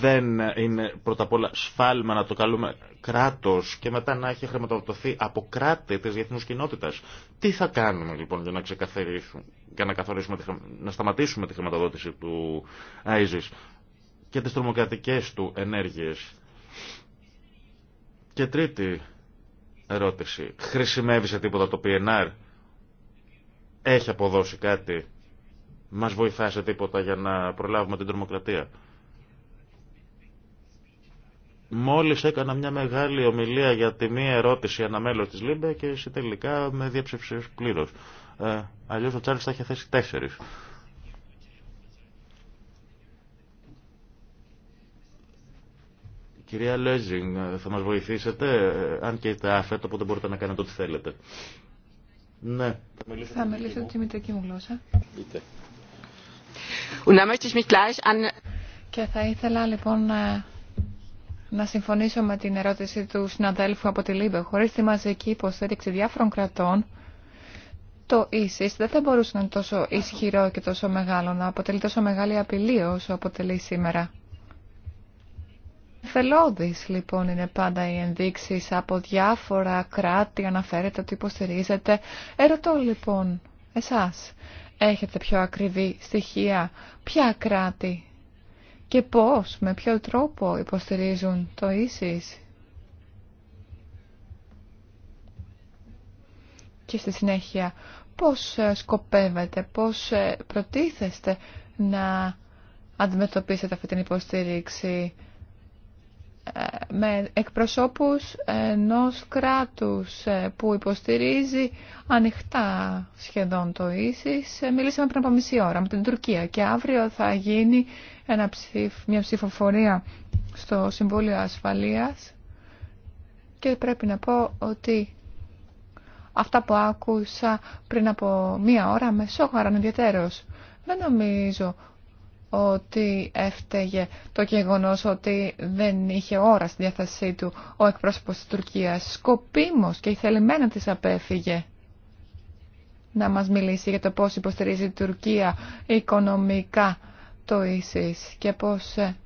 δεν είναι πρώτα απ' όλα σφάλμα να το καλούμε κράτος και μετά να έχει χρηματοδοτηθεί από κράτη της διεθνούς κοινότητας. Τι θα κάνουμε λοιπόν για να ξεκαθαρίσουμε, για να, καθορίσουμε, να σταματήσουμε τη χρηματοδότηση του ISIS και τις τρομοκρατικές του ενέργειες. Και τρίτη ερώτηση. Χρησιμεύει σε τίποτα το PNR. Έχει αποδώσει κάτι. Μας βοηθάει σε τίποτα για να προλάβουμε την τρομοκρατία. Μόλις έκανα μια μεγάλη ομιλία για τη μία ερώτηση μέλος της Λίμπε και εσύ τελικά με διέψευσε πλήρως. Ε, Αλλιώς ο Τσάρλς θα είχε θέσει τέσσερις. Κυρία Λέζινγκ, θα μας βοηθήσετε, ε, αν και είστε άφετο, οπότε μπορείτε να κάνετε ό,τι θέλετε. Ναι. Θα μιλήσω τη μητρική μου γλώσσα. Και θα ήθελα λοιπόν να, ε, να συμφωνήσω με την ερώτηση του συναδέλφου από τη Λίμπε. Χωρίς τη μαζική υποστήριξη διάφορων κρατών, το ίσις δεν θα μπορούσε να είναι τόσο ισχυρό και τόσο μεγάλο, να αποτελεί τόσο μεγάλη απειλή όσο αποτελεί σήμερα. Θελώδης λοιπόν είναι πάντα οι ενδείξει από διάφορα κράτη αναφέρεται ότι υποστηρίζετε. Ερωτώ λοιπόν εσάς, έχετε πιο ακριβή στοιχεία, ποια κράτη και πώς, με ποιο τρόπο υποστηρίζουν το ίσις. και στη συνέχεια πώς ε, σκοπεύετε, πώς ε, προτίθεστε να αντιμετωπίσετε αυτή την υποστήριξη ε, με εκπροσώπους ενός κράτους που υποστηρίζει ανοιχτά σχεδόν το ίσις. Μιλήσαμε πριν από μισή ώρα με την Τουρκία και αύριο θα γίνει μια ψηφοφορία στο Συμβούλιο Ασφαλείας και πρέπει να πω ότι αυτά που άκουσα πριν από μία ώρα με σόχαραν ιδιαίτερος. Δεν νομίζω ότι έφταιγε το γεγονό ότι δεν είχε ώρα στη διάθεσή του ο εκπρόσωπος της Τουρκίας. Σκοπίμως και θελημένα της απέφυγε να μας μιλήσει για το πώς υποστηρίζει η Τουρκία οικονομικά το ίσις και πώς ε,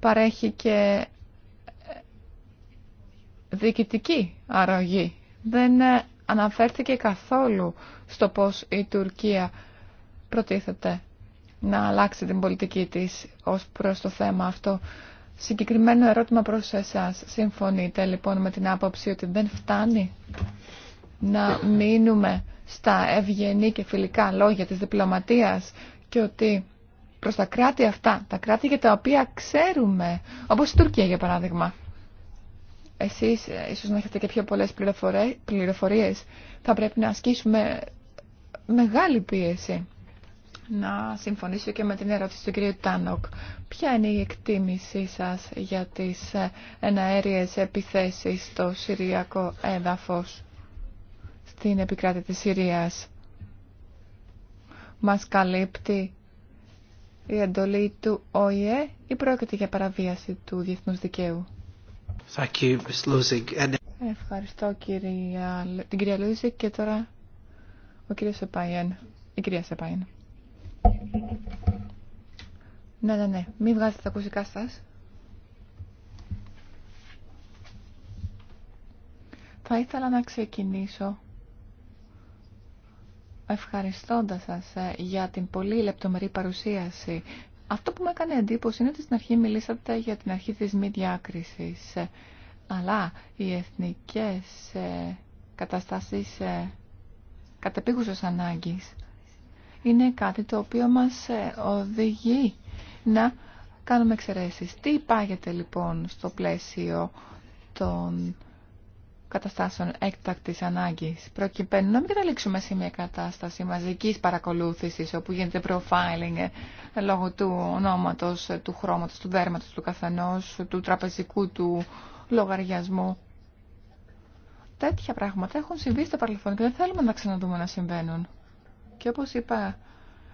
παρέχει και ε, διοικητική αρρωγή δεν ε, αναφέρθηκε καθόλου στο πώς η Τουρκία προτίθεται να αλλάξει την πολιτική της ως προς το θέμα αυτό. Συγκεκριμένο ερώτημα προς εσάς. Συμφωνείτε λοιπόν με την άποψη ότι δεν φτάνει να μείνουμε στα ευγενή και φιλικά λόγια της διπλωματίας και ότι προς τα κράτη αυτά, τα κράτη για τα οποία ξέρουμε, όπως η Τουρκία για παράδειγμα, εσείς ε, ίσως να έχετε και πιο πολλές πληροφορίες, θα πρέπει να ασκήσουμε μεγάλη πίεση. Να συμφωνήσω και με την ερώτηση του κ. Τάνοκ. Ποια είναι η εκτίμησή σας για τις ε, εναέριες επιθέσεις στο Συριακό έδαφος στην επικράτη της Συρίας. Μας καλύπτει η εντολή του ΟΗΕ ή πρόκειται για παραβίαση του διεθνούς δικαίου. Ευχαριστώ κυρία, την κυρία Λούζικ και τώρα ο κύριος Σεπαϊέν. Η κυρία Σεπαϊέν. Ναι, ναι, ναι. Μην βγάζετε τα ακουσικά σας. Θα ήθελα να ξεκινήσω ευχαριστώντας σας ε, για την πολύ λεπτομερή παρουσίαση αυτό που μου έκανε εντύπωση είναι ότι στην αρχή μιλήσατε για την αρχή της μη διάκρισης, ε, αλλά οι εθνικές ε, καταστάσεις ε, κατεπίγουσας ανάγκης είναι κάτι το οποίο μας οδηγεί να κάνουμε εξαιρέσεις. Τι υπάγεται λοιπόν στο πλαίσιο των καταστάσεων έκτακτης ανάγκης, προκειμένου να μην καταλήξουμε σε μια κατάσταση μαζικής παρακολούθησης, όπου γίνεται profiling ε, λόγω του ονόματος, ε, του χρώματος, του δέρματος του καθενός, του τραπεζικού του λογαριασμού. Τέτοια πράγματα έχουν συμβεί στο παρελθόν και δεν θέλουμε να ξαναδούμε να συμβαίνουν. Και όπω είπα,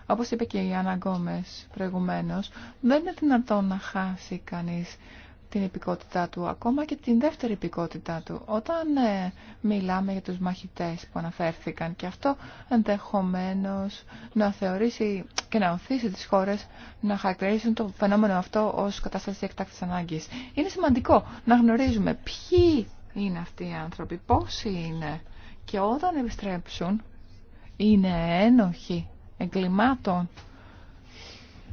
όπως είπε και η Άννα Γκόμες προηγουμένως, δεν είναι δυνατόν να χάσει κανείς την υπηκότητά του, ακόμα και την δεύτερη υπηκότητά του. Όταν ε, μιλάμε για τους μαχητές που αναφέρθηκαν και αυτό ενδεχομένως να θεωρήσει και να οθήσει τις χώρες να χαρακτηρίσουν το φαινόμενο αυτό ως κατάσταση εκτάκτης ανάγκης. Είναι σημαντικό να γνωρίζουμε ποιοι είναι αυτοί οι άνθρωποι, πόσοι είναι και όταν επιστρέψουν είναι ένοχοι εγκλημάτων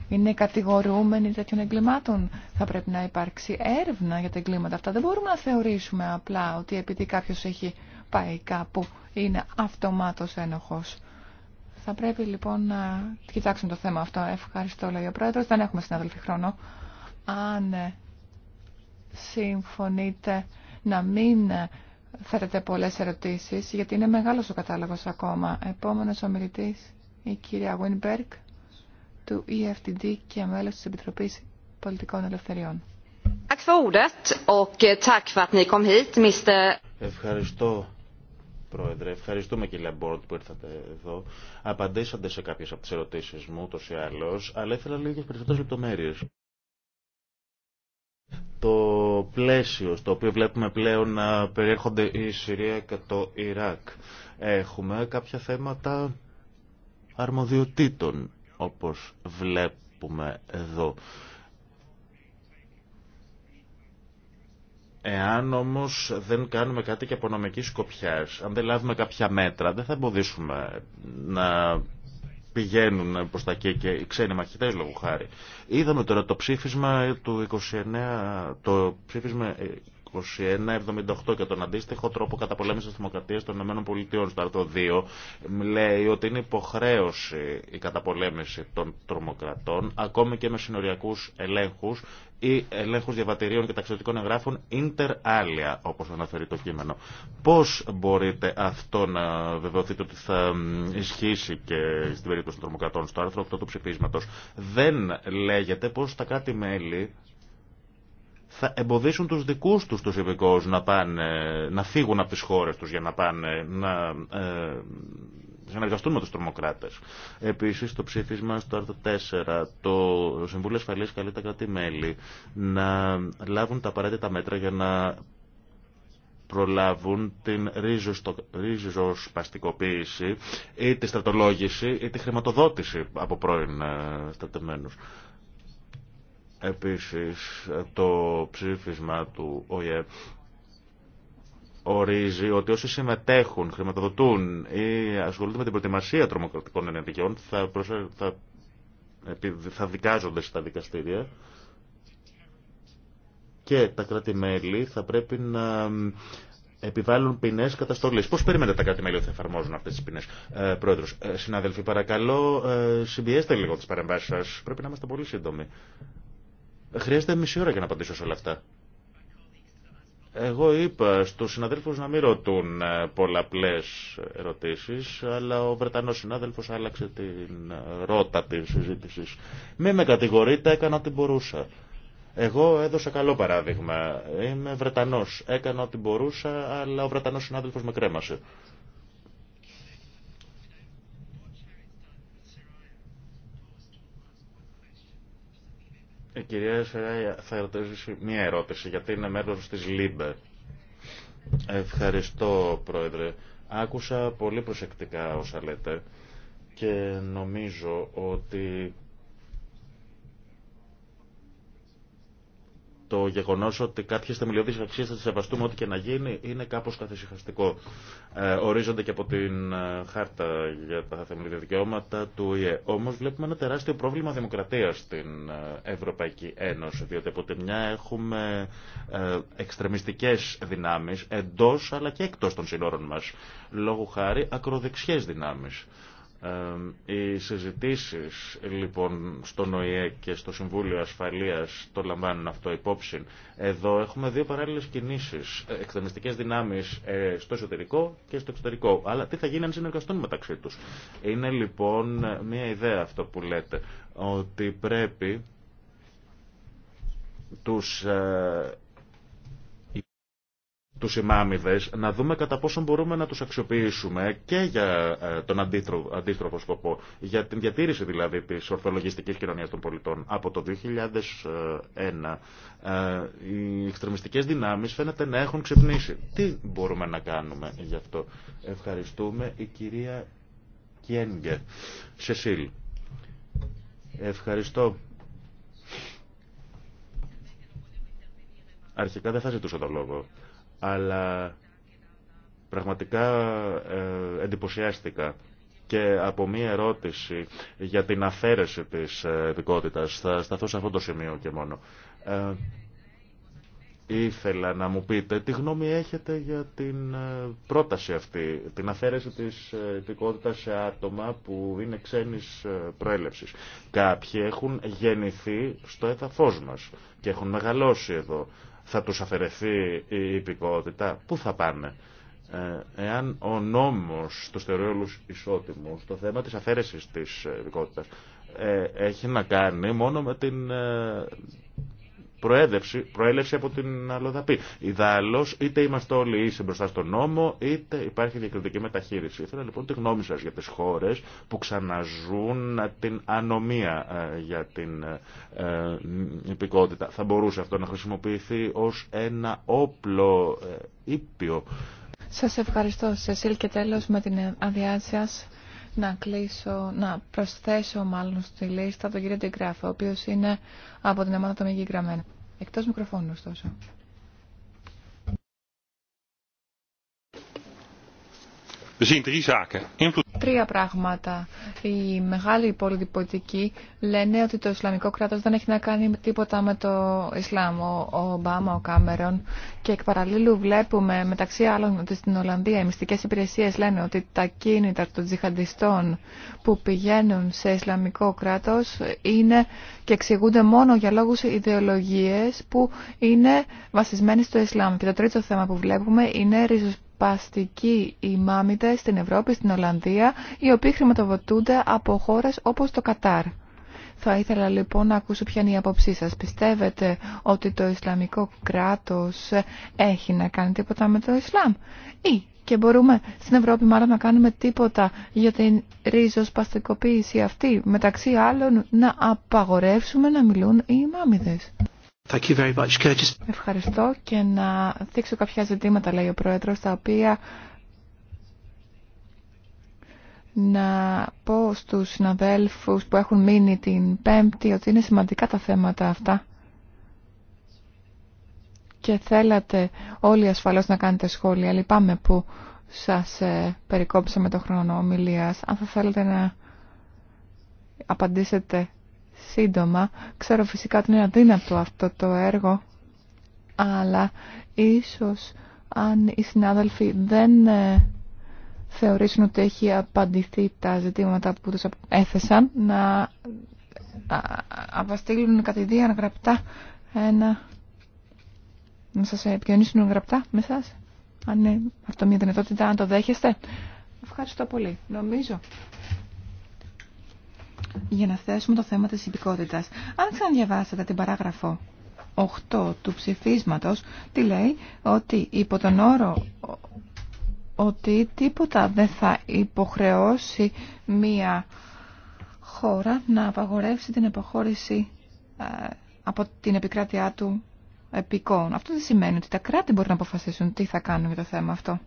είναι κατηγορούμενοι τέτοιων εγκλημάτων. Θα πρέπει να υπάρξει έρευνα για τα εγκλήματα αυτά. Δεν μπορούμε να θεωρήσουμε απλά ότι επειδή κάποιος έχει πάει κάπου είναι αυτομάτως ένοχος. Θα πρέπει λοιπόν να κοιτάξουμε το θέμα αυτό. Ευχαριστώ λέει ο Πρόεδρος. Δεν έχουμε συναδελφή χρόνο. Αν ε, συμφωνείτε να μην ε, θέλετε πολλές ερωτήσεις γιατί είναι μεγάλος ο κατάλογος ακόμα. Επόμενος ομιλητής η κυρία Γουινμπέρκ του EFTD και μέλος της Επιτροπής Πολιτικών Ελευθεριών. Ευχαριστώ, Πρόεδρε. Ευχαριστούμε, κύριε Μπόρτ, που ήρθατε εδώ. Απαντήσατε σε κάποιες από τις ερωτήσεις μου, ούτως ή άλλως, αλλά ήθελα λίγες περισσότερες λεπτομέρειες το πλαίσιο στο οποίο βλέπουμε πλέον να περιέρχονται η Συρία και το Ιράκ. Έχουμε κάποια θέματα αρμοδιοτήτων όπως βλέπουμε εδώ. Εάν όμως δεν κάνουμε κάτι και από νομική σκοπιά, αν δεν λάβουμε κάποια μέτρα, δεν θα εμποδίσουμε να πηγαίνουν προ τα εκεί και οι ξένοι μαχητέ λόγου χάρη. Είδαμε τώρα το ψήφισμα του 29, το ψήφισμα 2178 και τον αντίστοιχο τρόπο καταπολέμησης τη δημοκρατίας των ΗΠΑ στο άρθρο 2 λέει ότι είναι υποχρέωση η καταπολέμηση των τρομοκρατών ακόμη και με συνοριακού ελέγχου ή ελέγχου διαβατηρίων και ταξιδιωτικών εγγράφων inter alia, όπω αναφέρει το κείμενο. Πώ μπορείτε αυτό να βεβαιωθείτε ότι θα ισχύσει και στην περίπτωση των τρομοκρατών στο άρθρο 8 του ψηφίσματο, Δεν λέγεται πώ τα κράτη-μέλη θα εμποδίσουν τους δικούς τους τους υπηκόους να, πάνε, να φύγουν από τις χώρες τους για να πάνε να ε, συνεργαστούν με τους τρομοκράτες. Επίσης το ψήφισμα στο άρθρο 4 το Συμβούλιο Ασφαλείας καλεί τα κράτη-μέλη να λάβουν τα απαραίτητα μέτρα για να προλάβουν την ρίζοσπαστικοποίηση ή τη στρατολόγηση ή τη χρηματοδότηση από πρώην ε, στρατεμένους. Επίσης, το ψήφισμα του ΟΙΕ ορίζει ότι όσοι συμμετέχουν, χρηματοδοτούν ή ασχολούνται με την προετοιμασία τρομοκρατικών ενεργειών θα, δικάζονται στα δικαστήρια και τα κράτη-μέλη θα πρέπει να επιβάλλουν ποινές καταστολής. Πώς περιμένετε τα κράτη-μέλη ότι θα εφαρμόζουν αυτέ τι ποινές, ε, ε, συνάδελφοι, παρακαλώ, ε, συμπιέστε λίγο τι παρεμβάσεις σα. Πρέπει να είμαστε πολύ σύντομοι. Χρειάζεται μισή ώρα για να απαντήσω σε όλα αυτά. Εγώ είπα στους συναδέλφους να μην ρωτούν ε, πολλαπλές ερωτήσεις, αλλά ο Βρετανός συνάδελφος άλλαξε την ε, ρότα της συζήτησης. Μη με κατηγορείτε, έκανα ό,τι μπορούσα. Εγώ έδωσα καλό παράδειγμα. Είμαι Βρετανός. Έκανα ό,τι μπορούσα, αλλά ο Βρετανός συνάδελφος με κρέμασε. Η ε, κυρία Σεράια θα ερωτήσει μία ερώτηση, γιατί είναι μέλος της ΛΥΜΠΕ. Ευχαριστώ, Πρόεδρε. Άκουσα πολύ προσεκτικά όσα λέτε και νομίζω ότι το γεγονό ότι κάποιε θεμελιώδει αξίε θα τι σεβαστούμε ό,τι και να γίνει είναι κάπω καθησυχαστικό. Ε, ορίζονται και από την ε, χάρτα για τα θεμελιώδη δικαιώματα του ΙΕ. Όμω βλέπουμε ένα τεράστιο πρόβλημα δημοκρατία στην ε, Ευρωπαϊκή Ένωση, διότι από τη μια έχουμε εξτρεμιστικέ δυνάμει εντό αλλά και εκτό των συνόρων μα. Λόγου χάρη ακροδεξιέ δυνάμει οι συζητήσεις λοιπόν στον ΟΗΕ και στο Συμβούλιο Ασφαλείας το λαμβάνουν αυτό υπόψη. Εδώ έχουμε δύο παράλληλες κινήσεις, ε, εκτεμιστικές δυνάμεις ε, στο εσωτερικό και στο εξωτερικό. Αλλά τι θα γίνει αν συνεργαστούν μεταξύ τους. Είναι λοιπόν μια ιδέα αυτό που λέτε, ότι πρέπει τους ε, τους ημάμιδε, να δούμε κατά πόσο μπορούμε να του αξιοποιήσουμε και για ε, τον αντίστροφο σκοπό, για την διατήρηση δηλαδή τη ορθολογιστική κοινωνία των πολιτών. Από το 2001 ε, οι εξτρεμιστικέ δυνάμει φαίνεται να έχουν ξυπνήσει. Τι μπορούμε να κάνουμε γι' αυτό. Ευχαριστούμε η κυρία Κιένγκε. Σεσίλ. Ευχαριστώ. Αρχικά δεν θα ζητούσα το λόγο, αλλά πραγματικά ε, εντυπωσιάστηκα και από μία ερώτηση για την αφαίρεση της ε, ειδικότητας. Θα σταθώ σε αυτό το σημείο και μόνο. Ε, ήθελα να μου πείτε τι γνώμη έχετε για την πρόταση αυτή, την αφαίρεση της ειδικότητας σε άτομα που είναι ξένης προέλευσης. Κάποιοι έχουν γεννηθεί στο έδαφος μας και έχουν μεγαλώσει εδώ. Θα τους αφαιρεθεί η υπηκότητα. Πού θα πάνε. Ε, εάν ο νόμος του θεωρεί όλους ισότιμους, το θέμα της αφαίρεσης της υπηκότητας ε, έχει να κάνει μόνο με την ε, προέλευση, προέλευση από την αλλοδαπή. Ιδάλω, είτε είμαστε όλοι ίσοι μπροστά στον νόμο, είτε υπάρχει διακριτική μεταχείριση. Ήθελα λοιπόν τη γνώμη σα για τι χώρε που ξαναζούν την ανομία ε, για την ε, ε, υπηκότητα. Θα μπορούσε αυτό να χρησιμοποιηθεί ω ένα όπλο ήπιο. Σα ευχαριστώ, Σεσίλ, και τέλο με την αδειά σα να κλείσω, να προσθέσω μάλλον στη λίστα τον κύριο Τιγκράφ, ο οποίος είναι από την ομάδα των Εκτός μικροφώνου, ωστόσο. Er Τρία πράγματα. Οι μεγάλοι πολιτικοί λένε ότι το Ισλαμικό κράτος δεν έχει να κάνει τίποτα με το Ισλάμ. Ο Ομπάμα, ο Κάμερον και εκ παραλλήλου βλέπουμε μεταξύ άλλων ότι στην Ολλανδία οι μυστικές υπηρεσίες λένε ότι τα κίνητα των τζιχαντιστών που πηγαίνουν σε Ισλαμικό κράτος είναι και εξηγούνται μόνο για λόγους ιδεολογίες που είναι βασισμένοι στο Ισλάμ. Και το τρίτο θέμα που βλέπουμε είναι ριζοσπαστικές παστικοί οι μάμιδες στην Ευρώπη, στην Ολλανδία, οι οποίοι χρηματοδοτούνται από χώρες όπως το Κατάρ. Θα ήθελα λοιπόν να ακούσω ποια είναι η απόψή σας. Πιστεύετε ότι το Ισλαμικό κράτος έχει να κάνει τίποτα με το Ισλάμ ή και μπορούμε στην Ευρώπη μάλλον να κάνουμε τίποτα για την ριζοσπαστικοποίηση αυτή. Μεταξύ άλλων να απαγορεύσουμε να μιλούν οι μάμιδες. Thank you very much, Ευχαριστώ και να δείξω κάποια ζητήματα, λέει ο Πρόεδρος, τα οποία να πω στου συναδέλφους που έχουν μείνει την Πέμπτη ότι είναι σημαντικά τα θέματα αυτά και θέλατε όλοι ασφαλώς να κάνετε σχόλια. Λυπάμαι που σας ε, περικόψαμε το χρόνο ομιλίας. Αν θα θέλετε να απαντήσετε σύντομα. Ξέρω φυσικά ότι είναι αδύνατο αυτό το έργο, αλλά ίσως αν οι συνάδελφοι δεν ε, θεωρήσουν ότι έχει απαντηθεί τα ζητήματα που τους έθεσαν, να απαστείλουν κατηδίαν γραπτά ένα... Να σας επικοινωνήσουν γραπτά με εσάς, αν είναι αυτό μια δυνατότητα, αν το δέχεστε. Ευχαριστώ πολύ. Νομίζω για να θέσουμε το θέμα της υπηκότητας. Αν ξαναδιαβάσετε την παράγραφο 8 του ψηφίσματος, τι λέει ότι υπό τον όρο ότι τίποτα δεν θα υποχρεώσει μία χώρα να απαγορεύσει την αποχώρηση ε, από την επικράτειά του επικών. Αυτό δεν σημαίνει ότι τα κράτη μπορούν να αποφασίσουν τι θα κάνουν για το θέμα αυτό.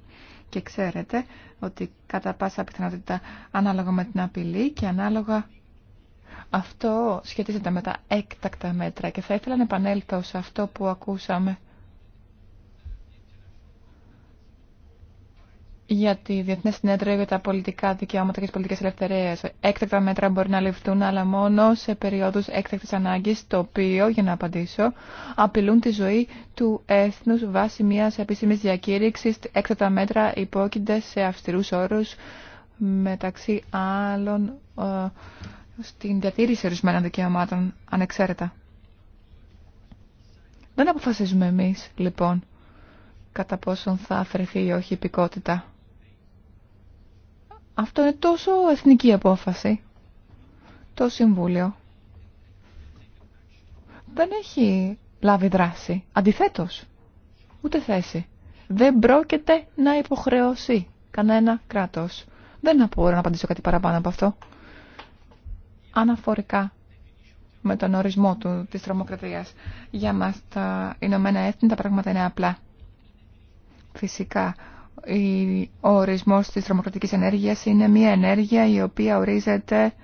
Και ξέρετε ότι κατά πάσα πιθανότητα ανάλογα με την απειλή και ανάλογα αυτό σχετίζεται με τα έκτακτα μέτρα και θα ήθελα να επανέλθω σε αυτό που ακούσαμε για τη Διεθνή Συνέδρια για τα πολιτικά δικαιώματα και τι πολιτικέ ελευθερίε. Έκτακτα μέτρα μπορεί να ληφθούν, αλλά μόνο σε περίοδου έκτακτη ανάγκη, το οποίο, για να απαντήσω, απειλούν τη ζωή του έθνου βάσει μια επίσημη διακήρυξη. Έκτακτα μέτρα υπόκεινται σε αυστηρού όρου, μεταξύ άλλων ε, στην διατήρηση ορισμένων δικαιωμάτων ανεξαίρετα. Δεν αποφασίζουμε εμείς, λοιπόν, κατά πόσον θα αφαιρεθεί ή όχι η υπηκότητα. Αυτό είναι τόσο εθνική απόφαση. Το Συμβούλιο δεν έχει λάβει δράση. Αντιθέτως, ούτε θέση. Δεν πρόκειται να υποχρεώσει κανένα κράτος. Δεν μπορώ να απαντήσω κάτι παραπάνω από αυτό αναφορικά με τον ορισμό του της τρομοκρατίας. Για μας τα Ηνωμένα Έθνη τα πράγματα είναι απλά. Φυσικά, ο ορισμός της τρομοκρατικής ενέργειας είναι μια ενέργεια η οποία ορίζεται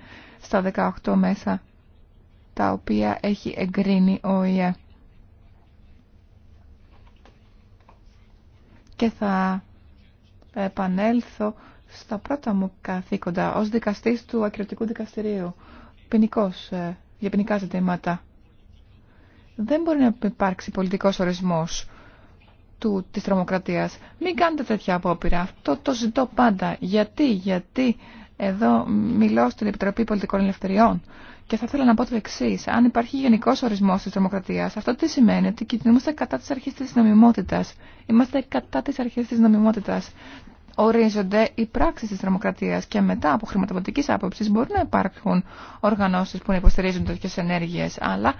στα 18 μέσα, τα οποία έχει εγκρίνει ο ΙΕ. Και θα επανέλθω στα πρώτα μου καθήκοντα ως δικαστής του ακριτικού δικαστηρίου ε, για ποινικά ζητήματα. Δεν μπορεί να υπάρξει πολιτικός ορισμός του, της τρομοκρατίας. Μην κάνετε τέτοια απόπειρα. Αυτό το ζητώ πάντα. Γιατί, γιατί εδώ μιλώ στην Επιτροπή Πολιτικών Ελευθεριών και θα ήθελα να πω το εξή. Αν υπάρχει γενικό ορισμό τη τρομοκρατία, αυτό τι σημαίνει ότι κινούμαστε κατά τη αρχή τη νομιμότητα. Είμαστε κατά τη αρχή τη νομιμότητα ορίζονται οι πράξεις της τρομοκρατίας και μετά από χρηματοδοτικής άποψης μπορεί να υπάρχουν οργανώσεις που να υποστηρίζουν τέτοιες ενέργειες, αλλά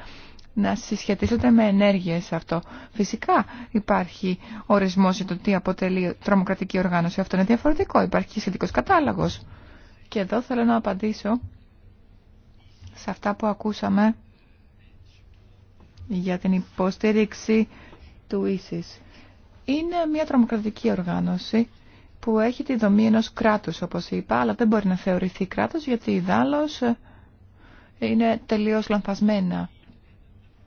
να συσχετίζονται με ενέργειες αυτό. Φυσικά υπάρχει ορισμός για το τι αποτελεί τρομοκρατική οργάνωση. Αυτό είναι διαφορετικό. Υπάρχει σχετικός κατάλογος. Και εδώ θέλω να απαντήσω σε αυτά που ακούσαμε για την υποστήριξη του ίσης. Είναι μια τρομοκρατική οργάνωση που έχει τη δομή ενός κράτους, όπως είπα, αλλά δεν μπορεί να θεωρηθεί κράτος γιατί η δάλος ε, είναι τελείως λανθασμένα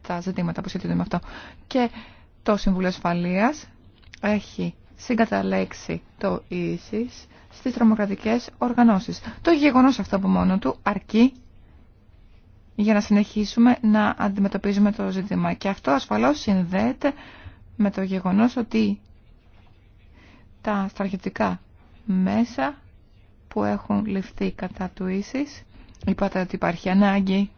τα ζητήματα που σχετίζονται με αυτό. Και το Συμβούλιο Ασφαλείας έχει συγκαταλέξει το ίσης στις τρομοκρατικές οργανώσεις. Το γεγονός αυτό από μόνο του αρκεί για να συνεχίσουμε να αντιμετωπίζουμε το ζήτημα. Και αυτό ασφαλώς συνδέεται με το γεγονός ότι τα στρατιωτικά μέσα που έχουν ληφθεί κατά του ίσης. Είπατε ότι υπάρχει ανάγκη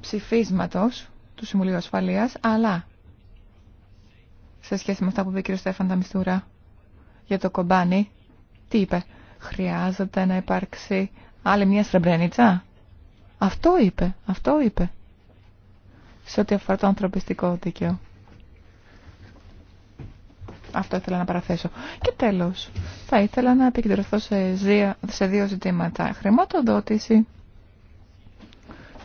ψηφίσματος του Συμβουλίου Ασφαλείας, αλλά σε σχέση με αυτά που είπε ο κ. Στέφαν Ταμιστούρα για το κομπάνι, τι είπε, χρειάζεται να υπάρξει άλλη μια στρεμπρένιτσα. Αυτό είπε, αυτό είπε, σε ό,τι αφορά το ανθρωπιστικό δίκαιο. Αυτό ήθελα να παραθέσω. Και τέλος, θα ήθελα να επικεντρωθώ σε δύο ζητήματα. Χρηματοδότηση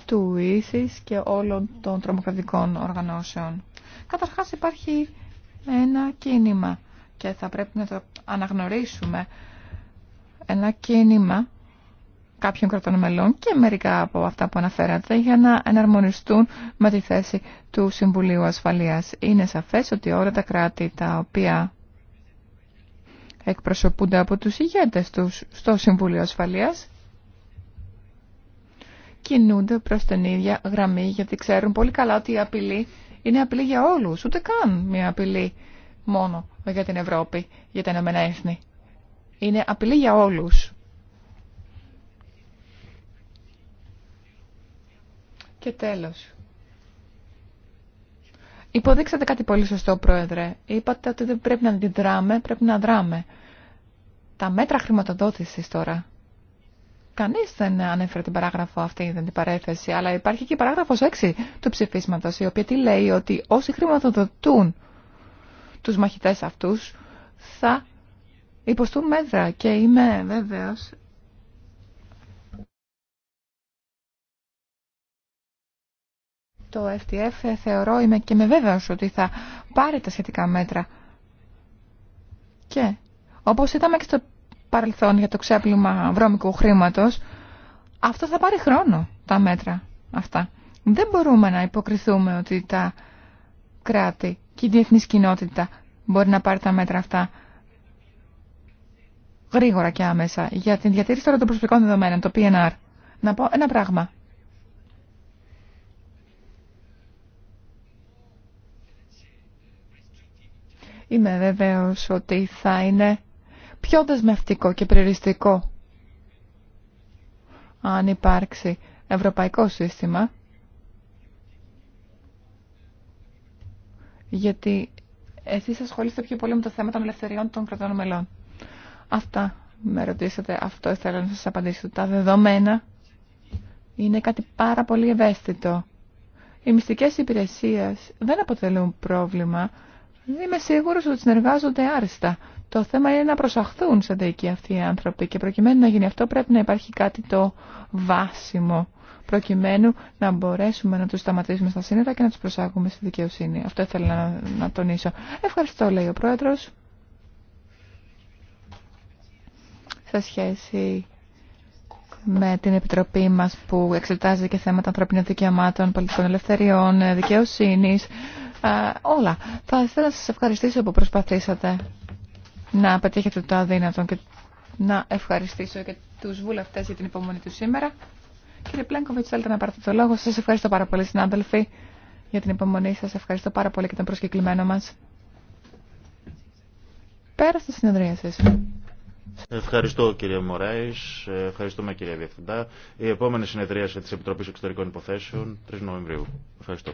του ίσης και όλων των τρομοκρατικών οργανώσεων. Καταρχάς υπάρχει ένα κίνημα και θα πρέπει να το αναγνωρίσουμε. Ένα κίνημα κάποιων κρατών μελών και μερικά από αυτά που αναφέρατε για να εναρμονιστούν με τη θέση του Συμβουλίου Ασφαλείας. Είναι σαφές ότι όλα τα κράτη τα οποία εκπροσωπούνται από τους ηγέτες τους στο Συμβούλιο Ασφαλείας κινούνται προς την ίδια γραμμή γιατί ξέρουν πολύ καλά ότι η απειλή είναι απειλή για όλους, ούτε καν μια απειλή μόνο για την Ευρώπη, για τα Ηνωμένα Είναι απειλή για όλους. Και τέλος. Υποδείξατε κάτι πολύ σωστό, Πρόεδρε. Είπατε ότι δεν πρέπει να αντιδράμε, πρέπει να δράμε. Τα μέτρα χρηματοδότησης τώρα. Κανείς δεν ανέφερε την παράγραφο αυτή, δεν την παρέθεση, αλλά υπάρχει και η παράγραφος 6 του ψηφίσματος, η οποία τι λέει ότι όσοι χρηματοδοτούν τους μαχητές αυτούς θα υποστούν μέτρα και είμαι βέβαιος το FTF ε, θεωρώ είμαι και με βέβαιος ότι θα πάρει τα σχετικά μέτρα. Και όπως είδαμε και στο παρελθόν για το ξέπλυμα βρώμικου χρήματος, αυτό θα πάρει χρόνο τα μέτρα αυτά. Δεν μπορούμε να υποκριθούμε ότι τα κράτη και η διεθνή κοινότητα μπορεί να πάρει τα μέτρα αυτά γρήγορα και άμεσα για την διατήρηση τώρα των προσωπικών δεδομένων, το PNR. Να πω ένα πράγμα. Είμαι βέβαιος ότι θα είναι πιο δεσμευτικό και περιοριστικό αν υπάρξει ευρωπαϊκό σύστημα γιατί εσείς ασχολείστε πιο πολύ με το θέμα των ελευθεριών των κρατών μελών. Αυτά με ρωτήσατε, αυτό ήθελα να σας απαντήσω. Τα δεδομένα είναι κάτι πάρα πολύ ευαίσθητο. Οι μυστικές υπηρεσίες δεν αποτελούν πρόβλημα Είμαι σίγουρο ότι συνεργάζονται άριστα. Το θέμα είναι να προσαχθούν σε δίκη αυτοί οι άνθρωποι και προκειμένου να γίνει αυτό πρέπει να υπάρχει κάτι το βάσιμο προκειμένου να μπορέσουμε να τους σταματήσουμε στα σύνορα και να τους προσάγουμε στη δικαιοσύνη. Αυτό ήθελα να, να τονίσω. Ευχαριστώ, λέει ο Πρόεδρος. Σε σχέση με την Επιτροπή μας που εξετάζει και θέματα ανθρωπίνων δικαιωμάτων, πολιτικών ελευθεριών, δικαιοσύνης, ε, όλα. Θα ήθελα να σας ευχαριστήσω που προσπαθήσατε να πετύχετε το αδύνατο και να ευχαριστήσω και τους βουλευτές για την υπομονή του σήμερα. Κύριε Πλένκοβιτς, θέλετε να πάρετε το λόγο. Σας ευχαριστώ πάρα πολύ, συνάδελφοι, για την υπομονή σας. Ευχαριστώ πάρα πολύ και τον προσκεκλημένο μας. Πέρα στη συνεδρία σας. Ευχαριστώ κύριε Μωράη, ευχαριστούμε κύριε Διευθυντά. Η επόμενη συνεδρίαση τη Επιτροπή Εξωτερικών Υποθέσεων 3 Νοεμβρίου. Ευχαριστώ.